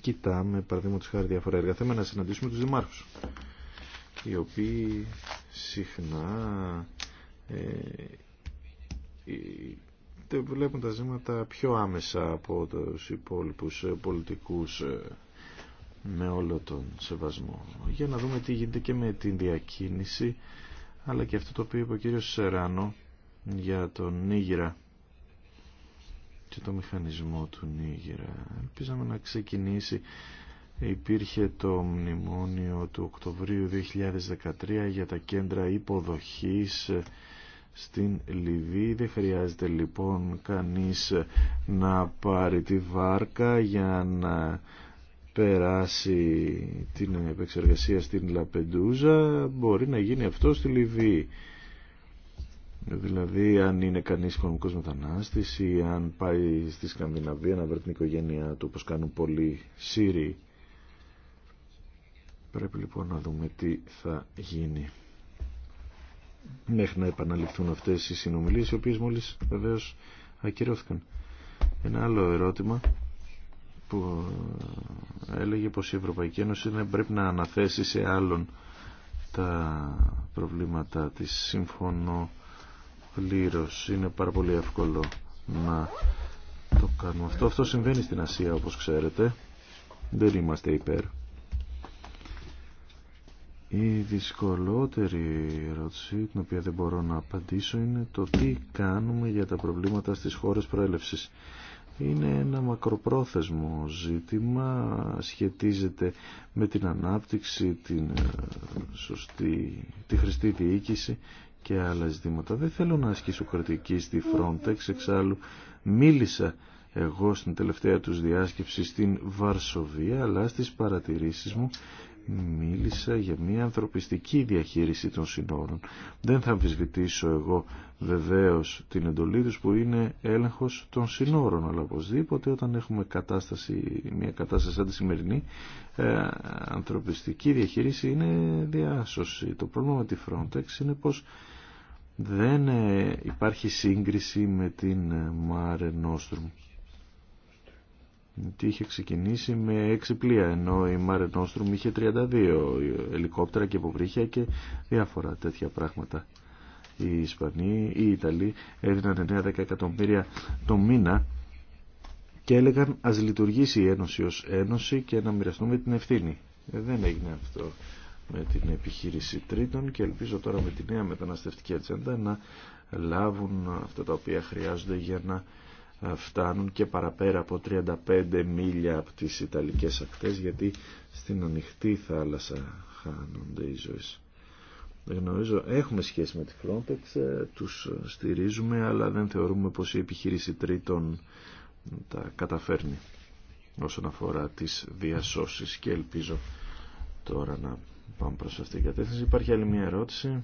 Κοιτάμε, παραδείγματος χάρη διάφορα έργα. να συναντήσουμε τους δημάρχους, οι οποίοι συχνά ε, βλέπουν τα ζήματα πιο άμεσα από τους υπόλοιπους ε, πολιτικούς ε, με όλο τον σεβασμό. Για να δούμε τι γίνεται και με την διακίνηση αλλά και αυτό το οποίο είπε ο κύριος Σεράνο για τον Νίγηρα και το μηχανισμό του Νίγηρα. Ελπίζαμε να ξεκινήσει. Υπήρχε το μνημόνιο του Οκτωβρίου 2013 για τα κέντρα υποδοχής ε, στην Λιβύη. Δεν χρειάζεται λοιπόν κανείς να πάρει τη βάρκα για να περάσει την επεξεργασία στην Λαπεντούζα. Μπορεί να γίνει αυτό στη Λιβύη. Δηλαδή αν είναι κανείς οικονομικός μετανάστης ή αν πάει στη Σκανδιναβία να βρει την οικογένειά του όπως κάνουν πολλοί Σύριοι. Πρέπει λοιπόν να δούμε τι θα γίνει μέχρι να επαναληφθούν αυτές οι συνομιλίες οι οποίες μόλις βεβαίως ακυρώθηκαν. Ένα άλλο ερώτημα που έλεγε πως η Ευρωπαϊκή Ένωση δεν πρέπει να αναθέσει σε άλλον τα προβλήματα της σύμφωνο πλήρως. Είναι πάρα πολύ εύκολο να το κάνουμε αυτό. Αυτό συμβαίνει στην Ασία όπως ξέρετε. Δεν είμαστε υπέρ η δυσκολότερη ερώτηση, την οποία δεν μπορώ να απαντήσω, είναι το τι κάνουμε για τα προβλήματα στις χώρες προέλευσης. Είναι ένα μακροπρόθεσμο ζήτημα, σχετίζεται με την ανάπτυξη, την ε, σωστή, τη χρηστή διοίκηση και άλλα ζητήματα. Δεν θέλω να ασκήσω κριτική στη Frontex, εξάλλου μίλησα εγώ στην τελευταία τους διάσκεψη στην Βαρσοβία, αλλά στις παρατηρήσεις μου μίλησα για μια ανθρωπιστική διαχείριση των συνόρων. Δεν θα αμφισβητήσω εγώ βεβαίως την εντολή τους που είναι έλεγχος των συνόρων, αλλά οπωσδήποτε όταν έχουμε κατάσταση, μια κατάσταση σαν τη σημερινή, ε, ανθρωπιστική διαχείριση είναι διάσωση. Το πρόβλημα με τη Frontex είναι πως δεν ε, υπάρχει σύγκριση με την ε, Mare Nostrum γιατί είχε ξεκινήσει με 6 πλοία ενώ η Μάρε Νόστρουμ είχε 32 ελικόπτερα και υποβρύχια και διάφορα τέτοια πράγματα οι Ισπανοί, οι Ιταλοί έδιναν 9-10 εκατομμύρια το μήνα και έλεγαν ας λειτουργήσει η Ένωση ως Ένωση και να μοιραστούμε την ευθύνη. Ε, δεν έγινε αυτό με την επιχείρηση τρίτων και ελπίζω τώρα με τη νέα μεταναστευτική ατζέντα να λάβουν αυτά τα οποία χρειάζονται για να φτάνουν και παραπέρα από 35 μίλια από τις Ιταλικές ακτές γιατί στην ανοιχτή θάλασσα χάνονται οι ζωές. Γνωρίζω, έχουμε σχέση με τη Frontex, ε, τους στηρίζουμε αλλά δεν θεωρούμε πως η επιχείρηση τρίτων τα καταφέρνει όσον αφορά τις διασώσεις και ελπίζω τώρα να πάμε προς αυτήν την κατεύθυνση. Υπάρχει άλλη μια ερώτηση.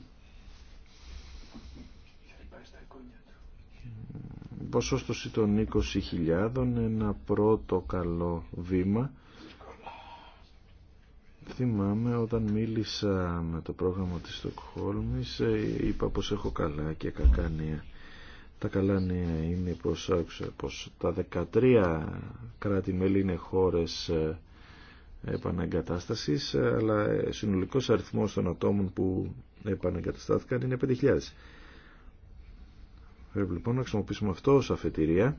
ποσόστοση των 20.000 ένα πρώτο καλό βήμα θυμάμαι όταν μίλησα με το πρόγραμμα της Στοκχόλμης ε, είπα πως έχω καλά και κακά νέα τα καλά νέα είναι πως άκουσα πως τα 13 κράτη-μέλη είναι χώρες ε, επαναγκατάστασης αλλά ε, συνολικός αριθμός των ατόμων που επαναγκαταστάθηκαν είναι 5.000 Πρέπει λοιπόν να χρησιμοποιήσουμε αυτό ως αφετηρία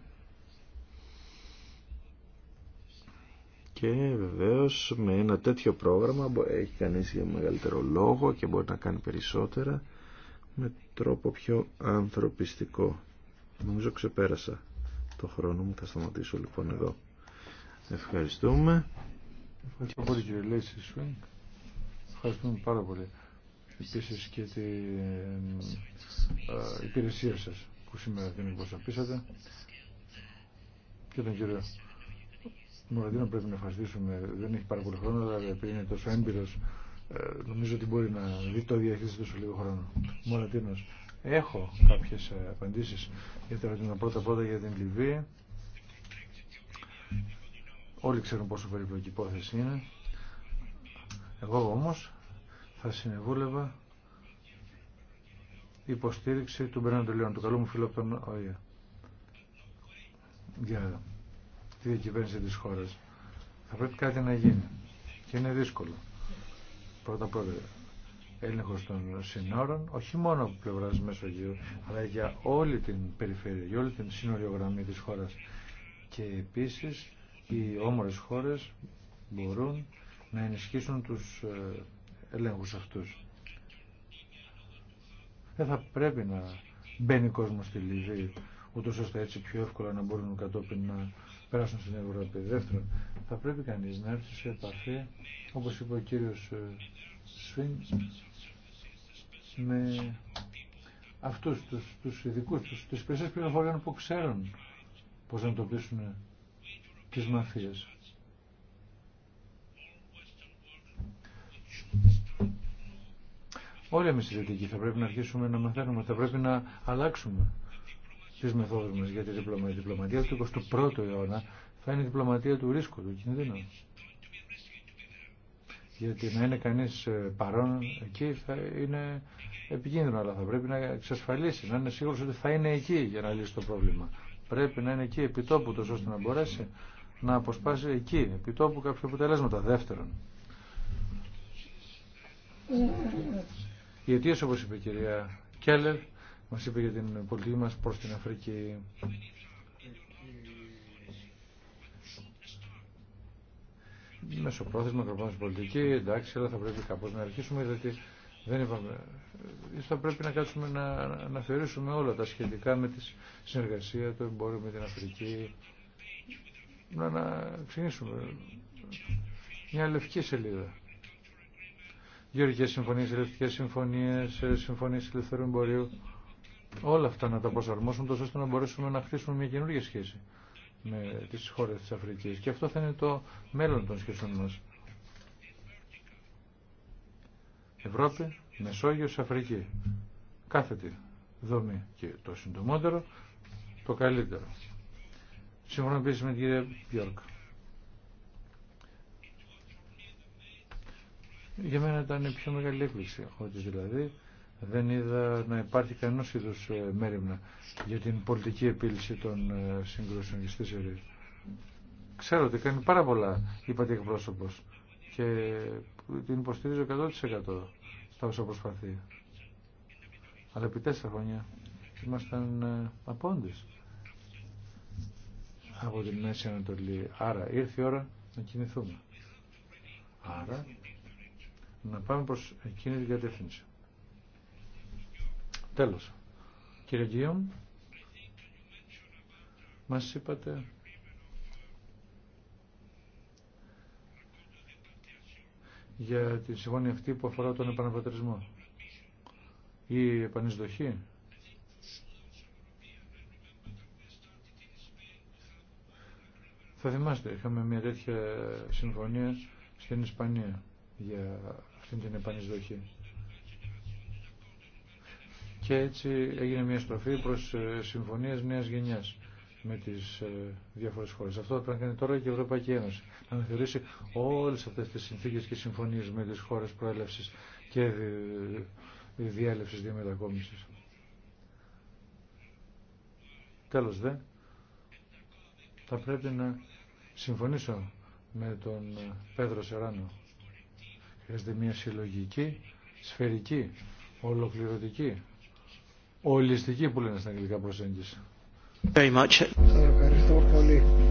και βεβαίως με ένα τέτοιο πρόγραμμα έχει κανείς για μεγαλύτερο λόγο και μπορεί να κάνει περισσότερα με τρόπο πιο ανθρωπιστικό. Νομίζω ξεπέρασα το χρόνο μου, θα σταματήσω λοιπόν εδώ. Ευχαριστούμε. Ευχαριστώ Ευχαριστούμε πάρα πολύ. Επίσης και την ε, ε, υπηρεσία σας που σήμερα την εκπροσωπήσατε και τον κύριο Μουραντίνο πρέπει να ευχαριστήσουμε. Δεν έχει πάρα πολύ χρόνο, αλλά επειδή είναι τόσο έμπειρο, ε, νομίζω ότι μπορεί να δει το διαχείριση τόσο λίγο χρόνο. Μουραντίνος έχω κάποιε απαντήσει για τα πρωτα πρώτα-πρώτα για την Λιβύη. Όλοι ξέρουν πόσο περίπλοκη υπόθεση είναι. Εγώ όμως θα συνεβούλευα υποστήριξη του Μπρέναντο του καλού μου φίλου από τον ΟΗΕ, για τη διακυβέρνηση της χώρας. Θα πρέπει κάτι να γίνει και είναι δύσκολο. Πρώτα απ' όλα έλεγχος των συνόρων, όχι μόνο από πλευρά Μεσογείου, αλλά για όλη την περιφέρεια, για όλη την γραμμή της χώρας. Και επίσης οι όμορες χώρες μπορούν να ενισχύσουν τους ε, ελέγχους αυτούς. Δεν θα πρέπει να μπαίνει κόσμο στη Λιβύη, ούτω ώστε έτσι πιο εύκολα να μπορούν κατόπιν να περάσουν στην Ευρώπη. Δεύτερον, θα πρέπει κανεί να έρθει σε επαφή, όπω είπε ο κύριο ε, Σφίν, με αυτούς τους, τους ειδικούς, τους, τις περισσότερες πληροφορίες που ξέρουν πώς να εντοπίσουν τις μαφίες. Όλοι εμεί οι Δυτικοί θα πρέπει να αρχίσουμε να μαθαίνουμε, θα πρέπει να αλλάξουμε τι μεθόδου μα για τη διπλωματία. Η διπλωματία του 21ου αιώνα θα είναι η διπλωματία του ρίσκου, του κινδύνου. Γιατί να είναι κανεί ε, παρόν εκεί θα είναι επικίνδυνο, αλλά θα πρέπει να εξασφαλίσει, να είναι σίγουρο ότι θα είναι εκεί για να λύσει το πρόβλημα. Πρέπει να είναι εκεί επιτόπου τόσο ώστε να μπορέσει να αποσπάσει εκεί επιτόπου κάποια αποτελέσματα. Δεύτερον, οι αιτίες, όπως είπε η κυρία Κέλλερ, μας είπε για την πολιτική μας προς την Αφρική. Μεσοπρόθεσμα, προπόνηση πολιτική, εντάξει, αλλά θα πρέπει κάπως να αρχίσουμε, γιατί δεν είπαμε. Θα πρέπει να κάτσουμε να αναφερήσουμε όλα τα σχετικά με τη συνεργασία, το εμπόριο με την Αφρική, να, να ξεκινήσουμε μια λευκή σελίδα γεωργικές συμφωνίες, ελευθερικές συμφωνίες, ε, συμφωνίες ελευθερού εμπορίου. Όλα αυτά να τα προσαρμόσουμε τόσο ώστε να μπορέσουμε να χτίσουμε μια καινούργια σχέση με τις χώρες της Αφρικής. Και αυτό θα είναι το μέλλον των σχέσεων μας. Ευρώπη, Μεσόγειος, Αφρική. Κάθετη δομή και το συντομότερο, το καλύτερο. Συμφωνώ επίσης με την κυρία Πιόρκα. Για μένα ήταν η πιο μεγάλη έκπληξη ότι δηλαδή δεν είδα να υπάρχει κανένας είδου ε, μέρημνα για την πολιτική επίλυση των ε, συγκρούσεων και Ξέρω ότι κάνει πάρα πολλά, είπατε εκπρόσωπο. και την υποστηρίζω 100% στα όσα προσπαθεί. Αλλά επί τέσσερα χρόνια ήμασταν ε, απόντε από την Μέση Ανατολή. Άρα ήρθε η ώρα να κινηθούμε. Άρα να πάμε προς εκείνη την κατεύθυνση. Τέλος. Κύριε Γκίον, μας είπατε για τη συμφωνία αυτή που αφορά τον επαναπατρισμό ή επανεισδοχή. Θα θυμάστε, είχαμε μια τέτοια συμφωνία στην Ισπανία για την επανεισδοχή. Και έτσι έγινε μια στροφή προς ε, συμφωνίες νέας γενιάς με τις ε, διάφορες χώρες. Αυτό πρέπει να κάνει τώρα και η Ευρωπαϊκή Ένωση. Να θεωρήσει όλες αυτές τις συνθήκες και συμφωνίες με τις χώρες προέλευσης και ε, διέλευσης διαμετακόμισης. Τέλος δε, θα πρέπει να συμφωνήσω με τον Πέδρο Σεράνο Χρειάζεται μια συλλογική, σφαιρική, ολοκληρωτική, ολιστική που λένε στα αγγλικά προσέγγιση. ευχαριστώ πολύ.